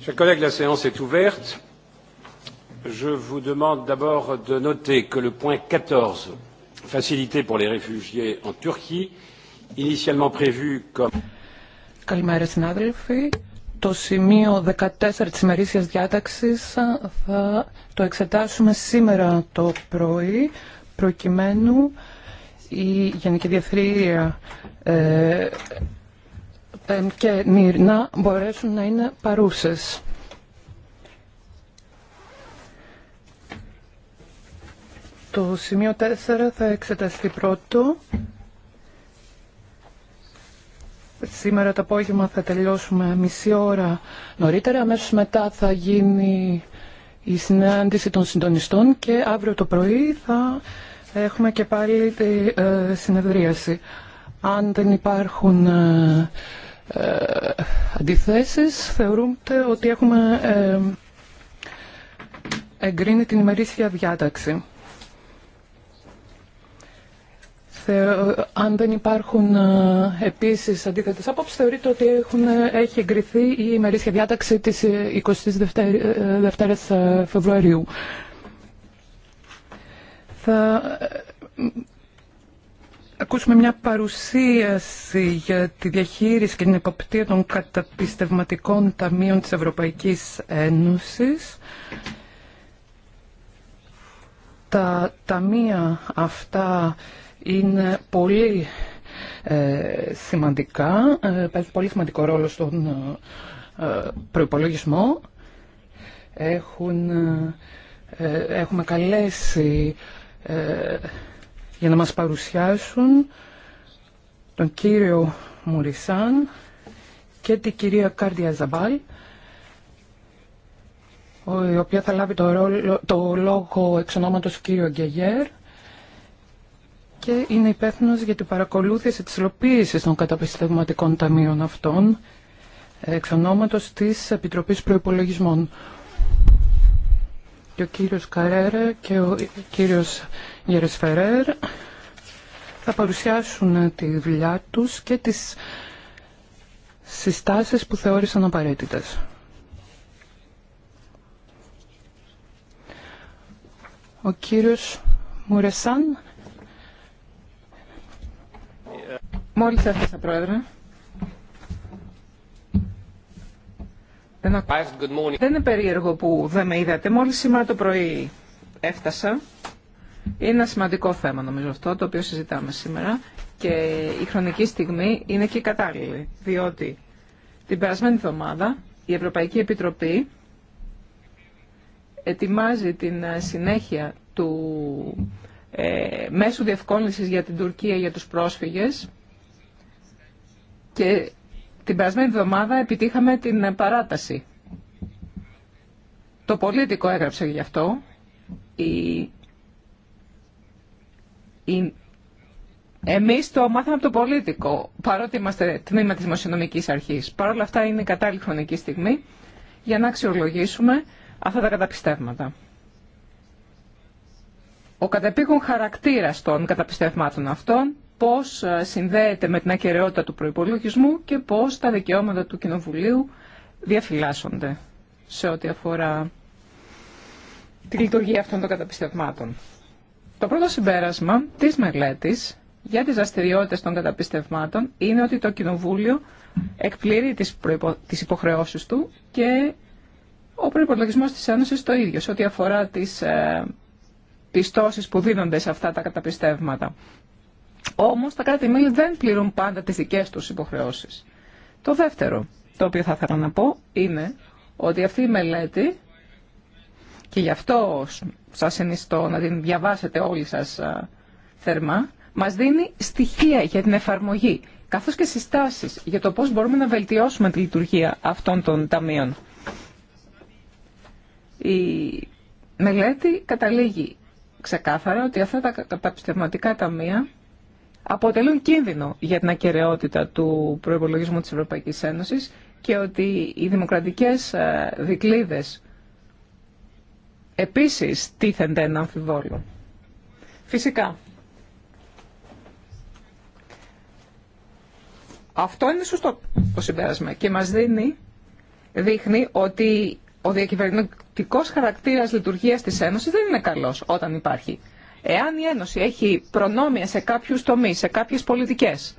Chers collègues, la séance est ouverte. Je vous demande d'abord de noter que le point 14, facilité pour les réfugiés en Turquie, initialement prévu comme. Καλημέρα συνάδελφοι. Το σημείο 14 της ημερήσιας διάταξης θα το εξετάσουμε σήμερα το πρωί προκειμένου η Γενική ε, και Νίρνα μπορέσουν να είναι παρούσες. Το σημείο 4 θα εξεταστεί πρώτο. Σήμερα το απόγευμα θα τελειώσουμε μισή ώρα νωρίτερα. Αμέσως μετά θα γίνει η συνάντηση των συντονιστών και αύριο το πρωί θα έχουμε και πάλι τη ε, συνεδρίαση. Αν δεν υπάρχουν ε, ε, αντιθέσεις θεωρούνται ότι έχουμε ε, εγκρίνει την ημερήσια διάταξη. αν δεν υπάρχουν ε, επίσης αντίθετες απόψεις, θεωρείται ότι έχουν, ε, έχει εγκριθεί η ημερήσια διάταξη της 22 Φεβρουαρίου. Θα ακούσουμε μια παρουσίαση για τη διαχείριση και την εποπτεία των καταπιστευματικών ταμείων της Ευρωπαϊκής Ένωσης. Τα ταμεία αυτά είναι πολύ ε, σημαντικά, ε, παίζουν πολύ σημαντικό ρόλο στον ε, προϋπολογισμό. Έχουν, ε, έχουμε καλέσει για να μας παρουσιάσουν τον κύριο Μουρισάν και την κυρία Κάρδια Ζαμπάλ, η οποία θα λάβει το, ρόλο, το λόγο εξ ονόματος κύριο Γκεγέρ και είναι υπεύθυνο για την παρακολούθηση της υλοποίησης των καταπιστευματικών ταμείων αυτών εξ ονόματος της Επιτροπής Προϋπολογισμών και ο κύριος Καρέρε και ο κύριος Γερεσφερέρ θα παρουσιάσουν τη δουλειά τους και τις συστάσεις που θεώρησαν απαραίτητες. Ο κύριος Μουρεσάν. Μόλις έφτασα, Πρόεδρε. Δεν, είναι περίεργο που δεν με είδατε. Μόλις σήμερα το πρωί έφτασα. Είναι ένα σημαντικό θέμα νομίζω αυτό το οποίο συζητάμε σήμερα και η χρονική στιγμή είναι και κατάλληλη διότι την περασμένη εβδομάδα η Ευρωπαϊκή Επιτροπή ετοιμάζει την ε, συνέχεια του ε, μέσου διευκόλυνσης για την Τουρκία για τους πρόσφυγες και την περασμένη εβδομάδα επιτύχαμε την παράταση. Το πολίτικο έγραψε γι' αυτό. Η... Εμείς το μάθαμε από το πολίτικο, παρότι είμαστε τμήμα της Δημοσιονομικής Αρχής. Παρ' όλα αυτά είναι η κατάλληλη χρονική στιγμή για να αξιολογήσουμε αυτά τα καταπιστεύματα. Ο κατεπήγον χαρακτήρας των καταπιστευμάτων αυτών πώς ε, συνδέεται με την ακαιρεότητα του προϋπολογισμού και πώς τα δικαιώματα του Κοινοβουλίου διαφυλάσσονται σε ό,τι αφορά τη λειτουργία αυτών των καταπιστευμάτων. Το πρώτο συμπέρασμα της μελέτης για τις δραστηριότητε των καταπιστευμάτων είναι ότι το Κοινοβούλιο εκπληρεί τις, προϋπο... τις υποχρεώσεις του και ο προϋπολογισμός της Ένωσης το ίδιο σε ό,τι αφορά τις ε, πιστώσεις που δίνονται σε αυτά τα καταπιστεύματα. Όμως τα κράτη-μέλη δεν πληρούν πάντα τις δικές τους υποχρεώσεις. Το δεύτερο το οποίο θα ήθελα να πω είναι ότι αυτή η μελέτη και γι' αυτό σας συνιστώ να την διαβάσετε όλοι σας θερμά, μας δίνει στοιχεία για την εφαρμογή, καθώς και συστάσεις για το πώς μπορούμε να βελτιώσουμε τη λειτουργία αυτών των ταμείων. Η μελέτη καταλήγει ξεκάθαρα ότι αυτά τα καταπιστευματικά ταμεία αποτελούν κίνδυνο για την ακαιρεότητα του προϋπολογισμού της Ευρωπαϊκής Ένωσης και ότι οι δημοκρατικές ε, δικλίδες επίσης τίθενται ένα αμφιβόλο. Φυσικά. Αυτό είναι σωστό το συμπέρασμα και μας δίνει, δείχνει ότι ο διακυβερνητικός χαρακτήρας λειτουργίας της Ένωσης δεν είναι καλός όταν υπάρχει Εάν η Ένωση έχει προνόμια σε κάποιους τομείς, σε κάποιες πολιτικές,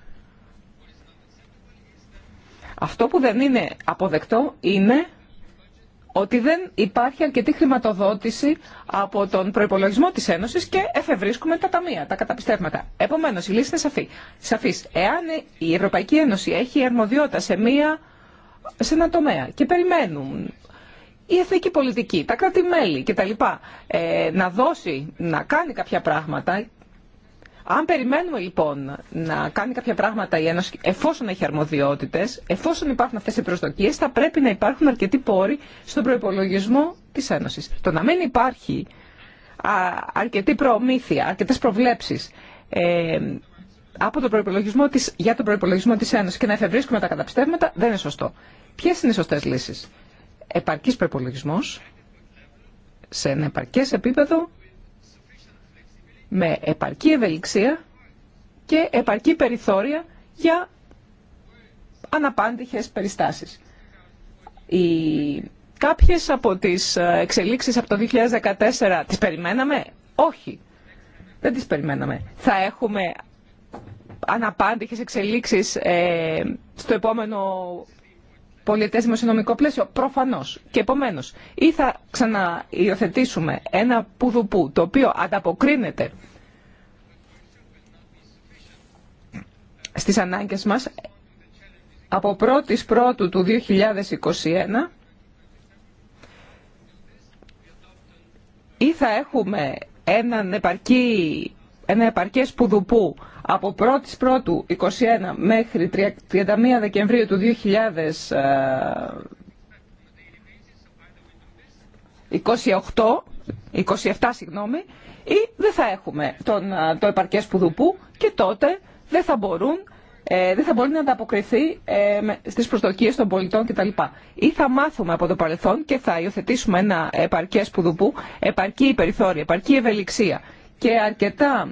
αυτό που δεν είναι αποδεκτό είναι ότι δεν υπάρχει αρκετή χρηματοδότηση από τον προϋπολογισμό της Ένωσης και εφευρίσκουμε τα ταμεία, τα καταπιστεύματα. Επομένω, η λύση είναι σαφή. Εάν η Ευρωπαϊκή Ένωση έχει αρμοδιότητα σε, μία, σε ένα τομέα και περιμένουν η εθνική πολιτική, τα κράτη-μέλη κτλ. Ε, να δώσει, να κάνει κάποια πράγματα. Αν περιμένουμε λοιπόν να κάνει κάποια πράγματα η Ένωση, εφόσον έχει αρμοδιότητε, εφόσον υπάρχουν αυτέ οι προσδοκίε, θα πρέπει να υπάρχουν αρκετοί πόροι στον προπολογισμό τη Ένωση. Το να μην υπάρχει αρκετή προμήθεια, αρκετέ προβλέψει ε, από τον προπολογισμό της, για τον προπολογισμό τη Ένωση και να εφευρίσκουμε τα καταπιστεύματα δεν είναι σωστό. Ποιε είναι οι σωστέ λύσει επαρκής προπολογισμό σε ένα επαρκές επίπεδο με επαρκή ευελιξία και επαρκή περιθώρια για αναπάντηχες περιστάσεις. Οι... Κάποιες από τις εξελίξεις από το 2014 τις περιμέναμε. Όχι, δεν τις περιμέναμε. Θα έχουμε αναπάντηχες εξελίξεις ε, στο επόμενο πολιτές δημοσιονομικό πλαίσιο. Προφανώς. Και επομένως, ή θα ξαναϊοθετήσουμε ένα πουδουπού το οποίο ανταποκρίνεται στις ανάγκες μας από Πρώτου του 2021 ή θα έχουμε έναν επαρκή ενα επαρκέ επαρκές πουδουπού από 1η Πρώτου 21 μέχρι 31 Δεκεμβρίου του 2028, 27 συγγνώμη, ή δεν θα έχουμε τον, το επαρκέ πουδουπού και τότε δεν θα μπορούν ε, δεν θα μπορεί να ανταποκριθεί ε, στις προσδοκίες των πολιτών κτλ. Ή θα μάθουμε από το παρελθόν και θα υιοθετήσουμε ένα επαρκές πουδουπού, επαρκή περιθώρια, επαρκή ευελιξία και αρκετά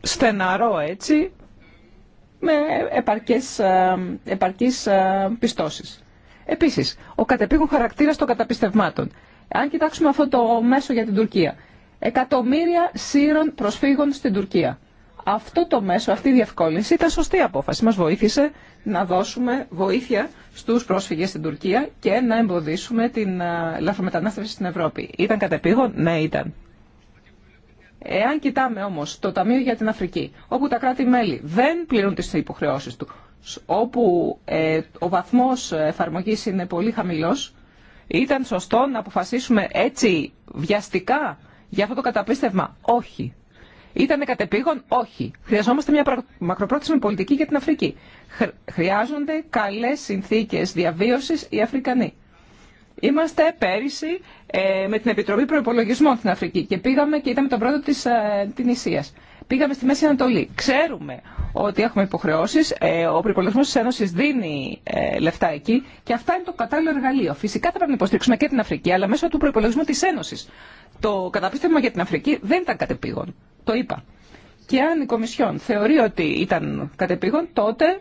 στεναρό έτσι με επαρκές, ε, επαρκείς ε, πιστώσεις. Επίσης, ο κατεπήγον χαρακτήρας των καταπιστευμάτων. Αν κοιτάξουμε αυτό το μέσο για την Τουρκία. Εκατομμύρια σύρων προσφύγων στην Τουρκία. Αυτό το μέσο, αυτή η διευκόλυνση ήταν σωστή απόφαση. Μας βοήθησε να δώσουμε βοήθεια στους πρόσφυγες στην Τουρκία και να εμποδίσουμε την ε, λαθρομετανάστευση στην Ευρώπη. Ήταν κατεπήγον, ναι ήταν. Εάν κοιτάμε όμως το Ταμείο για την Αφρική, όπου τα κράτη-μέλη δεν πληρούν τις υποχρεώσεις του, όπου ε, ο βαθμός εφαρμογή είναι πολύ χαμηλός, ήταν σωστό να αποφασίσουμε έτσι βιαστικά για αυτό το καταπίστευμα. Όχι. Ήτανε κατεπήγον, όχι. Χρειαζόμαστε μια μακροπρόθεσμη πολιτική για την Αφρική. Χρειάζονται καλέ συνθήκες διαβίωση οι Αφρικανοί. Είμαστε πέρυσι ε, με την Επιτροπή Προπολογισμών στην Αφρική και πήγαμε και ήταν το πρώτο της ε, την Πήγαμε στη Μέση Ανατολή. Ξέρουμε ότι έχουμε υποχρεώσει. Ε, ο προπολογισμό τη Ένωση δίνει λεφτά εκεί και αυτά είναι το κατάλληλο εργαλείο. Φυσικά θα πρέπει να υποστηρίξουμε και την Αφρική, αλλά μέσω του προπολογισμού τη Ένωση. Το καταπίστευμα για την Αφρική δεν ήταν κατεπήγον. Το είπα. Και αν η Κομισιόν θεωρεί ότι ήταν κατεπήγον, τότε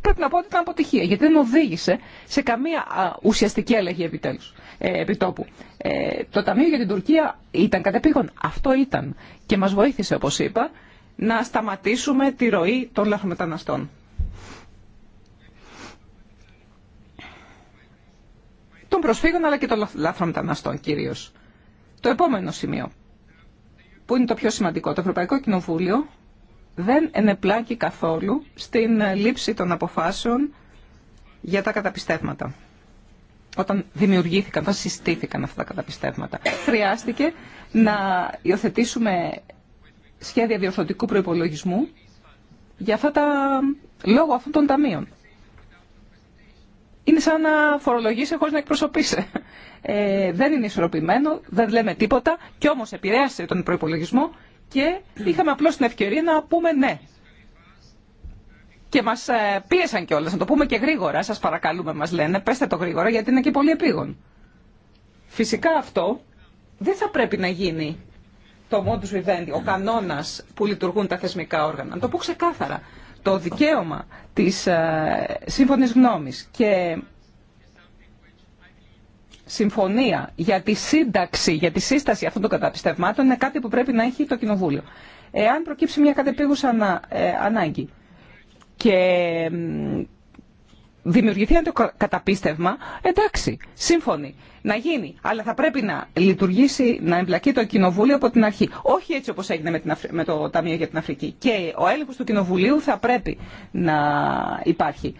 πρέπει να πω ότι ήταν αποτυχία, γιατί δεν οδήγησε σε καμία ουσιαστική έλεγχη επιτέλους, ε, επιτόπου. Ε, το Ταμείο για την Τουρκία ήταν κατεπήγον. Αυτό ήταν. Και μας βοήθησε, όπως είπα, να σταματήσουμε τη ροή των λαθρομεταναστών. Των προσφύγων αλλά και των λαθρομεταναστών κυρίως. Το επόμενο σημείο, που είναι το πιο σημαντικό, το Ευρωπαϊκό Κοινοβούλιο δεν ενεπλάκει καθόλου στην λήψη των αποφάσεων για τα καταπιστεύματα. Όταν δημιουργήθηκαν, όταν συστήθηκαν αυτά τα καταπιστεύματα, χρειάστηκε να υιοθετήσουμε σχέδια διορθωτικού προϋπολογισμού για αυτά τα, λόγω αυτών των ταμείων. Είναι σαν να φορολογήσει χωρίς να εκπροσωπήσει. Ε, δεν είναι ισορροπημένο, δεν λέμε τίποτα και όμως επηρέασε τον προϋπολογισμό και είχαμε απλώς την ευκαιρία να πούμε ναι. Και μας ε, πίεσαν κιόλα να το πούμε και γρήγορα, σας παρακαλούμε μας λένε, πέστε το γρήγορα γιατί είναι και πολύ επίγον. Φυσικά αυτό δεν θα πρέπει να γίνει το modus vivendi, ο κανόνας που λειτουργούν τα θεσμικά όργανα. Να το πω ξεκάθαρα. Το δικαίωμα της ε, σύμφωνης γνώμης και συμφωνία για τη σύνταξη, για τη σύσταση αυτών των καταπιστευμάτων είναι κάτι που πρέπει να έχει το Κοινοβούλιο. Εάν προκύψει μια κατεπίγουσα ανα, ε, ανάγκη και δημιουργηθεί ένα το καταπίστευμα, εντάξει, σύμφωνοι, να γίνει. Αλλά θα πρέπει να λειτουργήσει, να εμπλακεί το Κοινοβούλιο από την αρχή. Όχι έτσι όπως έγινε με, την με το Ταμείο για την Αφρική. Και ο έλεγχος του Κοινοβουλίου θα πρέπει να υπάρχει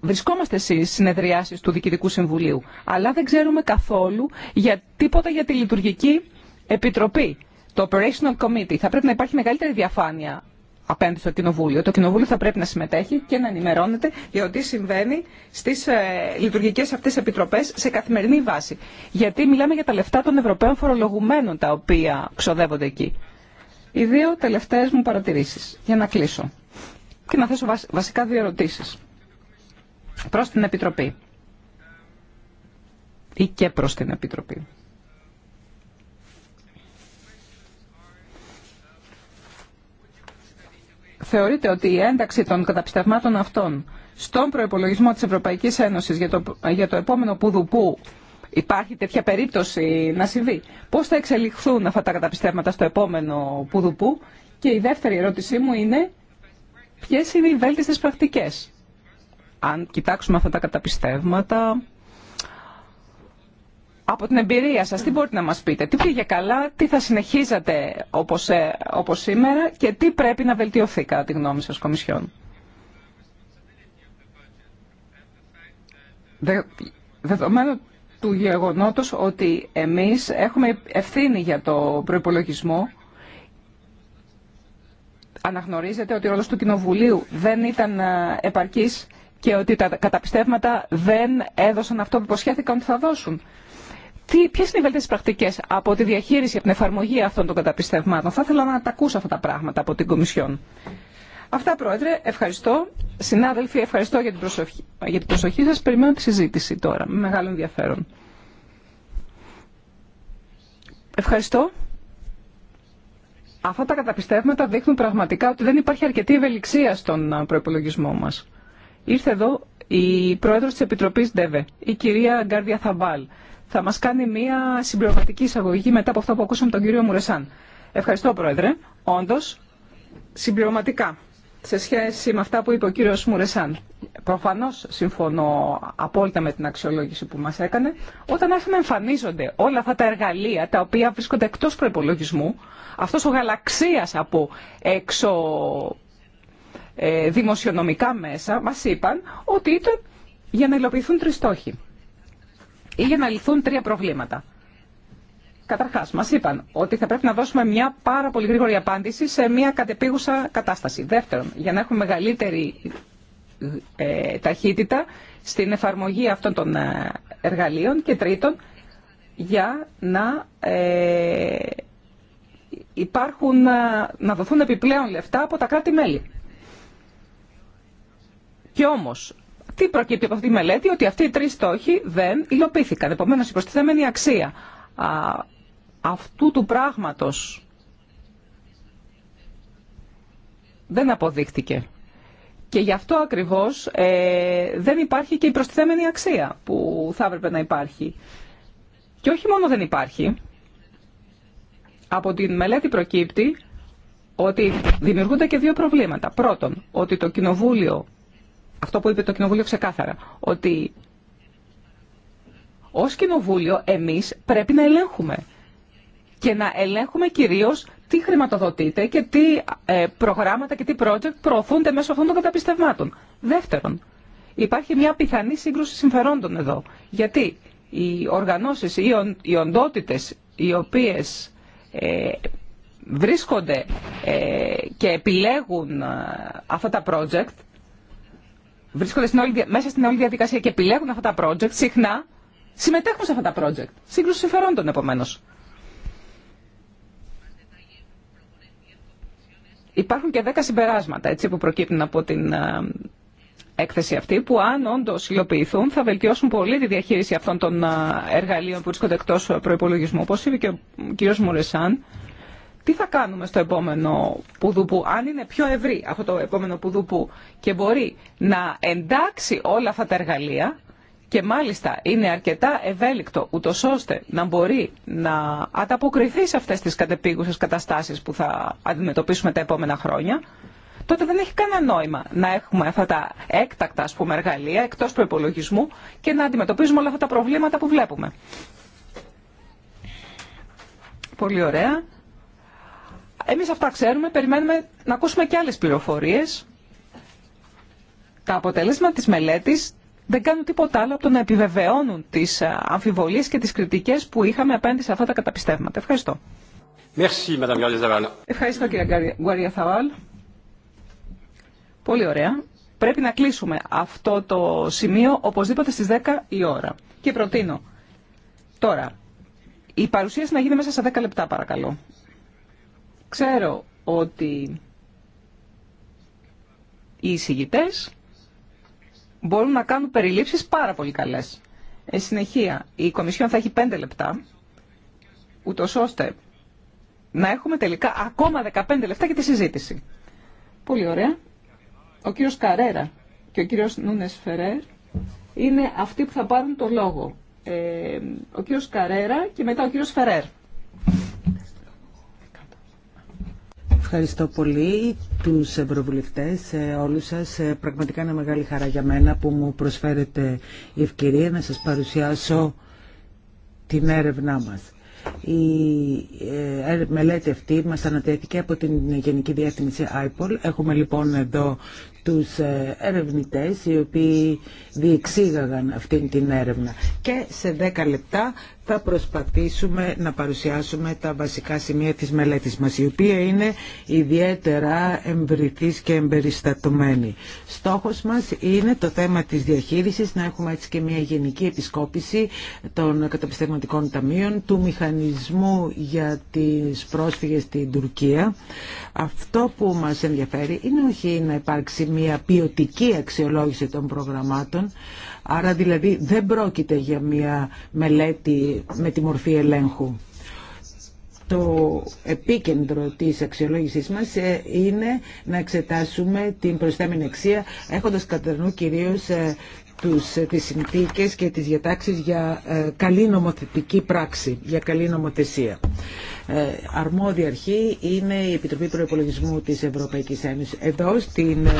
βρισκόμαστε στι συνεδριάσει του Διοικητικού Συμβουλίου, αλλά δεν ξέρουμε καθόλου για τίποτα για τη λειτουργική επιτροπή, το Operational Committee. Θα πρέπει να υπάρχει μεγαλύτερη διαφάνεια απέναντι στο Κοινοβούλιο. Το Κοινοβούλιο θα πρέπει να συμμετέχει και να ενημερώνεται για ό,τι συμβαίνει στι ε, λειτουργικέ αυτέ επιτροπέ σε καθημερινή βάση. Γιατί μιλάμε για τα λεφτά των Ευρωπαίων φορολογουμένων τα οποία ξοδεύονται εκεί. Οι δύο τελευταίε μου παρατηρήσει για να κλείσω και να θέσω βασικά δύο ερωτήσει προς την Επιτροπή ή και προς την Επιτροπή. Θεωρείτε ότι η ένταξη των καταπιστευμάτων αυτών στον προϋπολογισμό της Ευρωπαϊκής Ένωσης για το, για το επόμενο πουδουπού υπάρχει τέτοια περίπτωση να συμβεί. Πώς θα εξελιχθούν αυτά τα καταπιστεύματα στο επόμενο πουδουπού. Και η δεύτερη ερώτησή μου είναι ποιες είναι οι βέλτιστες πρακτικές αν κοιτάξουμε αυτά τα καταπιστεύματα, από την εμπειρία σας, τι μπορείτε να μας πείτε, τι πήγε καλά, τι θα συνεχίζατε όπως, ε, όπως σήμερα και τι πρέπει να βελτιωθεί κατά τη γνώμη σας Κομισιόν. Δε, δεδομένου του γεγονότος ότι εμείς έχουμε ευθύνη για το προϋπολογισμό, αναγνωρίζετε ότι ο ρόλος του Κοινοβουλίου δεν ήταν ε, επαρκής και ότι τα καταπιστεύματα δεν έδωσαν αυτό που υποσχέθηκαν ότι θα δώσουν. Ποιε είναι οι βέλτιε πρακτικέ από τη διαχείριση, από την εφαρμογή αυτών των καταπιστευμάτων. Θα ήθελα να τα ακούσω αυτά τα πράγματα από την Κομισιόν. Αυτά, Πρόεδρε. Ευχαριστώ. Συνάδελφοι, ευχαριστώ για την προσοχή, για την προσοχή σας. Περιμένω τη συζήτηση τώρα, με μεγάλο ενδιαφέρον. Ευχαριστώ. Αυτά τα καταπιστεύματα δείχνουν πραγματικά ότι δεν υπάρχει αρκετή ευελιξία στον προπολογισμό μας. Ήρθε εδώ η πρόεδρος της Επιτροπής ΔΕΒΕ, η κυρία Γκάρδια Θαμπάλ. Θα μας κάνει μία συμπληρωματική εισαγωγή μετά από αυτό που ακούσαμε τον κύριο Μουρεσάν. Ευχαριστώ, Πρόεδρε. Όντως, συμπληρωματικά σε σχέση με αυτά που είπε ο κύριος Μουρεσάν. Προφανώς συμφωνώ απόλυτα με την αξιολόγηση που μας έκανε. Όταν άρχισαν να εμφανίζονται όλα αυτά τα εργαλεία τα οποία βρίσκονται εκτός προπολογισμού, αυτό ο γαλαξία από έξω ε, δημοσιονομικά μέσα μας είπαν ότι ήταν για να υλοποιηθούν τρεις στόχοι ή για να λυθούν τρία προβλήματα. Καταρχά, μα είπαν ότι θα πρέπει να δώσουμε μια πάρα πολύ γρήγορη απάντηση σε μια κατεπίγουσα κατάσταση. Δεύτερον, για να έχουμε μεγαλύτερη ε, ταχύτητα στην εφαρμογή αυτών των ε, εργαλείων. Και τρίτον, για να υπάρχουν, να δοθούν επιπλέον λεφτά από τα κράτη-μέλη. Και όμως, τι προκύπτει από αυτή τη μελέτη, ότι αυτοί οι τρεις στόχοι δεν υλοποιήθηκαν. Επομένω, η προστιθέμενη αξία αυτού του πράγματος δεν αποδείχτηκε. Και γι' αυτό ακριβώς ε, δεν υπάρχει και η προστιθέμενη αξία που θα έπρεπε να υπάρχει. Και όχι μόνο δεν υπάρχει, από την μελέτη προκύπτει ότι δημιουργούνται και δύο προβλήματα. Πρώτον, ότι το Κοινοβούλιο αυτό που είπε το Κοινοβούλιο ξεκάθαρα, ότι ως Κοινοβούλιο εμείς πρέπει να ελέγχουμε και να ελέγχουμε κυρίως τι χρηματοδοτείται και τι ε, προγράμματα και τι project προωθούνται μέσω αυτών των καταπιστευμάτων. Δεύτερον, υπάρχει μια πιθανή σύγκρουση συμφερόντων εδώ. Γιατί οι οργανώσεις ή οι οντότητες οι οποίες ε, βρίσκονται ε, και επιλέγουν αυτά τα project βρίσκονται στην μέσα στην όλη διαδικασία και επιλέγουν αυτά τα project, συχνά συμμετέχουν σε αυτά τα project. Σύγκρουση συμφερόντων επομένω. Υπάρχουν και δέκα συμπεράσματα έτσι, που προκύπτουν από την ε, έκθεση αυτή, που αν όντω υλοποιηθούν θα βελτιώσουν πολύ τη διαχείριση αυτών των ε, εργαλείων που βρίσκονται εκτό ε, προπολογισμού. Όπω είπε και ο κ. Μουρεσάν, τι θα κάνουμε στο επόμενο πουδουπού, αν είναι πιο ευρύ αυτό το επόμενο πουδουπού και μπορεί να εντάξει όλα αυτά τα εργαλεία και μάλιστα είναι αρκετά ευέλικτο ούτω ώστε να μπορεί να ανταποκριθεί σε αυτές τις κατεπίγουσες καταστάσεις που θα αντιμετωπίσουμε τα επόμενα χρόνια, τότε δεν έχει κανένα νόημα να έχουμε αυτά τα έκτακτα ας πούμε, εργαλεία εκτός προπολογισμού και να αντιμετωπίζουμε όλα αυτά τα προβλήματα που βλέπουμε. Πολύ ωραία. Εμείς αυτά ξέρουμε, περιμένουμε να ακούσουμε και άλλες πληροφορίες. Τα αποτελέσματα της μελέτης δεν κάνουν τίποτα άλλο από το να επιβεβαιώνουν τις ε, αμφιβολίες και τις κριτικές που είχαμε απέναντι σε αυτά τα καταπιστεύματα. Ευχαριστώ. Merci, Ευχαριστώ κύριε Γκουαρία Θαβάλ. Πολύ ωραία. Πρέπει να κλείσουμε αυτό το σημείο οπωσδήποτε στις 10 η ώρα. Και προτείνω τώρα η παρουσίαση να γίνει μέσα σε 10 λεπτά παρακαλώ. Ξέρω ότι οι εισηγητές μπορούν να κάνουν περιλήψεις πάρα πολύ καλές. Ε, συνεχεία, η Κομισιόν θα έχει 5 λεπτά, ούτω ώστε να έχουμε τελικά ακόμα 15 λεπτά για τη συζήτηση. Πολύ ωραία. Ο κύριος Καρέρα και ο κύριος Νούνες Φερέρ είναι αυτοί που θα πάρουν το λόγο. Ε, ο κύριος Καρέρα και μετά ο κύριος Φερέρ. Ευχαριστώ πολύ τους ευρωβουλευτές, ε, όλους σας. Ε, πραγματικά είναι μεγάλη χαρά για μένα που μου προσφέρετε η ευκαιρία να σας παρουσιάσω την έρευνά μας. Η ε, μελέτη αυτή μας ανατέθηκε από την Γενική Διεύθυνση IPOL. Έχουμε λοιπόν εδώ τους ερευνητές οι οποίοι διεξήγαγαν αυτή την έρευνα. Και σε 10 λεπτά θα προσπαθήσουμε να παρουσιάσουμε τα βασικά σημεία της μελέτης μας, η οποία είναι ιδιαίτερα εμβριθής και εμπεριστατωμένη. Στόχος μας είναι το θέμα της διαχείρισης, να έχουμε έτσι και μια γενική επισκόπηση των καταπιστευματικών ταμείων, του μηχανισμού για τις πρόσφυγες στην Τουρκία. Αυτό που μας ενδιαφέρει είναι όχι να υπάρξει μια ποιοτική αξιολόγηση των προγραμμάτων, Άρα δηλαδή δεν πρόκειται για μια μελέτη με τη μορφή ελέγχου. Το επίκεντρο της αξιολόγησής μας ε, είναι να εξετάσουμε την προσθέμενη αξία έχοντας κατά νου κυρίως ε, τους, ε, τις συνθήκες και τις διατάξεις για καλή νομοθετική πράξη, για καλή νομοθεσία. Ε, αρμόδια αρχή είναι η Επιτροπή Προπολογισμού της Ευρωπαϊκής Ένωσης. Εδώ στην, ε,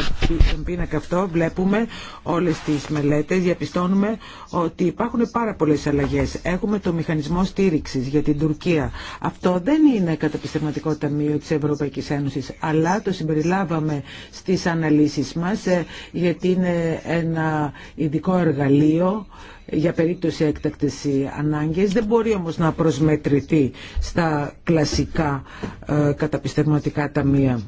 στον πίνακα αυτό βλέπουμε όλες τις μελέτες, διαπιστώνουμε ότι υπάρχουν πάρα πολλές αλλαγέ. Έχουμε το μηχανισμό στήριξης για την Τουρκία. Αυτό δεν είναι πιστευματικό ταμείο της Ευρωπαϊκής Ένωσης, αλλά το συμπεριλάβαμε στις αναλύσει μας ε, γιατί είναι ένα ειδικό εργαλείο για περίπτωση έκτακτης ανάγκης. Δεν μπορεί όμως να προσμετρηθεί στα κλασικά ε, καταπιστευματικά ταμεία.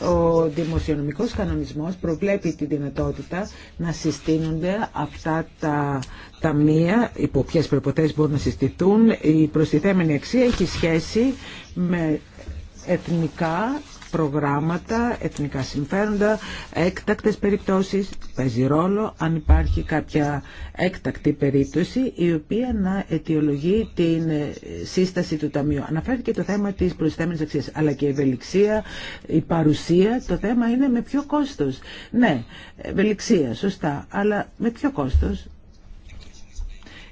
Ο δημοσιονομικός κανονισμός προβλέπει τη δυνατότητα να συστήνονται αυτά τα ταμεία, υπό ποιε προποθέσει μπορούν να συστηθούν. Η προστιθέμενη αξία έχει σχέση με εθνικά προγράμματα, εθνικά συμφέροντα, έκτακτες περιπτώσεις. Παίζει ρόλο αν υπάρχει κάποια έκτακτη περίπτωση η οποία να αιτιολογεί την ε, σύσταση του Ταμείου. Αναφέρθηκε το θέμα της προσθέμενης αξίας, αλλά και η ευελιξία, η παρουσία. Το θέμα είναι με ποιο κόστος. Ναι, ευελιξία, σωστά, αλλά με ποιο κόστος.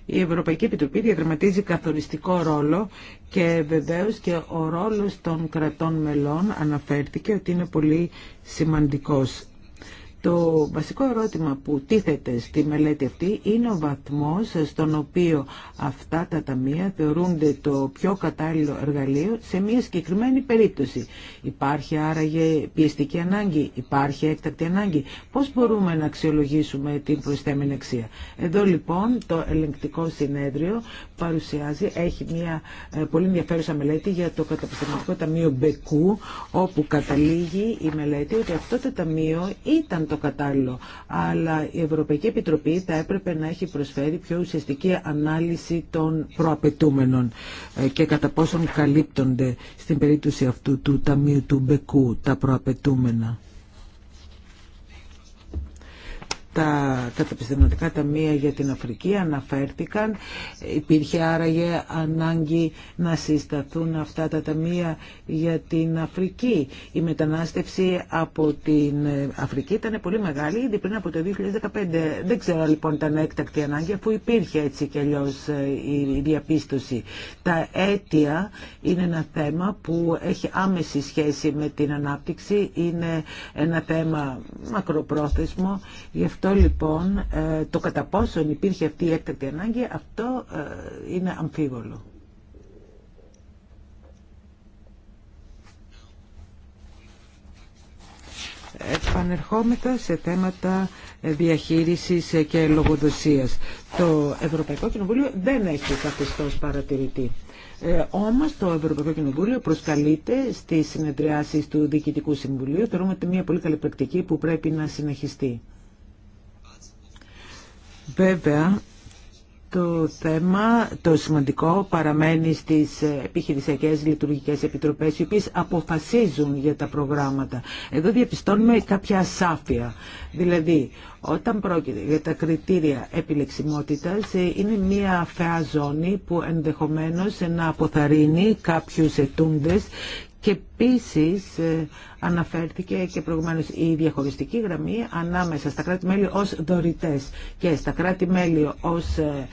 Η Ευρωπαϊκή Επιτροπή διαδραματίζει καθοριστικό ρόλο και βεβαίως και ο ρόλος των κρατών μελών αναφέρθηκε ότι είναι πολύ σημαντικός. Το βασικό ερώτημα που τίθεται στη μελέτη αυτή είναι ο βαθμός στον οποίο αυτά τα ταμεία θεωρούνται το πιο κατάλληλο εργαλείο σε μια συγκεκριμένη περίπτωση. Υπάρχει άραγε πιεστική ανάγκη, υπάρχει έκτακτη ανάγκη. Πώς μπορούμε να αξιολογήσουμε την προσθέμενη αξία. Εδώ λοιπόν το ελεγκτικό συνέδριο παρουσιάζει, έχει μια ε, πολύ ενδιαφέρουσα μελέτη για το καταπιστευματικό ταμείο Μπεκού, όπου καταλήγει η μελέτη ότι αυτό το ταμείο ήταν το το κατάλληλο. Αλλά η Ευρωπαϊκή Επιτροπή θα έπρεπε να έχει προσφέρει πιο ουσιαστική ανάλυση των προαπαιτούμενων ε, και κατά πόσον καλύπτονται στην περίπτωση αυτού του Ταμείου του Μπεκού τα προαπαιτούμενα τα καταπιστευματικά ταμεία για την Αφρική αναφέρθηκαν. Υπήρχε άραγε ανάγκη να συσταθούν αυτά τα ταμεία για την Αφρική. Η μετανάστευση από την Αφρική ήταν πολύ μεγάλη ήδη πριν από το 2015. Δεν ξέρω λοιπόν ήταν έκτακτη ανάγκη αφού υπήρχε έτσι και αλλιώ ε, η διαπίστωση. Τα αίτια είναι ένα θέμα που έχει άμεση σχέση με την ανάπτυξη. Είναι ένα θέμα μακροπρόθεσμο. Γι' αυτό αυτό λοιπόν, ε, το κατά πόσον υπήρχε αυτή η έκτακτη ανάγκη, αυτό ε, είναι αμφίβολο. επανερχόμεθα σε θέματα διαχείρισης και λογοδοσίας. Το Ευρωπαϊκό Κοινοβούλιο δεν έχει καθεστώς παρατηρητή. Ε, όμως το Ευρωπαϊκό Κοινοβούλιο προσκαλείται στις συνεδριάσεις του Διοικητικού Συμβουλίου. Θεωρούμε ότι μια πολύ καλή πρακτική που πρέπει να συνεχιστεί. Βέβαια, το θέμα, το σημαντικό, παραμένει στις επιχειρησιακές λειτουργικές επιτροπές, οι οποίες αποφασίζουν για τα προγράμματα. Εδώ διαπιστώνουμε κάποια ασάφεια. Δηλαδή, όταν πρόκειται για τα κριτήρια επιλεξιμότητας, ε, είναι μια φαιά ζώνη που ενδεχομένως να αποθαρρύνει κάποιους ετούντες και επίση ε, αναφέρθηκε και προηγουμένω η διαχωριστική γραμμή ανάμεσα στα κράτη-μέλη ως δωρητέ και στα κράτη-μέλη ως ε,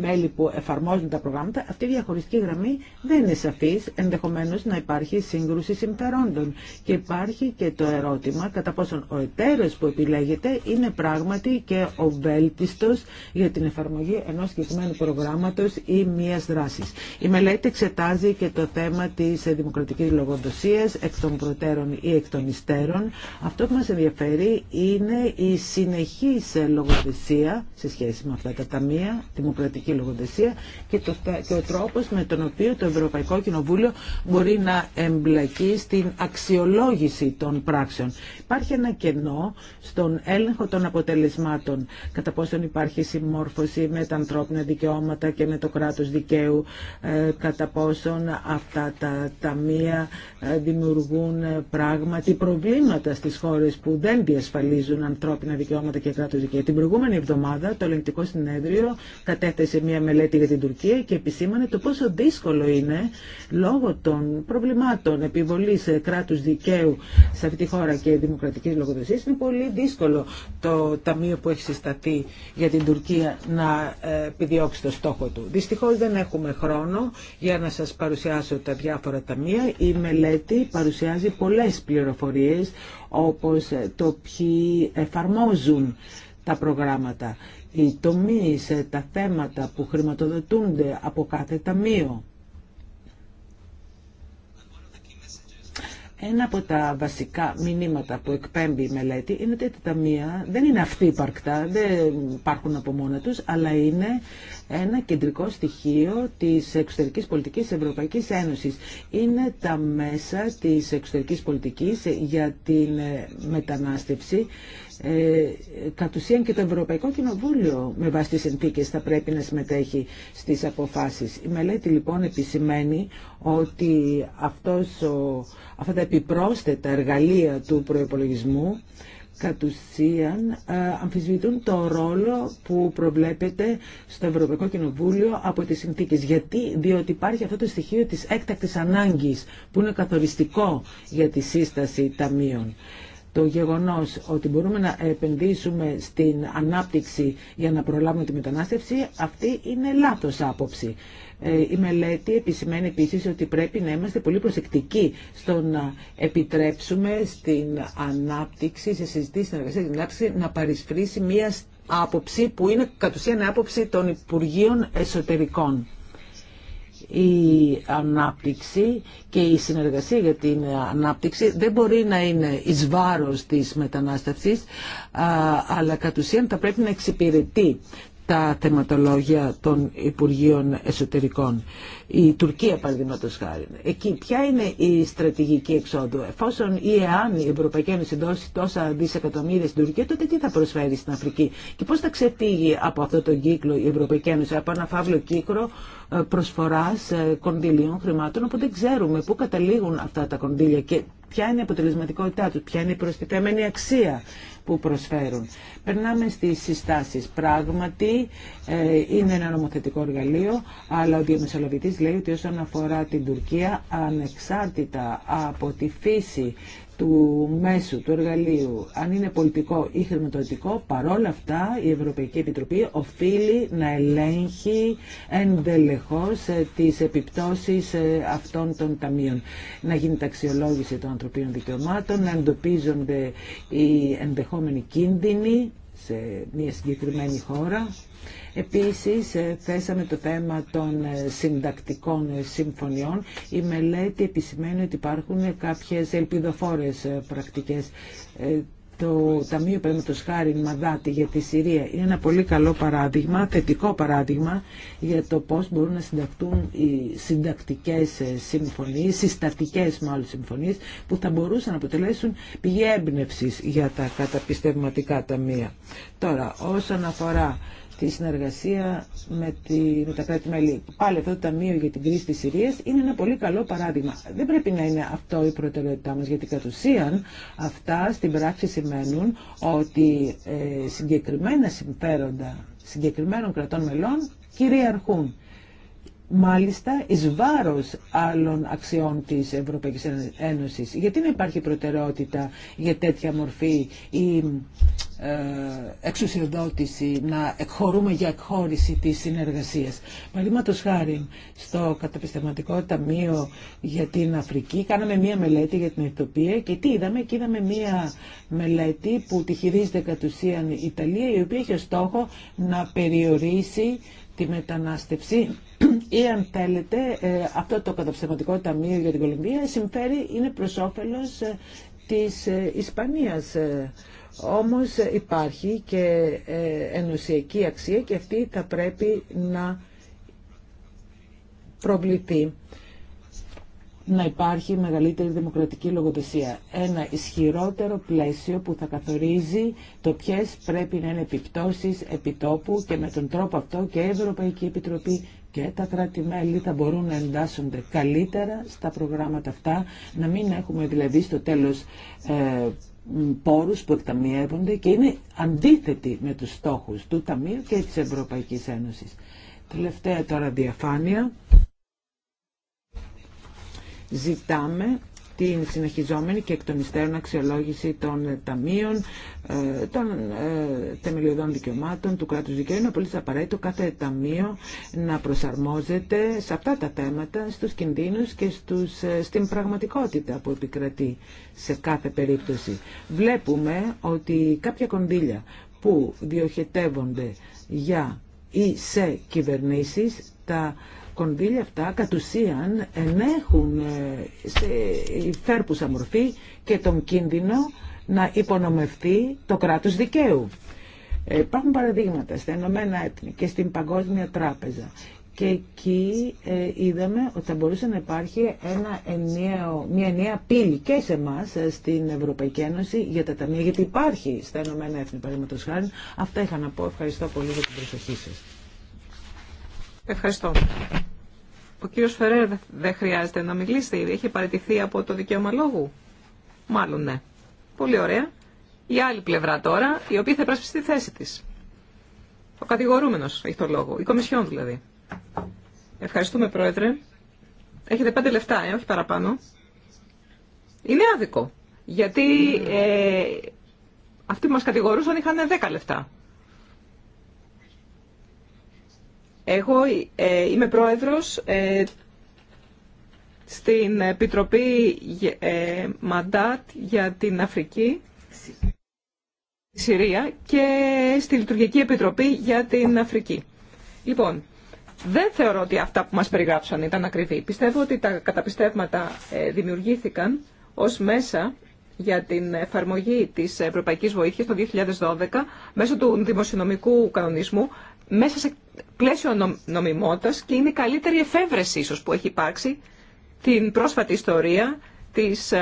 μέλη που εφαρμόζουν τα προγράμματα, αυτή η διαχωριστική γραμμή δεν είναι σαφή ενδεχομένω να υπάρχει σύγκρουση συμφερόντων. Και υπάρχει και το ερώτημα κατά πόσον ο εταίρο που επιλέγεται είναι πράγματι και ο βέλτιστος για την εφαρμογή ενό κινητούν προγράμματος ή μια δράση. Η μια δραση η εξετάζει και το θέμα τη δημοκρατική λογοδοσία, εκ των προτέρων ή εκ των υστέρων. Αυτό που μα ενδιαφέρει είναι η συνεχή λογοδοσία σε σχέση με αυτά τα ταμεία, δημοκρατία δημοκρατική λογοδεσία και, το, και ο τρόπος με τον οποίο το Ευρωπαϊκό Κοινοβούλιο μπορεί να εμπλακεί στην αξιολόγηση των πράξεων. Υπάρχει ένα κενό στον έλεγχο των αποτελεσμάτων, κατά πόσον υπάρχει συμμόρφωση με τα ανθρώπινα δικαιώματα και με το κράτος δικαίου, ε, κατά πόσον αυτά τα ταμεία ε, δημιουργούν ε, πράγματι προβλήματα στις χώρες που δεν διασφαλίζουν ανθρώπινα δικαιώματα και κράτος δικαίου. Την προηγούμενη εβδομάδα το Ελεγκτικό Συνέδριο κατέθεσε σε μια μελέτη για την Τουρκία και επισήμανε το πόσο δύσκολο είναι λόγω των προβλημάτων επιβολή ε, κράτου δικαίου σε αυτή τη χώρα και δημοκρατική λογοδοσία. Είναι πολύ δύσκολο το ταμείο που έχει συσταθεί για την Τουρκία να ε, επιδιώξει το στόχο του. Δυστυχώ δεν έχουμε χρόνο για να σα παρουσιάσω τα διάφορα ταμεία. Η μελέτη παρουσιάζει πολλέ πληροφορίε όπω ε, το ποιοι εφαρμόζουν τα προγράμματα οι τομείς, ε, τα θέματα που χρηματοδοτούνται από κάθε ταμείο. Ένα από τα βασικά μηνύματα που εκπέμπει η μελέτη είναι ότι τα ταμεία δεν είναι υπαρκτά, δεν υπάρχουν από μόνα τους, αλλά είναι ένα κεντρικό στοιχείο της εξωτερικής πολιτικής Ευρωπαϊκής Ένωσης. Είναι τα μέσα της εξωτερικής πολιτικής ε, για την ε, μετανάστευση ε, κατ' ουσίαν και το Ευρωπαϊκό Κοινοβούλιο με βάση τις συνθήκες θα πρέπει να συμμετέχει στις αποφάσεις. Η μελέτη λοιπόν επισημαίνει ότι αυτός ο, αυτά τα επιπρόσθετα εργαλεία του προϋπολογισμού κατ' ουσίαν ε, αμφισβητούν το ρόλο που προβλέπεται στο Ευρωπαϊκό Κοινοβούλιο από τις συνθήκες. Γιατί, διότι υπάρχει αυτό το στοιχείο της έκτακτης ανάγκης που είναι καθοριστικό για τη σύσταση ταμείων το γεγονός ότι μπορούμε να επενδύσουμε στην ανάπτυξη για να προλάβουμε τη μετανάστευση, αυτή είναι λάθος άποψη. Ε, η μελέτη επισημαίνει επίσης ότι πρέπει να είμαστε πολύ προσεκτικοί στο να επιτρέψουμε στην ανάπτυξη, σε συζητήσεις, στην εργασία, ανάπτυξη, να παρισφρήσει μια άποψη που είναι κατ' ουσίαν άποψη των Υπουργείων Εσωτερικών η ανάπτυξη και η συνεργασία για την ανάπτυξη δεν μπορεί να είναι εις βάρος της μετανάστευσης αλλά κατ' ουσίαν θα πρέπει να εξυπηρετεί τα θεματολόγια των Υπουργείων Εσωτερικών. Η Τουρκία, παραδείγματο χάρη. Εκεί ποια είναι η στρατηγική εξόδου. Εφόσον ή εάν η Ευρωπαϊκή Ένωση δώσει τόσα δισεκατομμύρια στην Τουρκία, τότε τι θα προσφέρει στην Αφρική. Και πώ θα ξεφύγει από αυτό τον κύκλο η Ευρωπαϊκή Ένωση, από ένα φαύλο κύκλο ε, Προσφορά ε, κονδυλίων χρημάτων, οπότε δεν ξέρουμε πού καταλήγουν αυτά τα κονδύλια και ποια είναι η αποτελεσματικότητά του, ποια είναι η προστιθέμενη αξία που προσφέρουν. Περνάμε στι συστάσεις. Πράγματι ε, είναι ένα νομοθετικό εργαλείο, αλλά ο διαμεσολαβητή λέει ότι όσον αφορά την Τουρκία, ανεξάρτητα από τη φύση του μέσου, του εργαλείου, αν είναι πολιτικό ή χρηματοδοτικό, παρόλα αυτά η Ευρωπαϊκή Επιτροπή οφείλει να ελέγχει εντελεχώς ε, τις επιπτώσεις ε, αυτών των ταμείων. Να γίνει ταξιολόγηση των ανθρωπίνων δικαιωμάτων, να εντοπίζονται οι ενδεχόμενοι κίνδυνοι σε μια συγκεκριμένη χώρα Επίσης, ε, θέσαμε το θέμα των ε, συντακτικών ε, συμφωνιών. Η μελέτη επισημαίνει ότι υπάρχουν κάποιες ελπιδοφόρες πρακτικές το Ταμείο του Χάρη Μαδάτη για τη Συρία είναι ένα πολύ καλό παράδειγμα, θετικό παράδειγμα για το πώς μπορούν να συνταχτούν οι συντακτικές συμφωνίες, συστατικές μάλλον συμφωνίες που θα μπορούσαν να αποτελέσουν πηγή έμπνευση για τα καταπιστευματικά ταμεία. Τώρα, όσον αφορά τη συνεργασία με, τη, με τα κράτη-μέλη. Πάλι αυτό το Ταμείο για την κρίση τη Συρίας είναι ένα πολύ καλό παράδειγμα. Δεν πρέπει να είναι αυτό η προτεραιότητά μας, γιατί κατ' ουσίαν αυτά στην πράξη σημαίνουν ότι ε, συγκεκριμένα συμφέροντα συγκεκριμένων κρατών μελών κυριαρχούν μάλιστα εις βάρος άλλων αξιών της Ευρωπαϊκής Ένωσης. Γιατί να υπάρχει προτεραιότητα για τέτοια μορφή ή ε, εξουσιοδότηση, να εκχωρούμε για εκχώρηση της συνεργασίας. Παραδείγματο χάρη στο καταπιστευματικό ταμείο για την Αφρική κάναμε μία μελέτη για την Αιθιοπία και τι είδαμε, και είδαμε μία μελέτη που τη χειρίζεται κατ' ουσίαν η Ιταλία η οποία έχει στόχο να περιορίσει τη μετανάστευση ή αν θέλετε ε, αυτό το καταψευματικό ταμείο για την Κολυμπία συμφέρει, είναι προς όφελος ε, της ε, Ισπανίας. Όμως υπάρχει και ενωσιακή αξία και αυτή θα πρέπει να προβληθεί να υπάρχει μεγαλύτερη δημοκρατική λογοδοσία. Ένα ισχυρότερο πλαίσιο που θα καθορίζει το ποιε πρέπει να είναι επιπτώσει επιτόπου και με τον τρόπο αυτό και η Ευρωπαϊκή Επιτροπή και τα κράτη-μέλη θα μπορούν να εντάσσονται καλύτερα στα προγράμματα αυτά, να μην έχουμε δηλαδή στο τέλος ε, πόρους που εκταμιεύονται και είναι αντίθετοι με τους στόχους του Ταμείου και της Ευρωπαϊκής Ένωσης. Τελευταία τώρα διαφάνεια. Ζητάμε την συνεχιζόμενη και εκ των υστέρων αξιολόγηση των ταμείων, ε, των ε, θεμελιωδών δικαιωμάτων, του κράτου δικαίου. Είναι πολύ απαραίτητο κάθε ταμείο να προσαρμόζεται σε αυτά τα θέματα, στους κινδύνους και στους, ε, στην πραγματικότητα που επικρατεί σε κάθε περίπτωση. Βλέπουμε ότι κάποια κονδύλια που διοχετεύονται για ή σε κυβερνήσεις, τα κονδύλια αυτά κατ' ουσίαν ενέχουν ε, σε υφέρπουσα μορφή και τον κίνδυνο να υπονομευτεί το κράτος δικαίου. Ε, υπάρχουν παραδείγματα στα Ηνωμένα Έθνη και στην Παγκόσμια Τράπεζα και εκεί ε, είδαμε ότι θα μπορούσε να υπάρχει ένα μια ενιαία πύλη και σε εμά στην Ευρωπαϊκή Ένωση για τα ταμεία, γιατί υπάρχει στα Ηνωμένα Έθνη, παραδείγματος χάρη. Αυτά είχα να πω. Ευχαριστώ πολύ για την προσοχή σας. Ευχαριστώ. Ο κύριος Φερέρ δεν χρειάζεται να μιλήσει, έχει παραιτηθεί από το δικαίωμα λόγου. Μάλλον ναι. Πολύ ωραία. Η άλλη πλευρά τώρα, η οποία θα επρασπιστεί τη θέση της. Ο κατηγορούμενος έχει το λόγο, η Κομισιόν δηλαδή. Ευχαριστούμε Πρόεδρε. Έχετε πέντε λεφτά, ε, όχι παραπάνω. Είναι άδικο, γιατί ε, αυτοί που μας κατηγορούσαν είχαν δέκα λεφτά. Εγώ ε, είμαι πρόεδρος ε, στην Επιτροπή ε, Μαντάτ για την Αφρική, Συρία και στη Λειτουργική Επιτροπή για την Αφρική. Λοιπόν, δεν θεωρώ ότι αυτά που μας περιγράψαν ήταν ακριβή. Πιστεύω ότι τα καταπιστεύματα δημιουργήθηκαν ως μέσα για την εφαρμογή της Ευρωπαϊκής Βοήθειας το 2012 μέσω του δημοσιονομικού κανονισμού μέσα σε πλαίσιο νομιμότητας και είναι η καλύτερη εφεύρεση ίσως που έχει υπάρξει την πρόσφατη ιστορία της ε,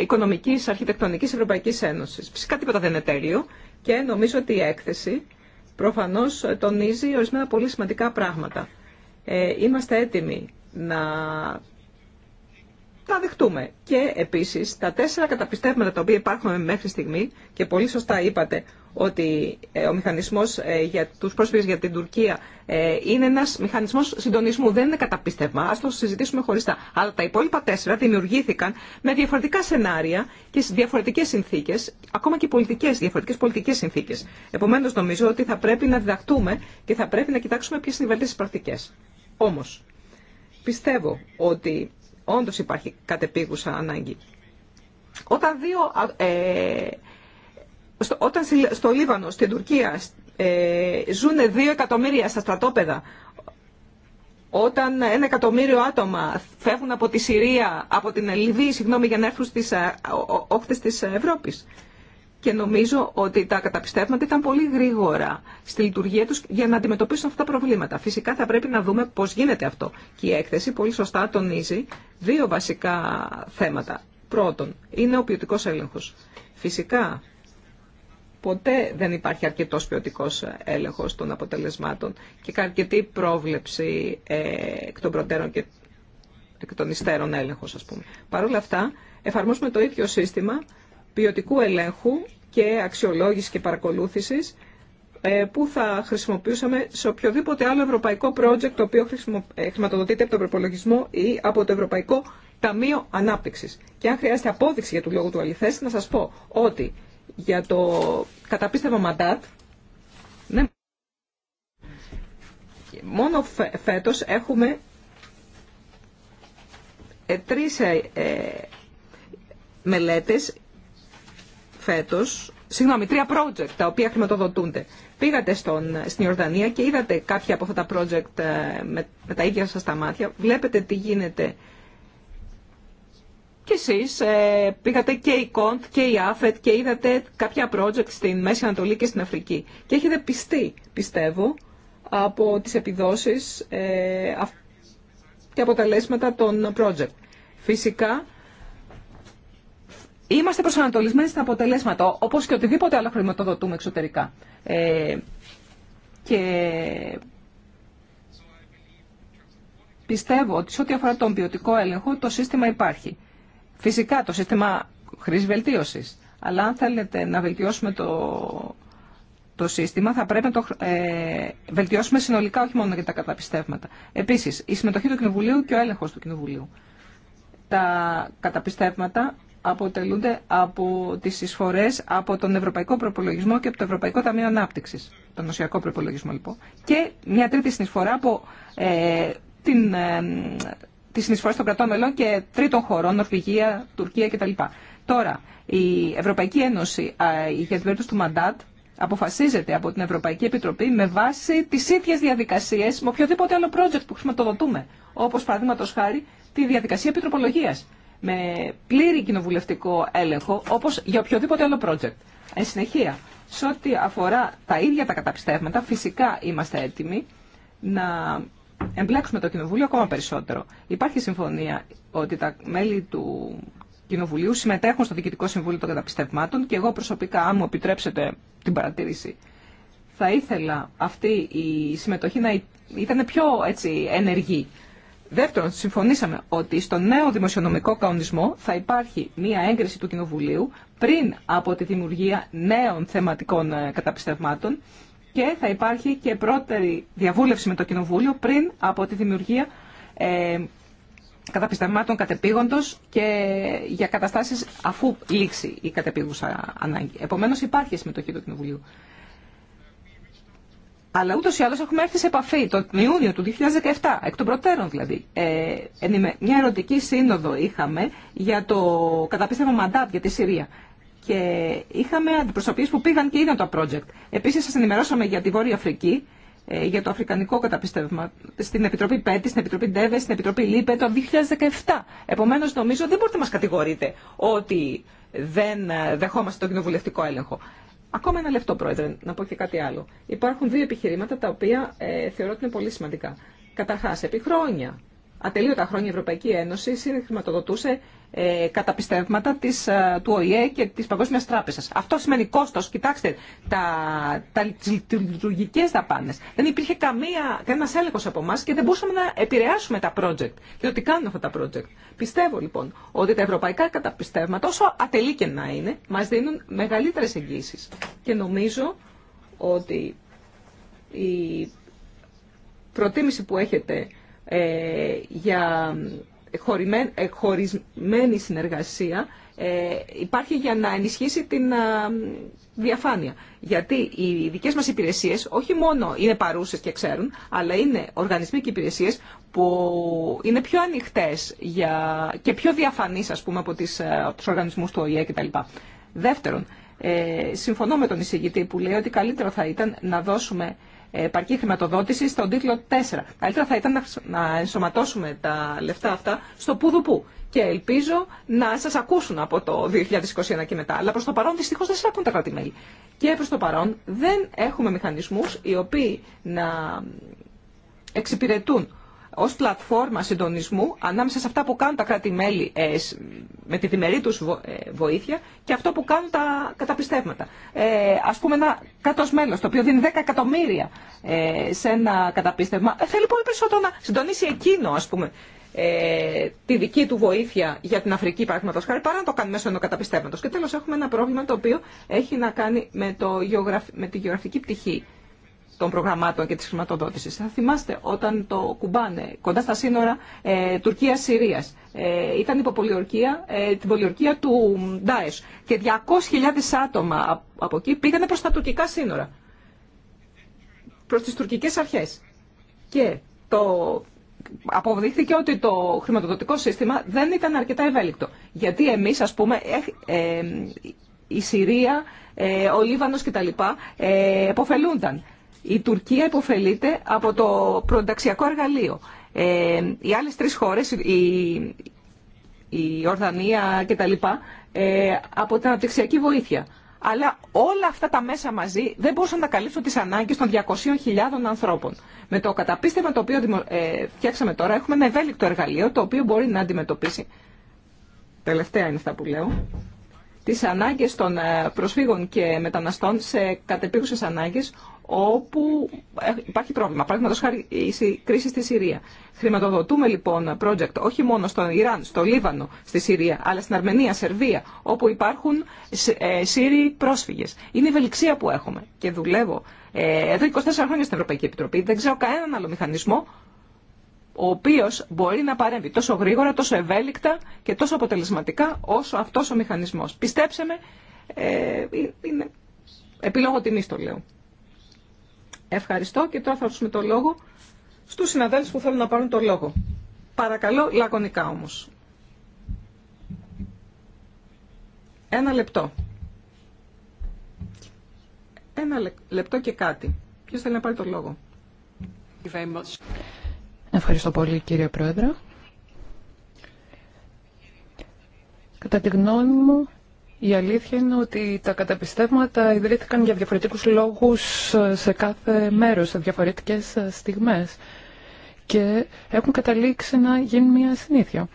οικονομικής αρχιτεκτονικής Ευρωπαϊκής Ένωσης. Φυσικά τίποτα δεν είναι τέλειο και νομίζω ότι η έκθεση προφανώς τονίζει ορισμένα πολύ σημαντικά πράγματα. Ε, είμαστε έτοιμοι να τα δεχτούμε. Και επίση τα τέσσερα καταπιστεύματα τα οποία υπάρχουν μέχρι στιγμή και πολύ σωστά είπατε ότι ε, ο μηχανισμό ε, για του πρόσφυγε για την Τουρκία ε, είναι ένα μηχανισμό συντονισμού, δεν είναι καταπίστευμα. Α το συζητήσουμε χωριστά. Αλλά τα υπόλοιπα τέσσερα δημιουργήθηκαν με διαφορετικά σενάρια και διαφορετικέ συνθήκε, ακόμα και πολιτικέ, διαφορετικέ πολιτικέ συνθήκε. Επομένω, νομίζω ότι θα πρέπει να διδαχτούμε και θα πρέπει να κοιτάξουμε ποιε είναι οι βαλτέ πρακτικέ. Όμω, πιστεύω ότι όντως υπάρχει κατεπίγουσα ανάγκη. Όταν δύο... Ε, στο, όταν στο Λίβανο, στην Τουρκία, ε, ζουν δύο εκατομμύρια στα στρατόπεδα, όταν ένα εκατομμύριο άτομα φεύγουν από τη Συρία, από την Λιβύη, συγγνώμη, για να έρθουν στις ε, όχθες της Ευρώπης και νομίζω ότι τα καταπιστεύματα ήταν πολύ γρήγορα στη λειτουργία τους για να αντιμετωπίσουν αυτά τα προβλήματα. Φυσικά θα πρέπει να δούμε πώς γίνεται αυτό. Και η έκθεση πολύ σωστά τονίζει δύο βασικά θέματα. Πρώτον, είναι ο ποιοτικό έλεγχος. Φυσικά, ποτέ δεν υπάρχει αρκετός ποιοτικό έλεγχος των αποτελεσμάτων και αρκετή πρόβλεψη ε, εκ των προτέρων και εκ των υστέρων έλεγχος, ας πούμε. Παρ' όλα αυτά, εφαρμόσουμε το ίδιο σύστημα ποιοτικού ελέγχου και αξιολόγηση και παρακολούθηση ε, που θα χρησιμοποιούσαμε σε οποιοδήποτε άλλο ευρωπαϊκό project το οποίο ε, χρηματοδοτείται από τον προπολογισμό ή από το Ευρωπαϊκό Ταμείο ανάπτυξη. Και αν χρειάζεται απόδειξη για του λόγου του αληθέ, να σα πω ότι για το καταπίστευμα μαντάτ, ναι, μόνο φέτο έχουμε ε, τρεις μελέτες συγγνώμη, τρία project τα οποία χρηματοδοτούνται. Πήγατε στον, στην Ιορδανία και είδατε κάποια από αυτά τα project ε, με, τα ίδια σα τα μάτια. Βλέπετε τι γίνεται και εσεί ε, πήγατε και η Κοντ και η Άφετ και είδατε κάποια project στην Μέση Ανατολή και στην Αφρική. Και έχετε πιστεί, πιστεύω, από τις επιδόσεις ε, και αποτελέσματα των project. Φυσικά Είμαστε προσανατολισμένοι στα αποτελέσματα, όπως και οτιδήποτε άλλο χρηματοδοτούμε εξωτερικά. Ε, και πιστεύω ότι σε ό,τι αφορά τον ποιοτικό έλεγχο, το σύστημα υπάρχει. Φυσικά το σύστημα χρήση βελτίωσης. Αλλά αν θέλετε να βελτιώσουμε το, το σύστημα, θα πρέπει να το ε, βελτιώσουμε συνολικά, όχι μόνο για τα καταπιστεύματα. Επίσης, η συμμετοχή του Κοινοβουλίου και ο έλεγχος του Κοινοβουλίου. Τα καταπιστεύματα αποτελούνται από τι εισφορέ από τον Ευρωπαϊκό Προπολογισμό και από το Ευρωπαϊκό Ταμείο Ανάπτυξη, τον νοσιακό προπολογισμό λοιπόν, και μια τρίτη συνεισφορά από ε, την, ε, τις των κρατών μελών και τρίτων χωρών, Νορβηγία, Τουρκία κτλ. Τώρα, η Ευρωπαϊκή Ένωση ε, για την περίπτωση του Μαντάτ αποφασίζεται από την Ευρωπαϊκή Επιτροπή με βάση τις ίδιε διαδικασίε με οποιοδήποτε άλλο project που χρηματοδοτούμε, όπω παραδείγματο χάρη τη διαδικασία επιτροπολογία με πλήρη κοινοβουλευτικό έλεγχο, όπως για οποιοδήποτε άλλο project. Εν συνεχεία, σε ό,τι αφορά τα ίδια τα καταπιστεύματα, φυσικά είμαστε έτοιμοι να εμπλέξουμε το Κοινοβούλιο ακόμα περισσότερο. Υπάρχει συμφωνία ότι τα μέλη του Κοινοβουλίου συμμετέχουν στο Διοικητικό Συμβούλιο των Καταπιστευμάτων και εγώ προσωπικά, αν μου επιτρέψετε την παρατήρηση, θα ήθελα αυτή η συμμετοχή να ήταν πιο έτσι, ενεργή. Δεύτερον, συμφωνήσαμε ότι στο νέο δημοσιονομικό κανονισμό θα υπάρχει μία έγκριση του Κοινοβουλίου πριν από τη δημιουργία νέων θεματικών ε, καταπιστευμάτων και θα υπάρχει και πρώτερη διαβούλευση με το Κοινοβούλιο πριν από τη δημιουργία ε, καταπιστευμάτων κατεπήγοντος και για καταστάσεις αφού λήξει η κατεπήγουσα ανάγκη. Επομένως υπάρχει συμμετοχή του Κοινοβουλίου. Αλλά ούτω ή άλλω έχουμε έρθει σε επαφή τον Ιούνιο του 2017, εκ των προτέρων δηλαδή. Ε, μια ερωτική σύνοδο είχαμε για το καταπίστευμα Μαντάπ για τη Συρία. Και είχαμε αντιπροσωπείε που πήγαν και είδαν το project. Επίση, σα ενημερώσαμε για τη Βόρεια Αφρική, ε, για το αφρικανικό καταπιστεύμα, στην Επιτροπή Πέτη, στην Επιτροπή Ντέβε, στην Επιτροπή Λίπε το 2017. Επομένω, νομίζω δεν μπορείτε να μα κατηγορείτε ότι δεν ε, δεχόμαστε τον κοινοβουλευτικό έλεγχο. Ακόμα ένα λεπτό, Πρόεδρε, να πω και κάτι άλλο. Υπάρχουν δύο επιχειρήματα τα οποία ε, θεωρώ ότι είναι πολύ σημαντικά. Καταρχά, επί χρόνια, ατελείωτα χρόνια, η Ευρωπαϊκή Ένωση χρηματοδοτούσε ε, καταπιστεύματα της, ε, του ΟΗΕ και της Παγκόσμιας Τράπεζας. Αυτό σημαίνει κόστος. Κοιτάξτε, τα, τα, τις λειτουργικές δαπάνες. Δεν υπήρχε καμία, κανένας έλεγχος από εμά και δεν μπορούσαμε να επηρεάσουμε τα project και ότι κάνουν αυτά τα project. Πιστεύω λοιπόν ότι τα ευρωπαϊκά καταπιστεύματα, όσο ατελεί και να είναι, μας δίνουν μεγαλύτερες εγγύσεις. Και νομίζω ότι η προτίμηση που έχετε ε, για ε, χωρισμένη συνεργασία ε, υπάρχει για να ενισχύσει την ε, διαφάνεια. Γιατί οι δικές μας υπηρεσίες όχι μόνο είναι παρούσες και ξέρουν, αλλά είναι οργανισμοί και υπηρεσίες που είναι πιο ανοιχτές για... και πιο διαφανείς ας πούμε, από, τις, από τους οργανισμούς του ΟΗΕ κτλ. Δεύτερον, ε, συμφωνώ με τον εισηγητή που λέει ότι καλύτερο θα ήταν να δώσουμε επαρκή χρηματοδότηση στον τίτλο 4. Καλύτερα θα ήταν να ενσωματώσουμε τα λεφτά αυτά στο που Και ελπίζω να σα ακούσουν από το 2021 και μετά. Αλλά προ το παρόν δυστυχώ δεν σα ακούν τα κράτη-μέλη. Και προ το παρόν δεν έχουμε μηχανισμού οι οποίοι να εξυπηρετούν ως πλατφόρμα συντονισμού ανάμεσα σε αυτά που κάνουν τα κράτη-μέλη ε, με τη διμερή τους ε, βοήθεια και αυτό που κάνουν τα καταπιστεύματα. Ε, ας πούμε ένα κράτος μέλος το οποίο δίνει 10 εκατομμύρια ε, σε ένα καταπίστευμα ε, θέλει πολύ περισσότερο να συντονίσει εκείνο ας πούμε ε, τη δική του βοήθεια για την Αφρική, παραδείγματο χάρη, παρά να το κάνει μέσω ενό καταπιστεύματο. Και τέλο, έχουμε ένα πρόβλημα το οποίο έχει να κάνει με, το γεωγραφ... με τη γεωγραφική πτυχή των προγραμμάτων και της χρηματοδότησης. Θα θυμάστε όταν το κουμπάνε κοντά στα σύνορα ε, Τουρκίας-Συρίας. Ε, ήταν υπό ε, την πολιορκία του Ντάεσ. Και 200.000 άτομα από εκεί πήγανε προς τα τουρκικά σύνορα. Προς τις τουρκικές αρχές. Και το... Αποδείχθηκε ότι το χρηματοδοτικό σύστημα δεν ήταν αρκετά ευέλικτο. Γιατί εμεί, α πούμε, ε, ε, η Συρία, ο Λίβανος κτλ. εποφελούνταν. Η Τουρκία υποφελείται από το πρωταξιακό εργαλείο. Ε, οι άλλες τρεις χώρες, η, η Ορδανία κτλ, ε, από την αναπτυξιακή βοήθεια. Αλλά όλα αυτά τα μέσα μαζί δεν μπορούσαν να καλύψουν τις ανάγκες των 200.000 ανθρώπων. Με το καταπίστευμα το οποίο ε, φτιάξαμε τώρα έχουμε ένα ευέλικτο εργαλείο το οποίο μπορεί να αντιμετωπίσει, τελευταία είναι αυτά που λέω, τις ανάγκες των ε, προσφύγων και μεταναστών σε κατεπίγουσες ανάγκες όπου ε, υπάρχει πρόβλημα. Παραδείγματο χάρη η κρίση στη Συρία. Χρηματοδοτούμε λοιπόν project όχι μόνο στον Ιράν, στο Λίβανο, στη Συρία, αλλά στην Αρμενία, Σερβία, όπου υπάρχουν ε, Σύριοι πρόσφυγε. Είναι η ευελιξία που έχουμε. Και δουλεύω ε, εδώ 24 χρόνια στην Ευρωπαϊκή Επιτροπή. Δεν ξέρω κανέναν άλλο μηχανισμό ο οποίο μπορεί να παρέμβει τόσο γρήγορα, τόσο ευέλικτα και τόσο αποτελεσματικά όσο αυτό ο μηχανισμό. Πιστέψτε με, ε, είναι επιλόγω τιμή το λέω. Ευχαριστώ και τώρα θα δώσουμε το λόγο στους συναδέλφους που θέλουν να πάρουν το λόγο. Παρακαλώ, λακωνικά όμως. Ένα λεπτό. Ένα λεπτό και κάτι. Ποιος θέλει να πάρει το λόγο. Ευχαριστώ πολύ κύριε Πρόεδρε. Κατά τη γνώμη μου, η αλήθεια είναι ότι τα καταπιστεύματα ιδρύθηκαν για διαφορετικούς λόγους σε κάθε μέρος, σε διαφορετικές στιγμές και έχουν καταλήξει να γίνει μια συνήθεια.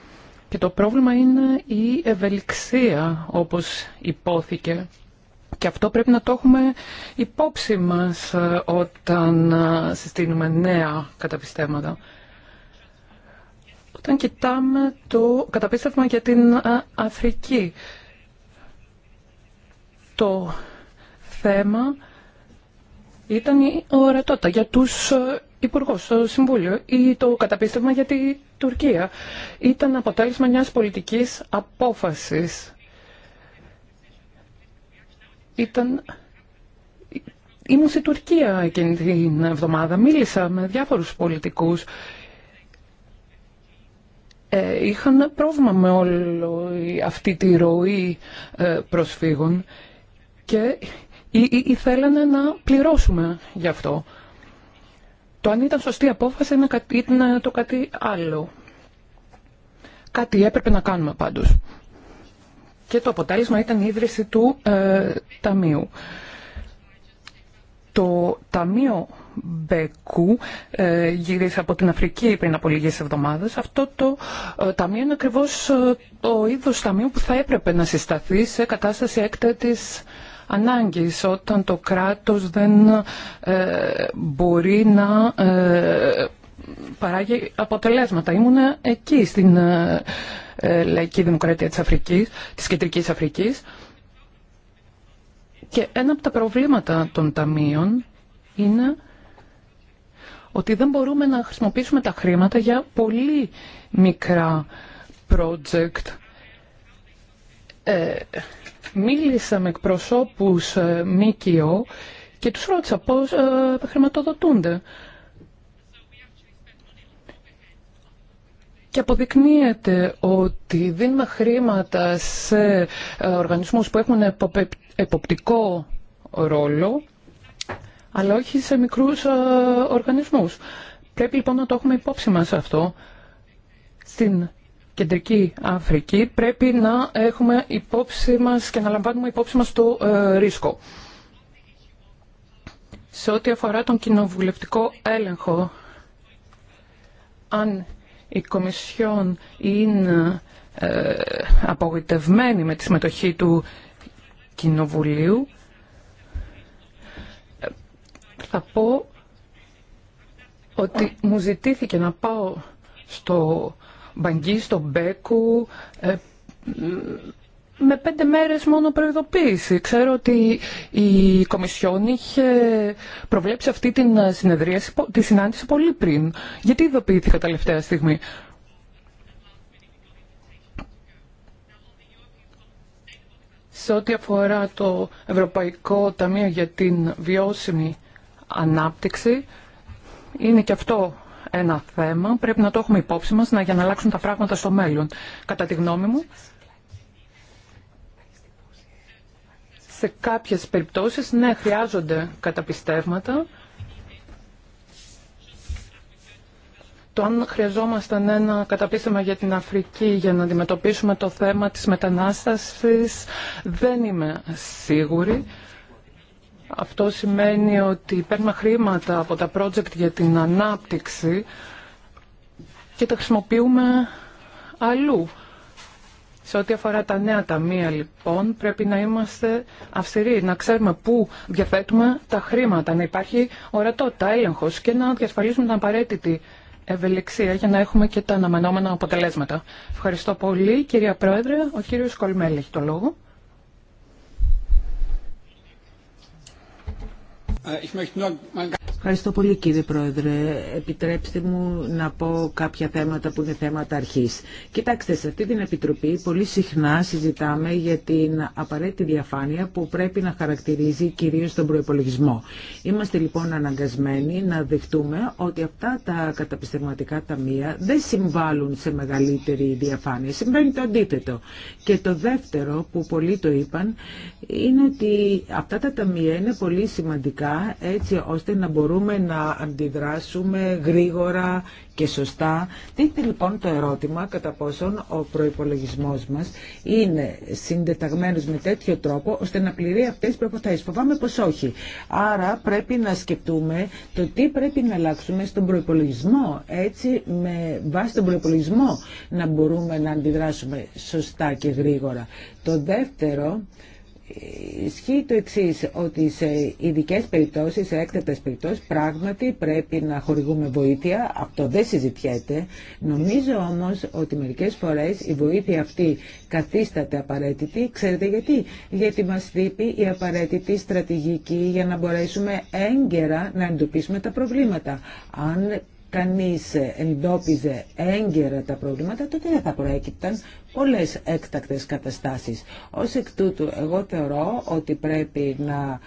Και το πρόβλημα είναι η ευελιξία, όπως υπόθηκε. Και αυτό πρέπει να το έχουμε υπόψη μας ε, όταν ε, συστήνουμε νέα καταπιστεύματα. Όταν κοιτάμε το καταπίστευμα για την ε, Αφρική, το θέμα ήταν η ορατότητα για τους ε, υπουργού στο Συμβούλιο ή το καταπίστευμα για τη Τουρκία. Ήταν αποτέλεσμα μιας πολιτικής απόφασης. Ήταν... Ήμουν στη Τουρκία εκείνη την εβδομάδα, μίλησα με διάφορους πολιτικούς. Ε, είχαν πρόβλημα με όλη αυτή τη ροή ε, προσφύγων και ή θέλανε να πληρώσουμε γι' αυτό. Το αν ήταν σωστή απόφαση ήταν το κάτι άλλο. Κάτι έπρεπε να κάνουμε πάντως. Και το αποτέλεσμα ήταν η ίδρυση του ε, Ταμείου. Το Ταμείο Μπέκου ε, γύρισε από την Αφρική πριν από λίγες εβδομάδες. Αυτό το ε, Ταμείο είναι ακριβώς ε, το είδος Ταμείου που θα έπρεπε να συσταθεί σε κατάσταση έκτατης ανάγκης όταν το κράτος δεν ε, μπορεί να ε, παράγει αποτελέσματα. Ήμουν εκεί στην ε, ε, Λαϊκή Δημοκρατία της, Αφρικής, της Κεντρικής Αφρικής και ένα από τα προβλήματα των ταμείων είναι ότι δεν μπορούμε να χρησιμοποιήσουμε τα χρήματα για πολύ μικρά project. Ε, Μίλησα με εκπροσώπους ε, ΜΚΟ και τους ρώτησα πώς ε, χρηματοδοτούνται. Και αποδεικνύεται ότι δίνουμε χρήματα σε ε, οργανισμούς που έχουν εποπτικό ρόλο, αλλά όχι σε μικρούς οργανισμούς. Πρέπει λοιπόν να το έχουμε υπόψη μας αυτό. Στην Κεντρική Αφρική πρέπει να έχουμε υπόψη μας και να λαμβάνουμε υπόψη μας το ε, ρίσκο. Σε ό,τι αφορά τον κοινοβουλευτικό έλεγχο, αν η Κομισιόν είναι ε, απογοητευμένη με τη συμμετοχή του Κοινοβουλίου, θα πω ότι μου ζητήθηκε να πάω στο Μπαγκή, το Μπέκου, ε, με πέντε μέρες μόνο προειδοποίηση. Ξέρω ότι η Κομισιόν είχε προβλέψει αυτή την συνεδρίαση τη συνάντηση πολύ πριν. Γιατί ειδοποιήθηκα τελευταία στιγμή. Σε ό,τι αφορά το Ευρωπαϊκό Ταμείο για την Βιώσιμη Ανάπτυξη, είναι και αυτό ένα θέμα πρέπει να το έχουμε υπόψη μας για να αλλάξουν τα πράγματα στο μέλλον. Κατά τη γνώμη μου, σε κάποιες περιπτώσεις, ναι, χρειάζονται καταπιστεύματα. Το αν χρειαζόμασταν ένα καταπίστευμα για την Αφρική για να αντιμετωπίσουμε το θέμα της μετανάστασης, δεν είμαι σίγουρη. Αυτό σημαίνει ότι παίρνουμε χρήματα από τα project για την ανάπτυξη και τα χρησιμοποιούμε αλλού. Σε ό,τι αφορά τα νέα ταμεία, λοιπόν, πρέπει να είμαστε αυστηροί, να ξέρουμε πού διαθέτουμε τα χρήματα, να υπάρχει ορατότητα, έλεγχο και να διασφαλίσουμε την απαραίτητη ευελιξία για να έχουμε και τα αναμενόμενα αποτελέσματα. Ευχαριστώ πολύ, κυρία Πρόεδρε. Ο κύριος Κολμέλη έχει το λόγο. Ε, Ευχαριστώ πολύ κύριε Πρόεδρε. Επιτρέψτε μου να πω κάποια θέματα που είναι θέματα αρχής. Κοιτάξτε, σε αυτή την Επιτροπή πολύ συχνά συζητάμε για την απαραίτητη διαφάνεια που πρέπει να χαρακτηρίζει κυρίως τον προϋπολογισμό. Είμαστε λοιπόν αναγκασμένοι να δεχτούμε ότι αυτά τα καταπιστευματικά ταμεία δεν συμβάλλουν σε μεγαλύτερη διαφάνεια. Συμβαίνει το αντίθετο. Και το δεύτερο που πολλοί το είπαν είναι ότι αυτά τα ταμεία είναι πολύ σημαντικά έτσι ώστε να μπορούμε να αντιδράσουμε γρήγορα και σωστά. Δείτε λοιπόν το ερώτημα κατά πόσον ο προϋπολογισμός μας είναι συντεταγμένος με τέτοιο τρόπο ώστε να πληρεί αυτές τις προποθέσεις. Φοβάμαι πως όχι. Άρα πρέπει να σκεφτούμε το τι πρέπει να αλλάξουμε στον προϋπολογισμό έτσι με βάση τον προϋπολογισμό να μπορούμε να αντιδράσουμε σωστά και γρήγορα. Το δεύτερο ισχύει το εξή ότι σε ειδικέ περιπτώσεις, σε έκτακτε περιπτώσει, πράγματι πρέπει να χορηγούμε βοήθεια, αυτό δεν συζητιέται. Νομίζω όμως ότι μερικές φορές η βοήθεια αυτή καθίσταται απαραίτητη. Ξέρετε γιατί. Γιατί μας δείπει η απαραίτητη στρατηγική για να μπορέσουμε έγκαιρα να εντοπίσουμε τα προβλήματα. Αν κανείς εντόπιζε έγκαιρα τα προβλήματα, τότε δεν θα προέκυπταν πολλές έκτακτες καταστάσεις. Ως εκ τούτου, εγώ θεωρώ ότι πρέπει να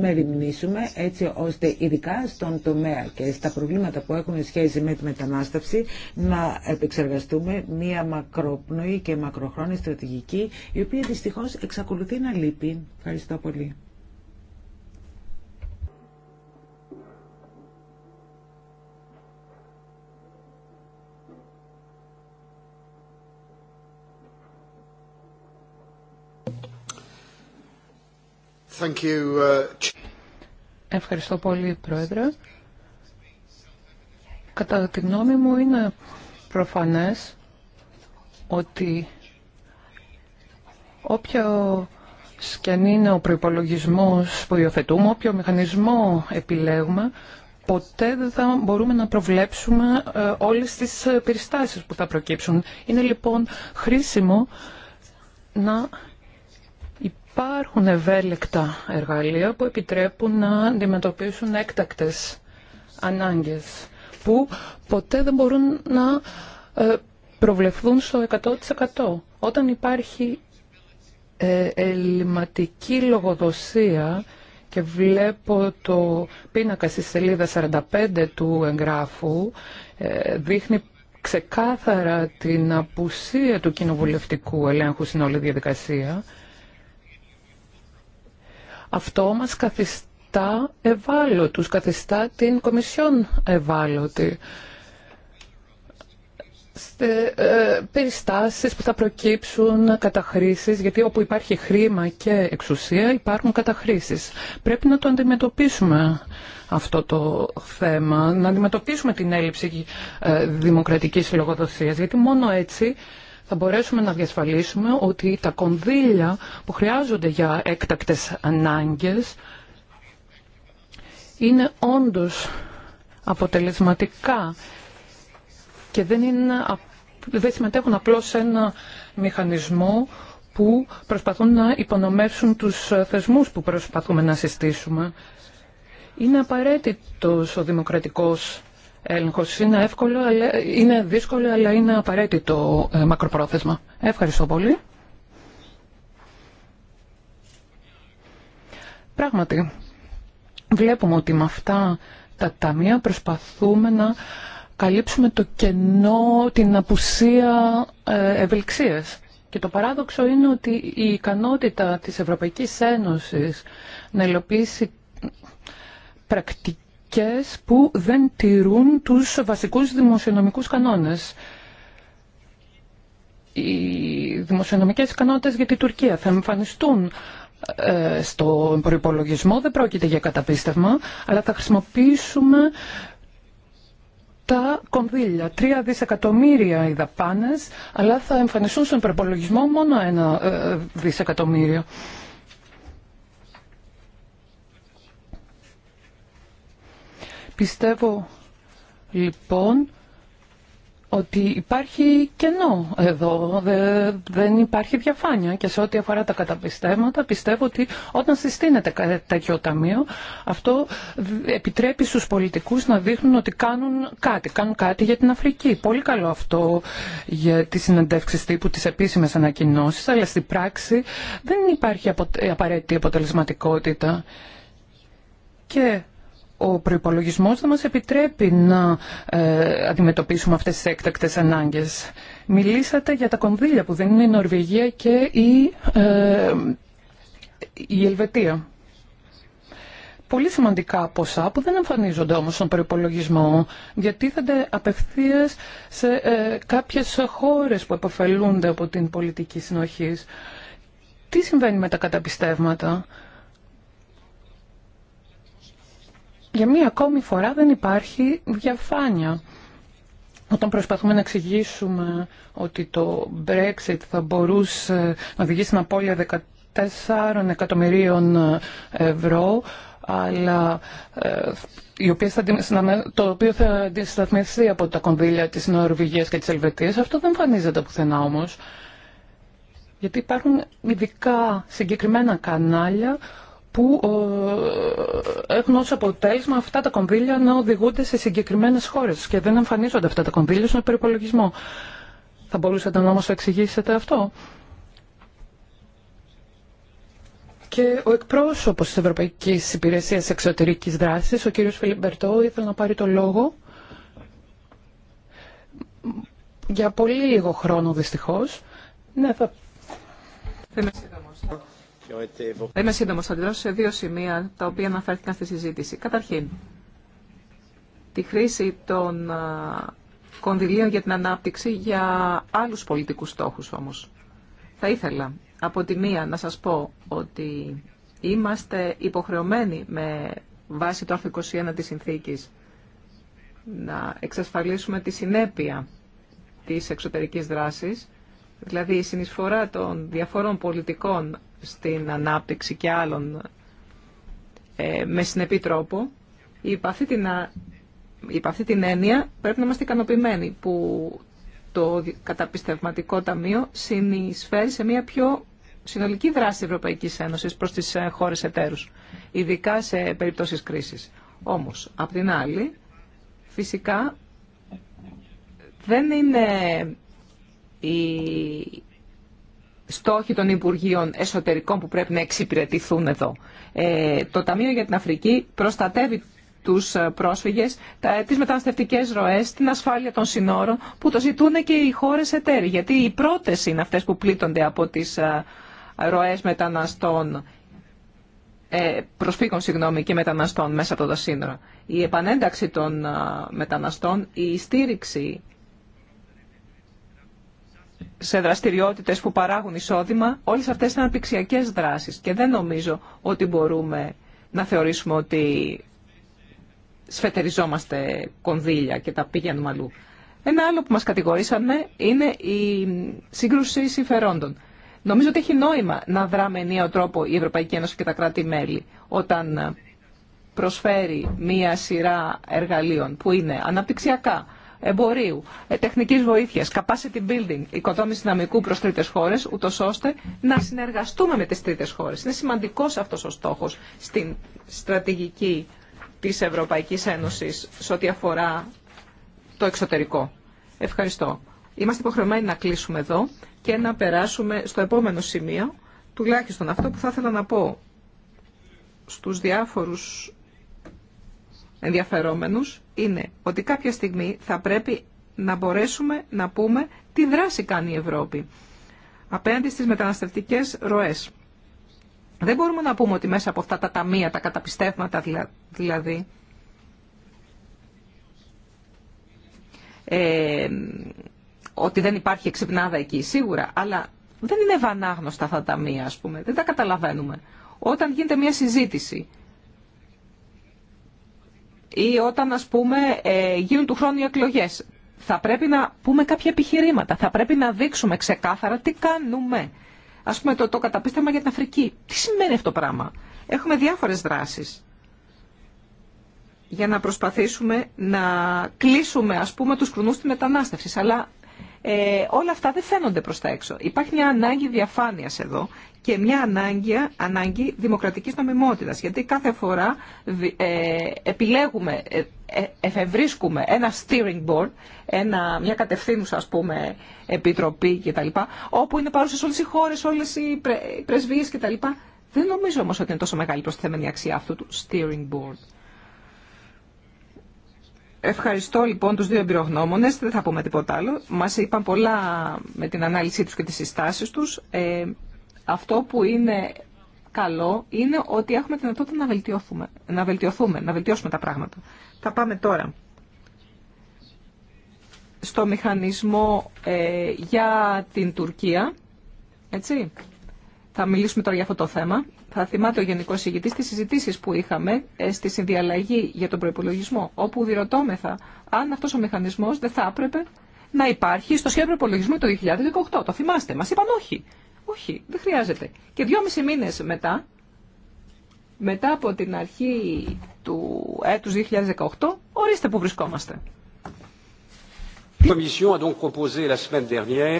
μεριμνήσουμε έτσι ώστε ειδικά στον τομέα και στα προβλήματα που έχουν σχέση με τη μετανάστευση να επεξεργαστούμε μία μακροπνοή και μακροχρόνια στρατηγική η οποία δυστυχώς εξακολουθεί να λείπει. Ευχαριστώ πολύ. Uh, Ευχαριστώ πολύ, Πρόεδρε. Κατά τη γνώμη μου είναι προφανές ότι όποιο και αν είναι ο προπολογισμό που υιοθετούμε, όποιο μηχανισμό επιλέγουμε, ποτέ δεν θα μπορούμε να προβλέψουμε ε, όλες τις ε, περιστάσεις που θα προκύψουν. Είναι λοιπόν χρήσιμο να Υπάρχουν ευέλικτα εργαλεία που επιτρέπουν να αντιμετωπίσουν έκτακτες ανάγκες που ποτέ δεν μπορούν να ε, προβλεφθούν στο 100%. Όταν υπάρχει ε, ελληματική λογοδοσία και βλέπω το πίνακα στη σελίδα 45 του εγγράφου ε, δείχνει ξεκάθαρα την απουσία του κοινοβουλευτικού ελέγχου στην όλη διαδικασία αυτό μας καθιστά ευάλωτους, καθιστά την Κομισιόν ευάλωτη. Σε ε, περιστάσεις που θα προκύψουν καταχρήσεις, γιατί όπου υπάρχει χρήμα και εξουσία υπάρχουν καταχρήσεις. Πρέπει να το αντιμετωπίσουμε αυτό το θέμα, να αντιμετωπίσουμε την έλλειψη ε, δημοκρατικής λογοδοσίας, γιατί μόνο έτσι θα μπορέσουμε να διασφαλίσουμε ότι τα κονδύλια που χρειάζονται για έκτακτες ανάγκες είναι όντως αποτελεσματικά και δεν, είναι, δεν συμμετέχουν απλώς σε ένα μηχανισμό που προσπαθούν να υπονομεύσουν τους θεσμούς που προσπαθούμε να συστήσουμε. Είναι απαραίτητος ο δημοκρατικός είναι, εύκολο, είναι δύσκολο, αλλά είναι απαραίτητο ε, μακροπρόθεσμα. Ευχαριστώ πολύ. Πράγματι, βλέπουμε ότι με αυτά τα ταμεία προσπαθούμε να καλύψουμε το κενό, την απουσία ε, ευελιξίας. Και το παράδοξο είναι ότι η ικανότητα της Ευρωπαϊκής Ένωσης να υλοποιήσει πρακτική πολιτικές που δεν τηρούν τους βασικούς δημοσιονομικούς κανόνες. Οι δημοσιονομικές κανόνες για τη Τουρκία θα εμφανιστούν ε, στον προϋπολογισμό, δεν πρόκειται για καταπίστευμα, αλλά θα χρησιμοποιήσουμε τα κονδύλια. Τρία δισεκατομμύρια οι δαπάνε, αλλά θα εμφανιστούν στον προπολογισμό μόνο ένα ε, δισεκατομμύριο. Πιστεύω λοιπόν ότι υπάρχει κενό εδώ, δεν υπάρχει διαφάνεια και σε ό,τι αφορά τα καταπιστεύματα, πιστεύω ότι όταν συστήνεται τέτοιο ταμείο αυτό επιτρέπει στους πολιτικούς να δείχνουν ότι κάνουν κάτι, κάνουν κάτι για την Αφρική. Πολύ καλό αυτό για τις συνεντεύξεις τύπου, τις επίσημες ανακοινώσεις, αλλά στην πράξη δεν υπάρχει απαραίτητη αποτελεσματικότητα. Και ο προϋπολογισμός θα μας επιτρέπει να ε, αντιμετωπίσουμε αυτές τις έκτακτες ανάγκες. Μιλήσατε για τα κονδύλια που δίνουν η Νορβηγία και η, ε, η Ελβετία. Πολύ σημαντικά ποσά που δεν εμφανίζονται όμως στον προϋπολογισμό διατίθενται απευθείας σε ε, κάποιες χώρες που επωφελούνται από την πολιτική συνοχής. Τι συμβαίνει με τα καταπιστεύματα. Για μία ακόμη φορά δεν υπάρχει διαφάνεια. Όταν προσπαθούμε να εξηγήσουμε ότι το Brexit θα μπορούσε να οδηγήσει στην απώλεια 14 εκατομμυρίων ευρώ, αλλά ε, η το οποίο θα αντισταθμιστεί από τα κονδύλια της Νορβηγίας και της Ελβετίας. Αυτό δεν εμφανίζεται πουθενά όμως. Γιατί υπάρχουν ειδικά συγκεκριμένα κανάλια που ε, έχουν ως αποτέλεσμα αυτά τα κονδύλια να οδηγούνται σε συγκεκριμένες χώρες και δεν εμφανίζονται αυτά τα κονδύλια στον περιπολογισμό. Θα μπορούσατε να μας το εξηγήσετε αυτό. Και ο εκπρόσωπος της Ευρωπαϊκής Υπηρεσίας Εξωτερικής Δράσης, ο κύριος Φιλιμπερτό, ήθελε να πάρει το λόγο για πολύ λίγο χρόνο δυστυχώς. Ναι, θα είμαι σύντομο. Θα σε δύο σημεία τα οποία αναφέρθηκαν στη συζήτηση. Καταρχήν, τη χρήση των κονδυλίων για την ανάπτυξη για άλλους πολιτικούς στόχους όμως. Θα ήθελα από τη μία να σας πω ότι είμαστε υποχρεωμένοι με βάση το άρθρο 21 της συνθήκης να εξασφαλίσουμε τη συνέπεια της εξωτερικής δράσης Δηλαδή η συνεισφορά των διαφόρων πολιτικών στην ανάπτυξη και άλλων ε, με συνεπή τρόπο, υπ' αυτή, την, αυτή την έννοια πρέπει να είμαστε ικανοποιημένοι που το καταπιστευματικό ταμείο συνεισφέρει σε μια πιο συνολική δράση Ευρωπαϊκής Ένωσης προς τις ε, χώρες εταίρους, ειδικά σε περιπτώσεις κρίσης. Όμως, απ' την άλλη, φυσικά δεν είναι οι στόχοι των Υπουργείων Εσωτερικών που πρέπει να εξυπηρετηθούν εδώ. Ε, το Ταμείο για την Αφρική προστατεύει τους ε, πρόσφυγες, τις μεταναστευτικές ροές, την ασφάλεια των συνόρων που το ζητούν και οι χώρες εταίροι. Γιατί οι πρώτες είναι αυτές που πλήττονται από τις ε, ροές μεταναστών προσφύγων συγγνώμη, και μεταναστών μέσα από τα σύνορα. Η επανένταξη των μεταναστών, η στήριξη σε δραστηριότητες που παράγουν εισόδημα, όλες αυτές είναι αναπτυξιακές δράσεις και δεν νομίζω ότι μπορούμε να θεωρήσουμε ότι σφετεριζόμαστε κονδύλια και τα πήγαινουμε αλλού. Ένα άλλο που μας κατηγορήσανε είναι η σύγκρουση συμφερόντων. Νομίζω ότι έχει νόημα να δράμε ενιαίο τρόπο η Ευρωπαϊκή Ένωση και τα κράτη-μέλη όταν προσφέρει μία σειρά εργαλείων που είναι αναπτυξιακά, εμπορίου, ε, τεχνικής βοήθειας, capacity building, οικοδόμηση δυναμικού προ τρίτε χώρε, ούτω ώστε να συνεργαστούμε με τις τρίτε χώρε. Είναι σημαντικός αυτός ο στόχος στην στρατηγική της Ευρωπαϊκής Ένωση σε ό,τι αφορά το εξωτερικό. Ευχαριστώ. Είμαστε υποχρεωμένοι να κλείσουμε εδώ και να περάσουμε στο επόμενο σημείο, τουλάχιστον αυτό που θα ήθελα να πω στους διάφορους ενδιαφερόμενους είναι ότι κάποια στιγμή θα πρέπει να μπορέσουμε να πούμε τι δράση κάνει η Ευρώπη απέναντι στις μεταναστευτικές ροές. Δεν μπορούμε να πούμε ότι μέσα από αυτά τα ταμεία, τα καταπιστεύματα δηλαδή, ε, ότι δεν υπάρχει εξυπνάδα εκεί σίγουρα, αλλά δεν είναι βανάγνωστα αυτά τα ταμεία, ας πούμε. Δεν τα καταλαβαίνουμε. Όταν γίνεται μια συζήτηση ή όταν ας πούμε ε, γίνουν του χρόνου οι εκλογές. Θα πρέπει να πούμε κάποια επιχειρήματα, θα πρέπει να δείξουμε ξεκάθαρα τι κάνουμε. Ας πούμε το, το καταπίστευμα για την Αφρική. Τι σημαίνει αυτό το πράγμα. Έχουμε διάφορες δράσεις για να προσπαθήσουμε να κλείσουμε ας πούμε τους κρουνούς της μετανάστευσης. Αλλά ε, όλα αυτά δεν φαίνονται προς τα έξω. Υπάρχει μια ανάγκη διαφάνειας εδώ και μια ανάγκη, ανάγκη δημοκρατικής νομιμότητας. Γιατί κάθε φορά ε, επιλέγουμε, ε, ε, εφευρίσκουμε ένα steering board, ένα, μια κατευθύνουσα ας πούμε επιτροπή κτλ. Όπου είναι παρούσες όλες οι χώρες, όλες οι, πρε, οι πρεσβείες κτλ. Δεν νομίζω όμως ότι είναι τόσο μεγάλη προσθέμενη αξία αυτού του steering board. Ευχαριστώ λοιπόν τους δύο εμπειρογνώμονες, δεν θα πούμε τίποτα άλλο. Μας είπαν πολλά με την ανάλυση τους και τις συστάσεις τους. Ε, αυτό που είναι καλό είναι ότι έχουμε τη δυνατότητα να βελτιωθούμε, να βελτιωθούμε, να βελτιώσουμε τα πράγματα. Θα πάμε τώρα στο μηχανισμό ε, για την Τουρκία. Έτσι. Θα μιλήσουμε τώρα για αυτό το θέμα θα θυμάται ο Γενικό Συγητή τι συζητήσει που είχαμε ε, στη συνδιαλλαγή για τον προπολογισμό, όπου διρωτώμεθα αν αυτό ο μηχανισμό δεν θα έπρεπε να υπάρχει στο σχέδιο προπολογισμού το 2018. Το θυμάστε, μα είπαν όχι. Όχι, δεν χρειάζεται. Και δυόμισι μήνε μετά, μετά από την αρχή του έτου 2018, ορίστε που βρισκόμαστε.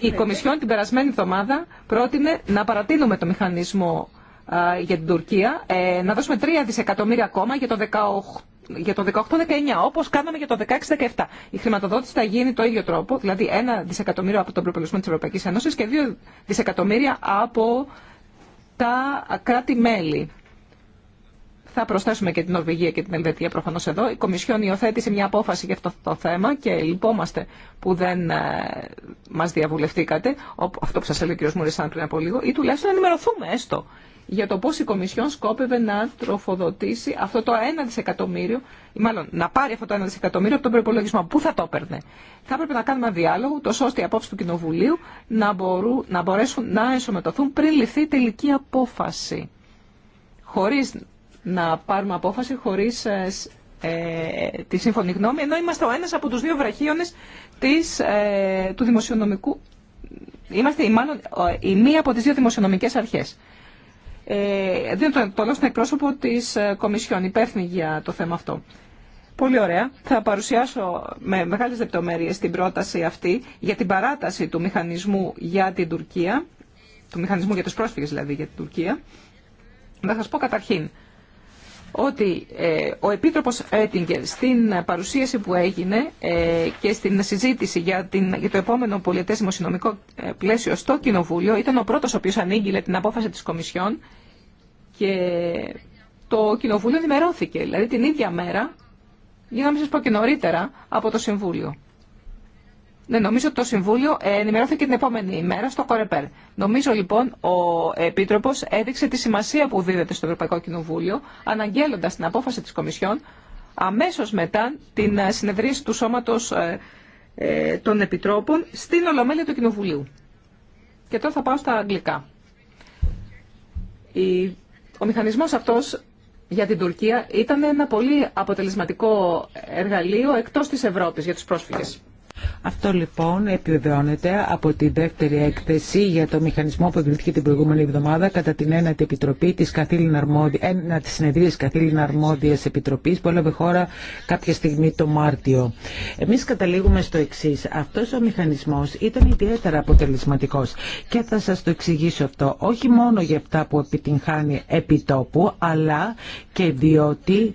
Η Κομισιόν την περασμένη εβδομάδα πρότεινε να παρατείνουμε το μηχανισμό για την Τουρκία, ε, να δώσουμε 3 δισεκατομμύρια ακόμα για το 18 για το 18-19, όπως κάναμε για το 16-17. Η χρηματοδότηση θα γίνει το ίδιο τρόπο, δηλαδή 1 δισεκατομμύριο από τον προπολογισμό τη Ευρωπαϊκή Ένωση και 2 δισεκατομμύρια από τα κράτη-μέλη. Θα προσθέσουμε και την Νορβηγία και την Ελβετία προφανώ εδώ. Η Κομισιόν υιοθέτησε μια απόφαση για αυτό το θέμα και λυπόμαστε που δεν ε, μα διαβουλευτήκατε, αυτό που σα έλεγε ο κ. Μουρισάν πριν από λίγο, ή τουλάχιστον ενημερωθούμε έστω για το πώς η Κομισιόν σκόπευε να τροφοδοτήσει αυτό το 1 δισεκατομμύριο, ή μάλλον να πάρει αυτό το 1 δισεκατομμύριο από τον προπολογισμό. Πού θα το έπαιρνε. Θα έπρεπε να κάνουμε ένα διάλογο, τόσο ώστε οι απόψει του Κοινοβουλίου να, μπορούν, να μπορέσουν να ενσωματωθούν πριν ληφθεί τελική απόφαση. Χωρίς να πάρουμε απόφαση, χωρίς ε, ε, τη σύμφωνη γνώμη, ενώ είμαστε ο ένας από τους δύο βραχίονες ε, του δημοσιονομικού. Είμαστε η, ε, η μία από τις δύο δημοσιονομικές αρχές ε, δίνω το λόγο στον εκπρόσωπο της ε, Κομισιόν, υπεύθυνη για το θέμα αυτό. Πολύ ωραία. Θα παρουσιάσω με μεγάλες λεπτομέρειες την πρόταση αυτή για την παράταση του μηχανισμού για την Τουρκία, του μηχανισμού για τους πρόσφυγες δηλαδή για την Τουρκία. Να σας πω καταρχήν ότι ε, ο Επίτροπος Έτιγκερ στην παρουσίαση που έγινε ε, και στην συζήτηση για, το επόμενο πολιτεύσιμο πολιτεσμό-συνομικό ε, πλαίσιο στο Κοινοβούλιο ήταν ο πρώτος ο οποίος ανήγγειλε την απόφαση της Κομισιόν και το Κοινοβούλιο ενημερώθηκε. Δηλαδή την ίδια μέρα, για να μην σας πω και νωρίτερα, από το Συμβούλιο. Ναι, νομίζω ότι το Συμβούλιο ε, ενημερώθηκε την επόμενη μέρα στο Κορεπέρ. Νομίζω λοιπόν ο Επίτροπο έδειξε τη σημασία που δίδεται στο Ευρωπαϊκό Κοινοβούλιο, αναγγέλλοντα την απόφαση τη Κομισιόν αμέσω μετά την ε, συνεδρίαση του Σώματο ε, των Επιτρόπων στην Ολομέλεια του Κοινοβουλίου. Και τώρα θα πάω στα αγγλικά. Ο μηχανισμό αυτό για την Τουρκία ήταν ένα πολύ αποτελεσματικό εργαλείο εκτός της Ευρώπης για τους πρόσφυγες. Αυτό λοιπόν επιβεβαιώνεται από τη δεύτερη έκθεση για το μηχανισμό που εγκρίθηκε την προηγούμενη εβδομάδα κατά την ένατη επιτροπή της καθήλυνα αρμόδια, ένα συνεδρίας καθήλυνα αρμόδιας επιτροπής που έλαβε χώρα κάποια στιγμή το Μάρτιο. Εμείς καταλήγουμε στο εξή. Αυτός ο μηχανισμός ήταν ιδιαίτερα αποτελεσματικός και θα σας το εξηγήσω αυτό όχι μόνο για αυτά που επιτυγχάνει επιτόπου αλλά και διότι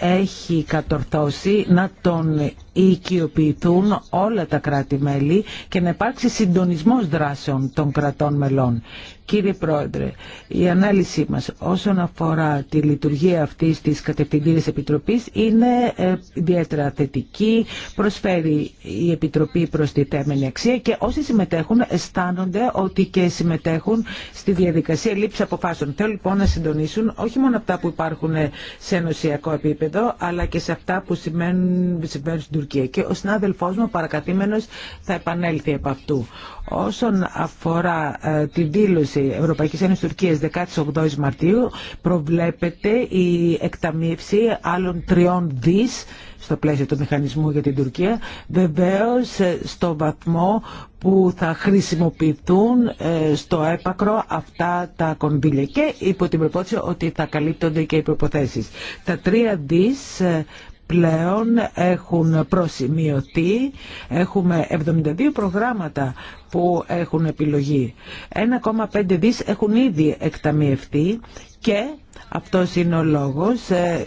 έχει κατορθώσει να τον οικειοποιηθούν όλα τα κράτη-μέλη και να υπάρξει συντονισμός δράσεων των κρατών μελών. Κύριε Πρόεδρε, η ανάλυση μας όσον αφορά τη λειτουργία αυτής της κατευθυντήρης επιτροπής είναι ε, ιδιαίτερα θετική, προσφέρει η Επιτροπή προς τη θέμενη αξία και όσοι συμμετέχουν αισθάνονται ότι και συμμετέχουν στη διαδικασία λήψη αποφάσεων. Θέλω λοιπόν να συντονίσουν όχι μόνο αυτά που υπάρχουν σε ενωσιακό επίπεδο, αλλά και σε αυτά που συμβαίνουν στην Τουρκία. Και ο συνάδελφός μου παρακατήμενος θα επανέλθει από αυτού. Όσον αφορά ε, τη δήλωση Ευρωπαϊκής Ευρωπαϊκή Ένωση Τουρκία 18 Μαρτίου προβλέπεται η εκταμείευση άλλων τριών δις στο πλαίσιο του μηχανισμού για την Τουρκία, Βεβαίως ε, στο βαθμό που θα χρησιμοποιηθούν ε, στο έπακρο αυτά τα κονδύλια και υπό την προπόθεση ότι θα καλύπτονται και οι προποθέσει. Τα τρία δις ε, πλέον έχουν προσημειωθεί. Έχουμε 72 προγράμματα που έχουν επιλογή. 1,5 δις έχουν ήδη εκταμιευτεί και αυτός είναι ο λόγος ε,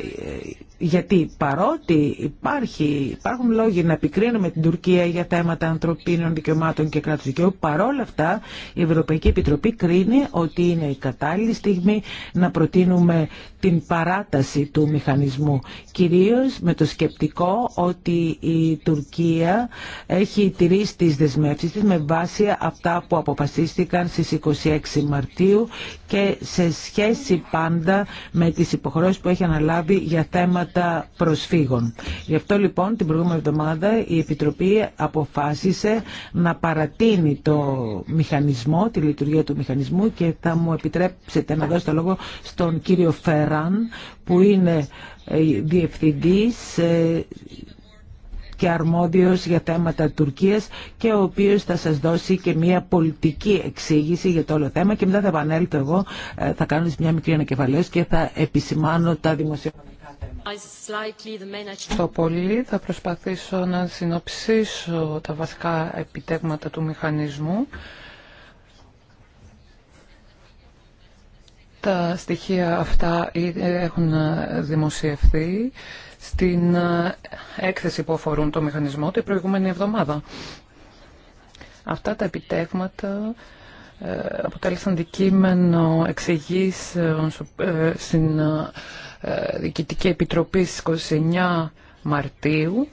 γιατί παρότι υπάρχει, υπάρχουν λόγοι να επικρίνουμε την Τουρκία για θέματα ανθρωπίνων δικαιωμάτων και κράτους δικαιού, παρόλα αυτά η Ευρωπαϊκή Επιτροπή κρίνει ότι είναι η κατάλληλη στιγμή να προτείνουμε την παράταση του μηχανισμού. Κυρίως με το σκεπτικό ότι η Τουρκία έχει τηρήσει τις δεσμεύσεις της με βάση αυτά που αποφασίστηκαν στις 26 Μαρτίου και σε σχέση πάντα με τις υποχρεώσεις που έχει αναλάβει για θέματα προσφύγων. Γι' αυτό λοιπόν την προηγούμενη εβδομάδα η Επιτροπή αποφάσισε να παρατείνει το μηχανισμό, τη λειτουργία του μηχανισμού και θα μου επιτρέψετε να δώσω το λόγο στον κύριο Φεράν που είναι ε, διευθυντής ε, και αρμόδιος για θέματα Τουρκίας και ο οποίος θα σας δώσει και μια πολιτική εξήγηση για το όλο θέμα και μετά θα επανέλθω εγώ, ε, θα κάνω μια μικρή ανακεφαλαίωση και θα επισημάνω τα δημοσιονομικά θέματα. Στο πολύ θα προσπαθήσω να συνοψίσω τα βασικά επιτέγματα του μηχανισμού. Τα στοιχεία αυτά έχουν δημοσιευθεί στην ε, έκθεση που αφορούν το μηχανισμό την προηγούμενη εβδομάδα. Αυτά τα επιτέγματα ε, αποτέλεσαν δικείμενο εξηγής ε, στην Διοικητική Επιτροπή στις 29 Μαρτίου.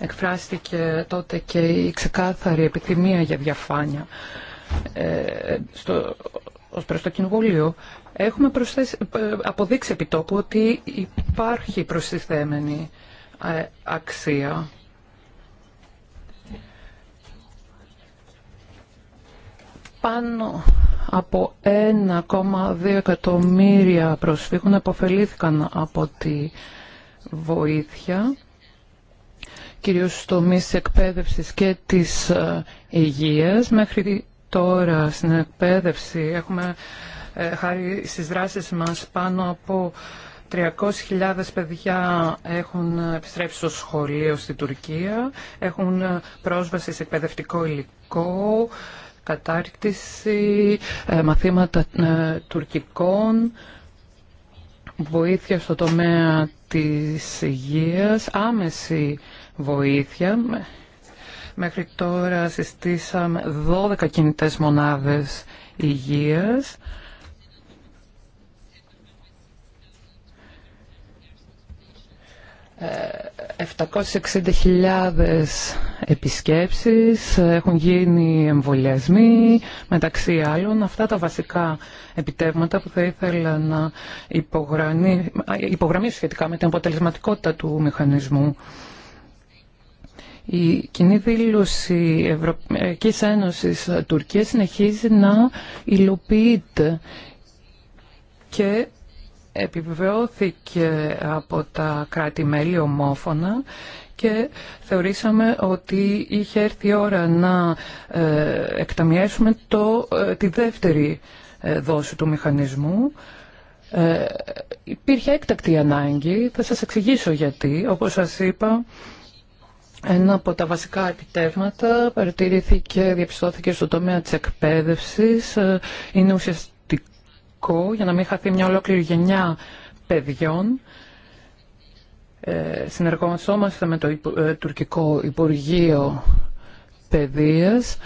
Εκφράστηκε τότε και η ξεκάθαρη επιθυμία για διαφάνεια στο, ως προς το Κοινοβούλιο. Έχουμε προσθέσει, ε, αποδείξει τόπου ότι υπάρχει προστιθέμενη ε, αξία. Πάνω από 1,2 εκατομμύρια προσφύγων αποφελήθηκαν από τη βοήθεια, κυρίως στο μης εκπαίδευσης και της ε, υγείας. Μέχρι τώρα στην εκπαίδευση έχουμε ε, χάρη στις δράσεις μας πάνω από 300.000 παιδιά έχουν επιστρέψει στο σχολείο στη Τουρκία, έχουν πρόσβαση σε εκπαιδευτικό υλικό, κατάρτιση, ε, μαθήματα ε, τουρκικών, βοήθεια στο τομέα της υγείας, άμεση βοήθεια. Μέχρι τώρα συστήσαμε 12 κινητές μονάδες υγείας 760.000 ε, επισκέψεις, ε, έχουν γίνει εμβολιασμοί, μεταξύ άλλων. Αυτά τα βασικά επιτεύγματα που θα ήθελα να υπογραμμίσω σχετικά με την αποτελεσματικότητα του μηχανισμού. Η κοινή δήλωση Ευρωπαϊκής Ένωσης Τουρκία συνεχίζει να υλοποιείται και επιβεβαιώθηκε από τα κράτη-μέλη ομόφωνα και θεωρήσαμε ότι είχε έρθει η ώρα να ε, εκταμιέσουμε το, ε, τη δεύτερη ε, δόση του μηχανισμού. Ε, υπήρχε έκτακτη ανάγκη, θα σας εξηγήσω γιατί. Όπως σας είπα, ένα από τα βασικά επιτεύγματα παρατηρήθηκε, διαπιστώθηκε στο τομέα της εκπαίδευσης. Είναι σημαντικό για να μην χαθεί μια ολόκληρη γενιά παιδιών. Ε, με το ε, τουρκικό Υπουργείο Παιδείας.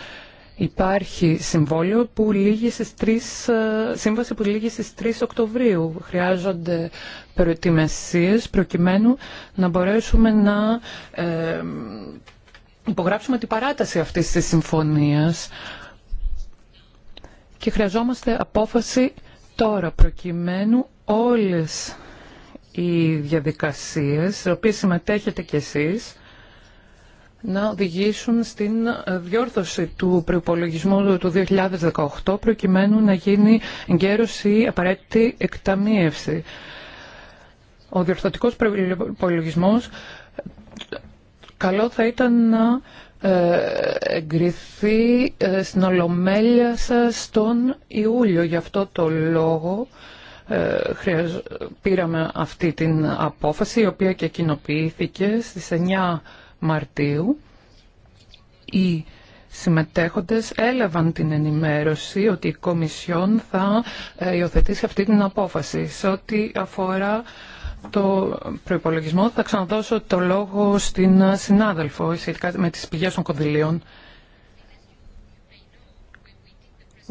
Υπάρχει συμβόλαιο που λύγει στις 3, ε, σύμβαση που λύγει στις 3 Οκτωβρίου. Χρειάζονται προετοιμασίες προκειμένου να μπορέσουμε να ε, υπογράψουμε την παράταση αυτής της συμφωνίας και χρειαζόμαστε απόφαση Τώρα, προκειμένου όλες οι διαδικασίες, στις οποίες συμμετέχετε κι εσείς, να οδηγήσουν στην διόρθωση του προϋπολογισμού του 2018 προκειμένου να γίνει εγκαίρωση ή απαραίτητη εκταμίευση. Ο διορθωτικός προϋπολογισμός καλό θα ήταν να εγκριθεί ε, στην Ολομέλεια σας τον Ιούλιο. Γι' αυτό το λόγο ε, πήραμε αυτή την απόφαση, η οποία και κοινοποιήθηκε στις 9 Μαρτίου. Οι συμμετέχοντες έλαβαν την ενημέρωση ότι η Κομισιόν θα ε, υιοθετήσει αυτή την απόφαση. Σε ό,τι αφορά το προπολογισμό θα ξαναδώσω το λόγο στην συνάδελφο σχετικά με τις πηγές των κονδυλίων.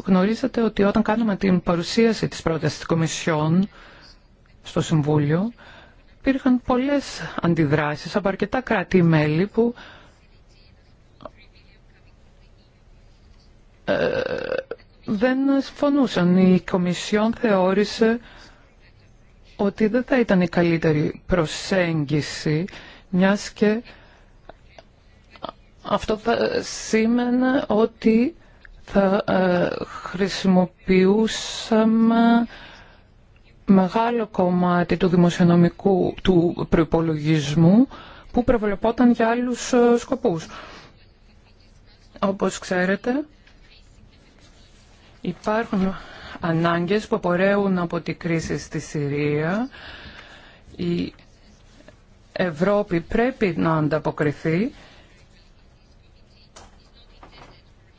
Γνωρίζετε ότι όταν κάναμε την παρουσίαση της πρότασης της Κομισιόν στο Συμβούλιο, υπήρχαν πολλές αντιδράσεις από αρκετά κράτη-μέλη που ε, δεν συμφωνούσαν. Η Κομισιόν θεώρησε ότι δεν θα ήταν η καλύτερη προσέγγιση, μιας και αυτό θα σήμαινε ότι θα ε, χρησιμοποιούσαμε μεγάλο κομμάτι του δημοσιονομικού του προϋπολογισμού που προβλεπόταν για άλλους ε, σκοπούς. Όπως ξέρετε, υπάρχουν ανάγκες που απορρέουν από τη κρίση στη Συρία. Η Ευρώπη πρέπει να ανταποκριθεί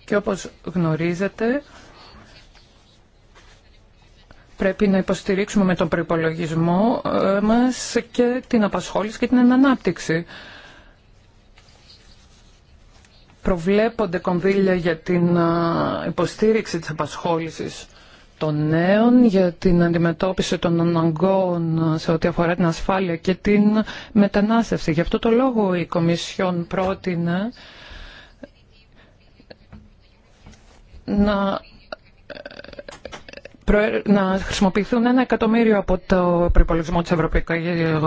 και όπως γνωρίζετε πρέπει να υποστηρίξουμε με τον προπολογισμό ε, μας και την απασχόληση και την ανανάπτυξη. Προβλέπονται κονδύλια για την ε, υποστήριξη της απασχόλησης των για την αντιμετώπιση των αναγκών σε ό,τι αφορά την ασφάλεια και την μετανάστευση. Γι' αυτό το λόγο η Κομισιόν πρότεινε να ε, ε, να χρησιμοποιηθούν ένα εκατομμύριο από το προπολογισμό της, Ευρωπαϊκής, ε,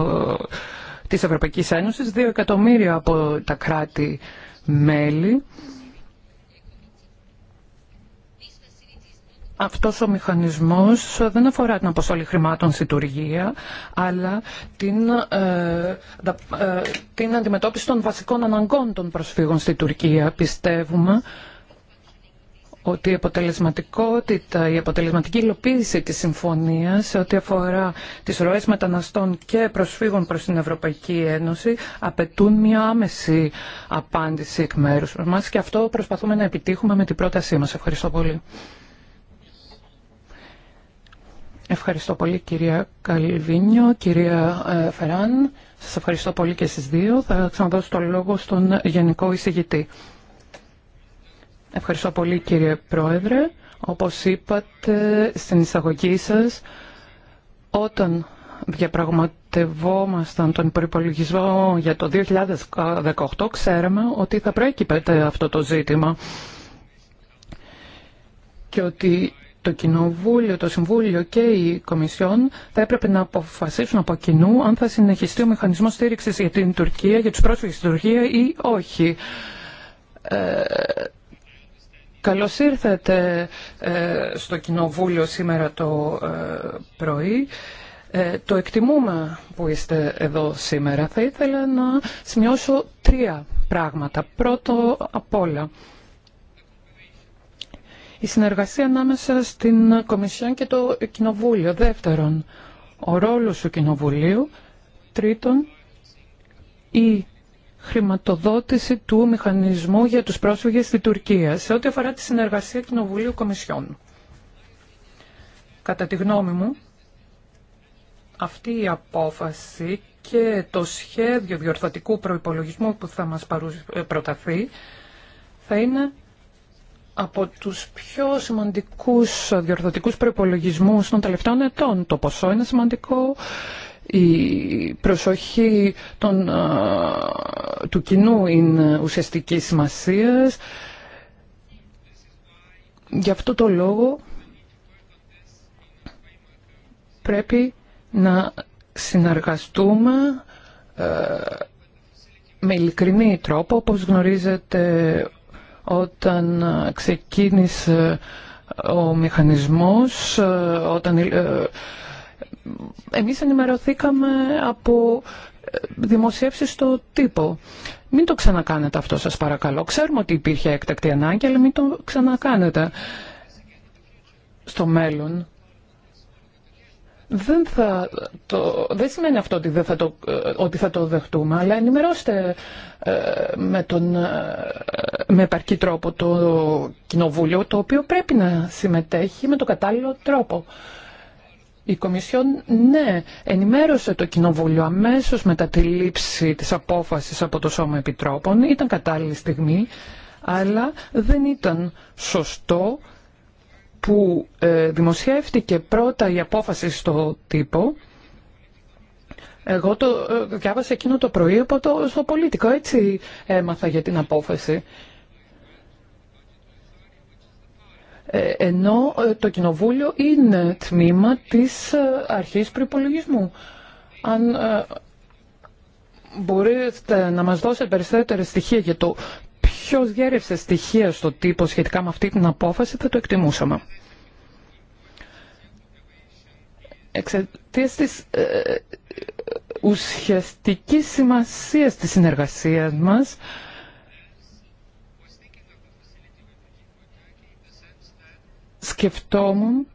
της Ευρωπαϊκής Ένωσης, δύο εκατομμύρια από τα κράτη-μέλη αυτός ο μηχανισμός δεν αφορά την αποστολή χρημάτων στη Τουρκία, αλλά την, ε, ε, την αντιμετώπιση των βασικών αναγκών των προσφύγων στη Τουρκία. Πιστεύουμε ότι η αποτελεσματικότητα, η αποτελεσματική υλοποίηση της συμφωνίας σε ό,τι αφορά τις ροές μεταναστών και προσφύγων προς την Ευρωπαϊκή Ένωση απαιτούν μια άμεση απάντηση εκ μέρους μας και αυτό προσπαθούμε να επιτύχουμε με την πρότασή μας. Ευχαριστώ πολύ. Ευχαριστώ πολύ κυρία Καλβίνιο, κυρία ε, Φεράν. Σας ευχαριστώ πολύ και στις δύο. Θα ξαναδώσω το λόγο στον Γενικό Εισηγητή. Ευχαριστώ πολύ κύριε Πρόεδρε. Όπως είπατε στην εισαγωγή σας, όταν διαπραγματευόμασταν τον προπολογισμό για το 2018, ξέραμε ότι θα προέκυπεται αυτό το ζήτημα και ότι το Κοινοβούλιο, το Συμβούλιο και η Κομισιόν θα έπρεπε να αποφασίσουν από κοινού αν θα συνεχιστεί ο μηχανισμός στήριξης για την Τουρκία, για τους πρόσφυγες στην Τουρκία ή όχι. Ε, καλώς ήρθατε ε, στο Κοινοβούλιο σήμερα το ε, πρωί. Ε, το εκτιμούμε που είστε εδώ σήμερα. Θα ήθελα να σημειώσω τρία πράγματα. Πρώτο απ' όλα η συνεργασία ανάμεσα στην Κομισιόν και το Κοινοβούλιο. Δεύτερον, ο ρόλος του Κοινοβουλίου. Τρίτον, η χρηματοδότηση του μηχανισμού για τους πρόσφυγες στη Τουρκία σε ό,τι αφορά τη συνεργασία Κοινοβουλίου Κομισιόν. Κατά τη γνώμη μου, αυτή η απόφαση και το σχέδιο διορθωτικού προϋπολογισμού που θα μας ε, προταθεί θα είναι από τους πιο σημαντικούς διορθωτικούς προπολογισμού των τελευταίων ετών. Το ποσό είναι σημαντικό, η προσοχή των, του κοινού είναι ουσιαστική σημασία. Γι' αυτό το λόγο πρέπει να συνεργαστούμε ε, με ειλικρινή τρόπο, όπως γνωρίζετε όταν ξεκίνησε ο μηχανισμός, όταν ε, εμείς ενημερωθήκαμε από δημοσιεύσεις στο τύπο. Μην το ξανακάνετε αυτό σας παρακαλώ. Ξέρουμε ότι υπήρχε έκτακτη ανάγκη, αλλά μην το ξανακάνετε στο μέλλον. Δεν, το, δεν σημαίνει αυτό ότι, δεν θα το, ότι θα το δεχτούμε, αλλά ενημερώστε ε, με, τον, ε, με επαρκή τρόπο το κοινοβούλιο, το οποίο πρέπει να συμμετέχει με το κατάλληλο τρόπο. Η Κομισιόν, ναι, ενημέρωσε το Κοινοβούλιο αμέσως μετά τη λήψη της απόφασης από το Σώμα Επιτρόπων. Ήταν κατάλληλη στιγμή, αλλά δεν ήταν σωστό που ε, δημοσιεύτηκε πρώτα η απόφαση στο τύπο, εγώ το ε, διάβασα εκείνο το πρωί από το, στο πολίτικο, έτσι έμαθα για την απόφαση. Ε, ενώ το Κοινοβούλιο είναι τμήμα της αρχής προπολογισμού. Αν μπορείτε να μας δώσετε περισσότερες στοιχεία για το Ποιο γέρευσε στοιχεία στο τύπο σχετικά με αυτή την απόφαση θα το εκτιμούσαμε. Εξαιτίας της ε, ουσιαστικής σημασίας της συνεργασίας μας, σκεφτόμουν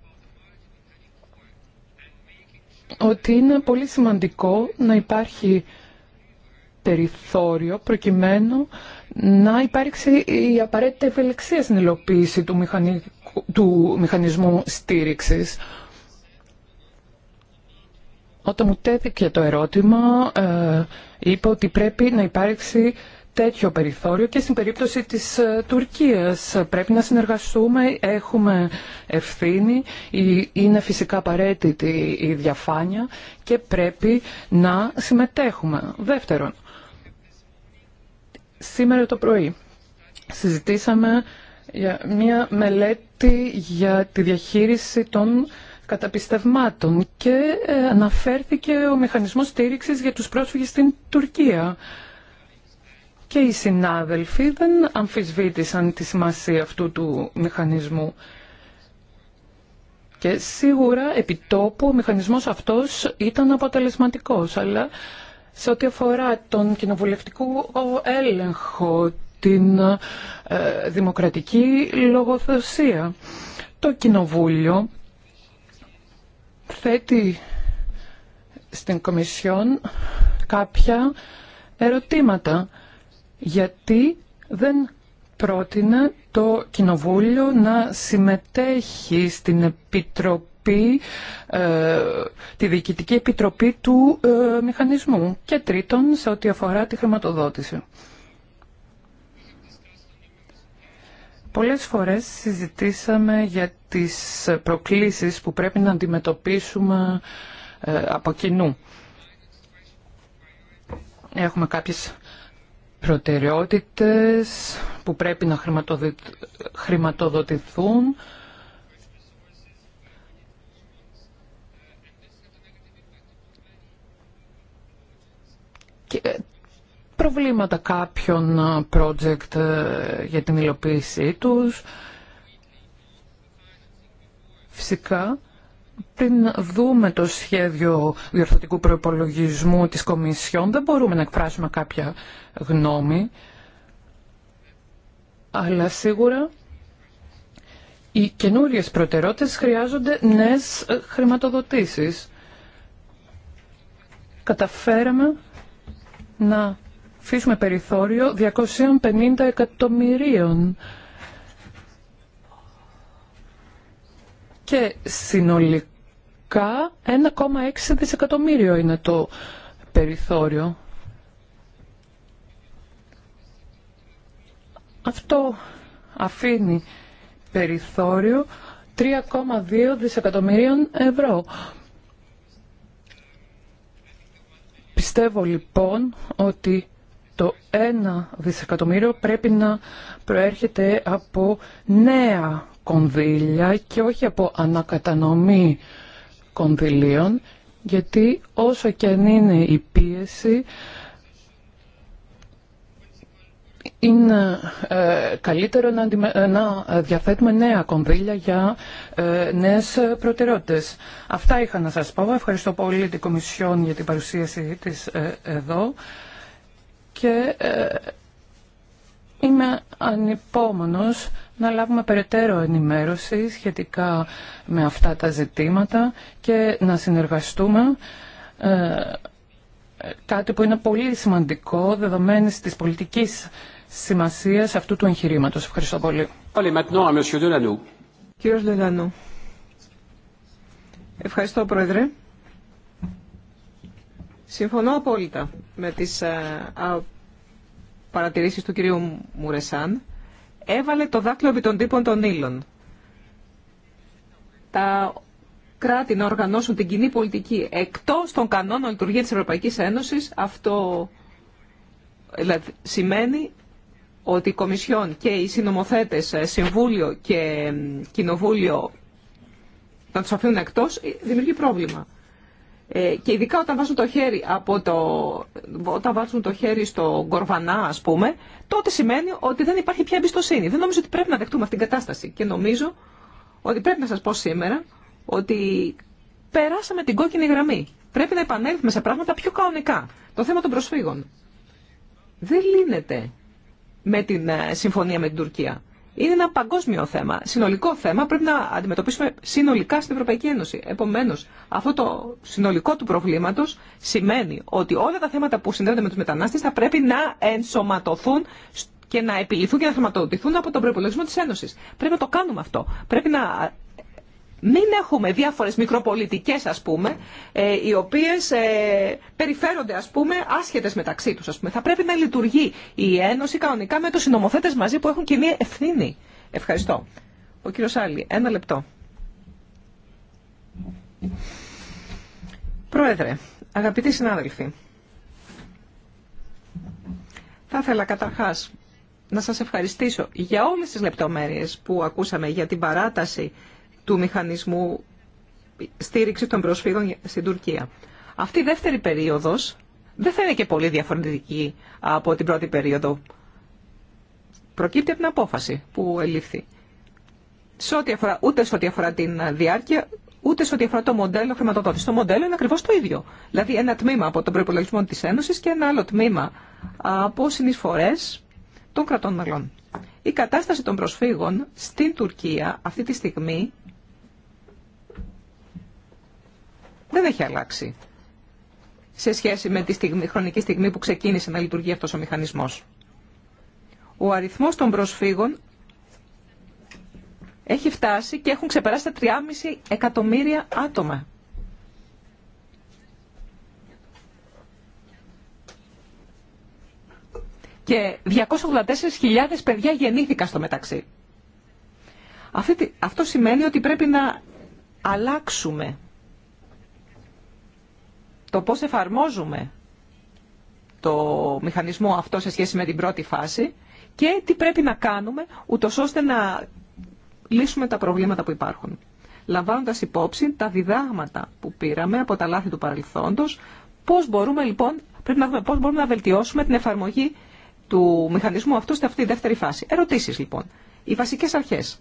ότι είναι πολύ σημαντικό να υπάρχει περιθώριο προκειμένου να υπάρξει η απαραίτητη ευελιξία στην υλοποίηση του, του μηχανισμού στήριξης. Όταν μου τέθηκε το ερώτημα, ε, είπα ότι πρέπει να υπάρξει τέτοιο περιθώριο και στην περίπτωση της ε, Τουρκίας. Πρέπει να συνεργαστούμε, έχουμε ευθύνη, είναι φυσικά απαραίτητη η διαφάνεια και πρέπει να συμμετέχουμε. Δεύτερον, Σήμερα το πρωί συζητήσαμε για μια μελέτη για τη διαχείριση των καταπιστευμάτων και ε, αναφέρθηκε ο μηχανισμός στήριξης για τους πρόσφυγες στην Τουρκία. Και οι συνάδελφοι δεν αμφισβήτησαν τη σημασία αυτού του μηχανισμού. Και σίγουρα επιτόπου ο μηχανισμός αυτός ήταν αποτελεσματικός, αλλά σε ό,τι αφορά τον κοινοβουλευτικό έλεγχο, την ε, δημοκρατική λογοδοσία. Το Κοινοβούλιο θέτει στην Κομισιόν κάποια ερωτήματα. Γιατί δεν πρότεινε το Κοινοβούλιο να συμμετέχει στην Επιτροπή ε, τη Διοικητική Επιτροπή του ε, Μηχανισμού και τρίτον σε ό,τι αφορά τη χρηματοδότηση. Πολλές φορές συζητήσαμε για τις προκλήσεις που πρέπει να αντιμετωπίσουμε ε, από κοινού. Έχουμε κάποιες προτεραιότητες που πρέπει να χρηματοδοτηθούν Ε, προβλήματα κάποιων ε, project ε, για την υλοποίησή τους. Φυσικά, πριν δούμε το σχέδιο διορθωτικού προϋπολογισμού της Κομισιόν, δεν μπορούμε να εκφράσουμε κάποια γνώμη, αλλά σίγουρα οι καινούριες προτεραιότητες χρειάζονται νέες χρηματοδοτήσεις. Καταφέραμε να αφήσουμε περιθώριο 250 εκατομμυρίων. Και συνολικά 1,6 δισεκατομμύριο είναι το περιθώριο. Αυτό αφήνει περιθώριο 3,2 δισεκατομμυρίων ευρώ. Πιστεύω λοιπόν ότι το ένα δισεκατομμύριο πρέπει να προέρχεται από νέα κονδύλια και όχι από ανακατανομή κονδυλίων, γιατί όσο και αν είναι η πίεση, είναι ε, καλύτερο ε, να διαθέτουμε νέα κονδύλια για ε, νέες προτεραιότητες. Αυτά είχα να σας πω. Ευχαριστώ πολύ την Κομισιόν για την παρουσίαση της εδώ και είμαι ανυπόμονος να λάβουμε περαιτέρω ενημέρωση σχετικά με αυτά τα ζητήματα και να συνεργαστούμε κάτι που είναι πολύ σημαντικό δεδομένης της πολιτικής σημασίας αυτού του εγχειρήματος. Ευχαριστώ πολύ. Κύριος Δελανού. Ευχαριστώ, Πρόεδρε. Συμφωνώ απόλυτα με τις ε, παρατηρήσεις του κυρίου Μουρεσάν. Έβαλε το δάκτυλο επί των τύπων των ήλων. Τα κράτη να οργανώσουν την κοινή πολιτική εκτός των κανόνων λειτουργία της Ευρωπαϊκής Ένωσης, αυτό δηλαδή, σημαίνει ότι η Κομισιόν και οι συνομοθέτες ε, Συμβούλιο και Κοινοβούλιο να του αφήνουν εκτός, ε, δημιουργεί πρόβλημα. Ε, και ειδικά όταν βάζουν το χέρι, από το, όταν βάζουν το χέρι στο Γκορβανά, ας πούμε, τότε σημαίνει ότι δεν υπάρχει πια εμπιστοσύνη. Δεν νομίζω ότι πρέπει να δεχτούμε αυτήν την κατάσταση. Και νομίζω ότι πρέπει να σας πω σήμερα ότι περάσαμε την κόκκινη γραμμή. Πρέπει να επανέλθουμε σε πράγματα πιο κανονικά. Το θέμα των προσφύγων δεν λύνεται με την ε, συμφωνία με την Τουρκία. Είναι ένα παγκόσμιο θέμα, συνολικό θέμα, πρέπει να αντιμετωπίσουμε συνολικά στην Ευρωπαϊκή Ένωση. Επομένω, αυτό το συνολικό του προβλήματο σημαίνει ότι όλα τα θέματα που συνδέονται με του μετανάστε θα πρέπει να ενσωματωθούν και να επιληθούν και να χρηματοδοτηθούν από τον προπολογισμό τη Ένωση. Πρέπει να το κάνουμε αυτό. Πρέπει να μην έχουμε διάφορες μικροπολιτικές ας πούμε, ε, οι οποίες ε, περιφέρονται ας πούμε άσχετες μεταξύ τους. Ας πούμε. Θα πρέπει να λειτουργεί η Ένωση κανονικά με τους συνομοθέτες μαζί που έχουν κοινή ευθύνη. Ευχαριστώ. Ο κύριος Άλλη, ένα λεπτό. Πρόεδρε, αγαπητοί συνάδελφοι, θα ήθελα καταρχάς να σας ευχαριστήσω για όλες τις λεπτομέρειες που ακούσαμε για την παράταση του μηχανισμού στήριξη των προσφύγων στην Τουρκία. Αυτή η δεύτερη περίοδος δεν θα είναι και πολύ διαφορετική από την πρώτη περίοδο. Προκύπτει από την απόφαση που ελήφθη. Σε ό,τι αφορά, ούτε σε ό,τι αφορά την διάρκεια, ούτε σε ό,τι αφορά το μοντέλο χρηματοδότηση. Το μοντέλο είναι ακριβώ το ίδιο. Δηλαδή, ένα τμήμα από τον προπολογισμό τη Ένωση και ένα άλλο τμήμα από συνεισφορέ των κρατών μελών. Η κατάσταση των προσφύγων στην Τουρκία αυτή τη στιγμή δεν έχει αλλάξει σε σχέση με τη στιγμή, χρονική στιγμή που ξεκίνησε να λειτουργεί αυτός ο μηχανισμός. Ο αριθμός των προσφύγων έχει φτάσει και έχουν ξεπεράσει τα 3,5 εκατομμύρια άτομα. Και 284.000 παιδιά γεννήθηκαν στο μεταξύ. Αυτό σημαίνει ότι πρέπει να αλλάξουμε το πώς εφαρμόζουμε το μηχανισμό αυτό σε σχέση με την πρώτη φάση και τι πρέπει να κάνουμε ούτω ώστε να λύσουμε τα προβλήματα που υπάρχουν. Λαμβάνοντας υπόψη τα διδάγματα που πήραμε από τα λάθη του παρελθόντος, πώς μπορούμε λοιπόν, πρέπει να δούμε πώς μπορούμε να βελτιώσουμε την εφαρμογή του μηχανισμού αυτού σε αυτή τη δεύτερη φάση. Ερωτήσεις λοιπόν. Οι βασικές αρχές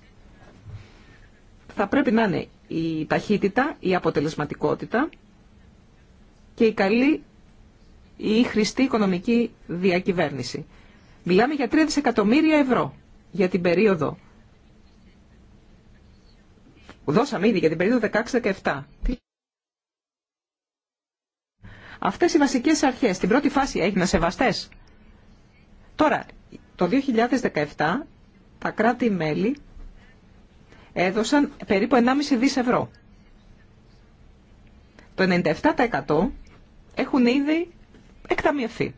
θα πρέπει να είναι η ταχύτητα, η αποτελεσματικότητα, και η καλή ή χρηστή οικονομική διακυβέρνηση. Μιλάμε για 3 δισεκατομμύρια ευρώ για την περίοδο. Δώσαμε ήδη για την περίοδο 16-17. Αυτές οι βασικές αρχές στην πρώτη φάση έγιναν σεβαστές. Τώρα, το 2017 τα κράτη-μέλη έδωσαν περίπου 1,5 δις ευρώ. Το 97% έχουν ήδη εκταμιευθεί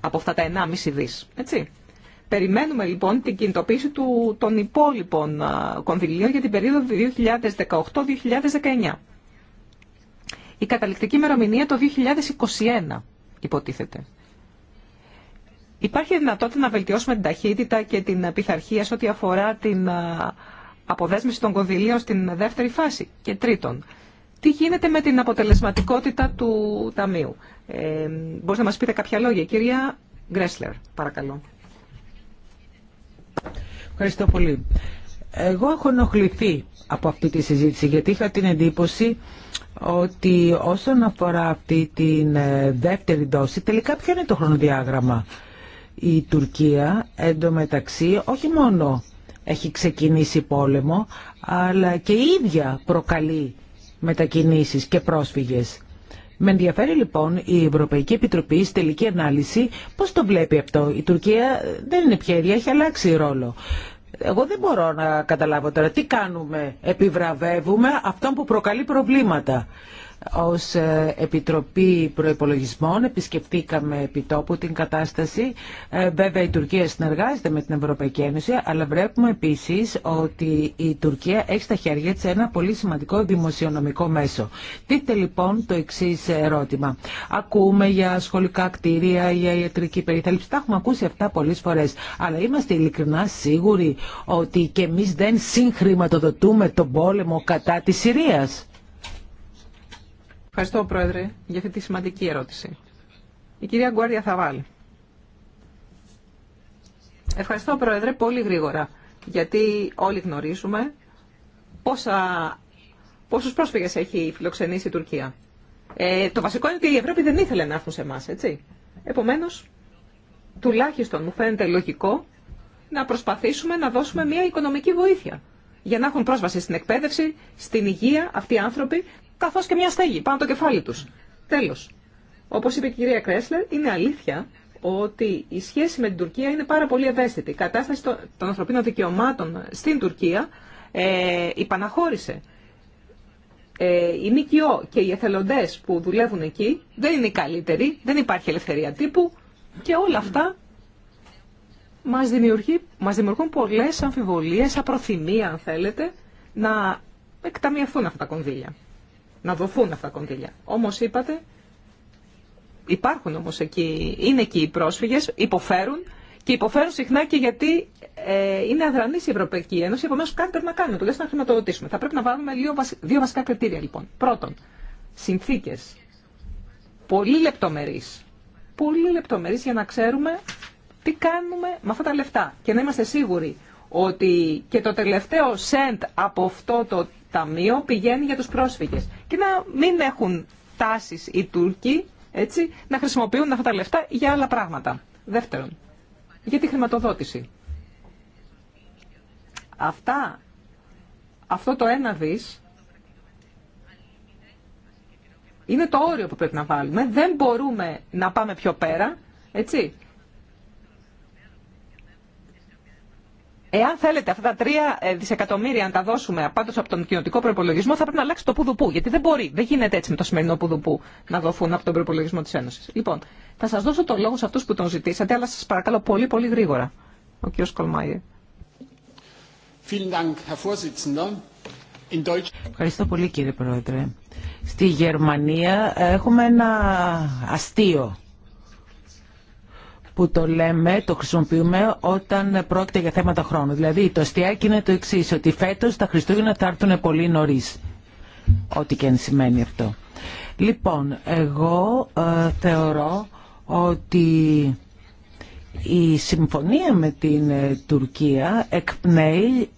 από αυτά τα 1,5 δις. Έτσι. Περιμένουμε λοιπόν την κινητοποίηση του, των υπόλοιπων κονδυλίων για την περίοδο 2018-2019. Η καταληκτική ημερομηνία το 2021 υποτίθεται. Υπάρχει δυνατότητα να βελτιώσουμε την ταχύτητα και την πειθαρχία σε ό,τι αφορά την αποδέσμευση των κονδυλίων στην δεύτερη φάση. Και τρίτον, τι γίνεται με την αποτελεσματικότητα του Ταμείου. Ε, μπορείτε να μας πείτε κάποια λόγια. Κυρία Γκρέσλερ, παρακαλώ. Ευχαριστώ πολύ. Εγώ έχω ενοχληθεί από αυτή τη συζήτηση γιατί είχα την εντύπωση ότι όσον αφορά αυτή τη ε, δεύτερη δόση τελικά ποιο είναι το χρονοδιάγραμμα. Η Τουρκία εντωμεταξύ όχι μόνο έχει ξεκινήσει πόλεμο αλλά και η ίδια προκαλεί μετακινήσεις και πρόσφυγες. Με ενδιαφέρει λοιπόν η Ευρωπαϊκή Επιτροπή στη τελική ανάλυση πώς το βλέπει αυτό. Η Τουρκία δεν είναι πια ίδια, έχει αλλάξει ρόλο. Εγώ δεν μπορώ να καταλάβω τώρα τι κάνουμε. Επιβραβεύουμε αυτόν που προκαλεί προβλήματα. Ως ε, Επιτροπή Προϋπολογισμών επισκεφτήκαμε επιτόπου την κατάσταση. Ε, βέβαια η Τουρκία συνεργάζεται με την Ευρωπαϊκή Ένωση, αλλά βλέπουμε επίσης ότι η Τουρκία έχει στα χέρια της ένα πολύ σημαντικό δημοσιονομικό μέσο. δείτε λοιπόν το εξή ερώτημα. Ακούμε για σχολικά κτίρια, για ιατρική περιθάλψη. Τα έχουμε ακούσει αυτά πολλές φορές. Αλλά είμαστε ειλικρινά σίγουροι ότι και εμείς δεν συγχρηματοδοτούμε τον πόλεμο κατά της Συρίας. Ευχαριστώ, Πρόεδρε, για αυτή τη σημαντική ερώτηση. Η κυρία Γκουάρδια Θαβάλ. Ευχαριστώ, Πρόεδρε, πολύ γρήγορα, γιατί όλοι γνωρίζουμε πόσα, πόσους πρόσφυγες έχει φιλοξενήσει η Τουρκία. Ε, το βασικό είναι ότι η Ευρώπη δεν ήθελε να έρθουν σε εμά, έτσι. Επομένως, τουλάχιστον μου φαίνεται λογικό να προσπαθήσουμε να δώσουμε μια οικονομική βοήθεια για να έχουν πρόσβαση στην εκπαίδευση, στην υγεία αυτοί οι άνθρωποι, καθώς και μια στέγη πάνω το κεφάλι τους. Τέλος. Όπως είπε η κυρία Κρέσλερ, είναι αλήθεια ότι η σχέση με την Τουρκία είναι πάρα πολύ ευαίσθητη. Η κατάσταση των ανθρωπίνων δικαιωμάτων στην Τουρκία ε, υπαναχώρησε. Ε, οι ΜΚΟ και οι εθελοντέ που δουλεύουν εκεί δεν είναι οι καλύτεροι, δεν υπάρχει ελευθερία τύπου και όλα αυτά μας, μας δημιουργούν πολλές αμφιβολίες, απροθυμία αν θέλετε, να εκταμιευθούν αυτά τα κονδύλια να δοθούν αυτά τα κονδύλια. Όμως είπατε, υπάρχουν όμως εκεί, είναι εκεί οι πρόσφυγες, υποφέρουν και υποφέρουν συχνά και γιατί ε, είναι αδρανή η Ευρωπαϊκή Ένωση. Επομένω, κάτι πρέπει να κάνουμε, τουλάχιστον να χρηματοδοτήσουμε. Θα πρέπει να βάλουμε δύο, δύο βασικά κριτήρια λοιπόν. Πρώτον, συνθήκε πολύ λεπτομερεί. Πολύ λεπτομερεί για να ξέρουμε τι κάνουμε με αυτά τα λεφτά και να είμαστε σίγουροι ότι και το τελευταίο σεντ από αυτό το ταμείο πηγαίνει για τους πρόσφυγες. Και να μην έχουν τάσεις οι Τούρκοι έτσι, να χρησιμοποιούν αυτά τα λεφτά για άλλα πράγματα. Δεύτερον, για τη χρηματοδότηση. Αυτά, αυτό το ένα δις είναι το όριο που πρέπει να βάλουμε. Δεν μπορούμε να πάμε πιο πέρα, έτσι. Εάν θέλετε αυτά τα τρία ε, δισεκατομμύρια να τα δώσουμε πάντω από τον κοινοτικό προπολογισμό, θα πρέπει να αλλάξει το πουδουπού. Γιατί δεν μπορεί, δεν γίνεται έτσι με το σημερινό πουδουπού να δοθούν από τον προπολογισμό τη Ένωση. Λοιπόν, θα σα δώσω το λόγο σε αυτού που τον ζητήσατε, αλλά σα παρακαλώ πολύ πολύ γρήγορα. Ο κ. Κολμάιε. Ευχαριστώ πολύ κύριε Πρόεδρε. Στη Γερμανία έχουμε ένα αστείο που το λέμε, το χρησιμοποιούμε όταν πρόκειται για θέματα χρόνου. Δηλαδή το αστιάκι είναι το εξή, ότι φέτος τα Χριστούγεννα θα έρθουν πολύ νωρί. Ό,τι και αν σημαίνει αυτό. Λοιπόν, εγώ ε, θεωρώ ότι η συμφωνία με την ε, Τουρκία εκπνέει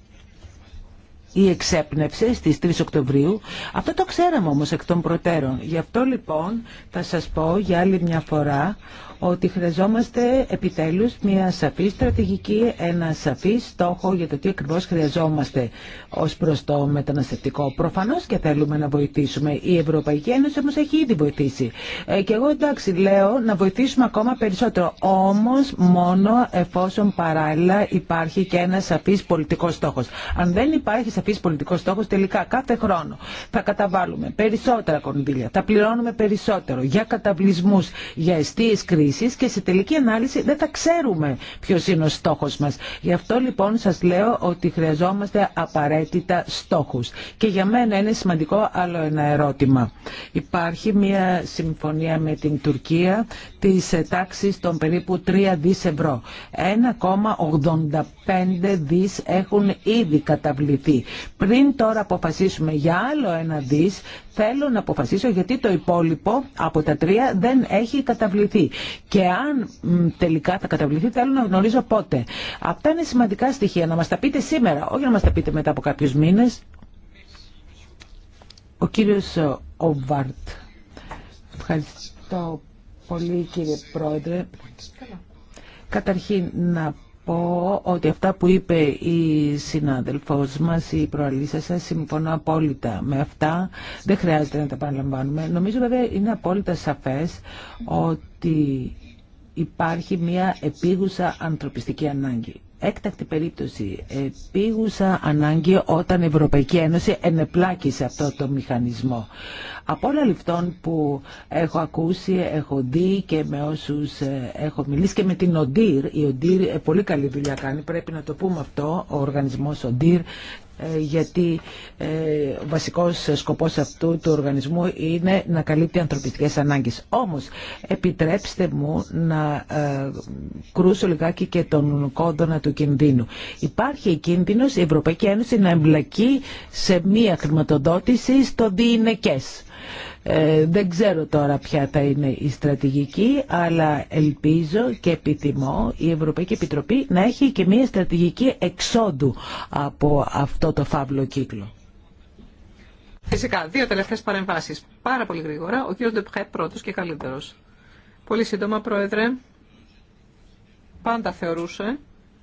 η εξέπνευσε στις 3 Οκτωβρίου. Αυτό το ξέραμε όμως εκ των προτέρων. Γι' αυτό λοιπόν θα σας πω για άλλη μια φορά ότι χρειαζόμαστε επιτέλους μια σαφή στρατηγική, ένα σαφή στόχο για το τι ακριβώς χρειαζόμαστε ως προς το μεταναστευτικό. Προφανώς και θέλουμε να βοηθήσουμε. Η Ευρωπαϊκή Ένωση όμως έχει ήδη βοηθήσει. Ε, και εγώ εντάξει λέω να βοηθήσουμε ακόμα περισσότερο. Όμως μόνο εφόσον παράλληλα υπάρχει και ένα σαφής πολιτικός στόχος. Αν δεν υπάρχει σαφής πολιτικός στόχος τελικά κάθε χρόνο θα καταβάλουμε περισσότερα κονδύλια, θα πληρώνουμε περισσότερο για καταβλισμούς, για αιστείες κρίσης και σε τελική ανάλυση δεν θα ξέρουμε ποιος είναι ο στόχος μας. Γι' αυτό λοιπόν σας λέω ότι χρειαζόμαστε απαραίτητα στόχους. Και για μένα είναι σημαντικό άλλο ένα ερώτημα. Υπάρχει μια συμφωνία με την Τουρκία της τάξης των περίπου 3 δις ευρώ. 1,85 δις έχουν ήδη καταβληθεί. Πριν τώρα αποφασίσουμε για άλλο ένα δις, θέλω να αποφασίσω γιατί το υπόλοιπο από τα τρία δεν έχει καταβληθεί και αν τελικά θα καταβληθεί θέλω να γνωρίζω πότε. Αυτά είναι σημαντικά στοιχεία. Να μας τα πείτε σήμερα, όχι να μας τα πείτε μετά από κάποιους μήνες. Ο κύριος ε, Ομπαρτ. Ευχαριστώ πολύ κύριε Πρόεδρε. Καταρχήν να πω ότι αυτά που είπε η συνάδελφός μας, η προαλήσα σα, συμφωνώ απόλυτα με αυτά. Δεν χρειάζεται να τα παραλαμβάνουμε. Νομίζω βέβαια είναι απόλυτα σαφές ότι υπάρχει μια επίγουσα ανθρωπιστική ανάγκη έκτακτη περίπτωση, πήγουσα ανάγκη όταν η Ευρωπαϊκή Ένωση ενεπλάκησε αυτό το μηχανισμό. Από όλα λοιπόν που έχω ακούσει, έχω δει και με όσους ε, έχω μιλήσει και με την ΟΝΤΙΡ, η ΟΝΤΙΡ ε, πολύ καλή δουλειά κάνει, πρέπει να το πούμε αυτό, ο οργανισμός ΟΝΤΙΡ ε, γιατί ε, ο βασικός σκοπός αυτού του οργανισμού είναι να καλύπτει ανθρωπιστικές ανάγκες. Όμως, επιτρέψτε μου να ε, κρούσω λιγάκι και τον κόντονα του κινδύνου. Υπάρχει κίνδυνος η Ευρωπαϊκή Ένωση να εμπλακεί σε μία χρηματοδότηση στο δίνεκές. Ε, δεν ξέρω τώρα ποια θα είναι η στρατηγική, αλλά ελπίζω και επιθυμώ η Ευρωπαϊκή Επιτροπή να έχει και μια στρατηγική εξόδου από αυτό το φαύλο κύκλο. Φυσικά, δύο τελευταίες παρεμβάσεις. Πάρα πολύ γρήγορα. Ο κύριος Ντεπχέ πρώτος και καλύτερο. Πολύ σύντομα, Πρόεδρε. Πάντα θεωρούσε,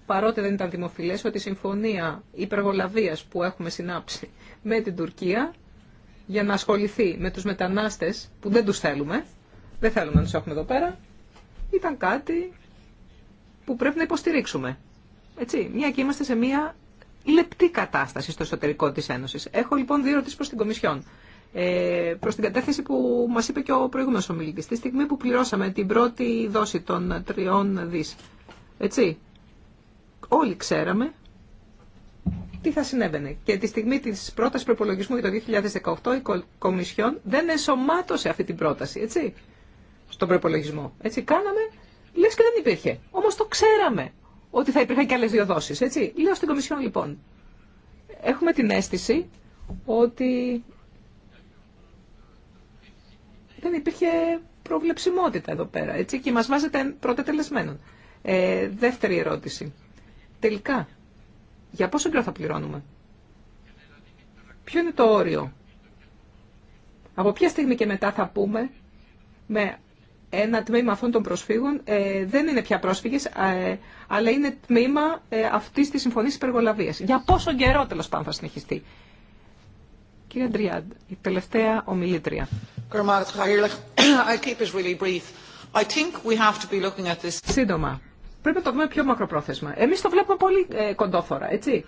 παρότι δεν ήταν δημοφιλές, ότι η συμφωνία υπεργολαβίας που έχουμε συνάψει με την Τουρκία για να ασχοληθεί με τους μετανάστες που δεν τους θέλουμε, δεν θέλουμε να τους έχουμε εδώ πέρα, ήταν κάτι που πρέπει να υποστηρίξουμε. Έτσι, μια και είμαστε σε μια λεπτή κατάσταση στο εσωτερικό της Ένωσης. Έχω λοιπόν δύο ερωτήσεις προς την Κομισιόν. Ε, προς την κατεύθυνση που μας είπε και ο προηγούμενος ομιλητή Τη στιγμή που πληρώσαμε την πρώτη δόση των τριών δις, έτσι, όλοι ξέραμε τι θα συνέβαινε. Και τη στιγμή τη πρόταση προπολογισμού για το 2018 η Κομισιόν δεν ενσωμάτωσε αυτή την πρόταση, έτσι, στον προπολογισμό. Έτσι, κάναμε, λε και δεν υπήρχε. Όμω το ξέραμε ότι θα υπήρχαν και άλλε δύο δόσει, έτσι. Λέω στην Κομισιόν λοιπόν. Έχουμε την αίσθηση ότι δεν υπήρχε προβλεψιμότητα εδώ πέρα, έτσι, και μας βάζετε πρώτα τελεσμένων. Ε, δεύτερη ερώτηση. Τελικά, για πόσο καιρό θα πληρώνουμε. Ποιο είναι το όριο. Από ποια στιγμή και μετά θα πούμε με ένα τμήμα αυτών των προσφύγων ε, δεν είναι πια πρόσφυγες, ε, αλλά είναι τμήμα ε, αυτής της συμφωνίας υπεργολαβίας. Για πόσο καιρό τέλο πάντων θα συνεχιστεί. Κύριε Ντριάντ, η τελευταία ομιλήτρια. Σύντομα πρέπει να το δούμε πιο μακροπρόθεσμα. Εμείς το βλέπουμε πολύ ε, κοντόθωρα, έτσι.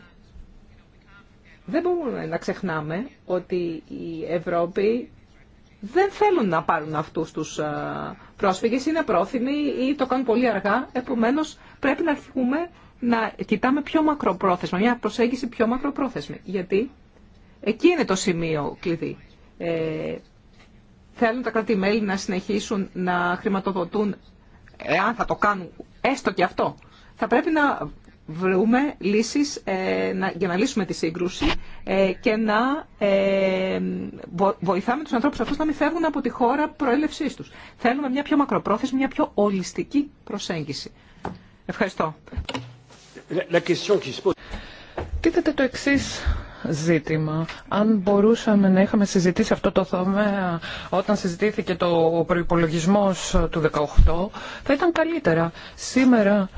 Δεν μπορούμε να ξεχνάμε ότι η Ευρώπη δεν θέλουν να πάρουν αυτούς τους ε, πρόσφυγες, είναι πρόθυμοι ή το κάνουν πολύ αργά, επομένως πρέπει να αρχίσουμε να κοιτάμε πιο μακροπρόθεσμα, μια προσέγγιση πιο μακροπρόθεσμη. Γιατί εκεί είναι το σημείο κλειδί. Ε, θέλουν τα κράτη-μέλη να συνεχίσουν να χρηματοδοτούν, εάν θα το κάνουν έστω και αυτό. Θα πρέπει να βρούμε λύσεις ε, για να λύσουμε τη σύγκρουση ε, και να ε, βοηθάμε τους ανθρώπους αυτούς να μην φεύγουν από τη χώρα προέλευσής τους. Θέλουμε μια πιο μακροπρόθεσμη, μια πιο ολιστική προσέγγιση. Ευχαριστώ. το εξής ζήτημα. Αν μπορούσαμε να είχαμε συζητήσει αυτό το θέμα όταν συζητήθηκε το προπολογισμό του 18, θα ήταν καλύτερα. Σήμερα,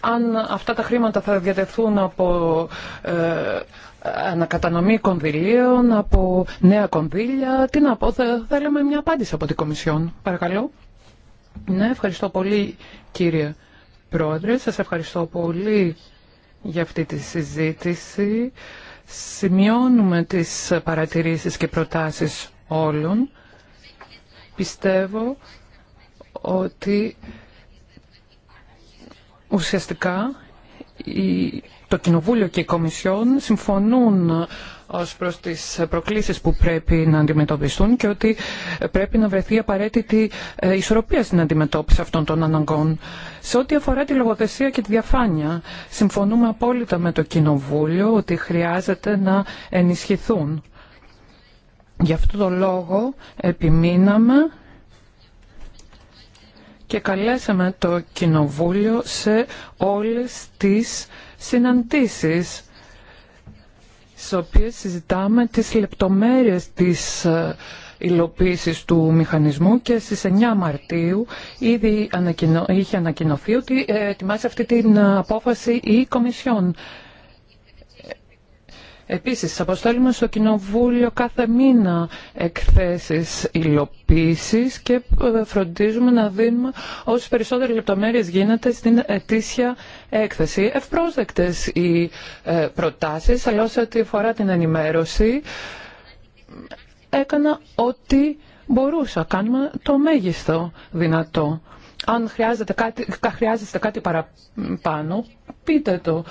αν αυτά τα χρήματα θα διατεθούν από ε, ανακατανομή κονδυλίων, από νέα κονδύλια, τι να πω, θα θέλαμε μια απάντηση από την Κομισιόν. Παρακαλώ. Ναι, ευχαριστώ πολύ κύριε Πρόεδρε. Σας ευχαριστώ πολύ για αυτή τη συζήτηση. Σημειώνουμε τις παρατηρήσεις και προτάσεις όλων. Πιστεύω ότι ουσιαστικά το Κοινοβούλιο και η Κομισιόν συμφωνούν ως προς τις προκλήσεις που πρέπει να αντιμετωπιστούν και ότι πρέπει να βρεθεί απαραίτητη ε, ισορροπία στην αντιμετώπιση αυτών των αναγκών. Σε ό,τι αφορά τη λογοθεσία και τη διαφάνεια, συμφωνούμε απόλυτα με το Κοινοβούλιο ότι χρειάζεται να ενισχυθούν. Γι' αυτό το λόγο επιμείναμε και καλέσαμε το Κοινοβούλιο σε όλες τις συναντήσεις στις οποίες συζητάμε τις λεπτομέρειες της ε, υλοποίησης του μηχανισμού και στις 9 Μαρτίου ήδη είχε ανακοινωθεί ότι ε, ετοιμάζει αυτή την ε, απόφαση η Κομισιόν. Επίσης, αποστέλουμε στο Κοινοβούλιο κάθε μήνα εκθέσεις υλοποίησης και ε, φροντίζουμε να δίνουμε όσες περισσότερες λεπτομέρειες γίνεται στην ετήσια έκθεση. Ευπρόσδεκτες οι ε, προτάσεις, αλλά όσο αφορά την ενημέρωση, έκανα ό,τι μπορούσα. Κάνουμε το μέγιστο δυνατό. Αν χρειάζεται κάτι, χρειάζεστε κάτι παραπάνω, πείτε το.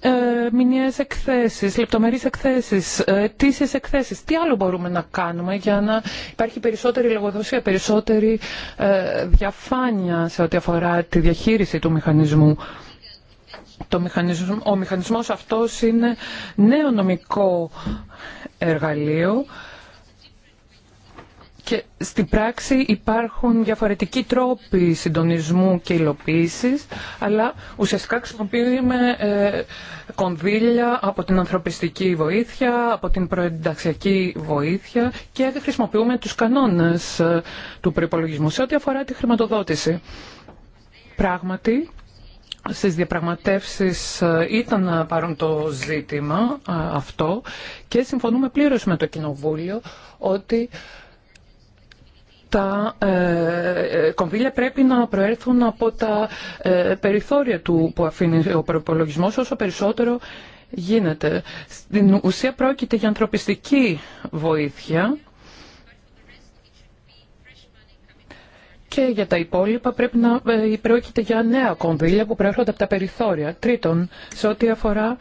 Ε, μηνιαίες εκθέσεις, λεπτομερείς εκθέσεις, ε, αιτήσεις εκθέσεις. Τι άλλο μπορούμε να κάνουμε για να υπάρχει περισσότερη λογοδοσία, περισσότερη ε, διαφάνεια σε ό,τι αφορά τη διαχείριση του μηχανισμού. Το ο μηχανισμός αυτός είναι νέο νομικό εργαλείο και στην πράξη υπάρχουν διαφορετικοί τρόποι συντονισμού και υλοποίηση, αλλά ουσιαστικά χρησιμοποιούμε ε, κονδύλια από την ανθρωπιστική βοήθεια, από την προενταξιακή βοήθεια και χρησιμοποιούμε τους κανόνες ε, του προϋπολογισμού σε ό,τι αφορά τη χρηματοδότηση. Πράγματι, στις διαπραγματεύσεις ε, ήταν να πάρουν το ζήτημα αυτό και συμφωνούμε πλήρως με το Κοινοβούλιο ότι τα ε, ε, κονδύλια πρέπει να προέρθουν από τα ε, περιθώρια του που αφήνει ο προπολογισμό όσο περισσότερο γίνεται. Στην ουσία πρόκειται για ανθρωπιστική βοήθεια και για τα υπόλοιπα πρέπει να ε, πρόκειται για νέα κονδύλια που προέρχονται από τα περιθώρια. Τρίτον, σε ό,τι αφορά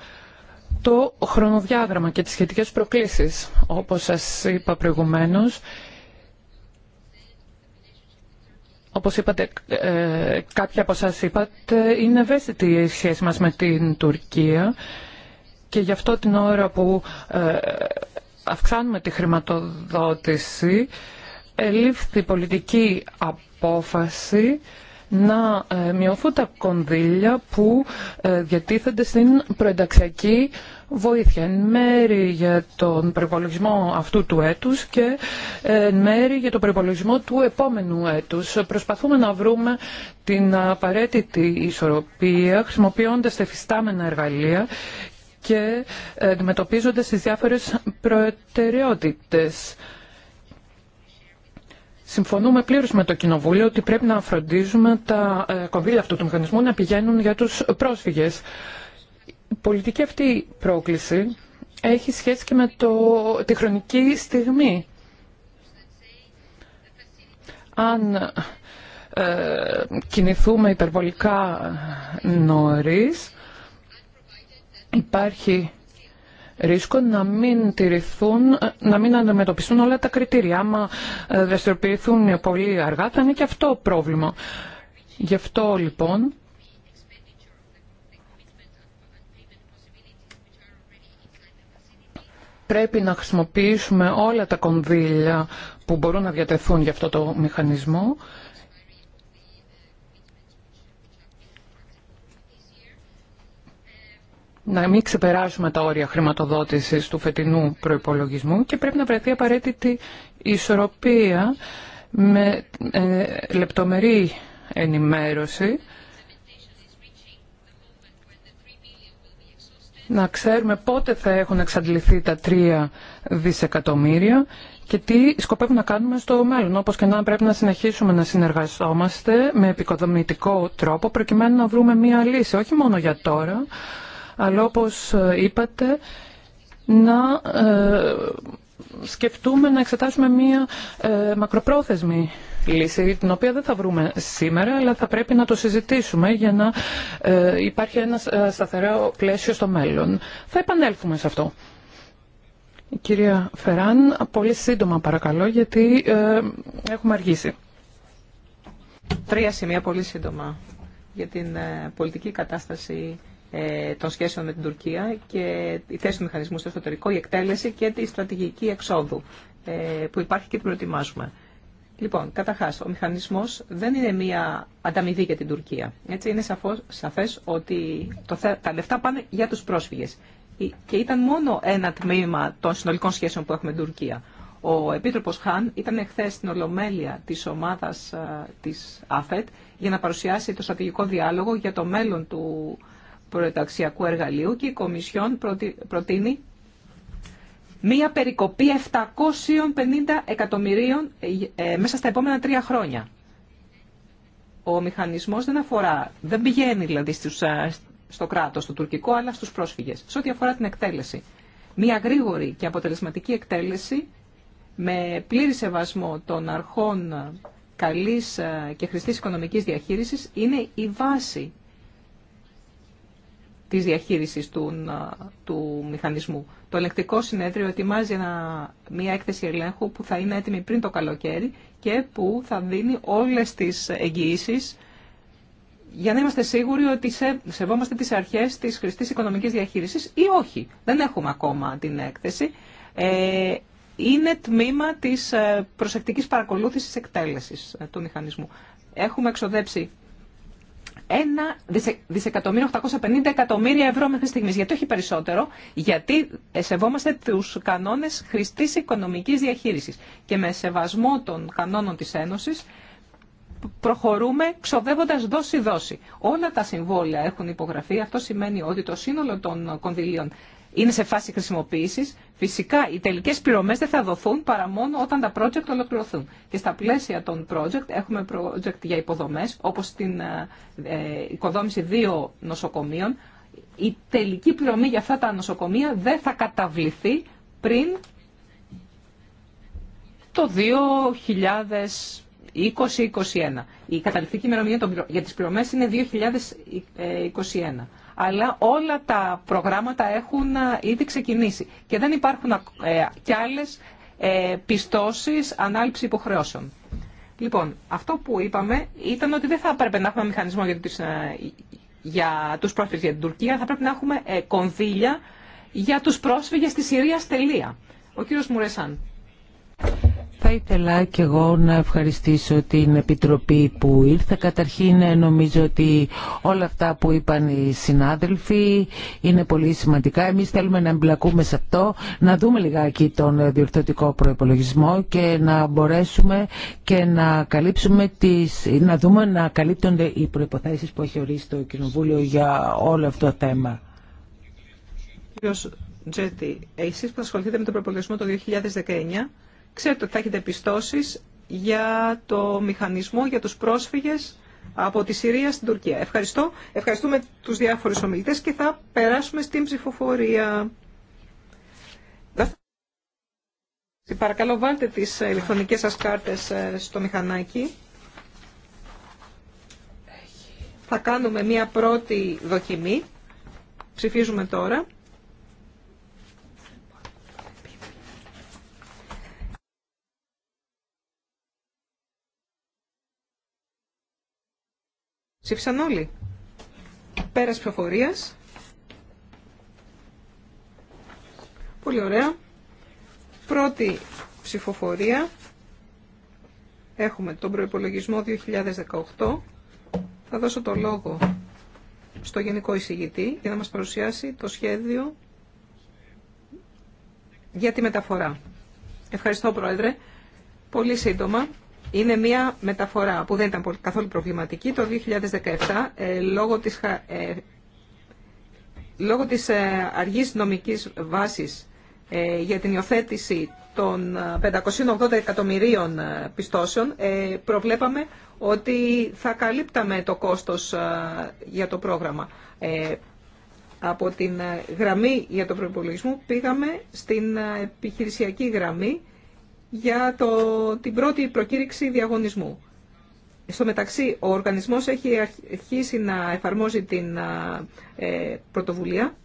το χρονοδιάγραμμα και τις σχετικές προκλήσεις. Όπως σας είπα προηγουμένως, όπως είπατε, ε, κάποια από σας είπατε, είναι ευαίσθητη η σχέση μας με την Τουρκία και γι' αυτό την ώρα που ε, αυξάνουμε τη χρηματοδότηση, ελήφθη πολιτική απόφαση να ε, μειωθούν τα κονδύλια που διατίθενται στην προενταξιακή βοήθεια εν μέρη για τον προπολογισμό αυτού του έτους και εν μέρη για τον προπολογισμό του επόμενου έτους. Προσπαθούμε να βρούμε την απαραίτητη ισορροπία χρησιμοποιώντας τα εφιστάμενα εργαλεία και αντιμετωπίζοντα τις διάφορες προτεραιότητες. Συμφωνούμε πλήρως με το Κοινοβούλιο ότι πρέπει να φροντίζουμε τα ε, κονδύλια αυτού του μηχανισμού να πηγαίνουν για τους πρόσφυγες. Η πολιτική αυτή πρόκληση έχει σχέση και με το, τη χρονική στιγμή. Αν ε, κινηθούμε υπερβολικά νωρίς, υπάρχει ρίσκο να μην τηρηθούν, να μην αντιμετωπιστούν όλα τα κριτήρια. Άμα ε, δραστηριοποιηθούν πολύ αργά θα είναι και αυτό πρόβλημα. Γι' αυτό λοιπόν πρέπει να χρησιμοποιήσουμε όλα τα κονδύλια που μπορούν να διατεθούν για αυτό το μηχανισμό. να μην ξεπεράσουμε τα όρια χρηματοδότησης του φετινού προϋπολογισμού και πρέπει να βρεθεί απαραίτητη ισορροπία με ε, λεπτομερή ενημέρωση να ξέρουμε πότε θα έχουν εξαντληθεί τα 3 δισεκατομμύρια και τι σκοπεύουμε να κάνουμε στο μέλλον. Όπως και να πρέπει να συνεχίσουμε να συνεργαζόμαστε με επικοδομητικό τρόπο προκειμένου να βρούμε μία λύση, όχι μόνο για τώρα, αλλά όπως ε, είπατε να ε, σκεφτούμε να εξετάσουμε μία ε, μακροπρόθεσμη λύση, την οποία δεν θα βρούμε σήμερα, αλλά θα πρέπει να το συζητήσουμε για να ε, υπάρχει ένα ε, σταθερό πλαίσιο στο μέλλον. Θα επανέλθουμε σε αυτό. Κυρία Φεράν, πολύ σύντομα παρακαλώ, γιατί ε, έχουμε αργήσει. Τρία σημεία πολύ σύντομα για την ε, πολιτική κατάσταση των σχέσεων με την Τουρκία και η θέση του μηχανισμού στο εσωτερικό, η εκτέλεση και τη στρατηγική εξόδου που υπάρχει και την προετοιμάζουμε. Λοιπόν, καταρχά, ο μηχανισμό δεν είναι μία ανταμοιβή για την Τουρκία. Έτσι, είναι σαφέ ότι το, τα λεφτά πάνε για του πρόσφυγε. Και ήταν μόνο ένα τμήμα των συνολικών σχέσεων που έχουμε με την Τουρκία. Ο Επίτροπο Χαν ήταν εχθέ στην Ολομέλεια τη ομάδα τη ΑΦΕΤ για να παρουσιάσει το στρατηγικό διάλογο για το μέλλον του προεταξιακού εργαλείου και η Κομισιόν προτείνει μία περικοπή 750 εκατομμυρίων ε, μέσα στα επόμενα τρία χρόνια. Ο μηχανισμός δεν αφορά, δεν πηγαίνει δηλαδή ε, στο κράτος, στο τουρκικό, αλλά στους πρόσφυγες. Σε ό,τι αφορά την εκτέλεση. Μία γρήγορη και αποτελεσματική εκτέλεση με πλήρη σεβασμό των αρχών καλής ε, και χρηστής οικονομικής διαχείρισης είναι η βάση της διαχείρισης του, ε, του μηχανισμού. Το ελεκτικό συνέδριο ετοιμάζει ένα, μια έκθεση ελέγχου που θα είναι έτοιμη πριν το καλοκαίρι και που θα δίνει όλες τις εγγυήσει για να είμαστε σίγουροι ότι σε, σεβόμαστε τις αρχές της χρηστής οικονομικής διαχείρισης ή όχι. Δεν έχουμε ακόμα την έκθεση. Ε, είναι τμήμα της ε, προσεκτικής παρακολούθησης εκτέλεσης ε, του μηχανισμού. Έχουμε εξοδέψει ένα δισεκατομμύριο 850 εκατομμύρια ευρώ μέχρι στιγμής. Γιατί όχι περισσότερο, γιατί ε, σεβόμαστε τους κανόνες χρηστής οικονομικής διαχείρισης και με σεβασμό των κανόνων της Ένωσης ξοδεύοντα ξοδεύοντας δόση-δόση. Όλα τα συμβόλαια έχουν υπογραφεί. Αυτό σημαίνει ότι το σύνολο των κονδυλίων είναι σε φάση χρησιμοποίηση. Φυσικά οι τελικέ πληρωμέ δεν θα δοθούν παρά μόνο όταν τα project ολοκληρωθούν. Και στα πλαίσια των project έχουμε project για υποδομέ, όπω την ε, ε, οικοδόμηση δύο νοσοκομείων. Η τελική πληρωμή για αυτά τα νοσοκομεία δεν θα καταβληθεί πριν το 2020-2021. Η καταληκτική ημερομηνία για τις πληρωμές είναι 2021 αλλά όλα τα προγράμματα έχουν ε, ήδη ξεκινήσει και δεν υπάρχουν ε, κι άλλες ε, πιστώσεις ανάληψη υποχρεώσεων. Λοιπόν, αυτό που είπαμε ήταν ότι δεν θα έπρεπε να έχουμε μηχανισμό για τους, για πρόσφυγες για την Τουρκία, θα πρέπει να έχουμε κονδύλια για τους πρόσφυγες της Συρίας τελεία. Ο κύριος Μουρεσάν. Θα ήθελα και εγώ να ευχαριστήσω την Επιτροπή που ήρθε. Καταρχήν ε, νομίζω ότι όλα αυτά που είπαν οι συνάδελφοι είναι πολύ σημαντικά. Εμείς θέλουμε να εμπλακούμε σε αυτό, να δούμε λιγάκι τον διορθωτικό προϋπολογισμό και να μπορέσουμε και να καλύψουμε τις, να δούμε να καλύπτονται οι προϋποθέσεις που έχει ορίσει το Κοινοβούλιο για όλο αυτό το θέμα. Κύριος Τζέτη, εσείς που ασχοληθείτε με τον προπολογισμό το 2019, Ξέρετε ότι θα έχετε πιστώσει για το μηχανισμό για τους πρόσφυγες από τη Συρία στην Τουρκία. Ευχαριστώ. Ευχαριστούμε τους διάφορους ομιλητές και θα περάσουμε στην ψηφοφορία. Παρακαλώ βάλτε τις ηλεκτρονικές σας κάρτες ε, στο μηχανάκι. Θα κάνουμε μία πρώτη δοκιμή. Ψηφίζουμε τώρα. Ψήφισαν όλοι. Πέρας ψηφοφορίας. Πολύ ωραία. Πρώτη ψηφοφορία. Έχουμε τον προϋπολογισμό 2018. Θα δώσω το λόγο στο Γενικό Εισηγητή για να μας παρουσιάσει το σχέδιο για τη μεταφορά. Ευχαριστώ, Πρόεδρε. Πολύ σύντομα είναι μια μεταφορά που δεν ήταν καθόλου προβληματική το 2017 ε, λόγω της, ε, λόγω της ε, αργής νομικής βάσης ε, για την υιοθέτηση των 580 εκατομμυρίων πιστώσεων προβλέπαμε ότι θα καλύπταμε το κόστος για το πρόγραμμα. Από την γραμμή για τον προπολογισμό πήγαμε στην επιχειρησιακή γραμμή για το, την πρώτη προκήρυξη διαγωνισμού. Στο μεταξύ, ο οργανισμός έχει αρχίσει να εφαρμόζει την ε, πρωτοβουλία.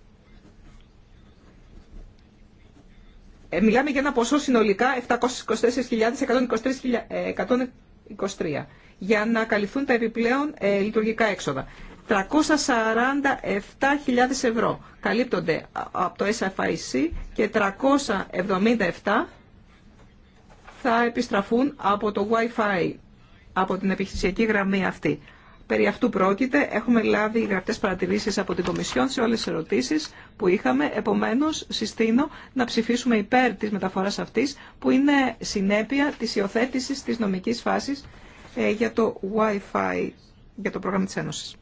Ε, μιλάμε για ένα ποσό συνολικά 724.123 για να καλυφθούν τα επιπλέον ε, λειτουργικά έξοδα. 347.000 ευρώ καλύπτονται από το SFIC και 377 θα επιστραφούν από το Wi-Fi, από την επιχειρησιακή γραμμή αυτή. Περί αυτού πρόκειται. Έχουμε λάβει γραπτές παρατηρήσεις από την Κομισιόν σε όλες τις ερωτήσεις που είχαμε. Επομένως, συστήνω να ψηφίσουμε υπέρ της μεταφοράς αυτής, που είναι συνέπεια της υιοθέτησης της νομικής φάσης ε, για το Wi-Fi, για το πρόγραμμα της Ένωσης.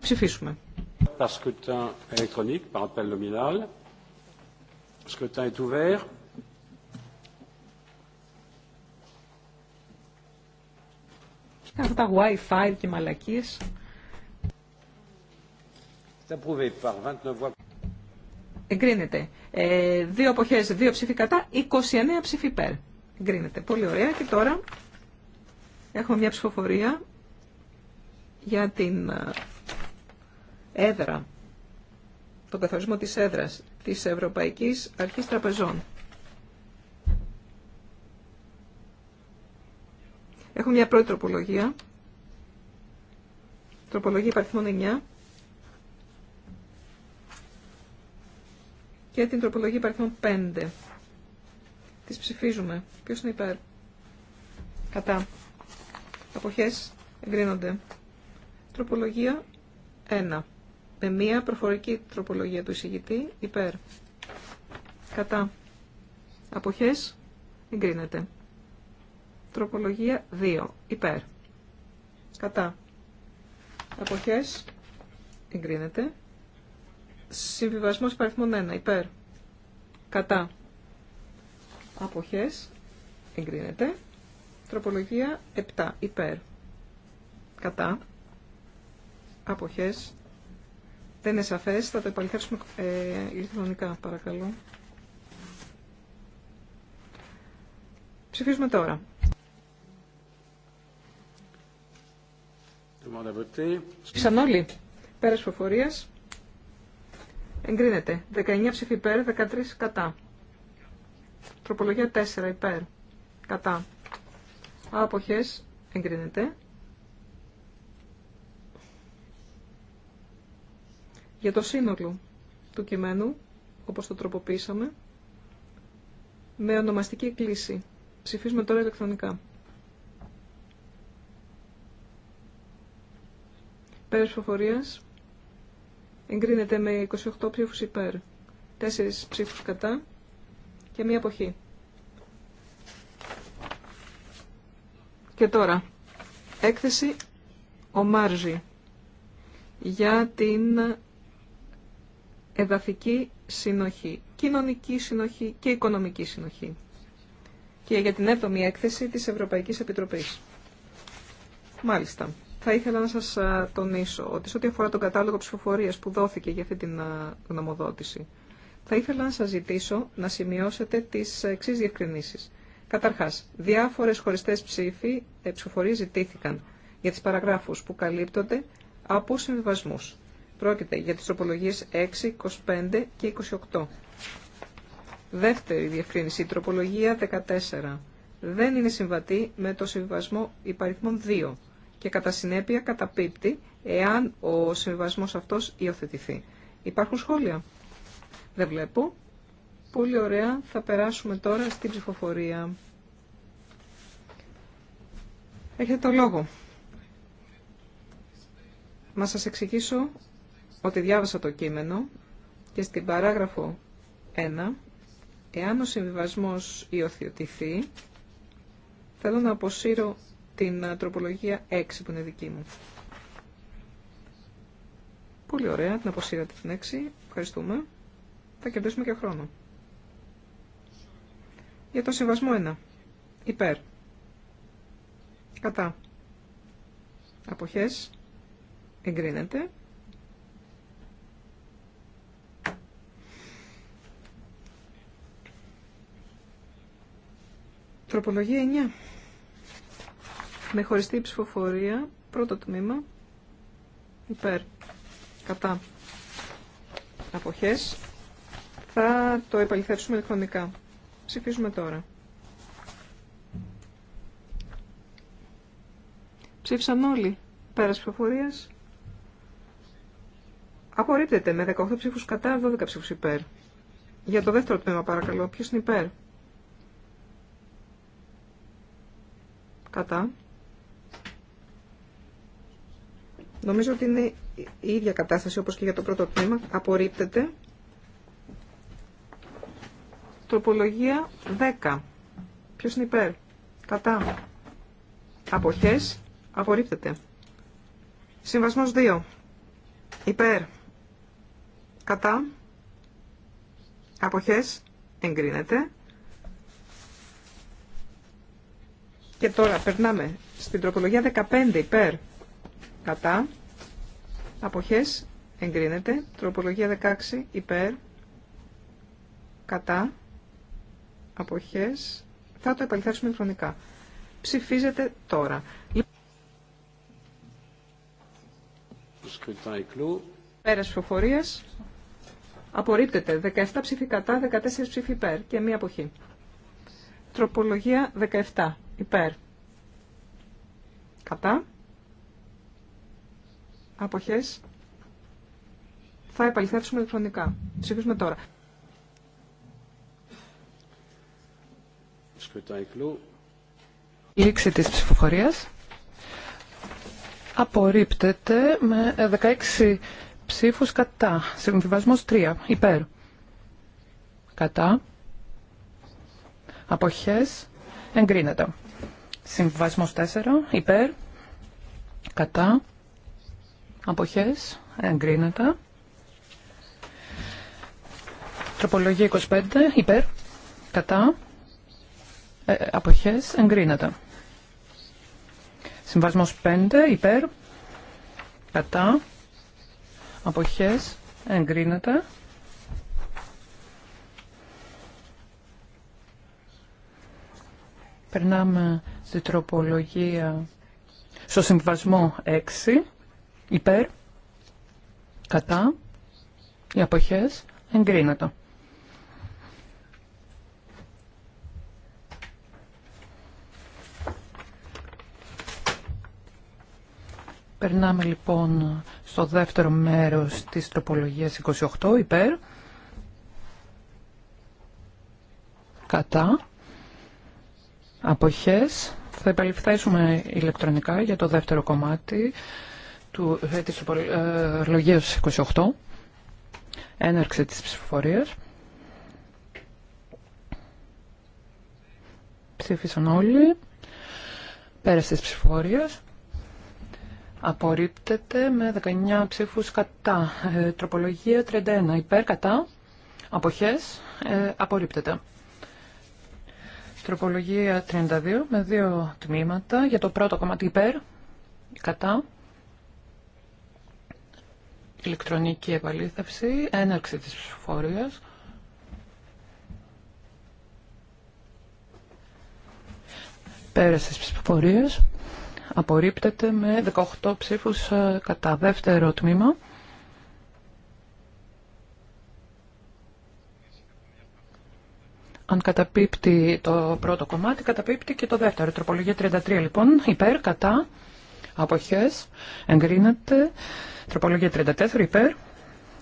Ψηφίσουμε. Αυτά τα Wi-Fi και μαλακίε. Εγκρίνεται. Ε, δύο αποχές, δύο ψήφοι κατά, 29 ψήφοι υπέρ. Εγκρίνεται. Πολύ ωραία. Και τώρα έχουμε μια ψηφοφορία για την ε, έδρα, τον καθορισμό της έδρας της Ευρωπαϊκής Αρχής Τραπεζών. Έχουμε μια πρώτη τροπολογία. Τροπολογία υπαριθμών 9. Και την τροπολογία υπαριθμών 5. Τις ψηφίζουμε. Ποιος είναι υπέρ. Κατά. Αποχές εγκρίνονται. Τροπολογία 1. Με μία προφορική τροπολογία του εισηγητή υπέρ. Κατά. Αποχές εγκρίνεται. Τροπολογία 2. Υπέρ. Κατά. Αποχές. Εγκρίνεται. Συμβιβασμός υπαριθμών 1. Υπέρ. Κατά. Αποχές. Εγκρίνεται. Τροπολογία 7. Υπέρ. Κατά. Αποχές. Δεν είναι σαφές. Θα το επαληθεύσουμε ε, ηλεκτρονικά, παρακαλώ. Ψηφίζουμε τώρα. Ψήφισαν όλοι. Πέρας προφορία. Εγκρίνεται. 19 ψήφι υπέρ, 13 κατά. Τροπολογία 4 υπέρ. Κατά. Αποχές. Εγκρίνεται. Για το σύνολο του κειμένου, όπως το τροποποίησαμε, με ονομαστική κλίση. Ψηφίζουμε τώρα ηλεκτρονικά. Πέρας εγκρίνεται με 28 ψήφους υπέρ, 4 ψήφους κατά και μία αποχή. Και τώρα, έκθεση ομάρζη για την εδαφική συνοχή, κοινωνική συνοχή και οικονομική συνοχή και για την 7 έκθεση της Ευρωπαϊκής Επιτροπής. Μάλιστα θα ήθελα να σας ε, τονίσω ότι σε ό,τι αφορά τον κατάλογο ψηφοφορίας που δόθηκε για αυτή την γνωμοδότηση, ε, θα ήθελα να σας ζητήσω να σημειώσετε τις εξή διευκρινήσεις. Καταρχάς, διάφορες χωριστές ψήφοι, ε, ψηφοφορίες ζητήθηκαν για τις παραγράφους που καλύπτονται από συμβιβασμού. Πρόκειται για τις τροπολογίες 6, 25 και 28. Δεύτερη διευκρίνηση, η τροπολογία 14 δεν είναι συμβατή με το συμβιβασμό υπαριθμών 2 και κατά συνέπεια καταπίπτει εάν ο συμβιβασμός αυτός υιοθετηθεί. Υπάρχουν σχόλια. Δεν βλέπω. Πολύ ωραία. Θα περάσουμε τώρα στην ψηφοφορία. Έχετε το λόγο. Να σας εξηγήσω ότι διάβασα το κείμενο και στην παράγραφο 1, εάν ο συμβιβασμός υιοθετηθεί, θέλω να αποσύρω την ε, τροπολογία 6 που είναι δική μου. Πολύ ωραία, την αποσύρατε την 6. Ευχαριστούμε. Θα κερδίσουμε και χρόνο. Για το συμβασμό 1. Υπέρ. Κατά. Αποχές. Εγκρίνεται. Τροπολογία 9 με χωριστή ψηφοφορία, πρώτο τμήμα, υπέρ, κατά, αποχές, θα το επαληθεύσουμε ηλεκτρονικά. Ψηφίζουμε τώρα. Ψήφισαν όλοι. Πέρας ψηφοφορίας. Απορρίπτεται με 18 ψήφους κατά, 12 ψήφους υπέρ. Για το δεύτερο τμήμα παρακαλώ. Ποιος είναι υπέρ. Κατά. Νομίζω ότι είναι η ίδια κατάσταση όπως και για το πρώτο τμήμα. Απορρίπτεται. Τροπολογία 10. Ποιος είναι υπέρ. Κατά. Αποχές. Απορρίπτεται. Συμβασμός 2. Υπέρ. Κατά. Αποχές. Εγκρίνεται. Και τώρα περνάμε στην τροπολογία 15 υπέρ κατά, αποχές, εγκρίνεται. Τροπολογία 16, υπέρ, κατά, αποχές, θα το επαληθεύσουμε χρονικά. Ψηφίζεται τώρα. Πέρας φοφορίας. απορρίπτεται 17 ψηφί κατά, 14 ψηφί υπέρ και μία αποχή. Τροπολογία 17, υπέρ, κατά, αποχές θα επαληθεύσουμε ηλεκτρονικά. Ψηφίσουμε τώρα. Λήξη της ψηφοφορίας απορρίπτεται με 16 ψήφους κατά. Συμβιβασμός 3. Υπέρ. Κατά. Αποχές. Εγκρίνεται. Συμβιβασμός 4. Υπέρ. Κατά. Αποχές. Εγκρίνεται. Τροπολογία 25. Υπέρ. Κατά. Ε, ε, αποχές. Εγκρίνεται. Συμβασμός 5. Υπέρ. Κατά. Αποχές. Εγκρίνεται. Περνάμε στη τροπολογία στο συμβασμό 6 Υπέρ. Κατά. Οι αποχές εγκρίνεται. Περνάμε λοιπόν στο δεύτερο μέρος της τροπολογίας 28 υπέρ. Κατά. Αποχές. Θα επαληφθέσουμε ηλεκτρονικά για το δεύτερο κομμάτι του, της Υπολογίας ε, 28, έναρξη της ψηφοφορίας. Ψήφισαν όλοι. Πέρασε της ψηφοφορίας. Απορρίπτεται με 19 ψήφους κατά. Ε, τροπολογία 31. Υπέρ κατά. Αποχές. Ε, απορρίπτεται. Τροπολογία 32 με δύο τμήματα. Για το πρώτο κομμάτι υπέρ. Κατά ηλεκτρονική επαλήθευση, έναρξη της ψηφοφορίας. Πέρασε της ψηφοφορίας. Απορρίπτεται με 18 ψήφους ε, κατά δεύτερο τμήμα. Αν καταπίπτει το πρώτο κομμάτι, καταπίπτει και το δεύτερο. Τροπολογία 33 λοιπόν, υπέρ, κατά, αποχές εγκρίνεται τροπολογία 34 υπέρ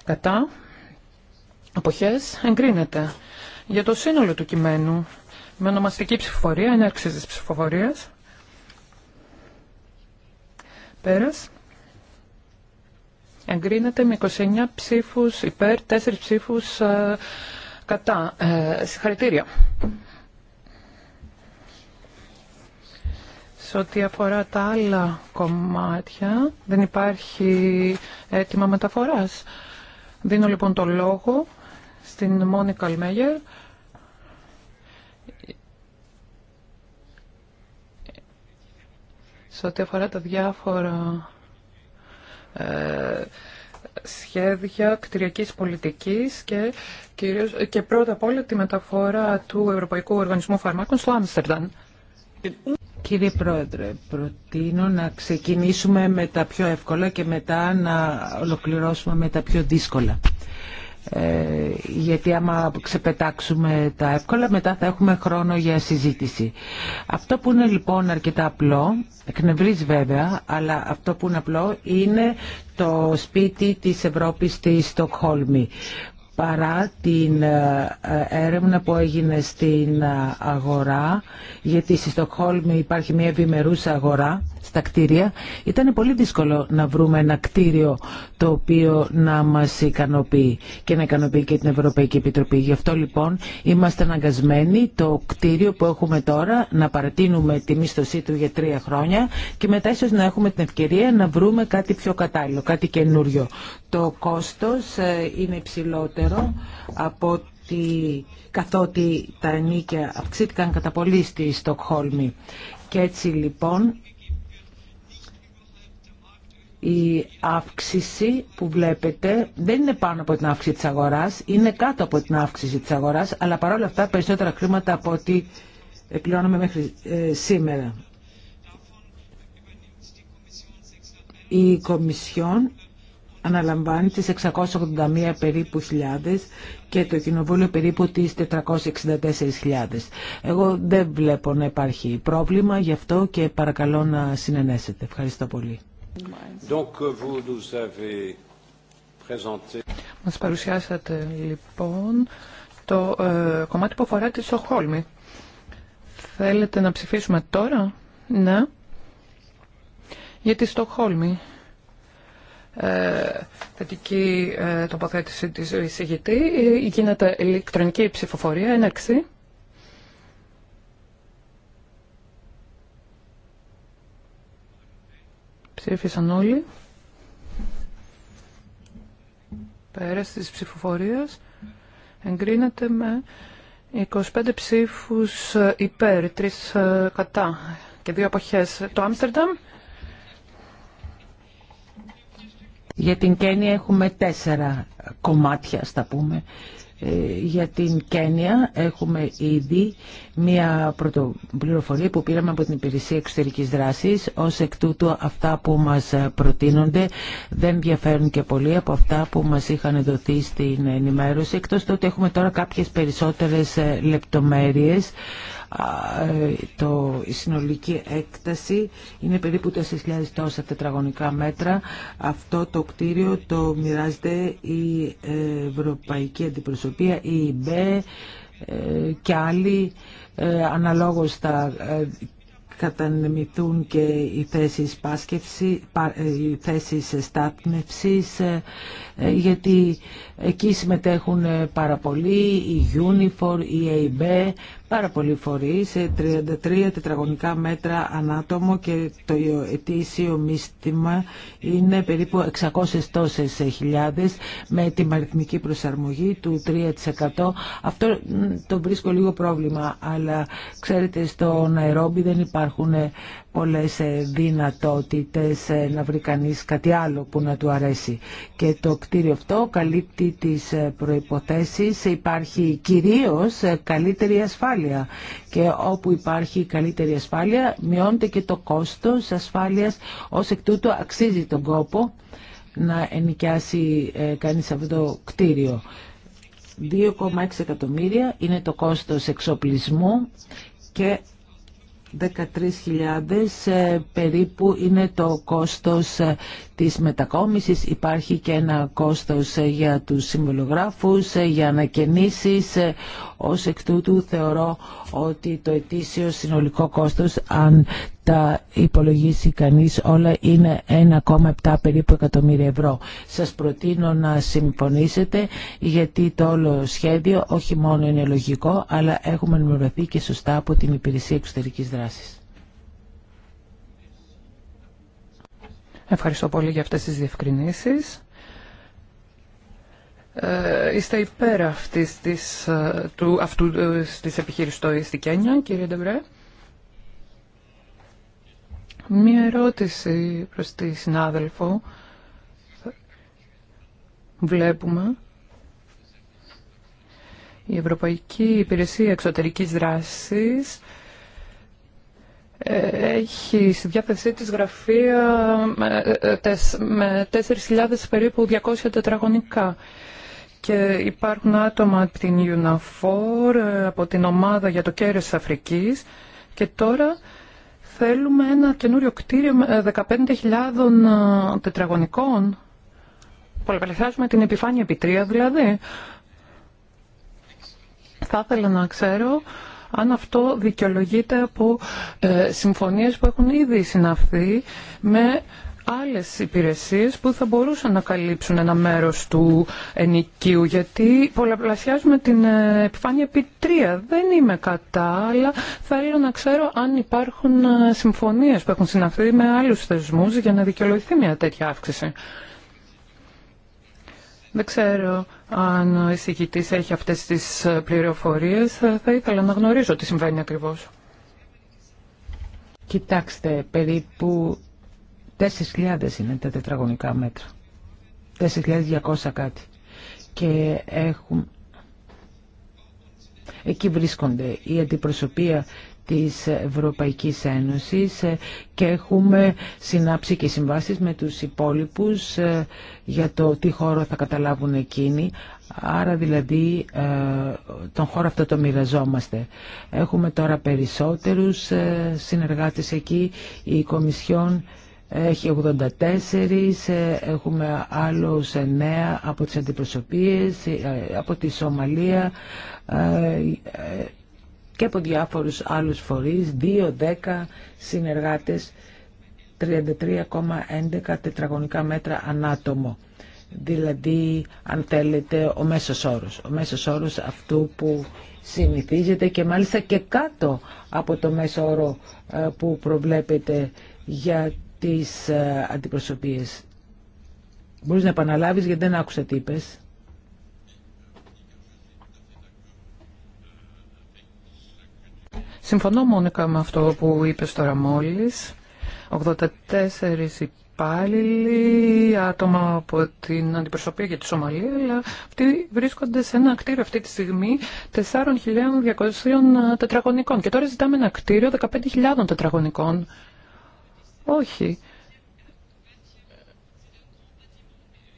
κατά αποχές εγκρίνεται για το σύνολο του κειμένου με ονομαστική ψηφοφορία έναρξη της ψηφοφορίας πέρας εγκρίνεται με 29 ψήφους υπέρ 4 ψήφους ε, κατά ε, συγχαρητήρια σε ό,τι αφορά τα άλλα κομμάτια. Δεν υπάρχει αίτημα μεταφοράς. Δίνω λοιπόν το λόγο στην Μόνικα Αλμέγερ. Σε ό,τι αφορά τα διάφορα ε, σχέδια κτηριακής πολιτικής και, κυρίως, και πρώτα απ' όλα τη μεταφορά του Ευρωπαϊκού Οργανισμού Φαρμάκων στο Άμστερνταν. Κύριε Πρόεδρε, προτείνω να ξεκινήσουμε με τα πιο εύκολα και μετά να ολοκληρώσουμε με τα πιο δύσκολα. Ε, γιατί άμα ξεπετάξουμε τα εύκολα μετά θα έχουμε χρόνο για συζήτηση. Αυτό που είναι λοιπόν αρκετά απλό, εκνευρίζει βέβαια, αλλά αυτό που είναι απλό είναι το σπίτι της Ευρώπης στη Στοκχόλμη παρά την ε, έρευνα που έγινε στην ε, αγορά, γιατί στη Στοκχόλμη υπάρχει μια ευημερούσα αγορά στα κτίρια. Ήταν πολύ δύσκολο να βρούμε ένα κτίριο το οποίο να μας ικανοποιεί και να ικανοποιεί και την Ευρωπαϊκή Επιτροπή. Γι' αυτό λοιπόν είμαστε αναγκασμένοι το κτίριο που έχουμε τώρα να παρατείνουμε τη μίσθωσή του για τρία χρόνια και μετά ίσως να έχουμε την ευκαιρία να βρούμε κάτι πιο κατάλληλο, κάτι καινούριο. Το κόστος ε, είναι υψηλότερο από ότι καθότι τα νίκια αυξήθηκαν κατά πολύ στη Στοκχόλμη. Και έτσι λοιπόν η αύξηση που βλέπετε δεν είναι πάνω από την αύξηση της αγοράς, είναι κάτω από την αύξηση της αγοράς, αλλά παρόλα αυτά περισσότερα χρήματα από ό,τι πληρώνουμε μέχρι ε, σήμερα. Η Κομισιόν αναλαμβάνει τις 681 περίπου χιλιάδες και το Κοινοβούλιο περίπου τις 464 χιλιάδες. Εγώ δεν βλέπω να υπάρχει πρόβλημα, γι' αυτό και παρακαλώ να συνενέσετε. Ευχαριστώ πολύ. Donc, euh, Μας παρουσιάσατε λοιπόν το ε, κομμάτι που αφορά τη Στοχόλμη. Θέλετε να ψηφίσουμε τώρα, ναι, για τη Στοχόλμη. Ε, θετική ε, τοποθέτηση της εισηγητή. Ε, γίνεται ηλεκτρονική ψηφοφορία, έναρξη. Ψήφισαν όλοι. Πέρας της ψηφοφορίας εγκρίνεται με 25 ψήφους ε, υπέρ, 3 ε, κατά και 2 αποχές. Το Άμστερνταμ. Για την Κένια έχουμε 4 κομμάτια, στα πούμε. Ε, για την Κένια έχουμε ήδη μια πρωτοπληροφορία που πήραμε από την Υπηρεσία Εξωτερικής Δράσης. Ως εκ τούτου αυτά που μας προτείνονται δεν διαφέρουν και πολύ από αυτά που μας είχαν δοθεί στην ενημέρωση. Εκτός τότε έχουμε τώρα κάποιες περισσότερες ε, λεπτομέρειες το, η συνολική έκταση είναι περίπου 4.000 τόσα τετραγωνικά μέτρα. Αυτό το κτίριο το μοιράζεται η Ευρωπαϊκή Αντιπροσωπεία, η ΙΜΠΕ ε, και άλλοι ε, αναλόγως τα ε, κατανεμηθούν και οι θέσεις, πάσκευση, οι θέσεις στάθμευσης, γιατί εκεί συμμετέχουν πάρα πολλοί, η Unifor, η ΕΙΜΕ, πάρα πολλοί σε 33 τετραγωνικά μέτρα ανάτομο και το ετήσιο μίστημα είναι περίπου 600 τόσες ε, χιλιάδες με τη αριθμική προσαρμογή του 3%. Αυτό το βρίσκω λίγο πρόβλημα, αλλά ξέρετε στο Ναϊρόμπι δεν υπάρχουν ε, πολλές ε, δυνατότητες ε, να βρει κανείς κάτι άλλο που να του αρέσει. Και το κτίριο αυτό καλύπτει τις ε, προϋποθέσεις, υπάρχει κυρίως καλύτερη ασφάλεια και όπου υπάρχει καλύτερη ασφάλεια μειώνεται και το κόστος ασφάλειας, ως εκ τούτου αξίζει τον κόπο να ενοικιάσει κανείς αυτό το κτίριο. 2,6 εκατομμύρια είναι το κόστος εξοπλισμού και 13.000 ε, περίπου είναι το κόστος ε, της μετακόμισης, υπάρχει και ένα κόστος για τους συμβολογράφους, για ανακαινήσεις. Ως εκ τούτου θεωρώ ότι το ετήσιο συνολικό κόστος, αν τα υπολογίσει κανείς όλα είναι 1,7 περίπου εκατομμύρια ευρώ. Σας προτείνω να συμφωνήσετε γιατί το όλο σχέδιο όχι μόνο είναι λογικό αλλά έχουμε ενημερωθεί και σωστά από την Υπηρεσία Εξωτερικής Δράσης. Ευχαριστώ πολύ για αυτές τις διευκρινήσεις. Ε, είστε υπέρ αυτής της, ε, του, αυτού ε, της επιχείρησης στη Κένια, κύριε Ντεμπρέ. Μία ερώτηση προς τη συνάδελφο. Βλέπουμε η Ευρωπαϊκή Υπηρεσία Εξωτερικής Δράσης έχει στη διάθεσή της γραφεία ε, ε, ε, με 4.000 περίπου 200 τετραγωνικά και υπάρχουν άτομα από την UNAFOR, από την ομάδα για το κέρδος της Αφρικής και τώρα θέλουμε ένα καινούριο κτίριο 15.000 τετραγωνικών. Πολλαπλασιάζουμε την επιφάνεια επί δηλαδή. Θα ήθελα να ξέρω αν αυτό δικαιολογείται από ε, συμφωνίες που έχουν ήδη συναφθεί με άλλες υπηρεσίες που θα μπορούσαν να καλύψουν ένα μέρος του ενοικίου γιατί πολλαπλασιάζουμε την ε, επιφάνεια επί τρία. Δεν είμαι κατά, αλλά θέλω να ξέρω αν υπάρχουν ε, συμφωνίες που έχουν συναφθεί με άλλους θεσμούς για να δικαιολογηθεί μια τέτοια αύξηση. Δεν ξέρω αν ο εισηγητή έχει αυτές τις πληροφορίες, θα ήθελα να γνωρίζω τι συμβαίνει ακριβώς. Κοιτάξτε, περίπου 4.000 είναι τα τετραγωνικά μέτρα. 4.200 κάτι. Και έχουν... Εκεί βρίσκονται η αντιπροσωπεία της Ευρωπαϊκής Ένωσης ε, και έχουμε συνάψει και συμβάσεις με τους υπόλοιπους ε, για το τι χώρο θα καταλάβουν εκείνοι. Άρα δηλαδή ε, τον χώρο αυτό το μοιραζόμαστε. Έχουμε τώρα περισσότερους συνεργάτες εκεί, η Κομισιόν έχει 84, έχουμε άλλους 9 από τις αντιπροσωπείες, από τη Σομαλία, και από διάφορους άλλους φορείς, 2-10 συνεργάτες, 33,11 τετραγωνικά μέτρα ανάτομο. Δηλαδή, αν θέλετε, ο μέσος όρος. Ο μέσος όρος αυτού που συνηθίζεται και μάλιστα και κάτω από το μέσο όρο ε, που προβλέπεται για τις ε, αντιπροσωπείες. Μπορείς να επαναλάβεις γιατί δεν άκουσα τι είπες. Συμφωνώ μόνικα με αυτό που είπες τώρα μόλις. 84 υπάλληλοι, άτομα από την αντιπροσωπεία για τη Σομαλία, αλλά αυτοί βρίσκονται σε ένα κτίριο αυτή τη στιγμή 4.200 τετραγωνικών. Και τώρα ζητάμε ένα κτίριο 15.000 τετραγωνικών. Όχι.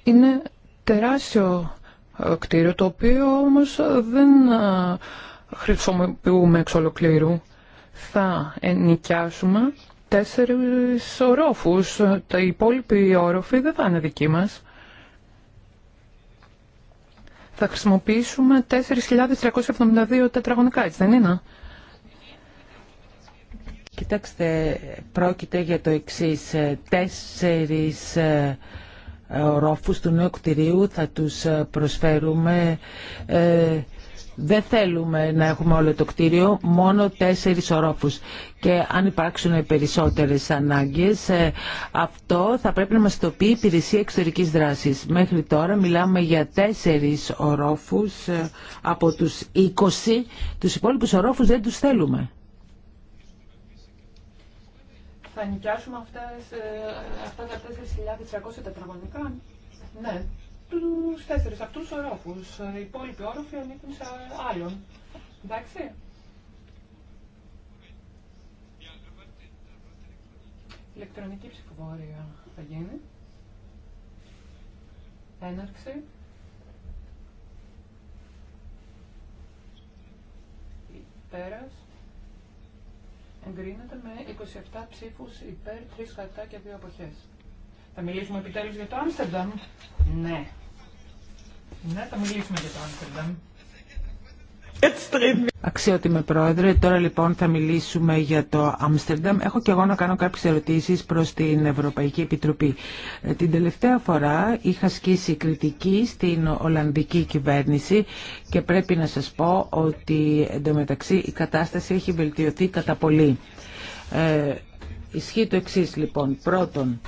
Είναι τεράστιο ε, κτίριο, το οποίο όμως δεν ε, χρησιμοποιούμε εξ ολοκλήρου. Θα νοικιάσουμε τέσσερις ορόφους. Τα υπόλοιποι όροφοι δεν θα είναι δικοί μας. Θα χρησιμοποιήσουμε 4.372 τετραγωνικά, έτσι δεν είναι. Κοιτάξτε, πρόκειται για το εξής. Ε, τέσσερις ε, ορόφους του νέου κτηρίου θα τους ε, προσφέρουμε δεν θέλουμε να έχουμε όλο το κτίριο, μόνο τέσσερις ορόφους. Και αν υπάρξουν περισσότερες ανάγκες, ε, αυτό θα πρέπει να μας το πει η υπηρεσία εξωτερικής δράσης. Μέχρι τώρα μιλάμε για τέσσερις ορόφους ε, από τους 20. Τους υπόλοιπους ορόφους δεν τους θέλουμε. Θα νοικιάσουμε ε, αυτά τα 4.300 τετραγωνικά. Ναι τους τέσσερις αυτούς ορόφους. Ε, οι υπόλοιποι όροφοι ανήκουν σε άλλον. Εντάξει. Ηλεκτρονική ψηφοφορία θα γίνει. Έναρξη. Πέρας. Εγκρίνεται με 27 ψήφους υπέρ, 3 κατά και 2 αποχές. Θα μιλήσουμε επιτέλους για το Άμστερνταμ. Ναι. Ναι, θα μιλήσουμε για το Άμστερνταμ. Αξιότιμε Πρόεδρε, τώρα λοιπόν θα μιλήσουμε για το Άμστερνταμ. Έχω και εγώ να κάνω κάποιες ερωτήσεις προς την Ευρωπαϊκή Επιτροπή. Ε, την τελευταία φορά είχα σκίσει κριτική στην Ολλανδική κυβέρνηση και πρέπει να σας πω ότι εντωμεταξύ η κατάσταση έχει βελτιωθεί κατά πολύ. Ε, ισχύει το εξή λοιπόν. Πρώτον,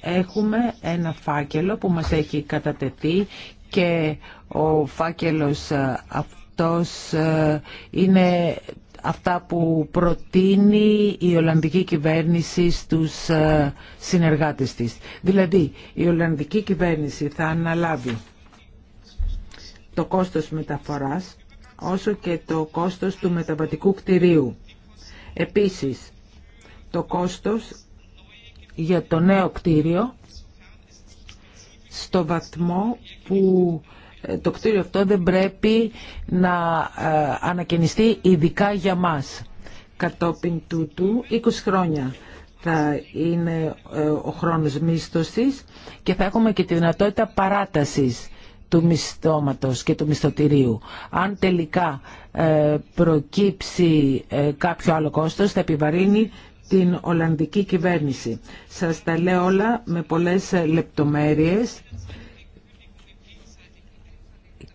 έχουμε ένα φάκελο που μας έχει κατατεθεί και ο φάκελος αυτός ε, είναι αυτά που προτείνει η Ολλανδική κυβέρνηση στους ε, συνεργάτες της. Δηλαδή, η Ολλανδική κυβέρνηση θα αναλάβει το κόστος μεταφοράς όσο και το κόστος του μεταβατικού κτηρίου. Επίσης, το κόστος για το νέο κτίριο στο βαθμό που ε, το κτίριο αυτό δεν πρέπει να ε, ανακαινιστεί ειδικά για μας. Κατόπιν τούτου 20 χρόνια θα είναι ε, ο χρόνος μίσθωσης και θα έχουμε και τη δυνατότητα παράτασης του μισθώματος και του μισθωτηρίου. Αν τελικά προκύψει κάποιο άλλο κόστος θα επιβαρύνει την Ολλανδική κυβέρνηση. Σας τα λέω όλα με πολλές λεπτομέρειες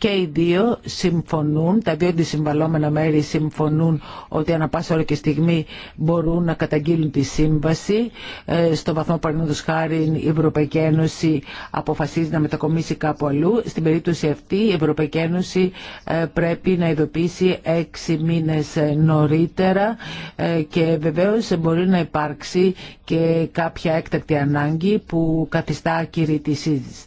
και οι δύο συμφωνούν, τα δύο αντισυμβαλόμενα μέρη συμφωνούν ότι ανά πάσα ώρα και στιγμή μπορούν να καταγγείλουν τη σύμβαση. Ε, στο βαθμό παραδείγματος χάρη η Ευρωπαϊκή Ένωση αποφασίζει να μετακομίσει κάπου αλλού. Στην περίπτωση αυτή η Ευρωπαϊκή Ένωση ε, πρέπει να ειδοποιήσει έξι μήνες ε, νωρίτερα και βεβαίως μπορεί να υπάρξει και κάποια έκτακτη ανάγκη που καθιστά άκυρη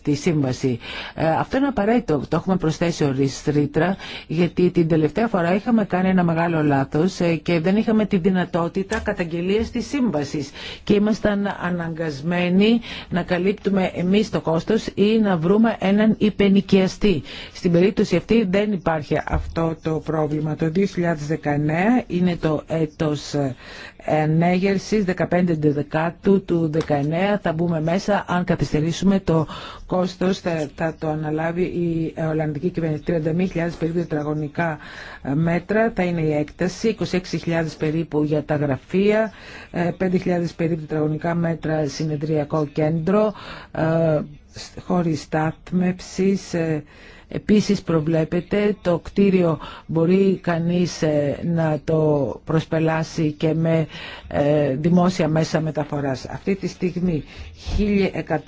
τη σύμβαση. Ε, αυτό είναι απαραίτητο. Το έχουμε προσθέσει ο ρήτρα γιατί την τελευταία φορά είχαμε κάνει ένα μεγάλο λάθος ε, και δεν είχαμε τη δυνατότητα καταγγελίας της σύμβαση και ήμασταν αναγκασμένοι να καλύπτουμε εμείς το κόστος ή να βρούμε έναν υπενικιαστή. Στην περίπτωση αυτή δεν υπάρχει αυτό το πρόβλημα. Το 2019 είναι το έτος ε, ενέγερση 15 Δεκάτου του 19 θα μπούμε μέσα αν καθυστερήσουμε το κόστος θα, το αναλάβει η Ολλανδική κυβέρνηση 31.000 περίπου τετραγωνικά ε, μέτρα θα είναι η έκταση 26.000 περίπου για τα γραφεία 5.000 ε, περίπου τετραγωνικά μέτρα συνεδριακό κέντρο ε, χωρίς στάθμευσης Επίσης προβλέπεται το κτίριο μπορεί κανείς ε, να το προσπελάσει και με ε, δημόσια μέσα μεταφοράς. Αυτή τη στιγμή 1103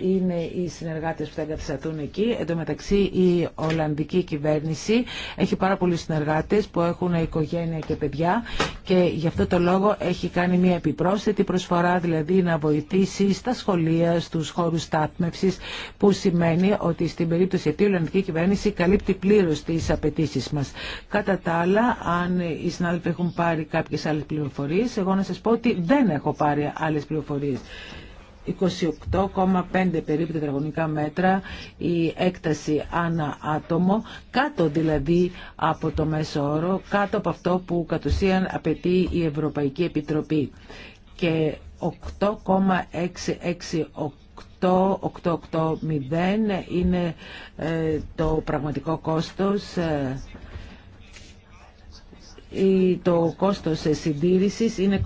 είναι οι συνεργάτες που θα εγκαθισταθούν εκεί. Εν τω μεταξύ η Ολλανδική κυβέρνηση έχει πάρα πολλούς συνεργάτες που έχουν οικογένεια και παιδιά και γι' αυτό το λόγο έχει κάνει μια επιπρόσθετη προσφορά, δηλαδή να βοηθήσει στα σχολεία, στους χώρους στάθμευσης, που σημαίνει ότι στην περίπτωση ελληνική κυβέρνηση καλύπτει πλήρω τι απαιτήσει μα. Κατά τα άλλα, αν οι συνάδελφοι έχουν πάρει κάποιε άλλε πληροφορίε, εγώ να σα πω ότι δεν έχω πάρει άλλε πληροφορίε. 28,5 περίπου τετραγωνικά μέτρα η έκταση ανά άτομο, κάτω δηλαδή από το μέσο όρο, κάτω από αυτό που κατ' ουσίαν απαιτεί η Ευρωπαϊκή Επιτροπή. Και 8,668 880 είναι ε, το πραγματικό κόστος ε, το κόστος συντήρησης είναι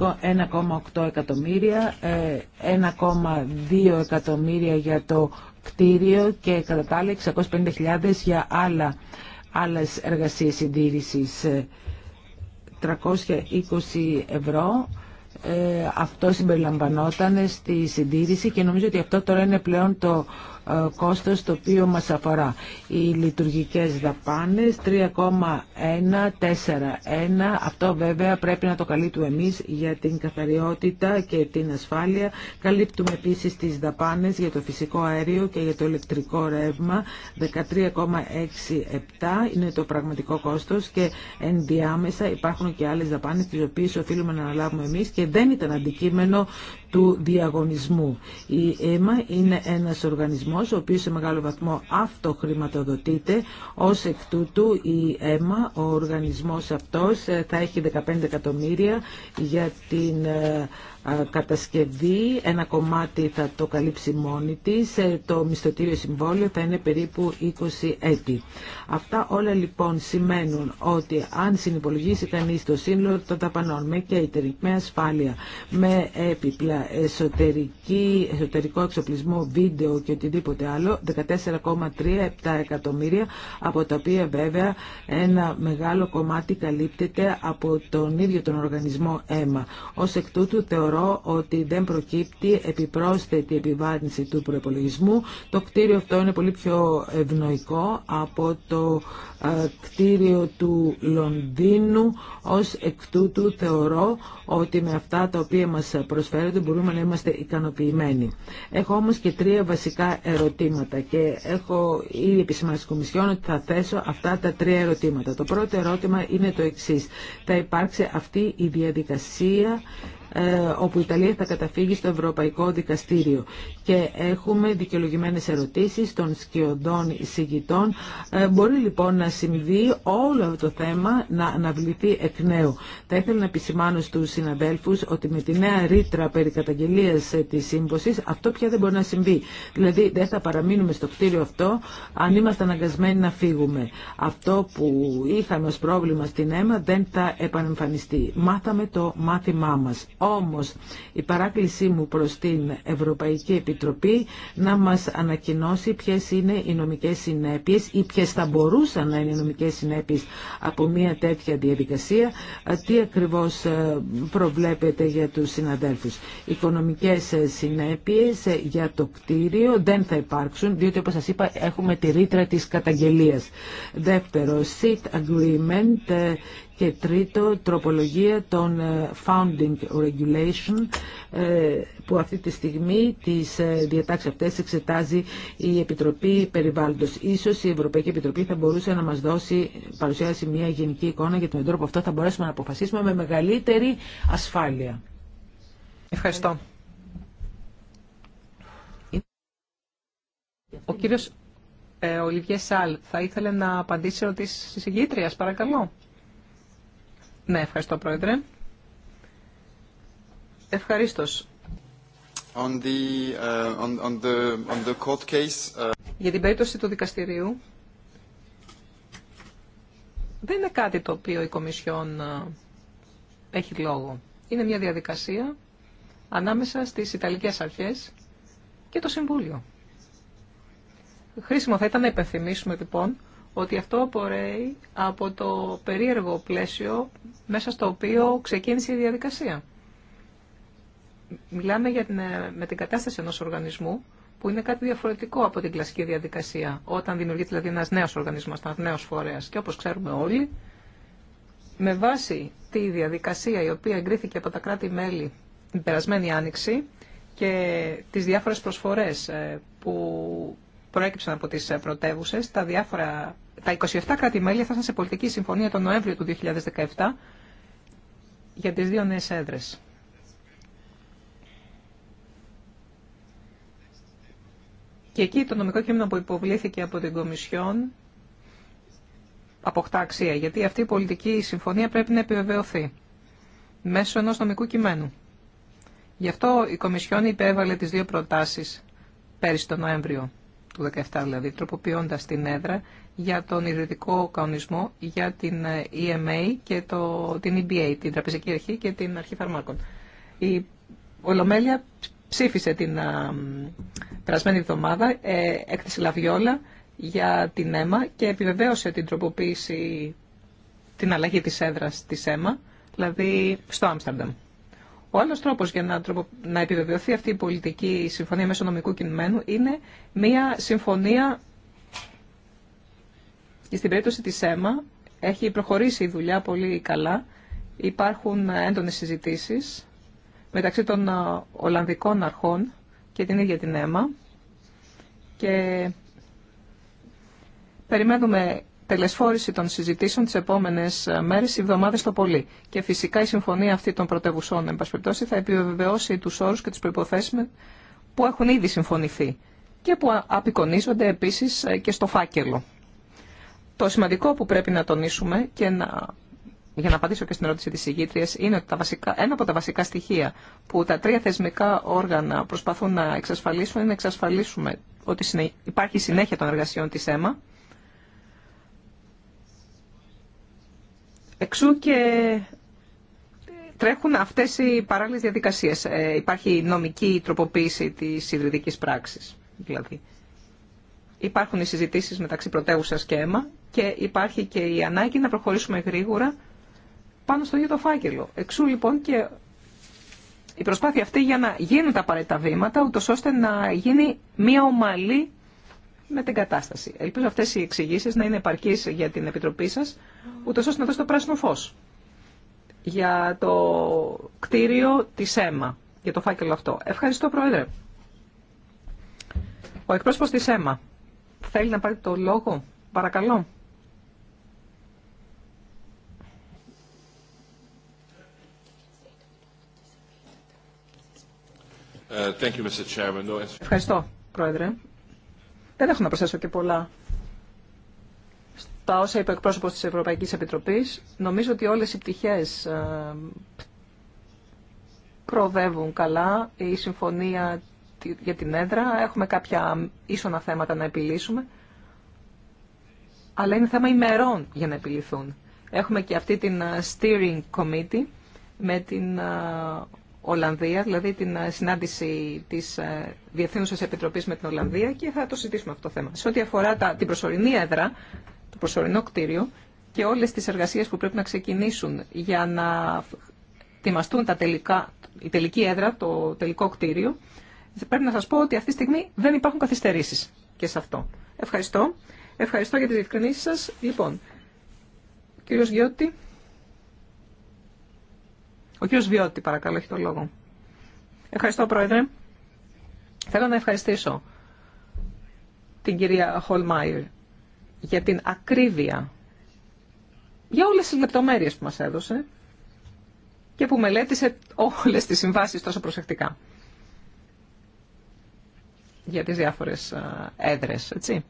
1,8 εκατομμύρια, 1,2 ε, εκατομμύρια για το κτίριο και κατά τα άλλα 650.000 για άλλα, άλλες εργασίες συντήρησης. 320 ευρώ ε, αυτό συμπεριλαμβανόταν στη συντήρηση και νομίζω ότι αυτό τώρα είναι πλέον το ε, κόστος το οποίο μας αφορά. Οι λειτουργικές δαπάνες 3,141. Αυτό βέβαια πρέπει να το καλύπτουμε εμείς για την καθαριότητα και την ασφάλεια. Καλύπτουμε επίσης τις δαπάνες για το φυσικό αέριο και για το ηλεκτρικό ρεύμα 13,67 είναι το πραγματικό κόστος και ενδιάμεσα υπάρχουν και άλλες δαπάνες τις οποίες οφείλουμε να αναλάβουμε εμείς και δεν ήταν αντικείμενο του διαγωνισμού. Η ΕΜΑ είναι ένας οργανισμός ο οποίος σε μεγάλο βαθμό αυτοχρηματοδοτείται. Ως εκ τούτου η ΕΜΑ, ο οργανισμός αυτός, ε, θα έχει 15 εκατομμύρια για την ε, κατασκευή, ένα κομμάτι θα το καλύψει μόνη της, ε, το μισθωτήριο συμβόλαιο θα είναι περίπου 20 έτη. Αυτά όλα λοιπόν σημαίνουν ότι αν συνυπολογίσει κανείς το σύνολο των ταπανών με catering, με ασφάλεια, με έπιπλα, εσωτερική, εσωτερικό εξοπλισμό, βίντεο και οτιδήποτε άλλο, 14,37 εκατομμύρια, από τα οποία βέβαια ένα μεγάλο κομμάτι καλύπτεται από τον ίδιο τον οργανισμό αίμα. Ως εκ τούτου θεωρώ θεωρώ ότι δεν προκύπτει επιπρόσθετη επιβάρυνση του προπολογισμού. Το κτίριο αυτό είναι πολύ πιο ευνοϊκό από το ε, κτίριο του Λονδίνου. Ως εκ τούτου θεωρώ ότι με αυτά τα οποία μας προσφέρονται μπορούμε να είμαστε ικανοποιημένοι. Έχω όμως και τρία βασικά ερωτήματα και έχω ήδη επισημάνει Κομισιόν ότι θα θέσω αυτά τα τρία ερωτήματα. Το πρώτο ερώτημα είναι το εξής. Θα υπάρξει αυτή η διαδικασία ε, όπου η Ιταλία θα καταφύγει στο Ευρωπαϊκό Δικαστήριο. Και έχουμε δικαιολογημένες ερωτήσεις των σκιωδών εισηγητών. Ε, μπορεί λοιπόν να συμβεί όλο το θέμα να αναβληθεί εκ νέου. Θα ήθελα να επισημάνω στους συναδέλφους ότι με τη νέα ρήτρα περί καταγγελίας ε, της σύμβοσης αυτό πια δεν μπορεί να συμβεί. Δηλαδή δεν θα παραμείνουμε στο κτίριο αυτό αν είμαστε αναγκασμένοι να φύγουμε. Αυτό που είχαμε ως πρόβλημα στην αίμα δεν θα επανεμφανιστεί. Μάθαμε το μάθημά μα. Όμως η παράκλησή μου προς την Ευρωπαϊκή Επιτροπή να μας ανακοινώσει ποιες είναι οι νομικές συνέπειες ή ποιες θα μπορούσαν να είναι οι νομικές συνέπειες από μια τέτοια διαδικασία, ε, τι ακριβώς ε, προβλέπεται για τους συναδέλφους. Οικονομικές ε, συνέπειες για το κτίριο δεν θα υπάρξουν, διότι όπως σας είπα έχουμε τη ρήτρα της καταγγελίας. Δεύτερο, seat agreement και τρίτο, τροπολογία των ε, Founding Regulation ε, που αυτή τη στιγμή τις ε, διατάξεις αυτές εξετάζει η Επιτροπή Περιβάλλοντος. Ίσως η Ευρωπαϊκή Επιτροπή θα μπορούσε να μας δώσει, παρουσιάσει μια γενική εικόνα γιατί με τον τρόπο αυτό θα μπορέσουμε να αποφασίσουμε με μεγαλύτερη ασφάλεια. Ευχαριστώ. Ο κύριος ε, Ολιβιέ Σάλ θα ήθελε να απαντήσει ερωτήσεις της παρακαλώ. Ναι, ευχαριστώ Πρόεδρε. Ευχαριστώ. On the, uh, on, on the, on the court case, uh, Για την περίπτωση του δικαστηρίου, δεν είναι κάτι το οποίο η Κομισιόν uh, έχει λόγο. Είναι μια διαδικασία ανάμεσα στις Ιταλικές Αρχές και το Συμβούλιο. Χρήσιμο θα ήταν να υπενθυμίσουμε λοιπόν ότι αυτό απορρέει από το περίεργο πλαίσιο μέσα στο οποίο ξεκίνησε η διαδικασία. Μιλάμε για την, ε, με την κατάσταση ενός οργανισμού που είναι κάτι διαφορετικό από την κλασική διαδικασία, όταν δημιουργείται δηλαδή ένας νέος οργανισμός, ένας νέος φορέας. Και όπως ξέρουμε όλοι, με βάση τη διαδικασία η οποία εγκρίθηκε από τα κράτη-μέλη την περασμένη άνοιξη και τις διάφορες προσφορές ε, που προέκυψαν από τις πρωτεύουσε, τα διάφορα τα 27 κράτη-μέλη έφτασαν σε πολιτική συμφωνία τον Νοέμβριο του 2017 για τις δύο νέες έδρες. Και εκεί το νομικό κείμενο που υποβλήθηκε από την Κομισιόν αποκτά αξία, γιατί αυτή η πολιτική συμφωνία πρέπει να επιβεβαιωθεί μέσω ενός νομικού κειμένου. Γι' αυτό η Κομισιόν υπέβαλε τις δύο προτάσεις πέρυσι τον Νοέμβριο του 2017, δηλαδή τροποποιώντας την έδρα για τον ιδρυτικό κανονισμό για την ε, EMA και το, την EBA, την Τραπεζική Αρχή και την Αρχή Φαρμάκων. Η Ολομέλεια ψήφισε την α, ε, περασμένη εβδομάδα ε, έκθεση Λαβιόλα για την ΕΜΑ και επιβεβαίωσε την τροποποίηση, την αλλαγή της έδρας της ΕΜΑ, δηλαδή στο Άμστερνταμ. Ο άλλος τρόπος για να, να επιβεβαιωθεί αυτή η πολιτική συμφωνία μέσω νομικού κινημένου είναι μια συμφωνία στην περίπτωση της ΕΜΑ έχει προχωρήσει η δουλειά πολύ καλά. Υπάρχουν έντονες συζητήσεις μεταξύ των Ολλανδικών αρχών και την ίδια την ΕΜΑ και περιμένουμε τελεσφόρηση των συζητήσεων τις επόμενες μέρες, οι εβδομάδες το πολύ. Και φυσικά η συμφωνία αυτή των πρωτεύουσών, εν θα επιβεβαιώσει τους όρους και τις προϋποθέσεις που έχουν ήδη συμφωνηθεί και που απεικονίζονται επίσης και στο φάκελο. Το σημαντικό που πρέπει να τονίσουμε και να, για να απαντήσω και στην ερώτηση της ηγήτριας είναι ότι τα βασικά, ένα από τα βασικά στοιχεία που τα τρία θεσμικά όργανα προσπαθούν να εξασφαλίσουν είναι να εξασφαλίσουμε ότι υπάρχει συνέχεια των εργασιών της ΕΜΑ. Εξού και τρέχουν αυτές οι παράλληλες διαδικασίες. Ε, υπάρχει νομική τροποποίηση της ιδρυτικής πράξης, δηλαδή. Υπάρχουν οι συζητήσεις μεταξύ πρωτεύουσα και αίμα και υπάρχει και η ανάγκη να προχωρήσουμε γρήγορα πάνω στο ίδιο το φάκελο. Εξού λοιπόν και η προσπάθεια αυτή για να γίνουν τα απαραίτητα βήματα, ούτω ώστε να γίνει μια ομαλή με την κατάσταση. Ελπίζω αυτέ οι εξηγήσει να είναι επαρκεί για την Επιτροπή σα, ούτω ώστε να δώσει το πράσινο φω για το κτίριο τη ΕΜΑ, για το φάκελο αυτό. Ευχαριστώ, Πρόεδρε. Ο εκπρόσωπο τη ΕΜΑ θέλει να πάρει το λόγο. Παρακαλώ. Ε, Ευχαριστώ, Πρόεδρε. Δεν έχω να προσθέσω και πολλά στα όσα είπε ο εκπρόσωπο τη Ευρωπαϊκή Επιτροπή. Νομίζω ότι όλε οι πτυχέ ε, προοδεύουν καλά. Η συμφωνία για την έδρα, έχουμε κάποια ίσονα θέματα να επιλύσουμε, αλλά είναι θέμα ημερών για να επιληθούν. Έχουμε και αυτή την ε, steering committee με την ε, Ολλανδία, δηλαδή την ε, συνάντηση της Διευθύνουσας Επιτροπής με την Ολλανδία και θα το συζητήσουμε αυτό το θέμα. Σε ό,τι αφορά τα, την προσωρινή έδρα, το προσωρινό κτίριο και όλες τις εργασίες που πρέπει να ξεκινήσουν για να ετοιμαστούν τα τελικά, η τελική έδρα, το τελικό κτίριο, πρέπει να σας πω ότι αυτή τη στιγμή δεν υπάρχουν καθυστερήσεις και σε αυτό. Ευχαριστώ. Ευχαριστώ για τις διευκρινήσεις σας. Λοιπόν, ο κύριος Γιώτη. Ο κύριος Βιώτη, παρακαλώ, έχει το λόγο. Ευχαριστώ, Πρόεδρε. Θέλω να ευχαριστήσω την κυρία Χολμάιρ για την ακρίβεια, για όλες τις λεπτομέρειες που μας έδωσε και που μελέτησε όλες τις συμβάσεις τόσο προσεκτικά για τις διάφορες έδρες, έτσι.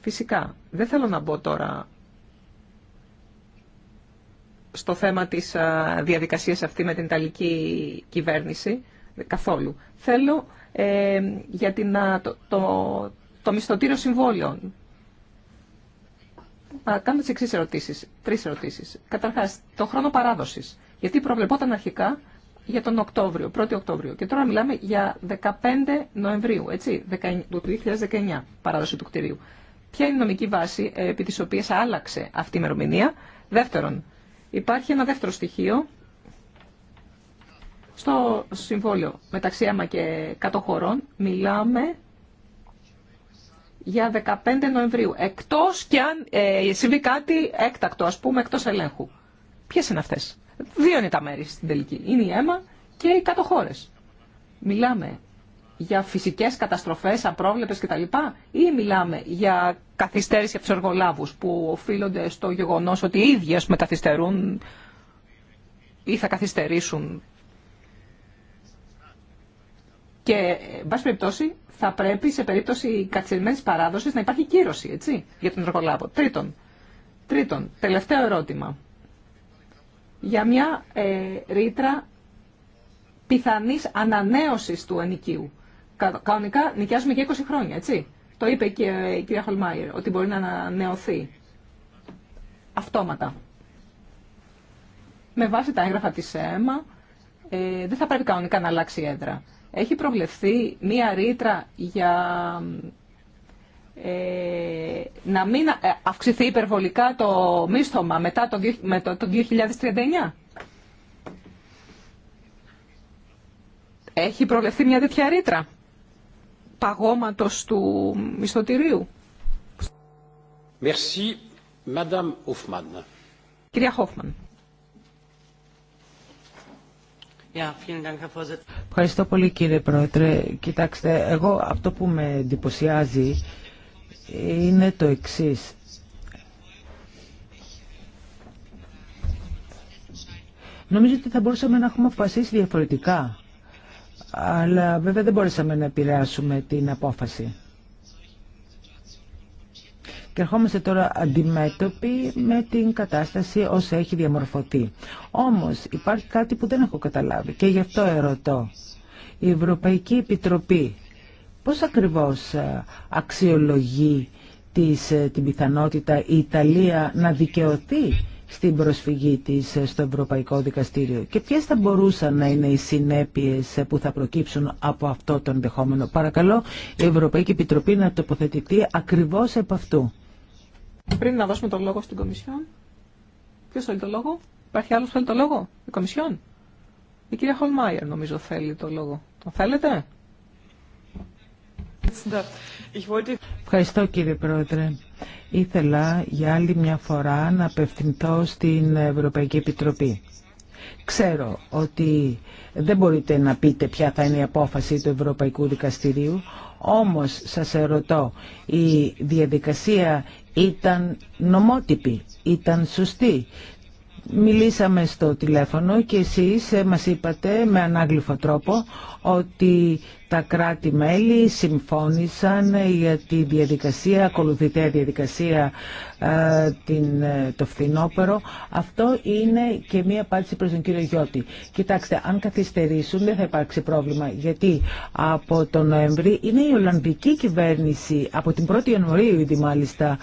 Φυσικά, δεν θέλω να μπω τώρα στο θέμα της διαδικασίας αυτή με την Ιταλική κυβέρνηση καθόλου. Θέλω ε, για την, το, το, το μισθωτήριο συμβόλαιων. να κάνω τι εξής ερωτήσεις, Τρει ερωτήσει. Καταρχά, το χρόνο παράδοσης. Γιατί προβλεπόταν αρχικά για τον Οκτώβριο, 1η Οκτώβριο. Και τώρα μιλάμε για 15 Νοεμβρίου, έτσι, του 2019, παράδοση του κτηρίου. Ποια είναι η νομική βάση ε, επί της οποίας άλλαξε αυτή η ημερομηνία. Δεύτερον, υπάρχει ένα δεύτερο στοιχείο στο συμβόλαιο μεταξύ ΑΜΑ και κατοχωρών. Μιλάμε για 15 Νοεμβρίου, εκτός και αν ε, συμβεί κάτι έκτακτο, ας πούμε, εκτός ελέγχου. Ποιες είναι αυτές. Δύο είναι τα μέρη στην τελική. Είναι η αίμα και οι κάτω χώρε. Μιλάμε για φυσικέ καταστροφέ, απρόβλεπε κτλ. ή μιλάμε για καθυστέρηση από του εργολάβου που οφείλονται στο γεγονό ότι οι ίδιοι με καθυστερούν ή θα καθυστερήσουν. Και, εν πάση περιπτώσει, θα πρέπει σε περίπτωση καθυστερημένη παράδοση να υπάρχει κύρωση έτσι, για τον εργολάβο. Τρίτον, τρίτον, τελευταίο ερώτημα για μια ε, ρήτρα πιθανής ανανέωσης του ενοικίου. Κανονικά νοικιάζουμε για 20 χρόνια, έτσι. Το είπε και ε, η κυρία Χολμάιερ, ότι μπορεί να ανανεωθεί αυτόματα. Με βάση τα έγγραφα της ΕΜΑ, ε, δεν θα πρέπει κανονικά να αλλάξει η έδρα. Έχει προβλεφθεί μία ρήτρα για ε, να μην ε, αυξηθεί υπερβολικά το μίσθωμα μετά το, 2039. Έχει προβλεφθεί μια τέτοια ρήτρα παγώματος του μισθωτηρίου. Merci, Madame Κυρία Χόφμαν. Ευχαριστώ πολύ κύριε Πρόεδρε. Κοιτάξτε, εγώ αυτό που με εντυπωσιάζει είναι το εξής. Νομίζω ότι θα μπορούσαμε να έχουμε αποφασίσει διαφορετικά, αλλά βέβαια δεν μπορέσαμε να επηρεάσουμε την απόφαση. Και ερχόμαστε τώρα αντιμέτωποι με την κατάσταση όσο έχει διαμορφωθεί. Όμως υπάρχει κάτι που δεν έχω καταλάβει και γι' αυτό ερωτώ. Η Ευρωπαϊκή Επιτροπή Πώς ακριβώς ε, αξιολογεί της, ε, την πιθανότητα η Ιταλία να δικαιωθεί στην προσφυγή της ε, στο Ευρωπαϊκό Δικαστήριο και ποιες θα μπορούσαν να είναι οι συνέπειες που θα προκύψουν από αυτό το ενδεχόμενο. Παρακαλώ η Ευρωπαϊκή Επιτροπή να τοποθετηθεί ακριβώς επ' αυτού. Πριν να δώσουμε το λόγο στην Κομισιόν, ποιος θέλει το λόγο, υπάρχει άλλος θέλει το λόγο, η Κομισιόν. Η κυρία Χολμάιερ νομίζω θέλει το λόγο. Το θέλετε? Ευχαριστώ κύριε Πρόεδρε. Ήθελα για άλλη μια φορά να απευθυνθώ στην Ευρωπαϊκή Επιτροπή. Ξέρω ότι δεν μπορείτε να πείτε ποια θα είναι η απόφαση του Ευρωπαϊκού Δικαστηρίου, όμως σας ερωτώ, η διαδικασία ήταν νομότυπη, ήταν σωστή. Μιλήσαμε στο τηλέφωνο και εσείς μας είπατε με ανάγλυφο τρόπο ότι τα κράτη-μέλη συμφώνησαν για τη διαδικασία, ακολουθητέα διαδικασία ε, την, ε, το φθινόπερο. Αυτό είναι και μία απάντηση προς τον κύριο Γιώτη. Κοιτάξτε, αν καθυστερήσουν δεν θα υπάρξει πρόβλημα, γιατί από τον Νοέμβρη είναι η Ολλανδική κυβέρνηση, από την 1η Ιανουαρίου ήδη μάλιστα,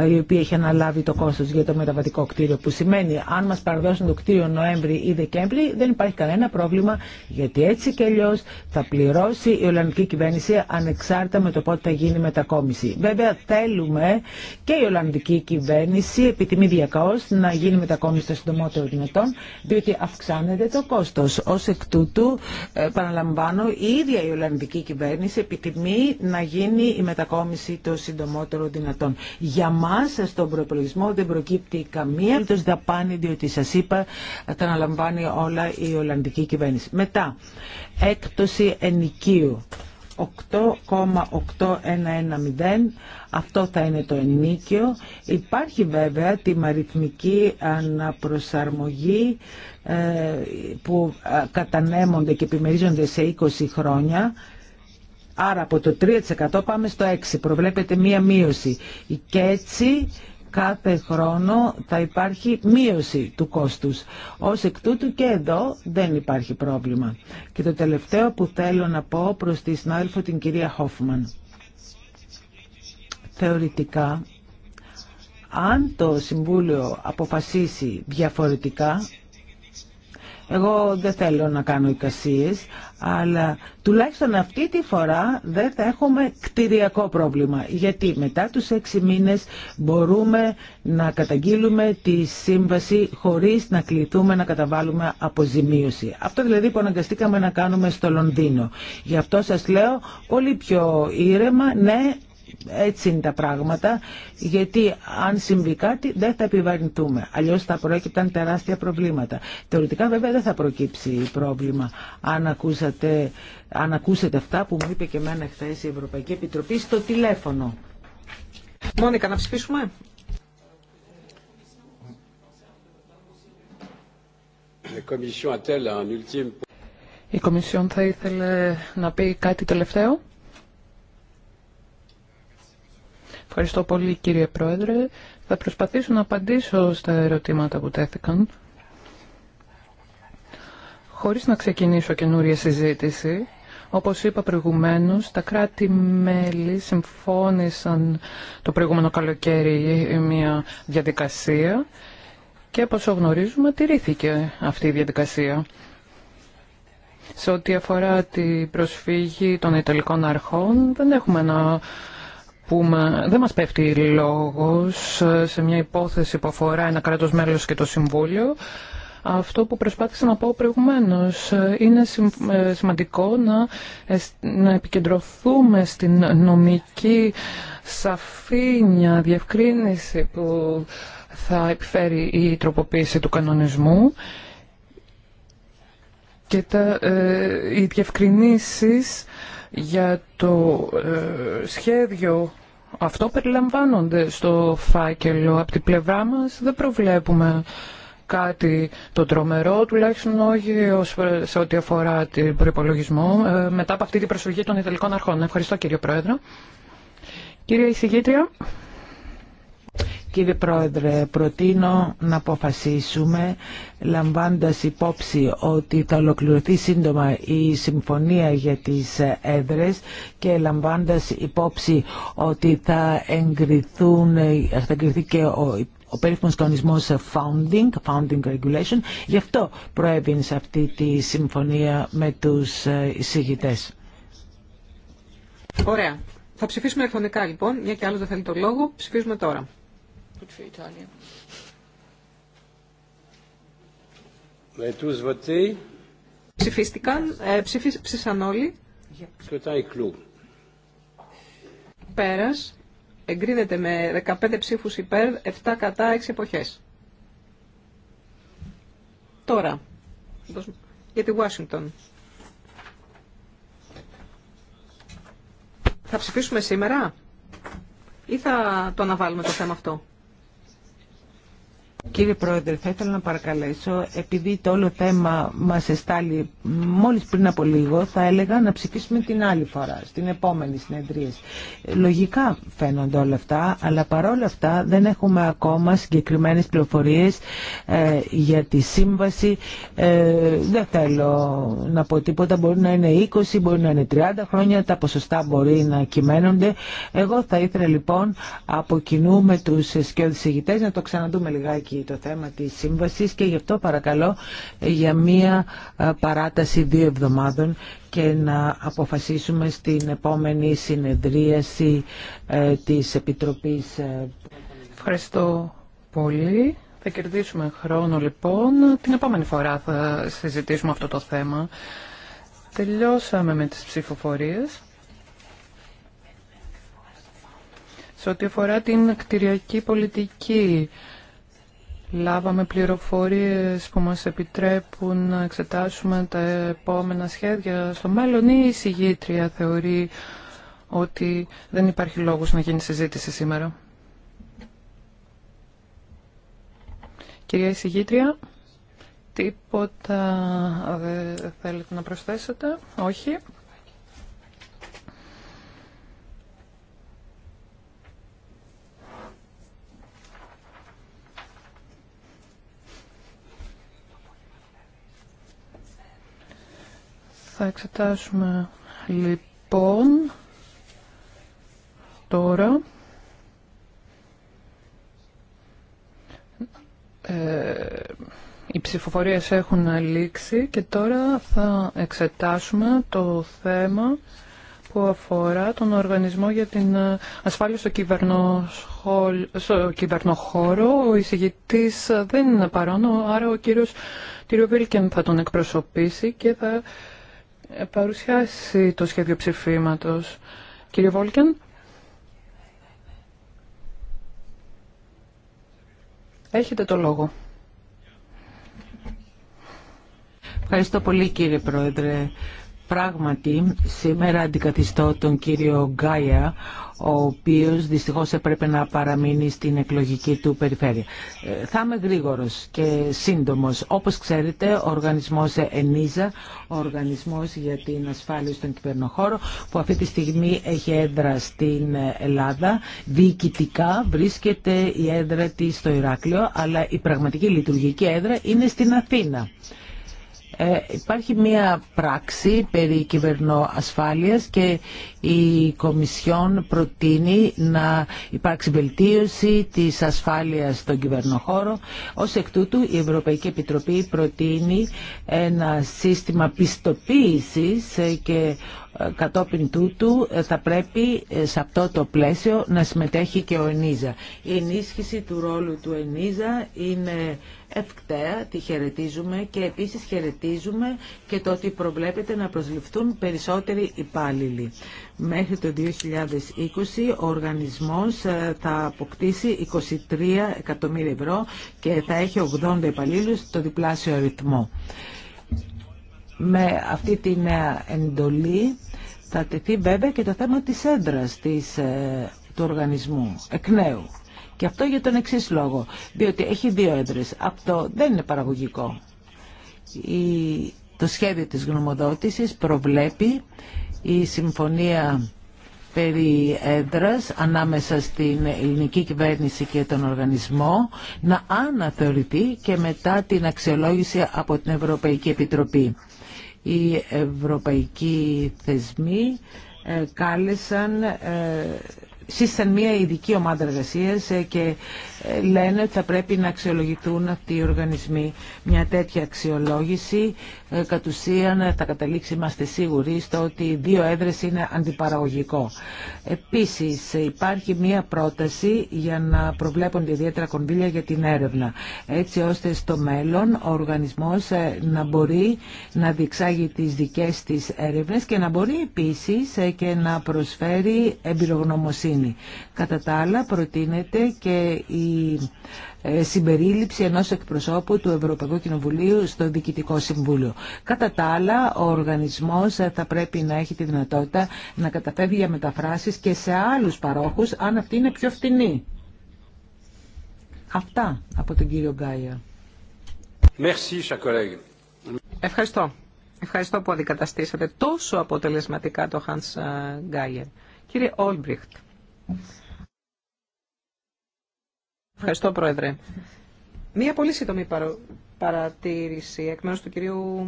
ε, η οποία έχει αναλάβει το κόστος για το μεταβατικό κτίριο, που σημαίνει αν μας παραδώσουν το κτίριο Νοέμβρη ή Δεκέμβρη δεν υπάρχει κανένα πρόβλημα, γιατί έτσι και αλλιώ θα πληρώσει η Ολλανδική κυβέρνηση ανεξάρτητα με το πότε θα γίνει η μετακόμιση. Βέβαια θέλουμε και η Ολλανδική κυβέρνηση επιθυμεί διακαώς να γίνει μετακόμιση το συντομότερο δυνατόν διότι αυξάνεται το κόστος. Ως εκ τούτου, ε, παραλαμβάνω, η ίδια η Ολλανδική κυβέρνηση επιθυμεί να γίνει η μετακόμιση το συντομότερο δυνατόν. Για μας στον προπολογισμό δεν προκύπτει καμία τους δαπάνη διότι σας είπα τα αναλαμβάνει όλα η Ολλανδική κυβέρνηση. Μετά, έκπτωση ενοικίου. 8,8110 αυτό θα είναι το ενίκιο υπάρχει βέβαια τη μαριθμική αναπροσαρμογή ε, που ε, κατανέμονται και επιμερίζονται σε 20 χρόνια άρα από το 3% πάμε στο 6% προβλέπεται μία μείωση και έτσι κάθε χρόνο θα υπάρχει μείωση του κόστους. Ως εκ τούτου και εδώ δεν υπάρχει πρόβλημα. Και το τελευταίο που θέλω να πω προς τη συνάδελφο την κυρία Χόφμαν. Θεωρητικά, αν το Συμβούλιο αποφασίσει διαφορετικά, εγώ δεν θέλω να κάνω εικασίες, αλλά τουλάχιστον αυτή τη φορά δεν θα έχουμε κτηριακό πρόβλημα. Γιατί μετά τους έξι μήνες μπορούμε να καταγγείλουμε τη σύμβαση χωρίς να κληθούμε να καταβάλουμε αποζημίωση. Αυτό δηλαδή που αναγκαστήκαμε να κάνουμε στο Λονδίνο. Γι' αυτό σας λέω πολύ πιο ήρεμα, ναι, έτσι είναι τα πράγματα, γιατί αν συμβεί κάτι δεν θα επιβαρυνθούμε. Αλλιώ θα προέκυπταν τεράστια προβλήματα. Θεωρητικά βέβαια δεν θα προκύψει πρόβλημα αν, ακούσατε, αν ακούσετε αυτά που μου είπε και εμένα χθε η Ευρωπαϊκή Επιτροπή στο τηλέφωνο. Μόνικα, να ψηφίσουμε. Η Κομισιόν θα ήθελε να πει κάτι τελευταίο. Ευχαριστώ πολύ κύριε Πρόεδρε. Θα προσπαθήσω να απαντήσω στα ερωτήματα που τέθηκαν. Χωρίς να ξεκινήσω καινούρια συζήτηση, όπως είπα προηγουμένως, τα κράτη-μέλη συμφώνησαν το προηγούμενο καλοκαίρι μια διαδικασία και όπως γνωρίζουμε τηρήθηκε αυτή η διαδικασία. Σε ό,τι αφορά την προσφύγη των Ιταλικών αρχών δεν έχουμε να πούμε, δεν μας πέφτει λόγος σε μια υπόθεση που αφορά ένα κράτος μέλος και το Συμβούλιο. Αυτό που προσπάθησα να πω προηγουμένως είναι ε, σημαντικό να, να επικεντρωθούμε στην νομική σαφήνια διευκρίνηση που θα επιφέρει η τροποποίηση του κανονισμού και τα, ε, οι διευκρινήσεις για το ε, σχέδιο αυτό περιλαμβάνονται στο φάκελο. Από την πλευρά μας δεν προβλέπουμε κάτι το τρομερό, τουλάχιστον όχι σε ό,τι αφορά την προπολογισμό, ε, μετά από αυτή την προσοχή των Ιταλικών Αρχών. Ευχαριστώ κύριο Πρόεδρο. Κύριε Εισηγήτρια. Κύριε Πρόεδρε, προτείνω να αποφασίσουμε λαμβάντας υπόψη ότι θα ολοκληρωθεί σύντομα η συμφωνία για τις έδρες και λαμβάντας υπόψη ότι θα εγκριθούν, θα εγκριθεί και ο ο περίφημος κανονισμός Founding, Founding Regulation, γι' αυτό προέβηνε σε αυτή τη συμφωνία με τους εισηγητές. Ωραία. Θα ψηφίσουμε ερχονικά λοιπόν, μια και άλλο δεν θέλει το λόγο, ψηφίζουμε τώρα. Gut für Italien. Ψηφίστηκαν, ε, ψήφισαν όλοι. Πέρας, εγκρίνεται με 15 ψήφους υπέρ, 7 κατά, 6 εποχές. Τώρα, για τη Ουάσιγκτον. Θα ψηφίσουμε σήμερα ή θα το αναβάλουμε το θέμα αυτό. Κύριε Πρόεδρε, θα ήθελα να παρακαλέσω, επειδή το όλο θέμα μας εστάλει μόλις πριν από λίγο, θα έλεγα να ψηφίσουμε την άλλη φορά, στην επόμενη συνεδρία. Λογικά φαίνονται όλα αυτά, αλλά παρόλα αυτά δεν έχουμε ακόμα συγκεκριμένες πληροφορίες ε, για τη σύμβαση. Ε, δεν θέλω να πω τίποτα, μπορεί να είναι 20, μπορεί να είναι 30 χρόνια, τα ποσοστά μπορεί να κυμαίνονται. Εγώ θα ήθελα λοιπόν από κοινού με τους σκιώδης ηγητές να το ξαναδούμε λιγάκι και το θέμα της σύμβασης και γι' αυτό παρακαλώ για μία παράταση δύο εβδομάδων και να αποφασίσουμε στην επόμενη συνεδρίαση ε, της Επιτροπής. Ε. Ευχαριστώ πολύ. Θα κερδίσουμε χρόνο λοιπόν. Την επόμενη φορά θα συζητήσουμε αυτό το θέμα. Τελειώσαμε με τις ψηφοφορίες. Σε ό,τι αφορά την κτηριακή πολιτική, Λάβαμε πληροφορίες που μας επιτρέπουν να εξετάσουμε τα επόμενα σχέδια στο μέλλον ή η συγγήτρια θεωρεί ότι δεν υπάρχει λόγος να γίνει συζήτηση σήμερα. Κυρία Συγήτρια, τίποτα δεν θέλετε να προσθέσετε, όχι. Θα εξετάσουμε λοιπόν τώρα ε, οι ψηφοφορίες έχουν λήξει και τώρα θα εξετάσουμε το θέμα που αφορά τον Οργανισμό για την ε, Ασφάλεια στο, στο κυβερνοχώρο. Ο εισηγητής δεν είναι παρόν, άρα ο κύριος Τυριοβίλκεν θα τον εκπροσωπήσει και θα παρουσιάσει το σχέδιο ψηφίματος. Κύριε Βόλκεν. Έχετε το λόγο. Ευχαριστώ πολύ κύριε Πρόεδρε. Πράγματι, σήμερα αντικαθιστώ τον κύριο Γκάια, ο οποίος δυστυχώς έπρεπε να παραμείνει στην εκλογική του περιφέρεια. Ε, θα είμαι γρήγορος και σύντομος. Όπως ξέρετε, ο οργανισμός ΕΝΙΖΑ, ο οργανισμός για την ασφάλεια στον κυβερνοχώρο, που αυτή τη στιγμή έχει έδρα στην Ελλάδα, διοικητικά βρίσκεται η έδρα της στο Ηράκλειο, αλλά η πραγματική λειτουργική έδρα είναι στην Αθήνα. Ε, υπάρχει μία πράξη περί κυβερνοασφάλειας και η Κομισιόν προτείνει να υπάρξει βελτίωση της ασφάλειας στον κυβερνοχώρο. Ως εκ τούτου η Ευρωπαϊκή Επιτροπή προτείνει ένα σύστημα πιστοποίησης ε, και Κατόπιν τούτου ε, θα πρέπει ε, σε αυτό το πλαίσιο να συμμετέχει και ο ΕΝΙΖΑ. Η ενίσχυση του ρόλου του ΕΝΙΖΑ είναι ευκταία, τη χαιρετίζουμε και επίσης χαιρετίζουμε και το ότι προβλέπεται να προσληφθούν περισσότεροι υπάλληλοι. Μέχρι το 2020 ο οργανισμός ε, θα αποκτήσει 23 εκατομμύρια ευρώ και θα έχει 80 υπαλλήλους, το διπλάσιο αριθμό. Με αυτή τη νέα ε, εντολή θα τεθεί βέβαια και το θέμα της έντρας της, ε, του οργανισμού εκ νέου. Και αυτό για τον εξής λόγο, διότι έχει δύο έντρες. Αυτό δεν είναι παραγωγικό. Η, το σχέδιο της γνωμοδότησης προβλέπει η συμφωνία περί ανάμεσα στην ελληνική κυβέρνηση και τον οργανισμό να αναθεωρηθεί και μετά την αξιολόγηση από την Ευρωπαϊκή Επιτροπή. Οι ευρωπαϊκοί θεσμοί ε, κάλεσαν ε, σύσταν μια ειδική ομάδα εργασία ε, και ε, λένε ότι θα πρέπει να αξιολογηθούν αυτοί οι οργανισμοί. Μια τέτοια αξιολόγηση ε, κατ' ουσίαν θα καταλήξει, είμαστε σίγουροι, στο ότι οι δύο έδρες είναι αντιπαραγωγικό. Επίσης υπάρχει μια πρόταση για να προβλέπονται ιδιαίτερα κονδύλια για την έρευνα, έτσι ώστε στο μέλλον ο οργανισμός να μπορεί να διεξάγει τι δικές της έρευνε και να μπορεί επίση και να προσφέρει εμπειρογνωμοσύνη. Κατά τα άλλα προτείνεται και η ε, συμπερίληψη ενός εκπροσώπου του Ευρωπαϊκού Κοινοβουλίου στο Διοικητικό Συμβούλιο. Κατά τα άλλα, ο οργανισμός θα πρέπει να έχει τη δυνατότητα να καταφεύγει για μεταφράσεις και σε άλλους παρόχους, αν αυτή είναι πιο φτηνή. Αυτά από τον κύριο Γκάια. Ευχαριστώ. Ευχαριστώ που αντικαταστήσατε τόσο αποτελεσματικά το Hans ε, Γκάιερ. Κύριε Όλμπριχτ, Ευχαριστώ, Πρόεδρε. Μία πολύ σύντομη παρατήρηση εκ μέρους του κυρίου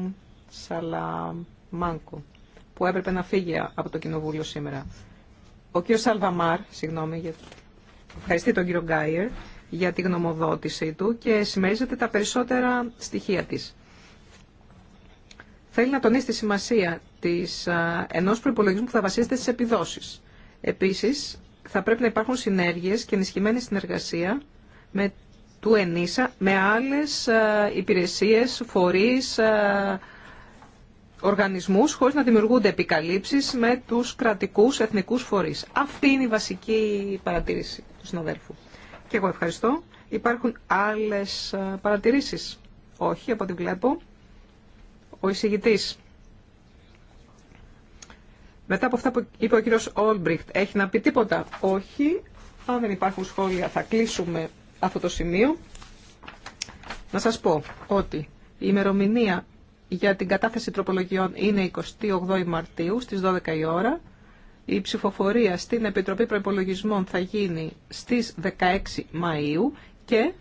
Σαλαμάνκου, που έπρεπε να φύγει από το Κοινοβούλιο σήμερα. Ο κύριος Σαλβαμάρ, συγγνώμη, ευχαριστεί τον κύριο Γκάιερ για τη γνωμοδότησή του και συμμερίζεται τα περισσότερα στοιχεία της. Θέλει να τονίσει τη σημασία της, ε, ενός προϋπολογισμού που θα βασίζεται στις επιδόσεις. Επίσης, θα πρέπει να υπάρχουν συνέργειες και ενισχυμένη συνεργασία με του ΕΝΙΣΑ, με άλλες ε, υπηρεσίες, φορείς, ε, οργανισμούς, χωρίς να δημιουργούνται επικαλύψεις με τους κρατικούς εθνικούς φορείς. Αυτή είναι η βασική παρατήρηση του συναδέλφου. Και εγώ ευχαριστώ. Υπάρχουν άλλες ε, παρατηρήσεις. Όχι, από ό,τι βλέπω. Ο εισηγητής. Μετά από αυτά που είπε ο κύριος Όλμπριχτ, έχει να πει τίποτα. Όχι. Αν δεν υπάρχουν σχόλια θα κλείσουμε αυτό το σημείο. Να σας πω ότι η ημερομηνία για την κατάθεση τροπολογιών είναι 28 Μαρτίου στις 12 η ώρα. Η ψηφοφορία στην Επιτροπή Προϋπολογισμών θα γίνει στις 16 Μαΐου και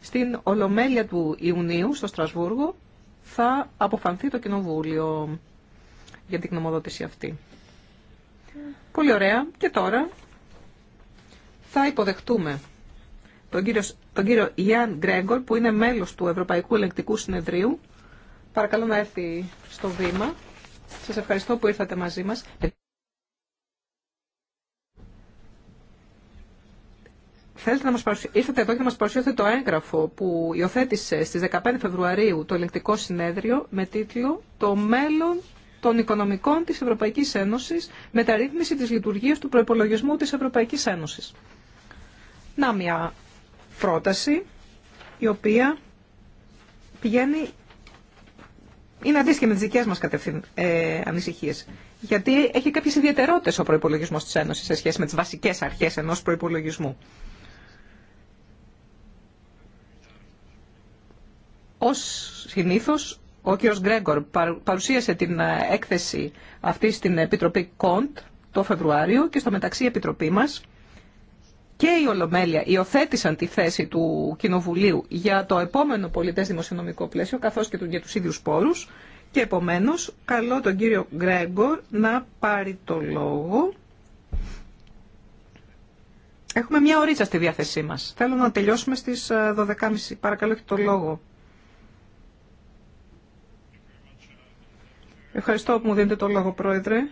στην Ολομέλεια του Ιουνίου στο Στρασβούργο θα αποφανθεί το Κοινοβούλιο για την γνωμοδότηση αυτή. Πολύ ωραία. Και τώρα θα υποδεχτούμε τον κύριο, κύριο Ιαν Γκρέγκορ που είναι μέλος του Ευρωπαϊκού Ελεγκτικού Συνεδρίου. Παρακαλώ να έρθει στο βήμα. Σας ευχαριστώ που ήρθατε μαζί μας. Θέλετε να μας Ήρθατε εδώ και να μας παρουσιάσετε το έγγραφο που υιοθέτησε στις 15 Φεβρουαρίου το ελεγκτικό συνέδριο με τίτλο «Το μέλλον των οικονομικών της Ευρωπαϊκής Ένωσης, μεταρρύθμιση της λειτουργίας του προϋπολογισμού της Ευρωπαϊκής Ένωσης. Να μια πρόταση η οποία πηγαίνει, είναι αντίστοιχη με τις δικές μας κατευθυν, ε, ανησυχίες. Γιατί έχει κάποιες ιδιαιτερότητες ο προϋπολογισμός της Ένωσης σε σχέση με τις βασικές αρχές ενός προϋπολογισμού. Ως συνήθως ο κ. Γκρέγκορ παρουσίασε την ε, έκθεση αυτή στην Επιτροπή Κοντ το Φεβρουάριο και στο μεταξύ η Επιτροπή μας και η Ολομέλεια υιοθέτησαν τη θέση του Κοινοβουλίου για το επόμενο πολιτές δημοσιονομικό πλαίσιο καθώς και για τους ίδιους πόρους και επομένως καλώ τον κύριο Γκρέγκορ να πάρει το λόγο. Έχουμε μια ωρίτσα στη διάθεσή μας. Θέλω να τελειώσουμε στις 12.30. Ε, Παρακαλώ έχει το λόγο. Ευχαριστώ που μου δίνετε το λόγο, Πρόεδρε.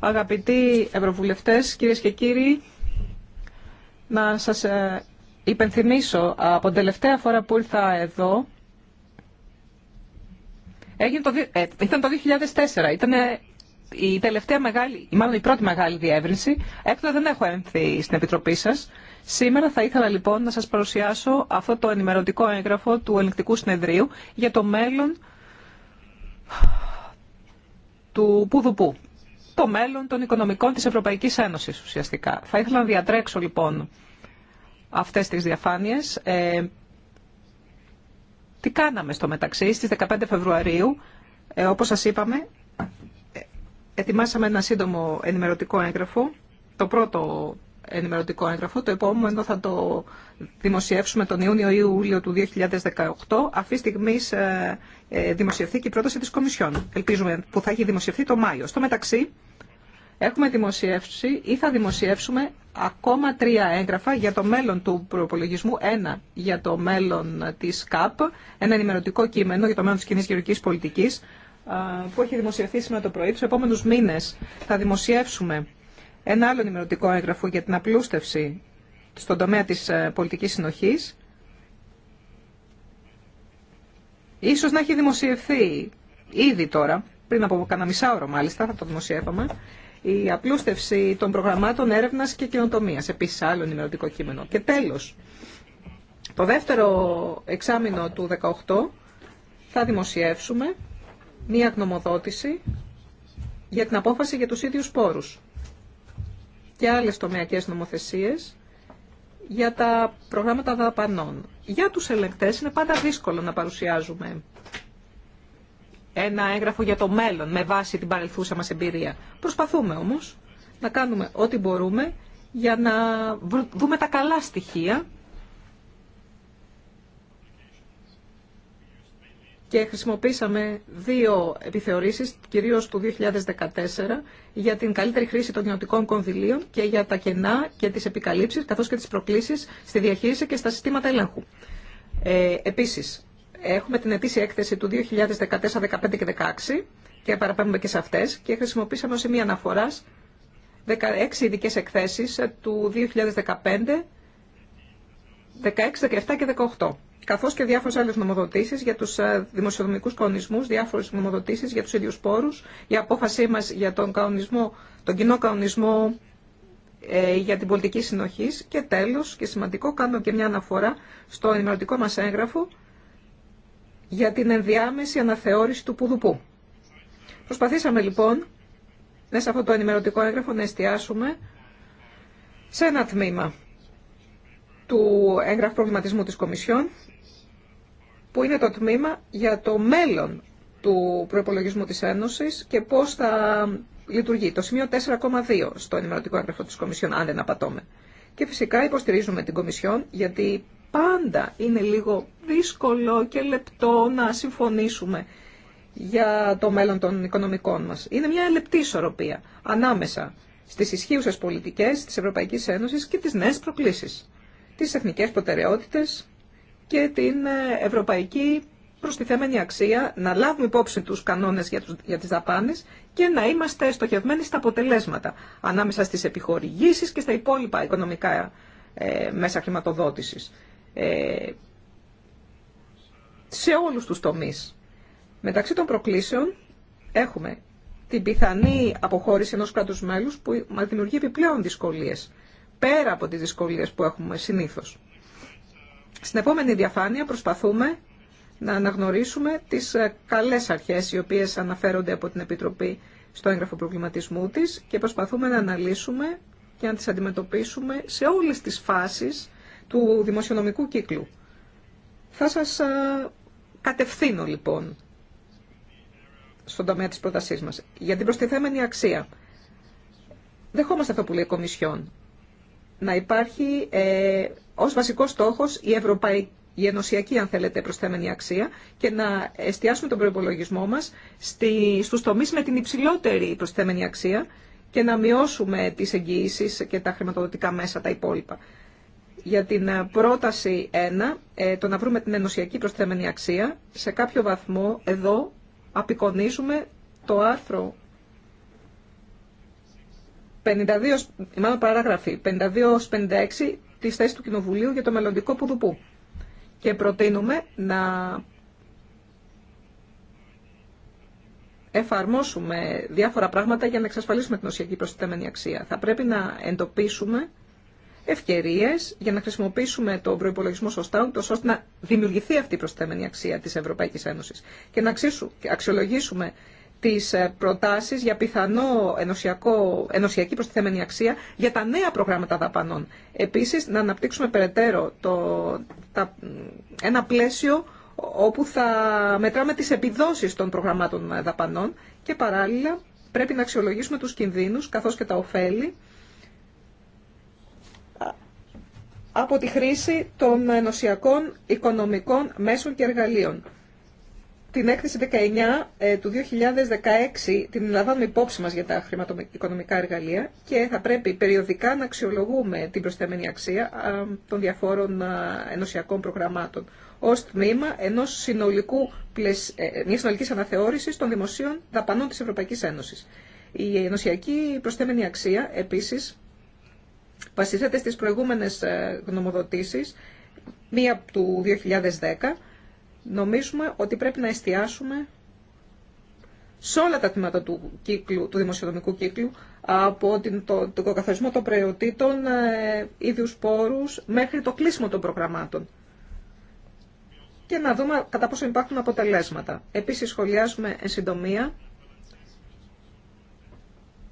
Αγαπητοί Ευρωβουλευτές, κυρίες και κύριοι, να σας ε, υπενθυμίσω από την τελευταία φορά που ήρθα εδώ, έγινε το, ε, ήταν το 2004, ήταν η τελευταία μεγάλη, μάλλον η πρώτη μεγάλη διεύρυνση. Έκτοτε δεν έχω ένθει στην Επιτροπή σας. Σήμερα θα ήθελα λοιπόν να σας παρουσιάσω αυτό το ενημερωτικό έγγραφο του ελληνικτικού Συνεδρίου για το μέλλον του Πουδουπού. Το μέλλον των οικονομικών της Ευρωπαϊκής Ένωσης ουσιαστικά. Θα ήθελα να διατρέξω λοιπόν αυτές τις διαφάνειες. Ε, τι κάναμε στο μεταξύ στις 15 Φεβρουαρίου, ε, όπως σας είπαμε, ε, ετοιμάσαμε ένα σύντομο ενημερωτικό έγγραφο, το πρώτο ενημερωτικό έγγραφο. Το επόμενο θα το δημοσιεύσουμε τον Ιούνιο-Ιούλιο του 2018. Αυτή τη στιγμή ε, ε, δημοσιευθεί και η πρόταση της Κομισιόν. Ελπίζουμε που θα έχει δημοσιευθεί το Μάιο. Στο μεταξύ, έχουμε δημοσιεύσει ή θα δημοσιεύσουμε ακόμα τρία έγγραφα για το μέλλον του προπολογισμού. Ένα για το μέλλον της ΚΑΠ, ένα ενημερωτικό κείμενο για το μέλλον της κοινή γεωργικής πολιτικής, ε, που έχει δημοσιευθεί σήμερα το πρωί. Του επόμενου μήνε θα δημοσιεύσουμε ένα άλλο ενημερωτικό έγγραφο για την απλούστευση στον τομέα της ε, πολιτικής συνοχής. Ίσως να έχει δημοσιευθεί ήδη τώρα, πριν από κανένα μισάωρο μάλιστα, θα το δημοσιεύαμε, η απλούστευση των προγραμμάτων έρευνας και κοινοτομίας, επίσης άλλο ενημερωτικό κείμενο. Και τέλος, το δεύτερο εξάμεινο του 18 θα δημοσιεύσουμε μία γνωμοδότηση για την απόφαση για τους ίδιους πόρους και άλλες τομεακές νομοθεσίες για τα προγράμματα δαπανών. Για τους ελεγκτές είναι πάντα δύσκολο να παρουσιάζουμε ένα έγγραφο για το μέλλον με βάση την παρελθούσα μας εμπειρία. Προσπαθούμε όμως να κάνουμε ό,τι μπορούμε για να δούμε τα καλά στοιχεία και χρησιμοποίησαμε δύο επιθεωρήσεις, κυρίως του 2014, για την καλύτερη χρήση των κοινωτικών κονδυλίων και για τα κενά και τις επικαλύψεις, καθώς και τις προκλήσεις στη διαχείριση και στα συστήματα ελέγχου. Ε, επίσης, έχουμε την ετήσια έκθεση του 2014, 2015 και 2016 και παραπέμπουμε και σε αυτές και χρησιμοποίησαμε ως σημείο αναφορά 16 ειδικέ εκθέσεις του 2015, 16, 17 και 18 καθώ και διάφορε άλλε νομοδοτήσει για του ε, δημοσιονομικού κανονισμούς, διάφορες νομοδοτήσει για του ίδιου πόρου, η απόφασή μα για τον, κανονισμό, τον κοινό κανονισμό ε, για την πολιτική συνοχή και τέλο, και σημαντικό κάνω και μια αναφορά στο ενημερωτικό μα έγγραφο για την ενδιάμεση αναθεώρηση του Πουδουπού. Προσπαθήσαμε λοιπόν μέσα αυτό το ενημερωτικό έγγραφο να εστιάσουμε σε ένα τμήμα του έγγραφου προβληματισμού της Κομισιόν που είναι το τμήμα για το μέλλον του προπολογισμού της Ένωσης και πώς θα λειτουργεί. Το σημείο 4,2 στο ενημερωτικό έγγραφο της Κομισιόν, αν δεν απατώμε. Και φυσικά υποστηρίζουμε την Κομισιόν, γιατί πάντα είναι λίγο δύσκολο και λεπτό να συμφωνήσουμε για το μέλλον των οικονομικών μας. Είναι μια λεπτή ισορροπία ανάμεσα στις ισχύουσες πολιτικές της Ευρωπαϊκής Ένωσης και τις νέες προκλήσεις, τις εθνικές προτεραιότητες και την ε, ευρωπαϊκή προστιθέμενη αξία, να λάβουμε υπόψη τους κανόνες για, τους, για τις δαπάνες και να είμαστε στοχευμένοι στα αποτελέσματα ανάμεσα στις επιχορηγήσεις και στα υπόλοιπα οικονομικά ε, μέσα χρηματοδότησης. Ε, σε όλους τους τομείς. Μεταξύ των προκλήσεων έχουμε την πιθανή αποχώρηση ενός κράτους μέλους που μας δημιουργεί επιπλέον δυσκολίες, πέρα από τις δυσκολίες που έχουμε συνήθως. Στην επόμενη διαφάνεια προσπαθούμε να αναγνωρίσουμε τις ε, καλές αρχές οι οποίες αναφέρονται από την Επιτροπή στο έγγραφο προβληματισμού της και προσπαθούμε να αναλύσουμε και να τις αντιμετωπίσουμε σε όλες τις φάσεις του δημοσιονομικού κύκλου. Θα σας ε, κατευθύνω λοιπόν στον τομέα της πρότασής μας. Για την προστιθέμενη αξία. Δεχόμαστε αυτό που λέει η Κομισιόν να υπάρχει ε, ως βασικός στόχος η ευρωπαϊκή η ενωσιακή, αν θέλετε, προσθέμενη αξία και να εστιάσουμε τον προπολογισμό μας στη, στους τομείς με την υψηλότερη προσθέμενη αξία και να μειώσουμε τις εγγύησεις και τα χρηματοδοτικά μέσα τα υπόλοιπα. Για την ε, πρόταση 1, ε, το να βρούμε την ενωσιακή προσθέμενη αξία, σε κάποιο βαθμό εδώ απεικονίζουμε το άρθρο 52, μάλλον παράγραφη 52-56 της θέσης του Κοινοβουλίου για το μελλοντικό πουδουπού. Και προτείνουμε να εφαρμόσουμε διάφορα πράγματα για να εξασφαλίσουμε την ουσιακή προστιθέμενη αξία. Θα πρέπει να εντοπίσουμε ευκαιρίε για να χρησιμοποιήσουμε τον προπολογισμό σωστά, ούτως ώστε να δημιουργηθεί αυτή η προστιθέμενη αξία τη Ευρωπαϊκή Ένωση και να αξιολογήσουμε τις ε, προτάσεις για πιθανό ενωσιακό, ενωσιακή προστιθέμενη αξία για τα νέα προγράμματα δαπανών. Επίσης, να αναπτύξουμε περαιτέρω το, ένα πλαίσιο όπου θα μετράμε τις επιδόσεις των προγραμμάτων ε, δαπανών και παράλληλα πρέπει να αξιολογήσουμε τους κινδύνους καθώς και τα ωφέλη από τη χρήση των ενωσιακών οικονομικών μέσων και εργαλείων την έκθεση 19 ε, του 2016 την λαμβάνουμε υπόψη μας για τα χρηματοοικονομικά εργαλεία και θα πρέπει περιοδικά να αξιολογούμε την προσθέμενη αξία των διαφόρων α, ενωσιακών προγραμμάτων ως τμήμα ενός συνολικού πλαισ... Ε, μιας συνολικής αναθεώρησης των δημοσίων δαπανών της Ευρωπαϊκής Ένωσης. Η ενωσιακή προσθέμενη αξία επίσης βασίζεται στις προηγούμενες ε, γνωμοδοτήσεις, μία του 2010, Νομίζουμε ότι πρέπει να εστιάσουμε σε όλα τα τμήματα του, κύκλου, του δημοσιονομικού κύκλου, από την, το, το καθορισμό των προϊοτήτων, ε, ίδιους πόρους, μέχρι το κλείσιμο των προγραμμάτων. Και να δούμε κατά πόσο υπάρχουν αποτελέσματα. Επίσης σχολιάζουμε εν συντομία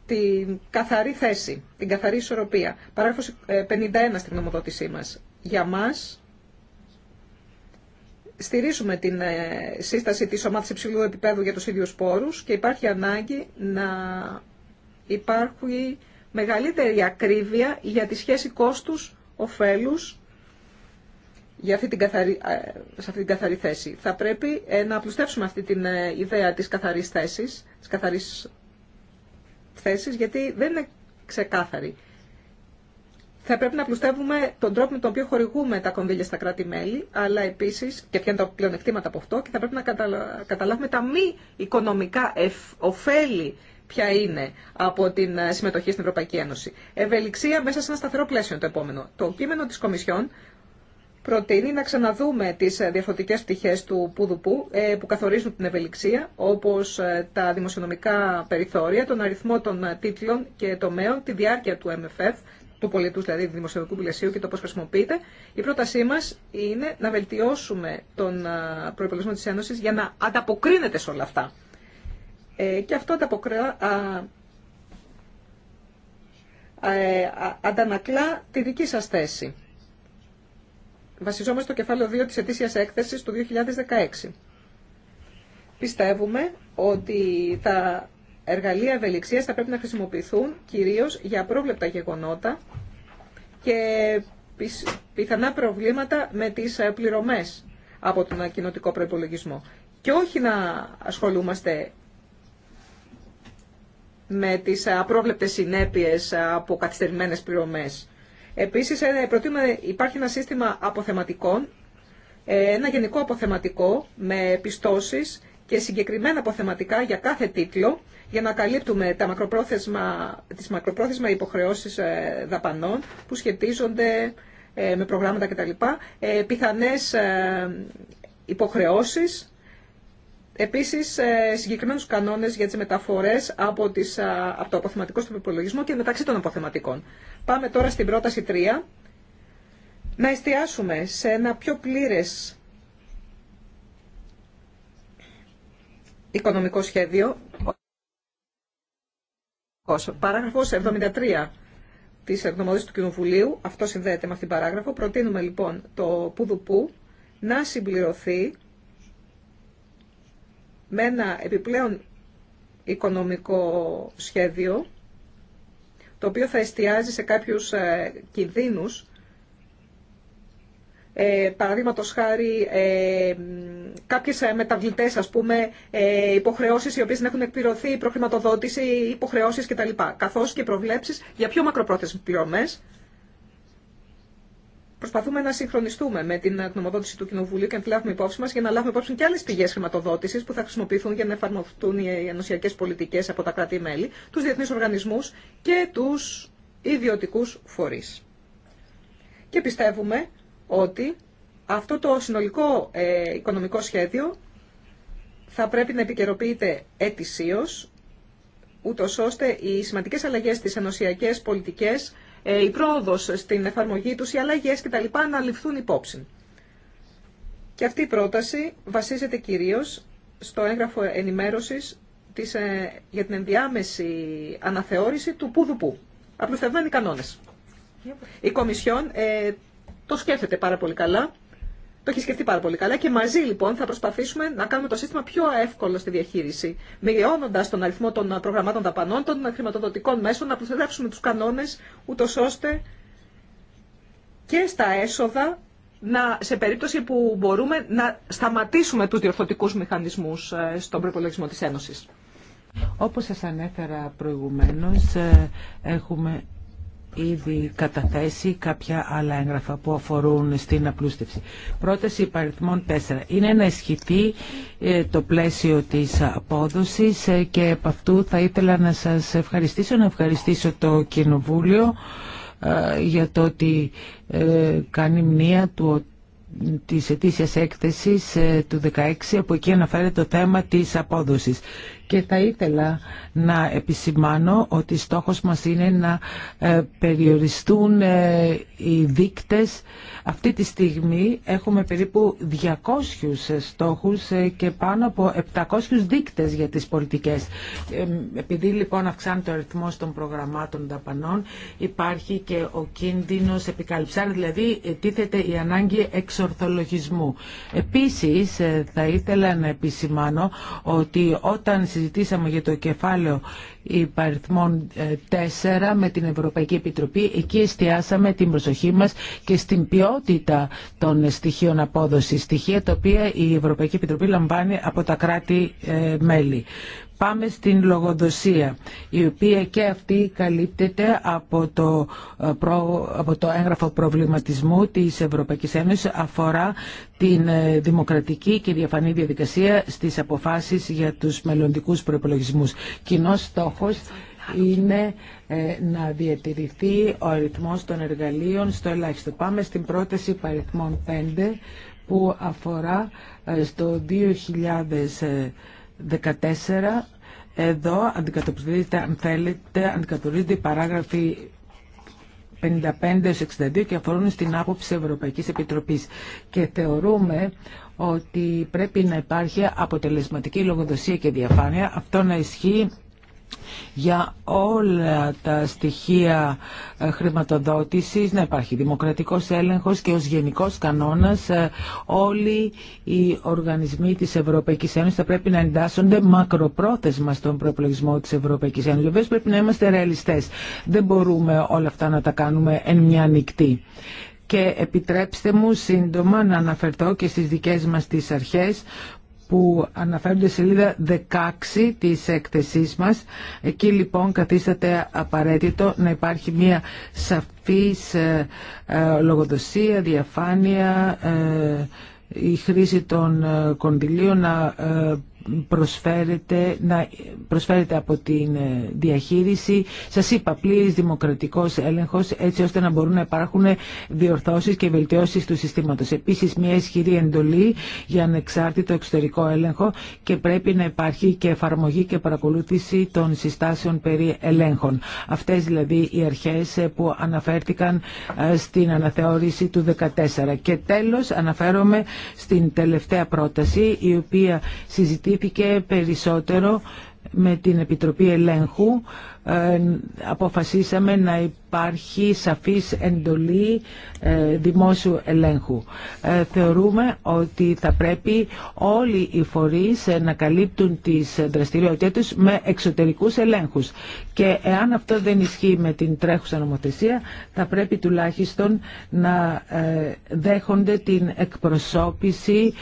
την καθαρή θέση, την καθαρή ισορροπία. Παράγραφος 51 ε, στην νομοδότησή μας. Για μας στηρίζουμε την ε, σύσταση της ομάδας υψηλού επίπεδου για τους ίδιους πόρους και υπάρχει ανάγκη να υπάρχει μεγαλύτερη ακρίβεια για τη σχέση κόστους-οφέλους για αυτή την καθαρι... Ε, σε αυτή την καθαρή θέση. Θα πρέπει ε, να απλουστεύσουμε αυτή την ιδέα της καθαρής θέσης, της καθαρής θέσης γιατί δεν είναι ξεκάθαρη θα πρέπει να πλουστεύουμε τον τρόπο με τον οποίο χορηγούμε τα κονδύλια στα κράτη-μέλη, αλλά επίση και ποια είναι τα πλεονεκτήματα από αυτό, και θα πρέπει να καταλάβουμε τα μη οικονομικά ωφέλη ποια είναι από την ε, συμμετοχή στην Ευρωπαϊκή Ένωση. Ευελιξία μέσα σε ένα σταθερό πλαίσιο το επόμενο. Το κείμενο τη Κομισιόν προτείνει να ξαναδούμε τι ε, διαφορετικέ πτυχέ του Πουδουπού ε, που καθορίζουν την ευελιξία, όπω τα δημοσιονομικά περιθώρια, τον αριθμό των τίτλων και τομέων, τη διάρκεια του MFF, του πολιτού δηλαδή του δημοσιονομικού πλαισίου και το πώ χρησιμοποιείται, η πρότασή μα είναι να βελτιώσουμε τον προπολογισμό τη Ένωση για να ανταποκρίνεται σε όλα αυτά. Ε, και αυτό ανταποκρά, ε, αντανακλά τη δική σας θέση. Βασιζόμαστε στο κεφάλαιο 2 της ετήσιας έκθεσης του 2016. Πιστεύουμε ότι θα... Εργαλεία ευελιξίας θα πρέπει να χρησιμοποιηθούν κυρίως για πρόβλεπτα γεγονότα και πιθανά προβλήματα με τις ε, πληρωμές από τον κοινοτικό προϋπολογισμό. Και όχι να ασχολούμαστε με τις ε, απρόβλεπτες συνέπειες από καθυστερημένες πληρωμές. Επίσης, ε, υπάρχει ένα σύστημα αποθεματικών, ένα γενικό αποθεματικό με πιστώσεις και συγκεκριμένα αποθεματικά για κάθε τίτλο για να καλύπτουμε τα μακροπρόθεσμα, τις μακροπρόθεσμα υποχρεώσεις ε, δαπανών που σχετίζονται ε, με προγράμματα κτλ. Ε, πιθανές υποχρεώσεις, επίσης συγκεκριμένους κανόνες για τις μεταφορές από, τις, από το αποθεματικό στον υπολογισμό και μεταξύ των αποθεματικών. Πάμε τώρα στην πρόταση 3. Να εστιάσουμε σε ένα πιο πλήρες οικονομικό σχέδιο Παράγραφος 73 της εκδομοδής του Κοινοβουλίου, αυτό συνδέεται με αυτήν την παράγραφο, προτείνουμε λοιπόν το πουδουπού να συμπληρωθεί με ένα επιπλέον οικονομικό σχέδιο, το οποίο θα εστιάζει σε κάποιους ε, κινδύνους, ε, παραδείγματος χάρη ε, κάποιες ε, μεταβλητές ας πούμε, ε, υποχρεώσεις οι οποίες έχουν εκπληρωθεί, προχρηματοδότηση, υποχρεώσεις κτλ. Καθώς και προβλέψεις για πιο μακροπρόθεσμες πληρωμές. Προσπαθούμε να συγχρονιστούμε με την γνωμοδότηση του Κοινοβουλίου και να τη λάβουμε υπόψη μα για να λάβουμε υπόψη και άλλε πηγέ χρηματοδότηση που θα χρησιμοποιηθούν για να εφαρμοστούν οι ενωσιακέ πολιτικέ από τα κράτη-μέλη, του διεθνεί οργανισμού και του ιδιωτικού φορεί. Και πιστεύουμε ότι αυτό το συνολικό ε, οικονομικό σχέδιο θα πρέπει να επικαιροποιείται ετησίως, ούτω ώστε οι σημαντικές αλλαγές στις ενωσιακές πολιτικές, ε, η πρόοδος στην εφαρμογή τους, οι αλλαγές κτλ. να ληφθούν υπόψη. Και αυτή η πρόταση βασίζεται κυρίως στο έγγραφο ενημέρωσης ε, για την ενδιάμεση αναθεώρηση του πουδουπού. Απλουστευμένοι κανόνες. Η Κομισιόν ε, το σκέφτεται πάρα πολύ καλά το έχει σκεφτεί πάρα πολύ καλά και μαζί λοιπόν θα προσπαθήσουμε να κάνουμε το σύστημα πιο εύκολο στη διαχείριση, μειώνοντα τον αριθμό των προγραμμάτων δαπανών, των χρηματοδοτικών μέσων, να προστατεύσουμε του κανόνε, ούτω ώστε και στα έσοδα, να, σε περίπτωση που μπορούμε να σταματήσουμε του διορθωτικούς μηχανισμού ε, στον προπολογισμό τη Ένωση. Όπως σας ανέφερα προηγουμένως, ε, έχουμε ήδη καταθέσει κάποια άλλα έγγραφα που αφορούν στην απλούστευση. Πρόταση υπαριθμών 4. Είναι να ισχυθεί ε, το πλαίσιο της απόδοσης ε, και από αυτού θα ήθελα να σας ευχαριστήσω, να ευχαριστήσω το Κοινοβούλιο ε, για το ότι κάνει μνήμα του της ετήσιας έκθεσης του 2016 από εκεί αναφέρεται το θέμα της απόδοσης και θα ήθελα να επισημάνω ότι στόχος μας είναι να ε, περιοριστούν ε, οι δείκτες. Αυτή τη στιγμή έχουμε περίπου 200 στόχους ε, και πάνω από 700 δείκτες για τις πολιτικές. Επειδή λοιπόν αυξάνεται ο αριθμό των προγραμμάτων δαπανών υπάρχει και ο κίνδυνος επικαλυψάρει, δηλαδή τίθεται η ανάγκη εξορθολογισμού. Επίσης θα ήθελα να επισημάνω ότι όταν συζητήσουμε συζητήσαμε για το κεφάλαιο υπαριθμών 4 ε, με την Ευρωπαϊκή Επιτροπή, εκεί εστιάσαμε την προσοχή μας και στην ποιότητα των στοιχείων απόδοσης, στοιχεία τα οποία η Ευρωπαϊκή Επιτροπή λαμβάνει από τα κράτη-μέλη. Ε, Πάμε στην λογοδοσία, η οποία και αυτή καλύπτεται από το, ε, από το έγγραφο προβληματισμού της Ευρωπαϊκής Ένωσης αφορά την ε, δημοκρατική και διαφανή διαδικασία στις αποφάσεις για τους μελλοντικούς προϋπολογισμούς. Κοινός στόχος είναι ε, να διατηρηθεί ο αριθμός των εργαλείων στο ελάχιστο. Πάμε στην πρόταση παριθμών 5 που αφορά στο 2000 14 εδώ αντικατοπτρίζεται, αν θέλετε, αντικατοπτρίζεται η παράγραφη 55-62 και αφορούν στην άποψη Ευρωπαϊκής Επιτροπής. Και θεωρούμε ότι πρέπει να υπάρχει αποτελεσματική λογοδοσία και διαφάνεια. Αυτό να ισχύει για όλα τα στοιχεία ε, χρηματοδότησης να υπάρχει δημοκρατικός έλεγχος και ως γενικός κανόνας ε, όλοι οι οργανισμοί της Ευρωπαϊκής Ένωσης θα πρέπει να εντάσσονται μακροπρόθεσμα στον προπολογισμό της Ευρωπαϊκής Ένωσης. Βεβαίως πρέπει να είμαστε ρεαλιστές. Δεν μπορούμε όλα αυτά να τα κάνουμε εν μια νυχτή. Και επιτρέψτε μου σύντομα να αναφερθώ και στις δικές μας τις αρχές που αναφέρονται τη σελίδα 16 της έκθεσής μας. Εκεί λοιπόν καθίσταται απαραίτητο να υπάρχει μια σαφής ε, ε, λογοδοσία, διαφάνεια, ε, η χρήση των κονδυλίων να προσφέρεται, να προσφέρεται από την ε, διαχείριση. Σας είπα, πλήρης δημοκρατικός έλεγχος έτσι ώστε να μπορούν να υπάρχουν διορθώσεις και βελτιώσεις του συστήματος. Επίσης, μια ισχυρή εντολή για ανεξάρτητο εξωτερικό έλεγχο και πρέπει να υπάρχει και εφαρμογή και παρακολούθηση των συστάσεων περί ελέγχων. Αυτές δηλαδή οι αρχές που αναφέρθηκαν ε, στην αναθεώρηση του 2014. Και τέλος αναφέρομαι στην τελευταία πρόταση η οποία συζητήθηκε συζητήθηκε περισσότερο με την Επιτροπή Ελέγχου ε, αποφασίσαμε να υπάρχει σαφής εντολή ε, δημόσιου ελέγχου. Ε, θεωρούμε ότι θα πρέπει όλοι οι φορείς να καλύπτουν τις δραστηριότητες τους με εξωτερικούς ελέγχους. Και εάν αυτό δεν ισχύει με την τρέχουσα νομοθεσία, θα πρέπει τουλάχιστον να δέχονται την εκπροσώπηση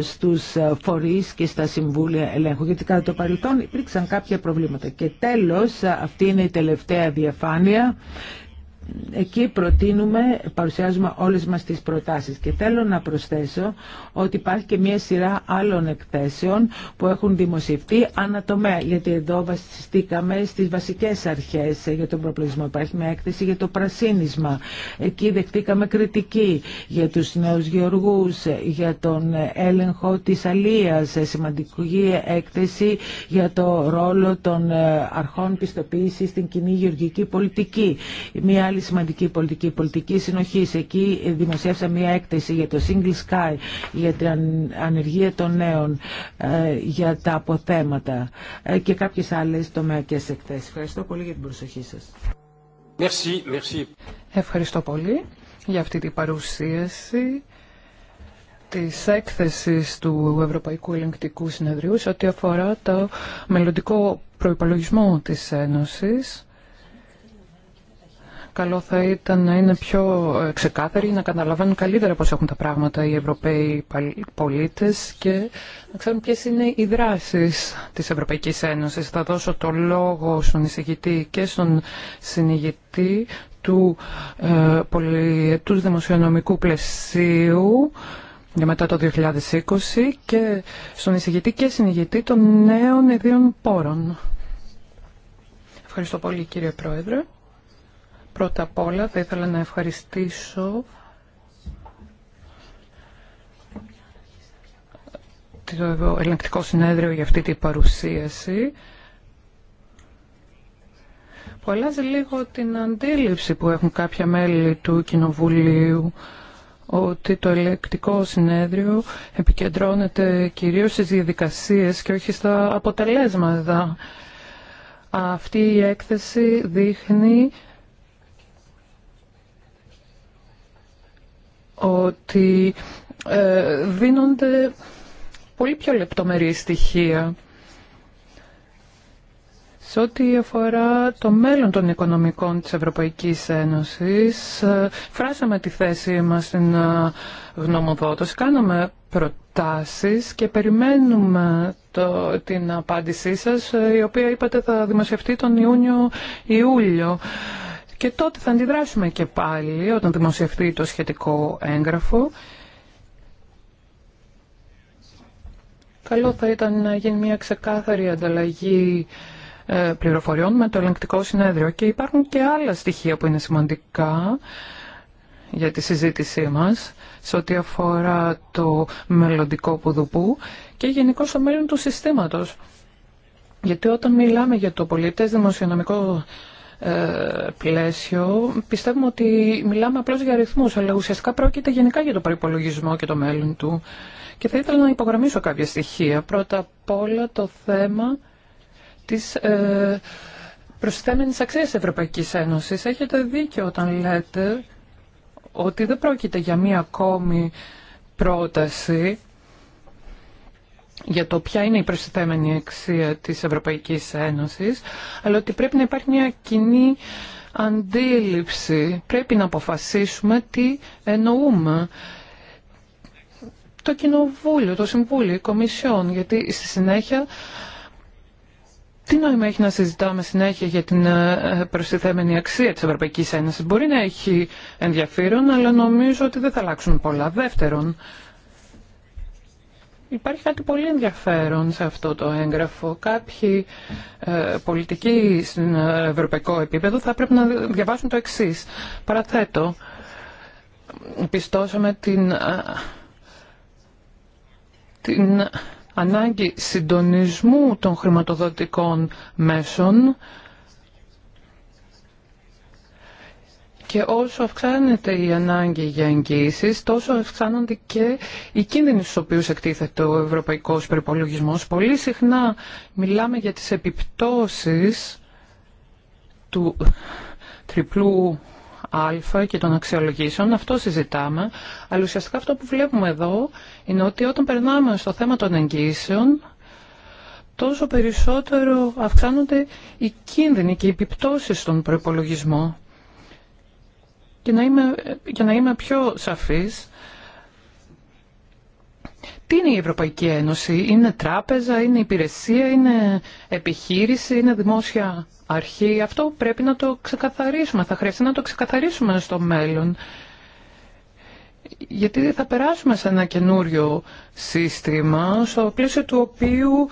στους φορείς και στα συμβούλια ελέγχου. Γιατί κατά το παρελθόν υπήρξαν κάποια προβλήματα. Και τέλος, αυτή είναι η τελευταία διαφάνεια εκεί προτείνουμε, παρουσιάζουμε όλες μας τις προτάσεις και θέλω να προσθέσω ότι υπάρχει και μια σειρά άλλων εκθέσεων που έχουν δημοσιευτεί ανατομέα, γιατί εδώ βασιστήκαμε στις βασικές αρχές για τον προπλογισμό. Υπάρχει μια έκθεση για το πρασίνισμα. Εκεί δεχτήκαμε κριτική για τους νέους γεωργούς, για τον έλεγχο της αλίας, σημαντική έκθεση για το ρόλο των αρχών πιστοποίησης στην κοινή γεωργική πολιτική άλλη σημαντική πολιτική, πολιτική συνοχή. Εκεί δημοσιεύσα μια έκθεση για το Single Sky, για την ανεργία των νέων, ε, για τα αποθέματα ε, και κάποιες άλλες τομεακές εκθέσεις. Ευχαριστώ πολύ για την προσοχή σας. Ευχαριστώ πολύ για αυτή την παρουσίαση της έκθεσης του Ευρωπαϊκού Ελεγκτικού Συνεδρίου σε ό,τι αφορά το μελλοντικό προϋπολογισμό της Ένωσης καλό θα ήταν να είναι πιο ε, ξεκάθαροι, να καταλαβαίνουν καλύτερα πώς έχουν τα πράγματα οι Ευρωπαίοι πολίτες και να ξέρουν ποιες είναι οι δράσεις της Ευρωπαϊκής Ένωσης. Θα δώσω το λόγο στον εισηγητή και στον συνηγητή του ε, πολιετούς δημοσιονομικού πλαισίου για μετά το 2020 και στον εισηγητή και συνηγητή των νέων ιδίων πόρων. Ευχαριστώ πολύ κύριε Πρόεδρε. Πρώτα απ' όλα θα ήθελα να ευχαριστήσω το ελεγκτικό συνέδριο για αυτή την παρουσίαση που αλλάζει λίγο την αντίληψη που έχουν κάποια μέλη του Κοινοβουλίου ότι το ελεκτικό συνέδριο επικεντρώνεται κυρίως στις διαδικασίες και όχι στα αποτελέσματα. Αυτή η έκθεση δείχνει ότι ε, δίνονται πολύ πιο λεπτομερή στοιχεία σε ό,τι αφορά το μέλλον των οικονομικών της Ευρωπαϊκής Ένωσης. Ε, φράσαμε τη θέση μας στην ε, γνωμοδότηση, κάναμε προτάσεις και περιμένουμε το, την απάντησή σας, η οποία είπατε θα δημοσιευτεί τον Ιούνιο-Ιούλιο. Και τότε θα αντιδράσουμε και πάλι όταν δημοσιευτεί το σχετικό έγγραφο. Καλό θα ήταν να γίνει μια ξεκάθαρη ανταλλαγή ε, πληροφοριών με το ελεγκτικό συνέδριο και υπάρχουν και άλλα στοιχεία που είναι σημαντικά για τη συζήτησή μας σε ό,τι αφορά το μελλοντικό πουδουπού και γενικώ το μέλλον του συστήματος. Γιατί όταν μιλάμε για το πολιτές δημοσιονομικό ε, πλαίσιο πιστεύουμε ότι μιλάμε απλώς για αριθμού, αλλά ουσιαστικά πρόκειται γενικά για το προπολογισμό και το μέλλον του. Και θα ήθελα να υπογραμμίσω κάποια στοιχεία. Πρώτα απ' όλα το θέμα της ε, αξία αξίας Ευρωπαϊκής Ένωσης. Έχετε δίκιο όταν λέτε ότι δεν πρόκειται για μία ακόμη πρόταση για το ποια είναι η προστιθέμενη αξία της Ευρωπαϊκής Ένωσης, αλλά ότι πρέπει να υπάρχει μια κοινή αντίληψη. Πρέπει να αποφασίσουμε τι εννοούμε. Το Κοινοβούλιο, το Συμβούλιο, η Κομισιόν, γιατί στη συνέχεια... Τι νόημα έχει να συζητάμε συνέχεια για την ε, προστιθέμενη αξία της Ευρωπαϊκής Ένωσης. Μπορεί να έχει ενδιαφέρον, αλλά νομίζω ότι δεν θα αλλάξουν πολλά. Δεύτερον, Υπάρχει κάτι πολύ ενδιαφέρον σε αυτό το έγγραφο. Κάποιοι ε, πολιτικοί στην ε, ευρωπαϊκό επίπεδο θα πρέπει να διαβάσουν το εξή. Παραθέτω, πιστώσαμε την, ε, την ανάγκη συντονισμού των χρηματοδοτικών μέσων Και όσο αυξάνεται η ανάγκη για εγγύησει, τόσο αυξάνονται και οι κίνδυνοι στου οποίου εκτίθεται ο ευρωπαϊκό προπολογισμό. Πολύ συχνά μιλάμε για τι επιπτώσει του τριπλού Α και των αξιολογήσεων, αυτό συζητάμε, αλλά ουσιαστικά αυτό που βλέπουμε εδώ είναι ότι όταν περνάμε στο θέμα των εγγύσεων, τόσο περισσότερο αυξάνονται οι κίνδυνοι και οι επιπτώσεις στον προπολογισμό. Και να είμαι, για να είμαι πιο σαφής, τι είναι η Ευρωπαϊκή Ένωση, είναι τράπεζα, είναι υπηρεσία, είναι επιχείρηση, είναι δημόσια αρχή. Αυτό πρέπει να το ξεκαθαρίσουμε, θα χρειαστεί να το ξεκαθαρίσουμε στο μέλλον. Γιατί θα περάσουμε σε ένα καινούριο σύστημα, στο πλαίσιο του οποίου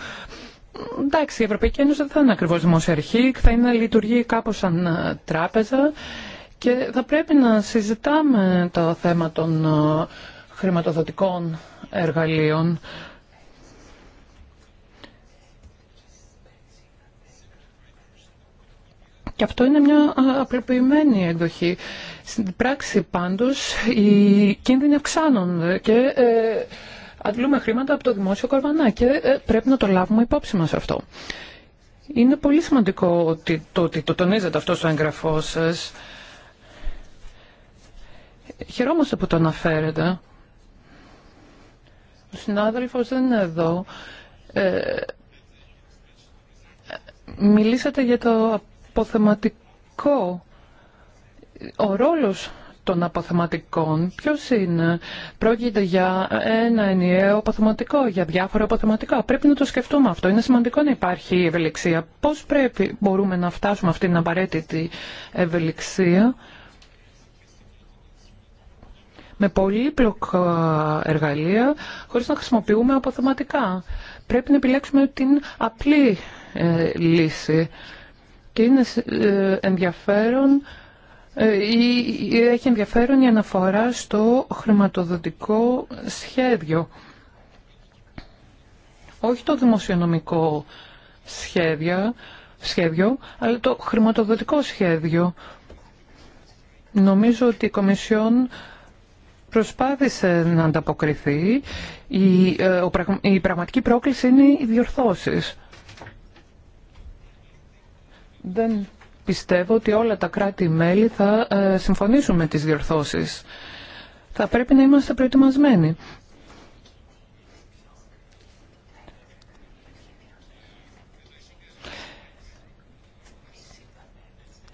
εντάξει, η Ευρωπαϊκή Ένωση δεν θα είναι ακριβώ δημόσια αρχή, θα είναι, λειτουργεί κάπως σαν ε, τράπεζα και θα πρέπει να συζητάμε το θέμα των ε, χρηματοδοτικών εργαλείων. Και αυτό είναι μια απλοποιημένη εκδοχή. Στην πράξη πάντως οι κίνδυνοι αυξάνονται και ε, αντλούμε χρήματα από το δημόσιο κορβανά και ε, πρέπει να το λάβουμε υπόψη μας αυτό. Είναι πολύ σημαντικό ότι, το ότι τονίζετε αυτό στο εγγραφό σας Χαιρόμαστε που το αναφέρετε. Ο συνάδελφος δεν είναι εδώ. Ε, μιλήσατε για το αποθεματικό. Ο ρόλος των αποθεματικών ποιος είναι. Πρόκειται για ένα ενιαίο αποθεματικό, για διάφορα αποθεματικά. Πρέπει να το σκεφτούμε αυτό. Είναι σημαντικό να υπάρχει ευελιξία. Πώς πρέπει, μπορούμε να φτάσουμε αυτή την απαραίτητη ευελιξία με πολύπλοκα εργαλεία χωρίς να χρησιμοποιούμε αποθεματικά. Πρέπει να επιλέξουμε την απλή ε, λύση και είναι ε, ενδιαφέρον ή ε, έχει ενδιαφέρον η αναφορά στο χρηματοδοτικό σχέδιο. Όχι το δημοσιονομικό σχέδιο, σχέδιο αλλά το χρηματοδοτικό σχέδιο. Νομίζω ότι η Κομισιόν προσπάθησε να ανταποκριθεί. Ε, η, πραγματική πρόκληση είναι οι διορθώσεις. Δεν πιστεύω ότι όλα τα κράτη-μέλη θα ε, συμφωνήσουν με τις διορθώσεις. Θα πρέπει να είμαστε προετοιμασμένοι.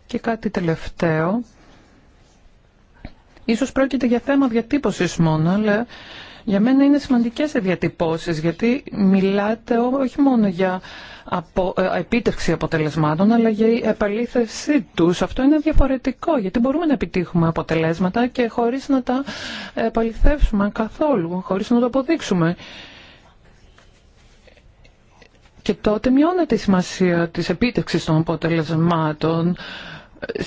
Και κάτι τελευταίο Ίσως πρόκειται για θέμα διατύπωσης μόνο, αλλά για μένα είναι σημαντικές οι διατυπώσεις, γιατί μιλάτε όχι μόνο για απο, ε, επίτευξη αποτελεσμάτων, αλλά για η επαλήθευσή τους. Αυτό είναι διαφορετικό, γιατί μπορούμε να επιτύχουμε αποτελέσματα και χωρίς να τα επαληθεύσουμε καθόλου, χωρίς να το αποδείξουμε. Και τότε μειώνεται η σημασία της επίτευξης των αποτελεσμάτων ε,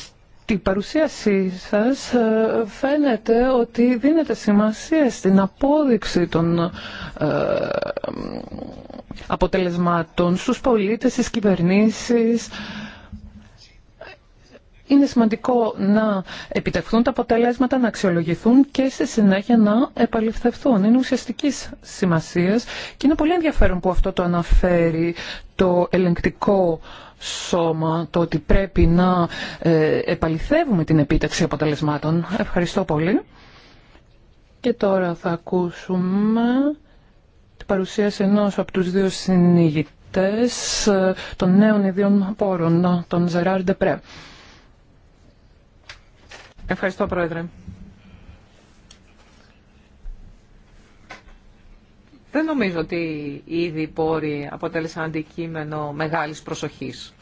την παρουσίασή σας ε, φαίνεται ότι δίνεται σημασία στην απόδειξη των ε, αποτελεσμάτων στους πολίτες, στις κυβερνήσεις. Είναι σημαντικό να επιτευχθούν τα αποτελέσματα, να αξιολογηθούν και στη συνέχεια να επαληθευθούν. Είναι ουσιαστική σημασίας και είναι πολύ ενδιαφέρον που αυτό το αναφέρει το ελεγκτικό σώμα το ότι πρέπει να ε, επαληθεύουμε την επίταξη αποτελεσμάτων. Ευχαριστώ πολύ. Και τώρα θα ακούσουμε την παρουσίαση ενός από τους δύο συνηγητές ε, των νέων ιδίων πόρων, τον Ζεράρ Ντεπρέ. Ευχαριστώ, Πρόεδρε. Δεν νομίζω ότι ήδη οι πόροι αποτέλεσαν αντικείμενο μεγάλης προσοχής.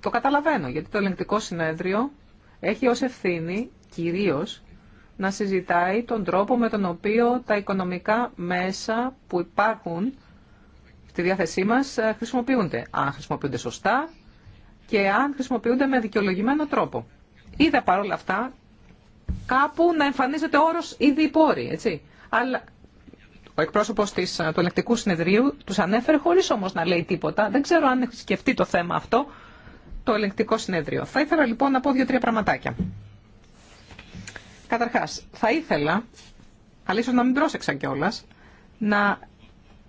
Το καταλαβαίνω, γιατί το ελεγκτικό συνέδριο έχει ως ευθύνη κυρίως να συζητάει τον τρόπο με τον οποίο τα οικονομικά μέσα που υπάρχουν στη διάθεσή μας ε, χρησιμοποιούνται. Αν χρησιμοποιούνται σωστά και αν χρησιμοποιούνται με δικαιολογημένο τρόπο. Είδα παρόλα αυτά κάπου να εμφανίζεται όρος ήδη οι πόροι, έτσι. Αλλά ο εκπρόσωπο του ελεκτικού συνεδρίου τους ανέφερε χωρίς όμως να λέει τίποτα. Δεν ξέρω αν έχει σκεφτεί το θέμα αυτό το ελεκτικό συνέδριο. Θα ήθελα λοιπόν να πω δύο-τρία πραγματάκια. Καταρχά, θα ήθελα, αλλά να μην πρόσεξα κιόλα, να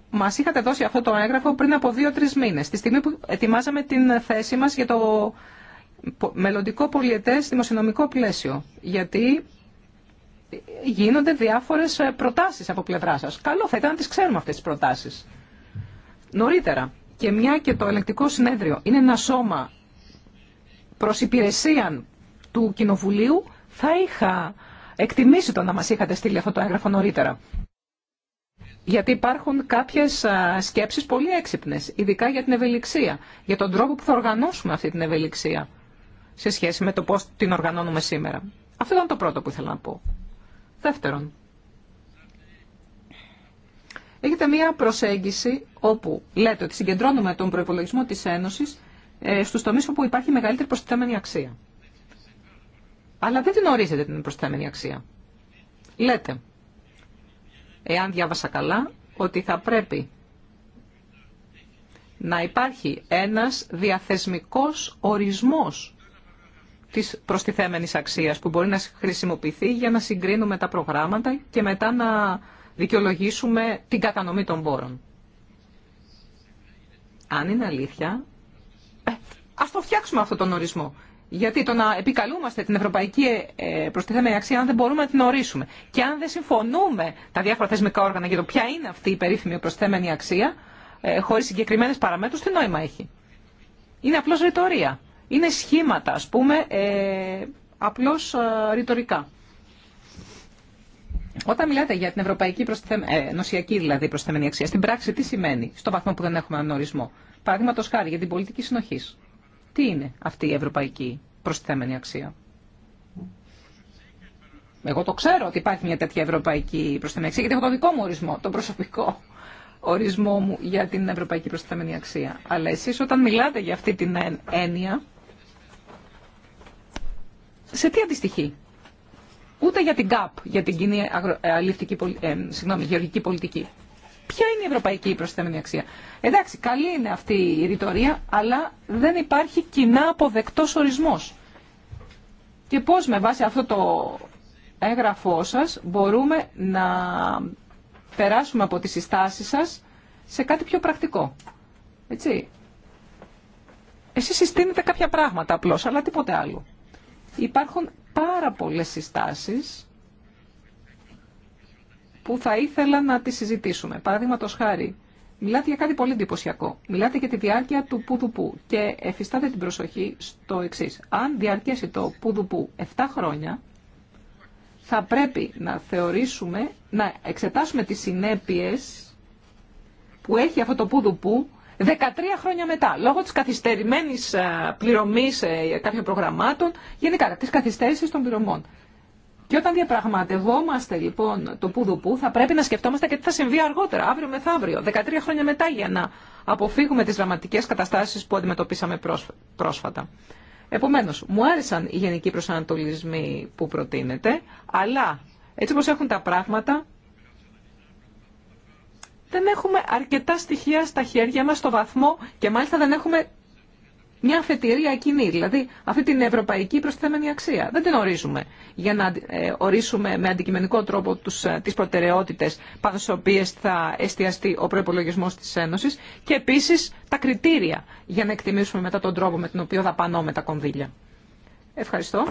μα είχατε δώσει αυτό το έγγραφο πριν από δύο-τρει μήνε, τη στιγμή που ετοιμάζαμε την θέση μα για το μελλοντικό πολιετέ δημοσιονομικό πλαίσιο. Γιατί γίνονται διάφορες ε, προτάσεις από πλευρά σας. Καλό θα ήταν να τις ξέρουμε αυτές τις προτάσεις. Νωρίτερα, και μια και το ελεκτικό συνέδριο είναι ένα σώμα προς υπηρεσία του Κοινοβουλίου, θα είχα εκτιμήσει το να μας είχατε στείλει αυτό το έγγραφο νωρίτερα. Γιατί υπάρχουν κάποιες σκέψεις πολύ έξυπνες, ειδικά για την ευελιξία, για τον τρόπο που θα οργανώσουμε αυτή την ευελιξία σε σχέση με το πώς την οργανώνουμε σήμερα. Αυτό ήταν το πρώτο που ήθελα να πω. Δεύτερον, έχετε μία προσέγγιση όπου λέτε ότι συγκεντρώνουμε τον προπολογισμό της Ένωσης ε, στους τομείς όπου υπάρχει μεγαλύτερη προστιθέμενη αξία. Αλλά δεν την ορίζετε την προστιθέμενη αξία. Λέτε, εάν διάβασα καλά, ότι θα πρέπει να υπάρχει ένας διαθεσμικός ορισμός της προστιθέμενης αξίας που μπορεί να χρησιμοποιηθεί για να συγκρίνουμε τα προγράμματα και μετά να δικαιολογήσουμε την κατανομή των πόρων. Αν είναι αλήθεια, ε, ας το φτιάξουμε αυτόν τον ορισμό. Γιατί το να επικαλούμαστε την ευρωπαϊκή ε, προστιθέμενη αξία αν δεν μπορούμε να την ορίσουμε. Και αν δεν συμφωνούμε τα διάφορα θεσμικά όργανα για το ποια είναι αυτή η περίφημη προστιθέμενη αξία, ε, χωρίς συγκεκριμένες παραμέτρους, τι νόημα έχει. Είναι απλώς ρητορία είναι σχήματα, ας πούμε, ε, απλώς ε, ρητορικά. Όταν μιλάτε για την ευρωπαϊκή προσθεμένη, ε, νοσιακή δηλαδή προσθεμένη αξία, στην πράξη τι σημαίνει, στο βαθμό που δεν έχουμε έναν ορισμό. Παραδείγματο χάρη για την πολιτική συνοχή. Τι είναι αυτή η ευρωπαϊκή προσθεμένη αξία. Εγώ το ξέρω ότι υπάρχει μια τέτοια ευρωπαϊκή προσθεμένη αξία, γιατί έχω το δικό μου ορισμό, τον προσωπικό ορισμό μου για την ευρωπαϊκή προσθεμένη αξία. Αλλά εσεί όταν μιλάτε για αυτή την έννοια, σε τι αντιστοιχεί. Ούτε για την ΚΑΠ, για την κοινή αγρο... Ε, ε, συγγνώμη, γεωργική πολιτική. Ποια είναι η ευρωπαϊκή προσθέμενη αξία. Εντάξει, καλή είναι αυτή η ρητορία, αλλά δεν υπάρχει κοινά αποδεκτός ορισμός. Και πώς με βάση αυτό το έγγραφό σας μπορούμε να περάσουμε από τις συστάσεις σας σε κάτι πιο πρακτικό. Έτσι. Εσείς συστήνετε κάποια πράγματα απλώς, αλλά τίποτε άλλο. Υπάρχουν πάρα πολλές συστάσεις που θα ήθελα να τις συζητήσουμε. Παραδείγματος χάρη, μιλάτε για κάτι πολύ εντυπωσιακό. Μιλάτε για τη διάρκεια του πουδουπού και εφιστάτε την προσοχή στο εξή. Αν διαρκέσει το πουδουπού 7 χρόνια, θα πρέπει να θεωρήσουμε, να εξετάσουμε τις συνέπειες που έχει αυτό το πουδουπού 13 χρόνια μετά, λόγω της καθυστερημένης ε, πληρωμής ε, κάποιων προγραμμάτων, γενικά της καθυστέρησης των πληρωμών. Και όταν διαπραγματευόμαστε λοιπόν το πουδουπού, θα πρέπει να σκεφτόμαστε και τι θα συμβεί αργότερα, αύριο μεθαύριο, 13 χρόνια μετά, για να αποφύγουμε τις δραματικές καταστάσεις που αντιμετωπίσαμε πρόσφατα. Επομένως, μου άρεσαν οι γενικοί προσανατολισμοί που προτείνεται, αλλά έτσι όπως έχουν τα πράγματα, δεν έχουμε αρκετά στοιχεία στα χέρια μας στο βαθμό και μάλιστα δεν έχουμε μια αφετηρία κοινή, δηλαδή αυτή την ευρωπαϊκή προστιθέμενη αξία. Δεν την ορίζουμε για να ε, ορίσουμε με αντικειμενικό τρόπο τους, ε, τις προτεραιότητες πάνω στις οποίες θα εστιαστεί ο προϋπολογισμός της Ένωσης και επίσης τα κριτήρια για να εκτιμήσουμε μετά τον τρόπο με τον οποίο δαπανώμε τα κονδύλια. Ευχαριστώ.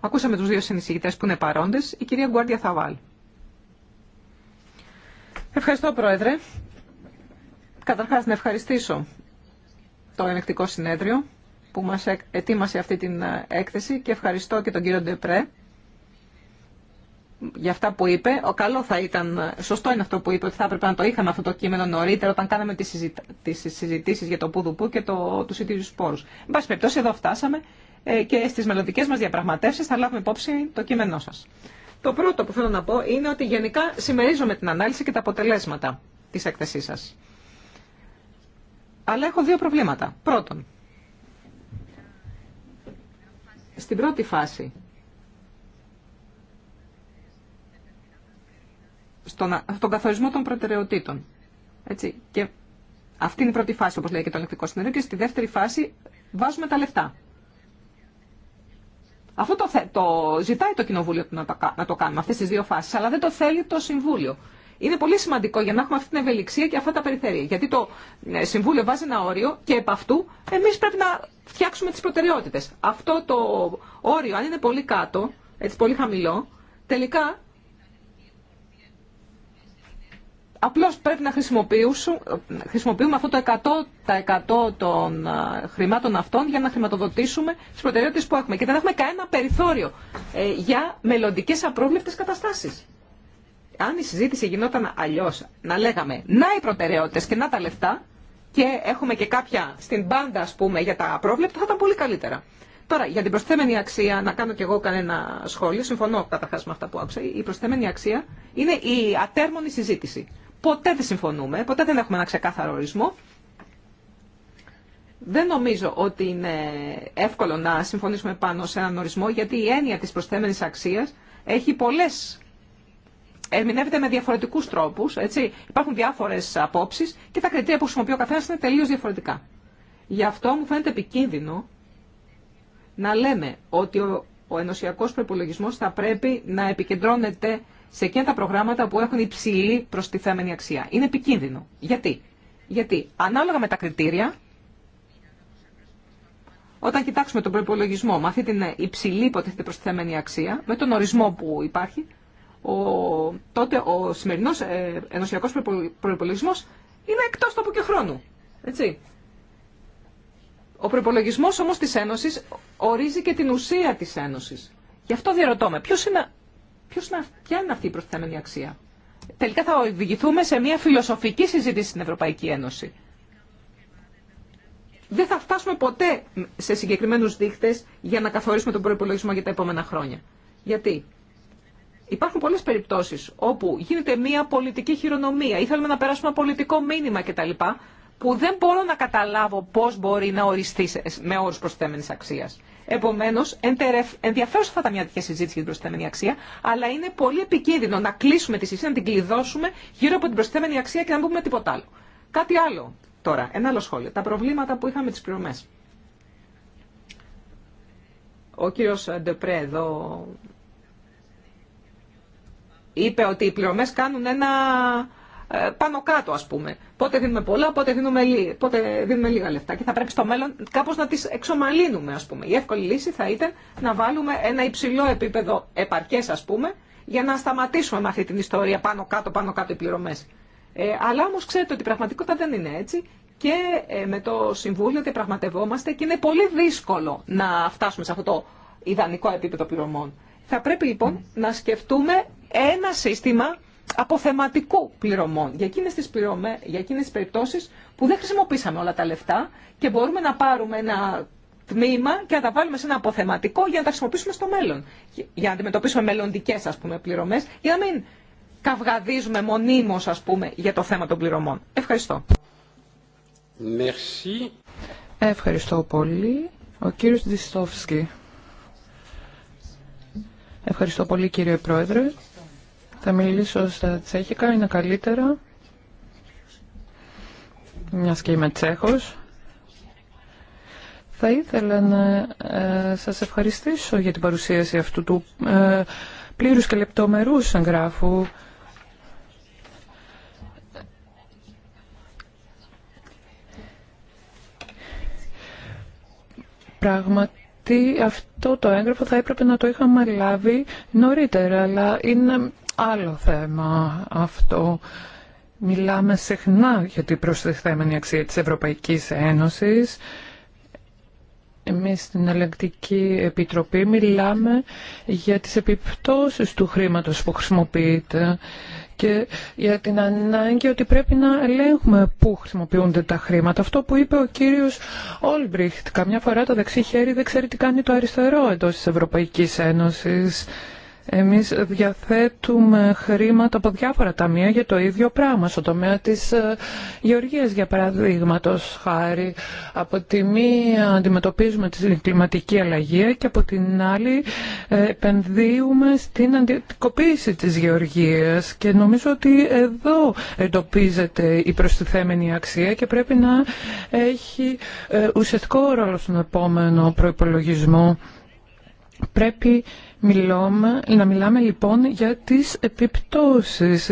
Ακούσαμε τους δύο συνεισηγητές που είναι παρόντες. Η κυρία Γκουάρντια Θαβάλ. Ευχαριστώ, Πρόεδρε. Καταρχάς, να ευχαριστήσω το ενεκτικό συνέδριο που μας ετοίμασε αυτή την ε, έκθεση και ευχαριστώ και τον κύριο Ντεπρέ για αυτά που είπε. Ο καλό θα ήταν, ε, σωστό είναι αυτό που είπε, ότι θα έπρεπε να το είχαμε αυτό το κείμενο νωρίτερα όταν κάναμε τις, τις συζητήσεις για το ΠΟΥΔΟΥΠΟΥ και το... τους ίδιους σπόρους. Εν πάση περιπτώσει, εδώ φτάσαμε ε, και στις μελλοντικέ μας διαπραγματεύσεις θα λάβουμε υπόψη το κείμενό σας. Το πρώτο που θέλω να πω είναι ότι γενικά συμμερίζομαι την ανάλυση και τα αποτελέσματα της έκθεσής σας. Αλλά έχω δύο προβλήματα. Πρώτον, στην πρώτη φάση, στον, στον καθορισμό των προτεραιοτήτων. Έτσι. Και αυτή είναι η πρώτη φάση, όπως λέει και το ελεκτικό συνέδριο, και στη δεύτερη φάση βάζουμε τα λεφτά. Αυτό το, το ζητάει το Κοινοβούλιο να το, να το κάνουμε, αυτέ τι δύο φάσει, αλλά δεν το θέλει το Συμβούλιο. Είναι πολύ σημαντικό για να έχουμε αυτή την ευελιξία και αυτά τα περιθέρια. Γιατί το ε, Συμβούλιο βάζει ένα όριο και επ' αυτού εμεί πρέπει να φτιάξουμε τι προτεραιότητε. Αυτό το όριο, αν είναι πολύ κάτω, έτσι πολύ χαμηλό, τελικά Απλώς πρέπει να χρησιμοποιούμε αυτό το 100% των ε, χρημάτων αυτών για να χρηματοδοτήσουμε τις προτεραιότητες που έχουμε. Και δεν έχουμε κανένα περιθώριο ε, για μελλοντικέ απρόβλεπτες καταστάσεις. Αν η συζήτηση γινόταν αλλιώ, να λέγαμε να οι προτεραιότητες και να τα λεφτά και έχουμε και κάποια στην πάντα ας πούμε για τα απρόβλεπτα θα ήταν πολύ καλύτερα. Τώρα, για την προσθέμενη αξία, να κάνω κι εγώ κανένα σχόλιο, συμφωνώ καταρχά με αυτά που άκουσα. Η προσθέμενη αξία είναι η ατέρμονη συζήτηση ποτέ δεν συμφωνούμε, ποτέ δεν έχουμε ένα ξεκάθαρο ορισμό. Δεν νομίζω ότι είναι εύκολο να συμφωνήσουμε πάνω σε έναν ορισμό, γιατί η έννοια της προσθέμενης αξίας έχει πολλές ερμηνεύεται με διαφορετικού τρόπου. Υπάρχουν διάφορες απόψεις και τα κριτήρια που χρησιμοποιεί ο καθένα είναι τελείως διαφορετικά. Γι' αυτό μου φαίνεται επικίνδυνο να λέμε ότι ο, ο ενωσιακό προπολογισμό θα πρέπει να επικεντρώνεται σε εκείνα τα προγράμματα που έχουν υψηλή προστιθέμενη αξία. Είναι επικίνδυνο. Γιατί? Γιατί ανάλογα με τα κριτήρια, όταν κοιτάξουμε τον προπολογισμό με αυτή την υψηλή υποτίθεται προστιθέμενη αξία, με τον ορισμό που υπάρχει, ο, τότε ο σημερινό ε, ενωσιακό προπολογισμό είναι εκτό τόπου και χρόνου. Έτσι. Ο προπολογισμό όμω τη Ένωση ορίζει και την ουσία τη Ένωση. Γι' αυτό διαρωτώ με, ποιο είναι Ποιος να ποια είναι αυτή η προστιθέμενη αξία. Τελικά θα οδηγηθούμε σε μια φιλοσοφική συζήτηση στην Ευρωπαϊκή Ένωση. Δεν θα φτάσουμε ποτέ σε συγκεκριμένους δείχτες για να καθορίσουμε τον προϋπολογισμό για τα επόμενα χρόνια. Γιατί υπάρχουν πολλές περιπτώσεις όπου γίνεται μια πολιτική χειρονομία ή θέλουμε να περάσουμε ένα πολιτικό μήνυμα κτλ. που δεν μπορώ να καταλάβω πώς μπορεί να οριστεί με όρους προσθέμενης αξίας. Επομένω, ενδιαφέρουσα θα ήταν μια τέτοια συζήτηση για την προστιθέμενη αξία, αλλά είναι πολύ επικίνδυνο να κλείσουμε τη συζήτηση, να την κλειδώσουμε γύρω από την προστιθέμενη αξία και να μην πούμε τίποτα άλλο. Κάτι άλλο τώρα, ένα άλλο σχόλιο. Τα προβλήματα που είχαμε τι πληρωμέ. Ο κύριο Ντεπρέ εδώ είπε ότι οι πληρωμέ κάνουν ένα ε, πάνω κάτω ας πούμε. Πότε δίνουμε πολλά, πότε δίνουμε, λίγα, πότε δίνουμε λίγα λεφτά και θα πρέπει στο μέλλον κάπως να τις εξομαλύνουμε ας πούμε. Η εύκολη λύση θα ήταν να βάλουμε ένα υψηλό επίπεδο επαρκές ας πούμε για να σταματήσουμε με αυτή την ιστορία πάνω κάτω, πάνω κάτω οι πληρωμές. Ε, αλλά όμως ξέρετε ότι η πραγματικότητα δεν είναι έτσι και ε, με το Συμβούλιο διαπραγματευόμαστε και είναι πολύ δύσκολο να φτάσουμε σε αυτό το ιδανικό επίπεδο πληρωμών. Θα πρέπει λοιπόν να σκεφτούμε ένα σύστημα αποθεματικού πληρωμών για εκείνες, τις πληρωμέ, για εκείνες τις περιπτώσεις που δεν χρησιμοποίησαμε όλα τα λεφτά και μπορούμε να πάρουμε ένα τμήμα και να τα βάλουμε σε ένα αποθεματικό για να τα χρησιμοποιήσουμε στο μέλλον. Για να αντιμετωπίσουμε μελλοντικέ ας πούμε πληρωμές για να μην καυγαδίζουμε μονίμως ας πούμε για το θέμα των πληρωμών. Ευχαριστώ. Merci. Ευχαριστώ πολύ. Ο κύριος Διστόφσκι. Ευχαριστώ πολύ κύριε Πρόεδρε. Θα μιλήσω στα τσέχικα, είναι καλύτερα. Μια και είμαι τσέχος. Θα ήθελα να ε, σας ευχαριστήσω για την παρουσίαση αυτού του ε, πλήρους και λεπτομερούς εγγράφου. Πράγματι αυτό το έγγραφο θα έπρεπε να το είχαμε λάβει νωρίτερα, αλλά είναι άλλο θέμα αυτό. Μιλάμε συχνά για την προστιθέμενη αξία της Ευρωπαϊκής Ένωσης. Εμείς στην Ελεγκτική Επιτροπή μιλάμε για τις επιπτώσεις του χρήματος που χρησιμοποιείται και για την ανάγκη ότι πρέπει να ελέγχουμε πού χρησιμοποιούνται τα χρήματα. Αυτό που είπε ο κύριος Όλμπριχτ, καμιά φορά το δεξί χέρι δεν ξέρει τι κάνει το αριστερό εντός της Ευρωπαϊκής Ένωσης. Εμείς διαθέτουμε χρήματα από διάφορα ταμεία για το ίδιο πράγμα. Στο τομέα της ε, γεωργίας, για παραδείγματος χάρη, από τη μία αντιμετωπίζουμε την κλιματική αλλαγή και από την άλλη ε, επενδύουμε στην αντικοποίηση της γεωργίας. Και νομίζω ότι εδώ εντοπίζεται η προστιθέμενη αξία και πρέπει να έχει ε, ουσιαστικό ρόλο στον επόμενο προϋπολογισμό Πρέπει να μιλάμε λοιπόν για τις επιπτώσεις.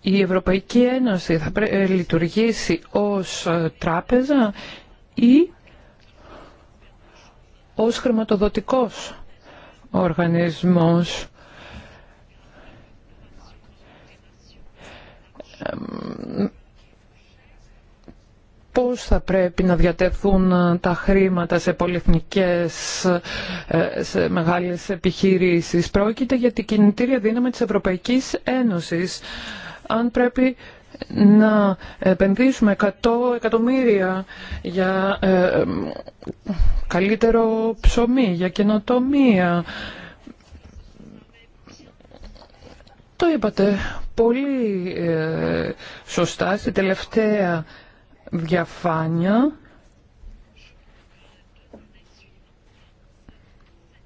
Η Ευρωπαϊκή Ένωση θα ε, λειτουργήσει ως ε, τράπεζα ή ως χρηματοδοτικός οργανισμός πώς θα πρέπει να διατεθούν ε, τα χρήματα σε πολυεθνικές, ε, σε μεγάλες επιχειρήσεις. Πρόκειται για την κινητήρια δύναμη της Ευρωπαϊκής Ένωσης. Αν πρέπει να επενδύσουμε 100 εκατομμύρια για ε, καλύτερο ψωμί, για καινοτομία. Το είπατε πολύ σωστά στη τελευταία διαφάνεια.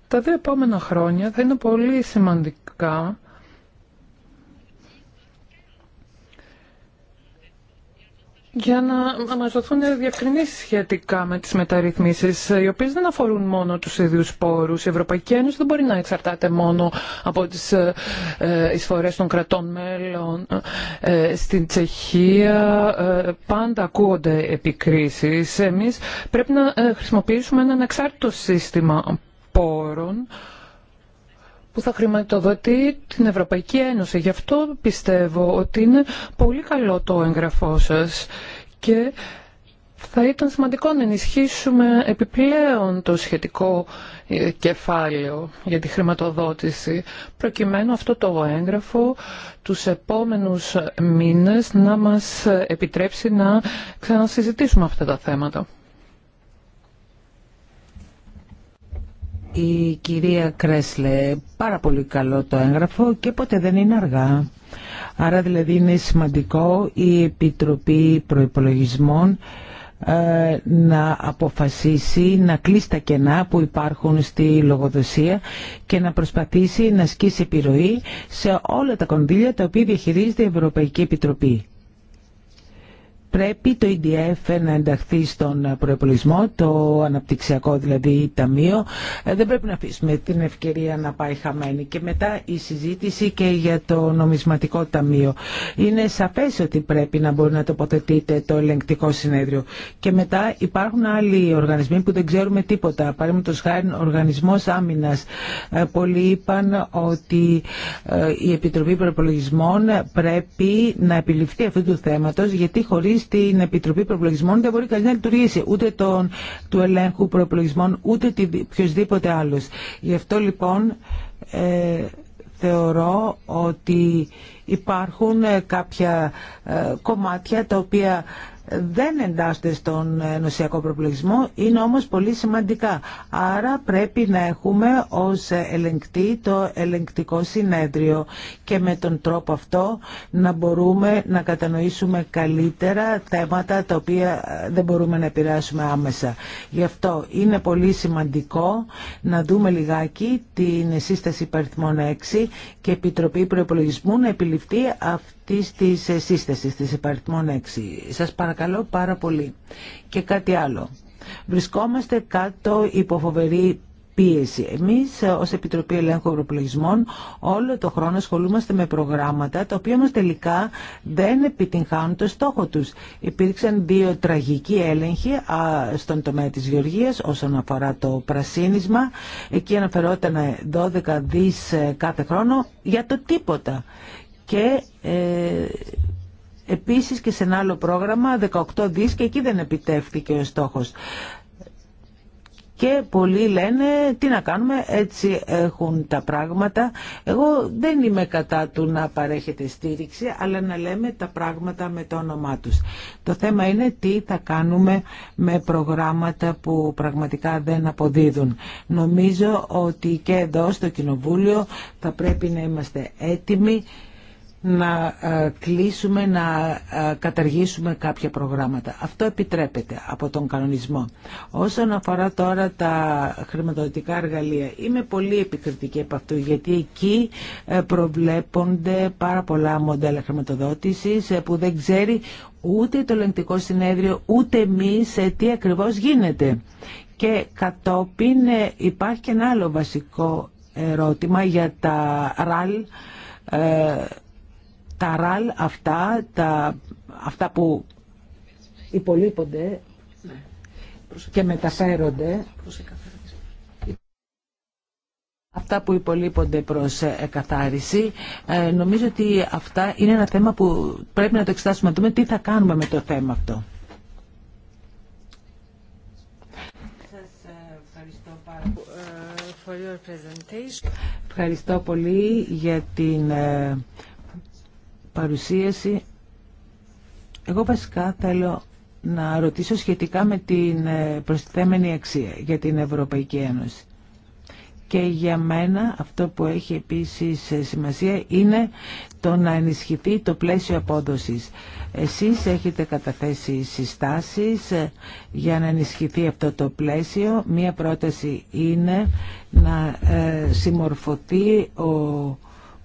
Τα δύο επόμενα χρόνια θα είναι πολύ σημαντικά για να μας δοθούν διευκρινήσεις σχετικά με τις μεταρρυθμίσεις, οι οποίες δεν αφορούν μόνο τους ίδιους πόρους. Η Ευρωπαϊκή Ένωση δεν μπορεί να εξαρτάται μόνο από τις ε, εισφορές των κρατών μέλων. Ε, στην Τσεχία ε, πάντα ακούγονται επικρίσεις. Εμείς πρέπει να χρησιμοποιήσουμε ένα εξάρτητο σύστημα πόρων, που θα χρηματοδοτεί την Ευρωπαϊκή Ένωση. Γι' αυτό πιστεύω ότι είναι πολύ καλό το έγγραφό σας και θα ήταν σημαντικό να ενισχύσουμε επιπλέον το σχετικό ε, κεφάλαιο για τη χρηματοδότηση, προκειμένου αυτό το έγγραφο τους επόμενους μήνες να μας επιτρέψει να ξανασυζητήσουμε αυτά τα θέματα. η κυρία Κρέσλε. Πάρα πολύ καλό το έγγραφο και ποτέ δεν είναι αργά. Άρα δηλαδή είναι σημαντικό η Επιτροπή Προϋπολογισμών ε, να αποφασίσει να κλείσει τα κενά που υπάρχουν στη λογοδοσία και να προσπαθήσει να ασκήσει επιρροή σε όλα τα κονδύλια τα οποία διαχειρίζεται η Ευρωπαϊκή Επιτροπή πρέπει το EDF να ενταχθεί στον προεπολισμό, το αναπτυξιακό δηλαδή ταμείο. Ε, δεν πρέπει να αφήσουμε την ευκαιρία να πάει χαμένη. Και μετά η συζήτηση και για το νομισματικό ταμείο. Είναι σαφές ότι πρέπει να μπορεί να τοποθετείται το ελεγκτικό συνέδριο. Και μετά υπάρχουν άλλοι οργανισμοί που δεν ξέρουμε τίποτα. Παραδείγματο χάρη οργανισμός άμυνας. Ε, πολλοί είπαν ότι ε, η Επιτροπή Προπολογισμών πρέπει να επιληφθεί αυτού του θέματο γιατί χωρίς στην Επιτροπή Προπολογισμών δεν μπορεί κανεί να λειτουργήσει ούτε τον, του ελέγχου προπολογισμών ούτε οποιοδήποτε άλλο. Γι' αυτό λοιπόν ε, θεωρώ ότι υπάρχουν ε, κάποια ε, κομμάτια τα οποία δεν εντάσσονται στον νοσιακό προπολογισμό, είναι όμως πολύ σημαντικά. Άρα πρέπει να έχουμε ως ελεγκτή το ελεγκτικό συνέδριο και με τον τρόπο αυτό να μπορούμε να κατανοήσουμε καλύτερα θέματα τα οποία δεν μπορούμε να επηρεάσουμε άμεσα. Γι' αυτό είναι πολύ σημαντικό να δούμε λιγάκι την σύσταση υπαριθμών 6 και Επιτροπή Προπολογισμού να επιληφθεί αυτή αυτής της ε, σύστασης της επαριθμών 6. Σας παρακαλώ πάρα πολύ. Και κάτι άλλο. Βρισκόμαστε κάτω υπό φοβερή πίεση. Εμείς ε, ως Επιτροπή Ελέγχου Ευρωπλογισμών όλο το χρόνο ασχολούμαστε με προγράμματα τα οποία μας τελικά δεν επιτυγχάνουν το στόχο τους. Υπήρξαν δύο τραγικοί έλεγχοι στον τομέα της Γεωργίας όσον αφορά το πρασίνισμα. Εκεί αναφερόταν 12 ε, δις κάθε χρόνο για το τίποτα και ε, επίσης και σε ένα άλλο πρόγραμμα 18 δις και εκεί δεν επιτεύχθηκε ο στόχος. Και πολλοί λένε τι να κάνουμε, έτσι έχουν τα πράγματα. Εγώ δεν είμαι κατά του να παρέχετε στήριξη, αλλά να λέμε τα πράγματα με το όνομά τους. Το θέμα είναι τι θα κάνουμε με προγράμματα που πραγματικά δεν αποδίδουν. Νομίζω ότι και εδώ στο Κοινοβούλιο θα πρέπει να είμαστε έτοιμοι να ε, κλείσουμε, να ε, καταργήσουμε κάποια προγράμματα. Αυτό επιτρέπεται από τον κανονισμό. Όσον αφορά τώρα τα χρηματοδοτικά εργαλεία, είμαι πολύ επικριτική από αυτού, γιατί εκεί ε, προβλέπονται πάρα πολλά μοντέλα χρηματοδότησης που δεν ξέρει ούτε το ελεγκτικό συνέδριο, ούτε εμείς τι ακριβώς γίνεται. Και κατόπιν υπάρχει και ένα άλλο βασικό ερώτημα για τα ραλ, τα ραλ αυτά, τα, αυτά που υπολείπονται και μεταφέρονται αυτά που υπολείπονται προς εκαθάριση. Ε, νομίζω ότι αυτά είναι ένα θέμα που πρέπει να το εξετάσουμε, να δούμε τι θα κάνουμε με το θέμα αυτό. Ε, ε, ευχαριστώ, πολύ για την παρουσίαση. Εγώ βασικά θέλω να ρωτήσω σχετικά με την ε, προστιθέμενη αξία για την Ευρωπαϊκή Ένωση. Και για μένα αυτό που έχει επίσης ε, σημασία είναι το να ενισχυθεί το πλαίσιο απόδοσης. Εσείς έχετε καταθέσει συστάσεις ε, για να ενισχυθεί αυτό το πλαίσιο. Μία πρόταση είναι να συμμορφωθεί ο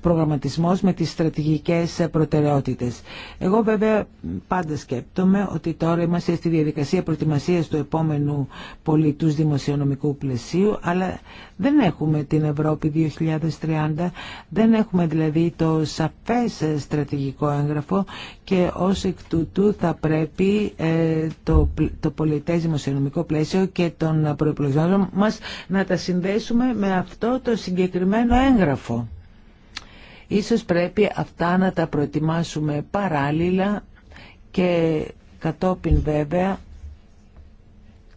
προγραμματισμός με τις στρατηγικές προτεραιότητες. Εγώ βέβαια πάντα σκέπτομαι ότι τώρα είμαστε στη διαδικασία προετοιμασίας του επόμενου πολιτούς δημοσιονομικού πλαισίου, αλλά δεν έχουμε την Ευρώπη 2030, δεν έχουμε δηλαδή το σαφές στρατηγικό έγγραφο και ως εκ τούτου θα πρέπει ε, το, το πολιτές δημοσιονομικό πλαίσιο και τον προϋπολογισμό μας να τα συνδέσουμε με αυτό το συγκεκριμένο έγγραφο. Ίσως πρέπει αυτά να τα προετοιμάσουμε παράλληλα και κατόπιν βέβαια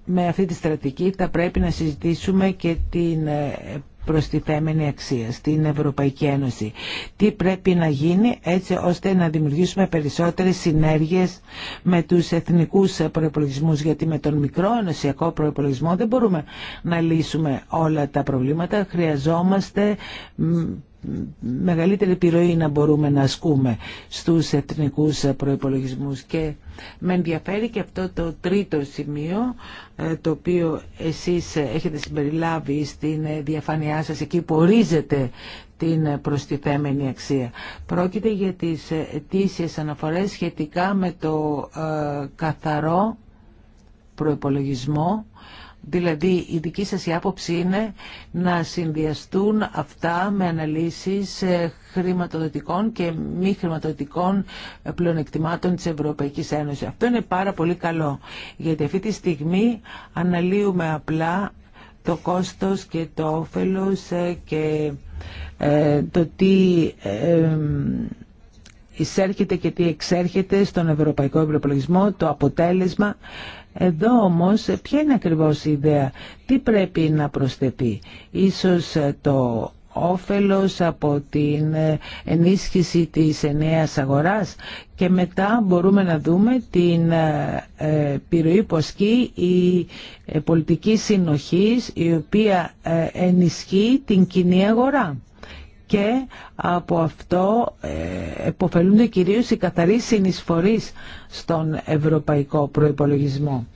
με αυτή τη στρατική θα πρέπει να συζητήσουμε και την ε, προστιθέμενη αξία στην Ευρωπαϊκή Ένωση. Τι πρέπει να γίνει έτσι ώστε να δημιουργήσουμε περισσότερες συνέργειες με τους εθνικούς προϋπολογισμούς γιατί με τον μικρό ενωσιακό προϋπολογισμό δεν μπορούμε να λύσουμε όλα τα προβλήματα. Χρειαζόμαστε μεγαλύτερη επιρροή να μπορούμε να ασκούμε στους εθνικούς προϋπολογισμούς και με ενδιαφέρει και αυτό το τρίτο σημείο ε, το οποίο εσείς έχετε συμπεριλάβει στην διαφάνειά σας εκεί που ορίζεται την προστιθέμενη αξία. Πρόκειται για τις αιτήσιες αναφορές σχετικά με το ε, καθαρό προϋπολογισμό Δηλαδή η δική σας η άποψη είναι να συνδυαστούν αυτά με αναλύσεις ε, χρηματοδοτικών και μη χρηματοδοτικών ε, πλεονεκτημάτων της Ευρωπαϊκής Ένωσης. Αυτό είναι πάρα πολύ καλό, γιατί αυτή τη στιγμή αναλύουμε απλά το κόστος και το όφελος ε, και το τι εισέρχεται και τι εξέρχεται στον Ευρωπαϊκό Ευρωπολογισμό, το αποτέλεσμα εδώ όμως ποια είναι ακριβώς η ιδέα, τι πρέπει να προσθεθεί. Ίσως ε, το όφελος από την ε, ενίσχυση της νέας αγοράς και μετά μπορούμε να δούμε την ε, πυροή που η πολιτική συνοχής η οποία ενισχύει την κοινή αγορά και από αυτό ε, εποφελούνται κυρίως οι καθαροί συνεισφορείς στον ευρωπαϊκό προϋπολογισμό.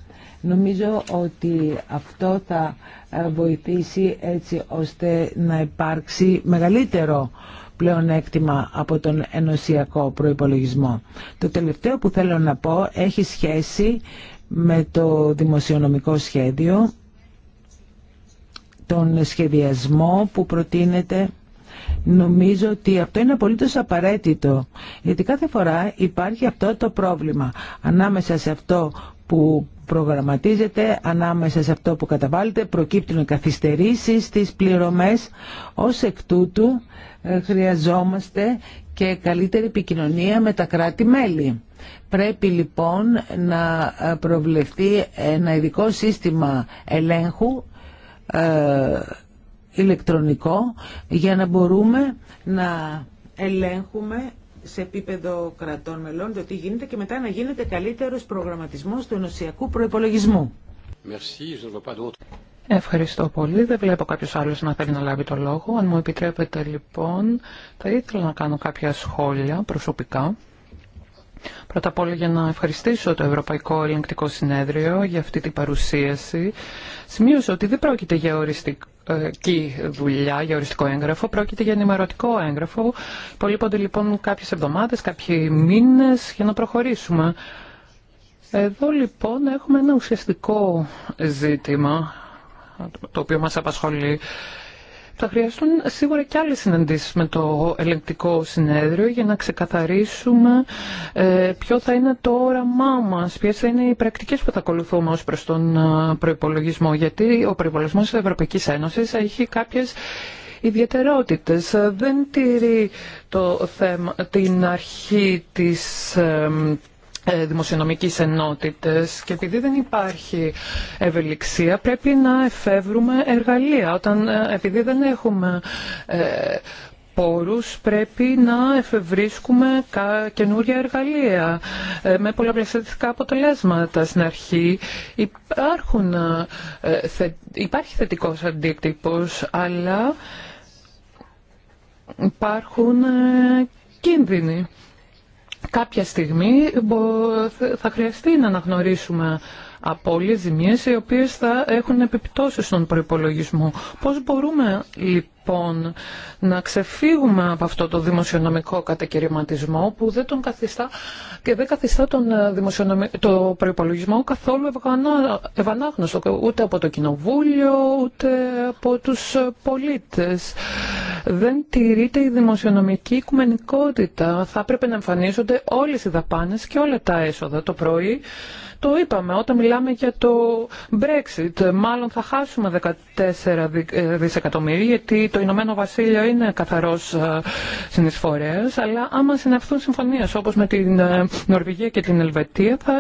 Νομίζω ότι αυτό θα ε, βοηθήσει έτσι ώστε να υπάρξει μεγαλύτερο πλεονέκτημα από τον ενωσιακό προϋπολογισμό. Το τελευταίο που θέλω να πω έχει σχέση με το δημοσιονομικό σχέδιο, τον σχεδιασμό που προτείνεται Νομίζω ότι αυτό είναι απολύτως απαραίτητο, γιατί κάθε φορά υπάρχει αυτό το πρόβλημα ανάμεσα σε αυτό που προγραμματίζεται ανάμεσα σε αυτό που καταβάλλεται, προκύπτουν καθυστερήσεις στις πληρωμές. Ως εκ τούτου ε, χρειαζόμαστε και καλύτερη επικοινωνία με τα κράτη-μέλη. Πρέπει λοιπόν να ε, προβλεφθεί ένα ειδικό σύστημα ελέγχου ε, ηλεκτρονικό για να μπορούμε να ελέγχουμε σε επίπεδο κρατών μελών το τι γίνεται και μετά να γίνεται καλύτερος προγραμματισμός του ενωσιακού προϋπολογισμού. Ευχαριστώ πολύ. Δεν βλέπω κάποιος άλλος να θέλει να λάβει το λόγο. Αν μου επιτρέπετε λοιπόν, θα ήθελα να κάνω κάποια σχόλια προσωπικά. Πρώτα απ' όλα για να ευχαριστήσω το Ευρωπαϊκό Ελεγκτικό Συνέδριο για αυτή την παρουσίαση. Σημείωσα ότι δεν πρόκειται για οριστικό και ε, δουλειά για οριστικό έγγραφο. Πρόκειται για ενημερωτικό έγγραφο. Πολύπονται λοιπόν κάποιες εβδομάδες, κάποιοι μήνες για να προχωρήσουμε. Εδώ λοιπόν έχουμε ένα ουσιαστικό ζήτημα το οποίο μας απασχολεί θα χρειαστούν σίγουρα και άλλες συναντήσεις με το ελεγκτικό συνέδριο για να ξεκαθαρίσουμε ε, ποιο θα είναι το όραμά μας, ποιες θα είναι οι πρακτικές που θα ακολουθούμε ως προς τον ε, προϋπολογισμό, γιατί ο προϋπολογισμός της Ευρωπαϊκής Ένωσης έχει κάποιες ιδιαιτερότητες. Δεν τηρεί το θέμα, την αρχή της ε, ε, δημοσιονομικής ενότητες και επειδή δεν υπάρχει ευελιξία πρέπει να εφεύρουμε εργαλεία. Όταν, ε, επειδή δεν έχουμε ε, πόρους πρέπει να εφευρίσκουμε καινούρια εργαλεία με πολλαπλασιαστικά αποτελέσματα. Στην αρχή υπάρχουν, υπάρχει θετικός αντίκτυπος αλλά υπάρχουν κίνδυνοι κάποια στιγμή θα χρειαστεί να αναγνωρίσουμε απώλειες, ζημίες, οι οποίες θα έχουν επιπτώσεις στον προϋπολογισμό. Πώς μπορούμε λοιπόν να ξεφύγουμε από αυτό το δημοσιονομικό κατακαιρματισμό που δεν τον καθιστά και δεν καθιστά τον ε, το προϋπολογισμό καθόλου ευανάγνωστο ούτε από το Κοινοβούλιο ούτε από τους ε, πολίτες. Δεν τηρείται η δημοσιονομική οικουμενικότητα. Θα έπρεπε να εμφανίζονται όλες οι δαπάνες και όλα τα έσοδα το πρωί το είπαμε όταν μιλάμε για το Brexit. Μάλλον θα χάσουμε 14 ε, δισεκατομμύρια γιατί το Ηνωμένο Βασίλειο είναι καθαρός ε, συνεισφορέας αλλά άμα συναυθούν συμφωνίες όπως με την ε, Νορβηγία και την Ελβετία θα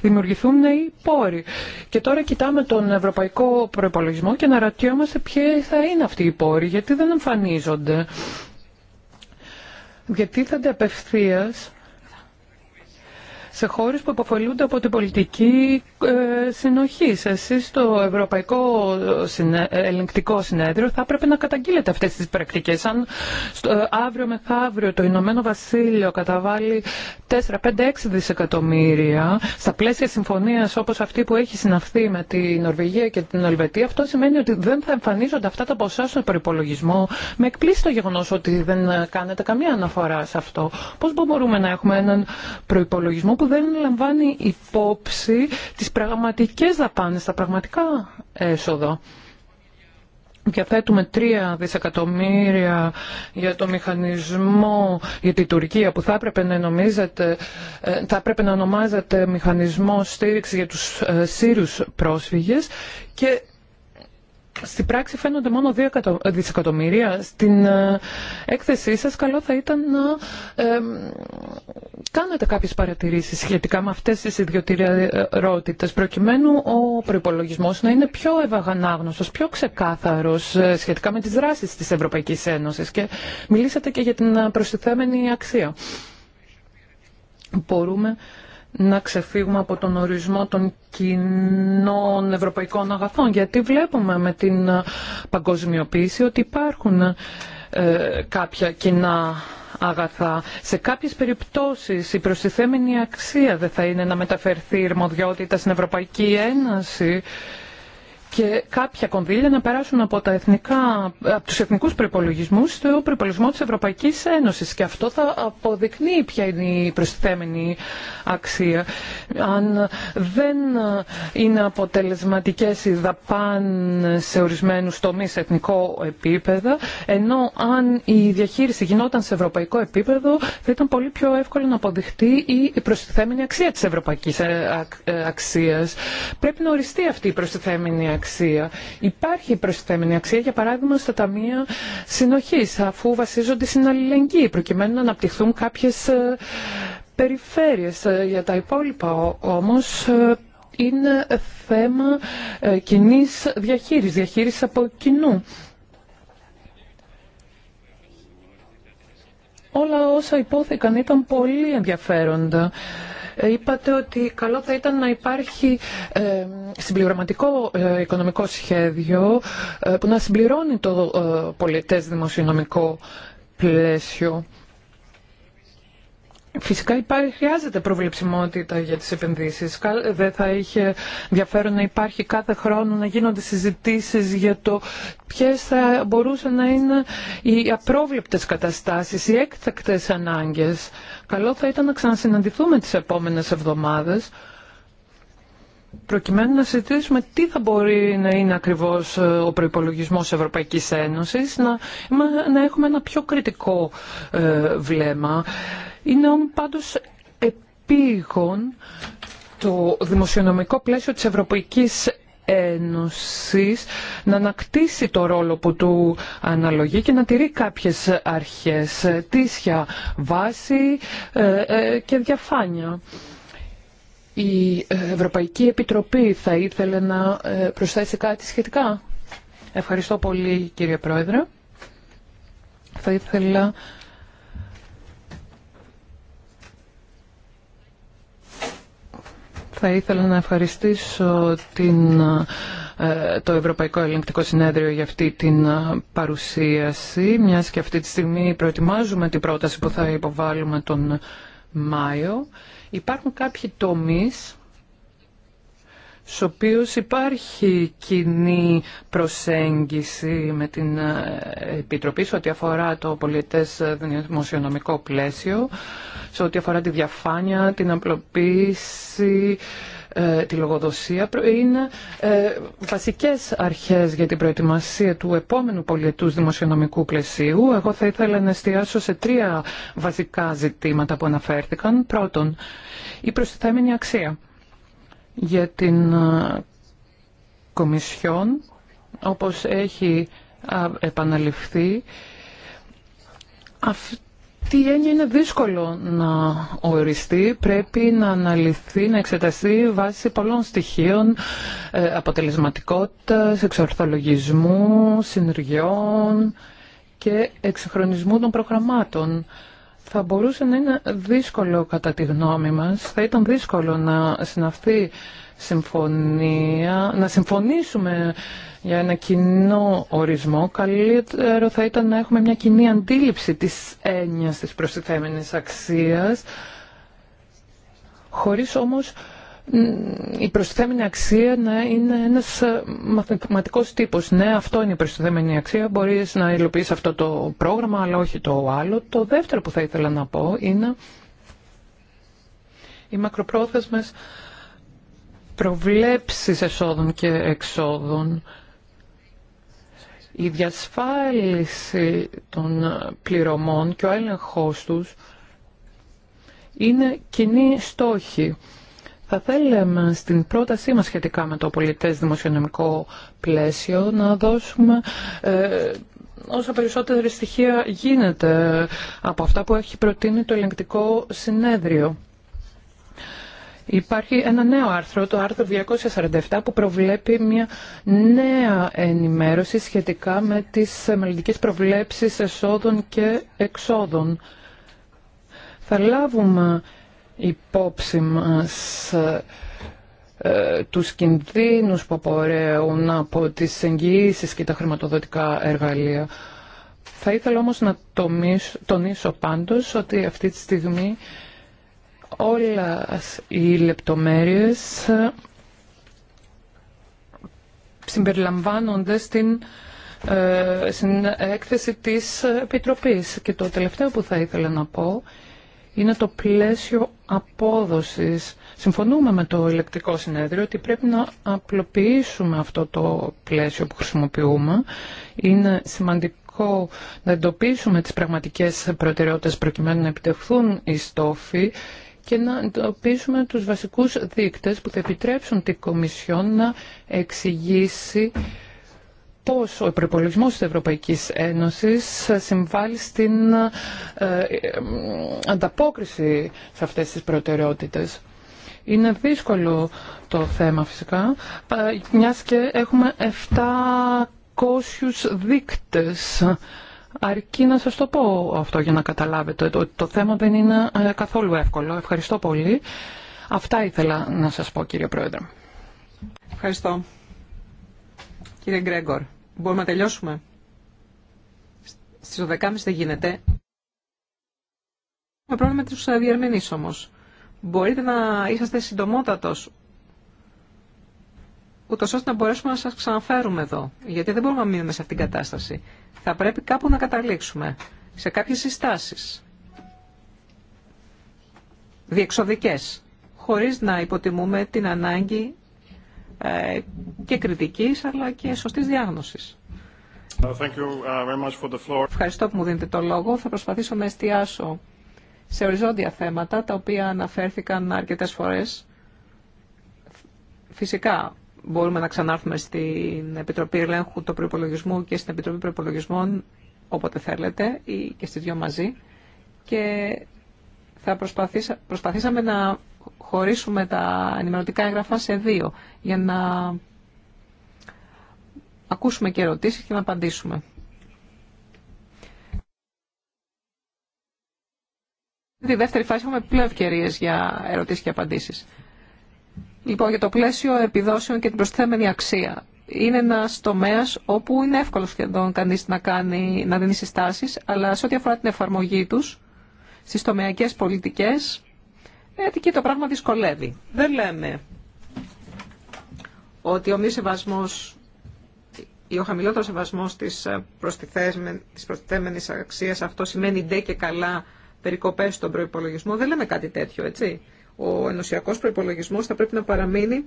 δημιουργηθούν οι πόροι. Και τώρα κοιτάμε τον ευρωπαϊκό προπολογισμό και αναρωτιόμαστε ποιοι θα είναι αυτοί οι πόροι γιατί δεν εμφανίζονται. Γιατί θα απευθείας σε χώρες που αποφελούνται από την πολιτική ε, συνοχή. Εσείς στο Ευρωπαϊκό Ελεγκτικό Συνέδριο θα έπρεπε να καταγγείλετε αυτές τις πρακτικές. Αν ε, αύριο μεθαύριο το Ηνωμένο Βασίλειο καταβάλει 4, 5, 6 δισεκατομμύρια στα πλαίσια συμφωνίας όπως αυτή που έχει συναυθεί με τη Νορβηγία και την Ελβετία, αυτό σημαίνει ότι δεν θα εμφανίζονται αυτά τα ποσά στο προπολογισμό. Με εκπλήσει το ότι δεν κάνετε καμία αναφορά σε αυτό. Πώς μπορούμε να έχουμε έναν προπολογισμό δεν λαμβάνει υπόψη τις πραγματικές δαπάνες, τα πραγματικά έσοδα. Διαθέτουμε 3 δισεκατομμύρια για το μηχανισμό για την Τουρκία που θα έπρεπε να, νομίζετε, θα έπρεπε να ονομάζεται μηχανισμό στήριξη για τους ε, Σύρους πρόσφυγες και στην πράξη φαίνονται μόνο 2 ε, δισεκατομμύρια. Στην ε, έκθεσή σας καλό θα ήταν να ε, κάνετε κάποιες παρατηρήσεις σχετικά με αυτές τις ιδιωτηριότητες προκειμένου ο προϋπολογισμός να είναι πιο ευαγανάγνωστος, πιο ξεκάθαρος σχετικά με τις δράσεις της Ευρωπαϊκής Ένωσης και μιλήσατε και για την προστιθέμενη αξία. Μπορούμε να ξεφύγουμε από τον ορισμό των κοινών ευρωπαϊκών αγαθών. Γιατί βλέπουμε με την ε, παγκοσμιοποίηση ότι υπάρχουν ε, κάποια κοινά αγαθά. Σε κάποιες περιπτώσεις η προστιθέμενη αξία δεν θα είναι να μεταφερθεί η στην Ευρωπαϊκή Ένωση και κάποια κονδύλια να περάσουν από, τα εθνικά, από τους εθνικούς προϋπολογισμούς στο προϋπολογισμό της Ευρωπαϊκής Ένωσης και αυτό θα αποδεικνύει ποια είναι η προστιθέμενη αξία. Αν δεν είναι αποτελεσματικές οι δαπάνε σε ορισμένους τομείς σε εθνικό επίπεδο, ενώ αν η διαχείριση γινόταν σε ευρωπαϊκό επίπεδο θα ήταν πολύ πιο εύκολο να αποδειχτεί η προστιθέμενη αξία της ευρωπαϊκής ε, ε, αξίας. Πρέπει να οριστεί αυτή η προστιθέμενη αξία αξία. Υπάρχει προσθέμενη αξία, για παράδειγμα, στα ταμεία συνοχή, αφού βασίζονται στην αλληλεγγύη, προκειμένου να αναπτυχθούν κάποιες ε, περιφέρειες. Ε, για τα υπόλοιπα όμως ε, είναι θέμα κοινή διαχείριση, διαχείριση από κοινού. Όλα όσα υπόθηκαν ήταν πολύ ενδιαφέροντα είπατε ότι καλό θα ήταν να υπάρχει ε, συμπληρωματικό ε, οικονομικό σχέδιο ε, που να συμπληρώνει το πολιτές δημοσιονομικό πλαίσιο. Φυσικά υπάρχει, χρειάζεται προβλεψιμότητα για τις επενδύσεις. Δεν θα είχε ενδιαφέρον να υπάρχει κάθε χρόνο να γίνονται συζητήσεις για το ποιες θα μπορούσαν να είναι οι απρόβλεπτες καταστάσεις, οι έκτακτες ανάγκες. Καλό θα ήταν να ξανασυναντηθούμε τις επόμενες εβδομάδες προκειμένου να συζητήσουμε τι θα μπορεί να είναι ακριβώς ε, ο προϋπολογισμός Ευρωπαϊκής Ένωσης, να, να έχουμε ένα πιο κριτικό ε, βλέμμα. Είναι πάντως επίγον το δημοσιονομικό πλαίσιο της Ευρωπαϊκής Ένωσης να ανακτήσει το ρόλο που του αναλογεί και να τηρεί κάποιες αρχές, τίσια βάση ε, ε, και διαφάνεια. Η Ευρωπαϊκή Επιτροπή θα ήθελε να ε, προσθέσει κάτι σχετικά. Ευχαριστώ πολύ κύριε Πρόεδρε. Θα ήθελα Θα ήθελα να ευχαριστήσω την, ε, το Ευρωπαϊκό Ελεγκτικό Συνέδριο για αυτή την ε, παρουσίαση, μιας και αυτή τη στιγμή προετοιμάζουμε την πρόταση που θα υποβάλουμε τον Μάιο. Υπάρχουν κάποιοι τομείς στους οποίους υπάρχει κοινή προσέγγιση με την ε, Επιτροπή σε ό,τι αφορά το πολιτές ε, δημοσιονομικό πλαίσιο, σε ό,τι αφορά τη διαφάνεια, την απλοποίηση, ε, τη λογοδοσία είναι βασικές αρχές για την προετοιμασία του επόμενου πολιτούς δημοσιονομικού πλαισίου. Εγώ θα ήθελα να εστιάσω σε τρία βασικά ζητήματα που αναφέρθηκαν. Πρώτον, η προστιθέμενη αξία για την ε, Κομισιόν, όπως έχει επαναληφθεί, αυτή η έννοια είναι δύσκολο να οριστεί, πρέπει να αναλυθεί, να εξεταστεί βάσει πολλών στοιχείων ε, αποτελεσματικότητας, εξορθολογισμού, συνεργειών και εξυγχρονισμού των προγραμμάτων θα μπορούσε να είναι δύσκολο κατά τη γνώμη μας, θα ήταν δύσκολο να συναυθεί συμφωνία, να συμφωνήσουμε για ένα κοινό ορισμό, καλύτερο θα ήταν να έχουμε μια κοινή αντίληψη της έννοιας της προστιθέμενης αξίας, χωρίς όμως η προστιθέμενη αξία να είναι ένας ε, μαθηματικός τύπος. Ναι, αυτό είναι η προστιθέμενη αξία. Μπορείς να υλοποιείς αυτό το πρόγραμμα, αλλά όχι το άλλο. Το δεύτερο που θα ήθελα να πω είναι οι μακροπρόθεσμες προβλέψεις εσόδων και εξόδων. Η διασφάλιση των πληρωμών και ο έλεγχός τους είναι κοινή στόχη. Θα θέλαμε στην πρότασή μας σχετικά με το πολιτές δημοσιονομικό πλαίσιο να δώσουμε ε, όσα περισσότερα στοιχεία γίνεται από αυτά που έχει προτείνει το ελεγκτικό συνέδριο. Υπάρχει ένα νέο άρθρο, το άρθρο 247, που προβλέπει μια νέα ενημέρωση σχετικά με τις μελλοντικές προβλέψεις εσόδων και εξόδων. Θα λάβουμε υπόψη μας ε, ε, τους κινδύνους που απορρέουν από τις εγγυήσεις και τα χρηματοδοτικά εργαλεία. Θα ήθελα όμως να τονίσω πάντως ότι αυτή τη στιγμή όλα οι λεπτομέρειες ε, συμπεριλαμβάνονται στην, ε, στην έκθεση της Επιτροπής. Και το τελευταίο που θα ήθελα να πω είναι το πλαίσιο απόδοσης. Συμφωνούμε με το ηλεκτρικό συνέδριο ότι πρέπει να απλοποιήσουμε αυτό το πλαίσιο που χρησιμοποιούμε. Είναι σημαντικό να εντοπίσουμε τις πραγματικές προτεραιότητες προκειμένου να επιτευχθούν οι στόφοι και να εντοπίσουμε τους βασικούς δείκτες που θα επιτρέψουν την Κομισιόν να εξηγήσει πώς ο προϋπολογισμός της Ευρωπαϊκής Ένωσης συμβάλλει στην ε, ε, ανταπόκριση σε αυτές τις προτεραιότητες. Είναι δύσκολο το θέμα φυσικά, ε, μιας και έχουμε 700 δείκτες. Αρκεί να σας το πω αυτό για να καταλάβετε. Το, το θέμα δεν είναι καθόλου εύκολο. Ευχαριστώ πολύ. Αυτά ήθελα να σας πω κύριε Πρόεδρε. Ευχαριστώ. Κύριε Γκρέγκορ. Μπορούμε να τελειώσουμε. Στις 12.30 δεν γίνεται. Έχουμε πρόβλημα με τους διερμηνείς όμως. Μπορείτε να είσαστε συντομότατος, ούτω ώστε να μπορέσουμε να σας ξαναφέρουμε εδώ. Γιατί δεν μπορούμε να μείνουμε σε αυτήν την κατάσταση. Θα πρέπει κάπου να καταλήξουμε σε κάποιες συστάσεις. Διεξοδικές χωρίς να υποτιμούμε την ανάγκη ε, και κριτικής αλλά και σωστής διάγνωσης. Uh, uh, Ευχαριστώ που μου δίνετε το λόγο. Θα προσπαθήσω να εστιάσω σε οριζόντια θέματα τα οποία αναφέρθηκαν αρκετές φορές. Φυσικά μπορούμε να ξανάρθουμε στην Επιτροπή Ελέγχου του Προπολογισμού και στην Επιτροπή Προπολογισμών όποτε θέλετε ή και στις δυο μαζί και θα προσπαθήσα, προσπαθήσαμε να χωρίσουμε τα ενημερωτικά έγγραφα σε δύο για να ακούσουμε και ερωτήσεις και να απαντήσουμε. Στη δεύτερη φάση έχουμε πλέον ευκαιρίες για ερωτήσεις και απαντήσεις. Λοιπόν, για το πλαίσιο επιδόσεων και την προσθέμενη αξία. Είναι ένα τομέα όπου είναι εύκολο σχεδόν κανεί να, κάνει, να δίνει συστάσει, αλλά σε ό,τι αφορά την εφαρμογή του στι τομεακέ πολιτικέ, γιατί και το πράγμα δυσκολεύει. Δεν λέμε ότι ο μη σεβασμός ή ο χαμηλότερο σεβασμός της, ε, της προστιθέμενης αξίας αυτό σημαίνει ντε και καλά περικοπές στον προϋπολογισμό. Δεν λέμε κάτι τέτοιο, έτσι. Ο ενωσιακός προϋπολογισμός θα πρέπει να παραμείνει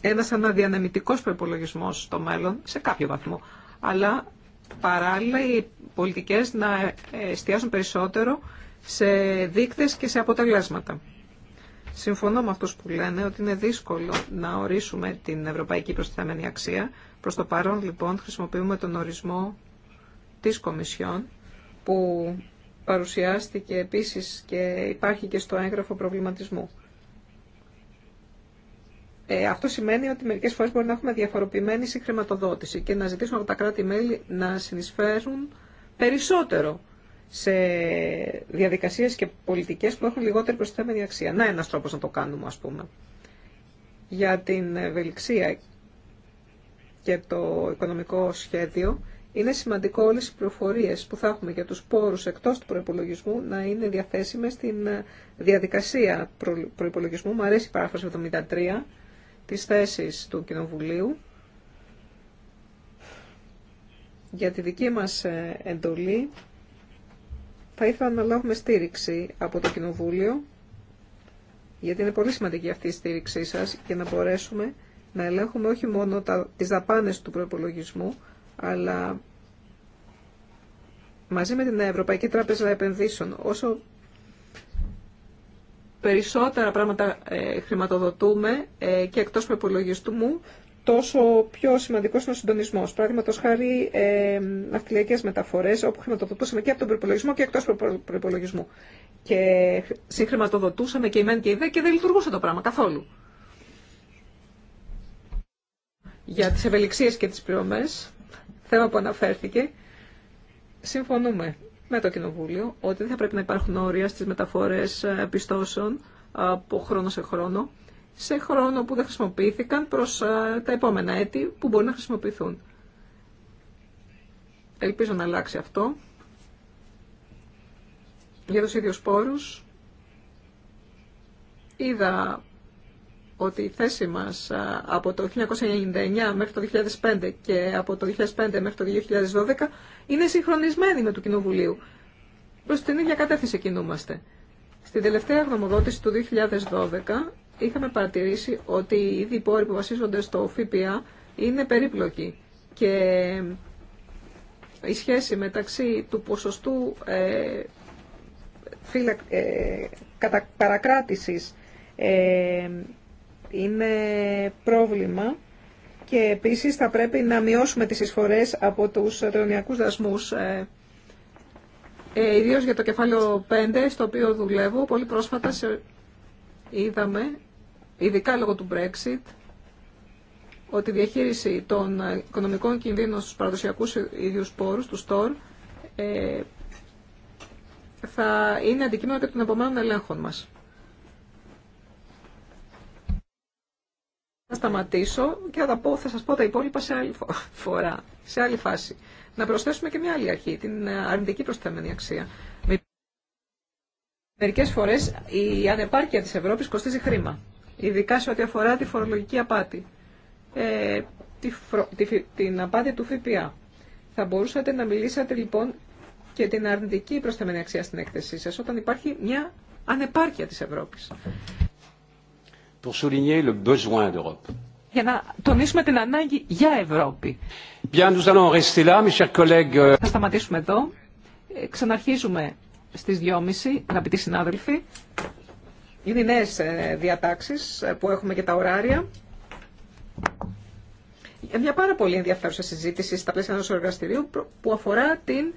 ένας αναδιανεμητικός προϋπολογισμός στο μέλλον, σε κάποιο βαθμό. Αλλά παράλληλα οι πολιτικές να ε, εστιάσουν περισσότερο σε δείκτες και σε αποτελέσματα. Συμφωνώ με αυτούς που λένε ότι είναι δύσκολο να ορίσουμε την ευρωπαϊκή προστιθέμενη αξία. Προς το παρόν, λοιπόν, χρησιμοποιούμε τον ορισμό της Κομισιόν, που παρουσιάστηκε επίσης και υπάρχει και στο έγγραφο προβληματισμού. Ε, αυτό σημαίνει ότι μερικές φορές μπορεί να έχουμε διαφοροποιημένη συγχρηματοδότηση και να ζητήσουμε από τα κράτη-μέλη να συνεισφέρουν περισσότερο σε διαδικασίες και πολιτικές που έχουν λιγότερη προσθέμενη αξία. Να ένας τρόπος να το κάνουμε, ας πούμε. Για την ευελιξία και το οικονομικό σχέδιο, είναι σημαντικό όλες οι προφορίες που θα έχουμε για τους πόρους εκτός του προϋπολογισμού να είναι διαθέσιμες στην διαδικασία προϋπολογισμού. Μου αρέσει η παράφραση 73 της θέσης του Κοινοβουλίου. Για τη δική μας ε, εντολή θα ήθελα να λάβουμε στήριξη από το Κοινοβούλιο, γιατί είναι πολύ σημαντική αυτή η στήριξή σας και να μπορέσουμε να ελέγχουμε όχι μόνο τα, τις δαπάνες του προπολογισμού, αλλά μαζί με την Ευρωπαϊκή Τράπεζα Επενδύσεων, όσο περισσότερα πράγματα ε, χρηματοδοτούμε ε, και εκτός προπολογισμού, τόσο πιο σημαντικό είναι ο συντονισμό. Παραδείγματο χάρη ε, ναυτιλιακέ μεταφορέ, όπου χρηματοδοτούσαμε και από τον προπολογισμό και εκτό προπολογισμού. Και συγχρηματοδοτούσαμε και η ΜΕΝ και η ΔΕ και δεν λειτουργούσε το πράγμα καθόλου. Για τι ευελιξίε και τι πληρωμέ, θέμα που αναφέρθηκε, συμφωνούμε με το Κοινοβούλιο ότι δεν θα πρέπει να υπάρχουν όρια στι μεταφορέ ε, πιστώσεων από χρόνο σε χρόνο σε χρόνο που δεν χρησιμοποιήθηκαν προς ε, τα επόμενα έτη που μπορεί να χρησιμοποιηθούν. Ελπίζω να αλλάξει αυτό. Για τους ίδιους πόρους είδα ότι η θέση μας ε, από το 1999 μέχρι το 2005 και από το 2005 μέχρι το 2012 είναι συγχρονισμένη με του Κοινοβουλίου. Προς την ίδια κατεύθυνση κινούμαστε. Στην τελευταία γνωμοδότηση του 2012 είχαμε παρατηρήσει ότι οι διπόροι που βασίζονται στο ΦΠΑ είναι περίπλοκοι και η σχέση μεταξύ του ποσοστού ε, ε, ε είναι πρόβλημα και επίσης θα πρέπει να μειώσουμε τις εισφορές από τους ρεωνιακούς δασμούς ε, ε, ιδίως για το κεφάλαιο 5 στο οποίο δουλεύω πολύ πρόσφατα είδαμε ειδικά λόγω του Brexit, ότι η διαχείριση των οικονομικών κινδύνων στους παραδοσιακούς ίδιους πόρους, του ΣΤΟΡ, ε, θα είναι αντικείμενο και των επομένων ελέγχων μας. Θα σταματήσω και θα, πω, θα σας πω τα υπόλοιπα σε άλλη φορά, σε άλλη φάση. Να προσθέσουμε και μια άλλη αρχή, την αρνητική προσθέμενη αξία. Μερικές φορές η ανεπάρκεια της Ευρώπης κοστίζει χρήμα ειδικά σε ό,τι αφορά τη φορολογική απάτη, ε, τη, την απάτη του ΦΠΑ. Θα μπορούσατε να μιλήσατε λοιπόν και την αρνητική προσθεμένη αξία στην έκθεσή σας, όταν υπάρχει μια ανεπάρκεια της Ευρώπης. Για να τονίσουμε την ανάγκη για Ευρώπη. Bien, nous allons rester là, mes chers collègues. Θα σταματήσουμε εδώ. Ε, ξαναρχίζουμε στις 2.30, αγαπητοί συνάδελφοι. Είναι οι νέε ε, διατάξεις ε, που έχουμε και τα ωράρια. Μια πάρα πολύ ενδιαφέρουσα συζήτηση στα πλαίσια ενό εργαστηρίου που αφορά την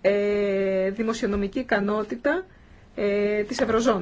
ε, δημοσιονομική ικανότητα της Ευρωζώνης.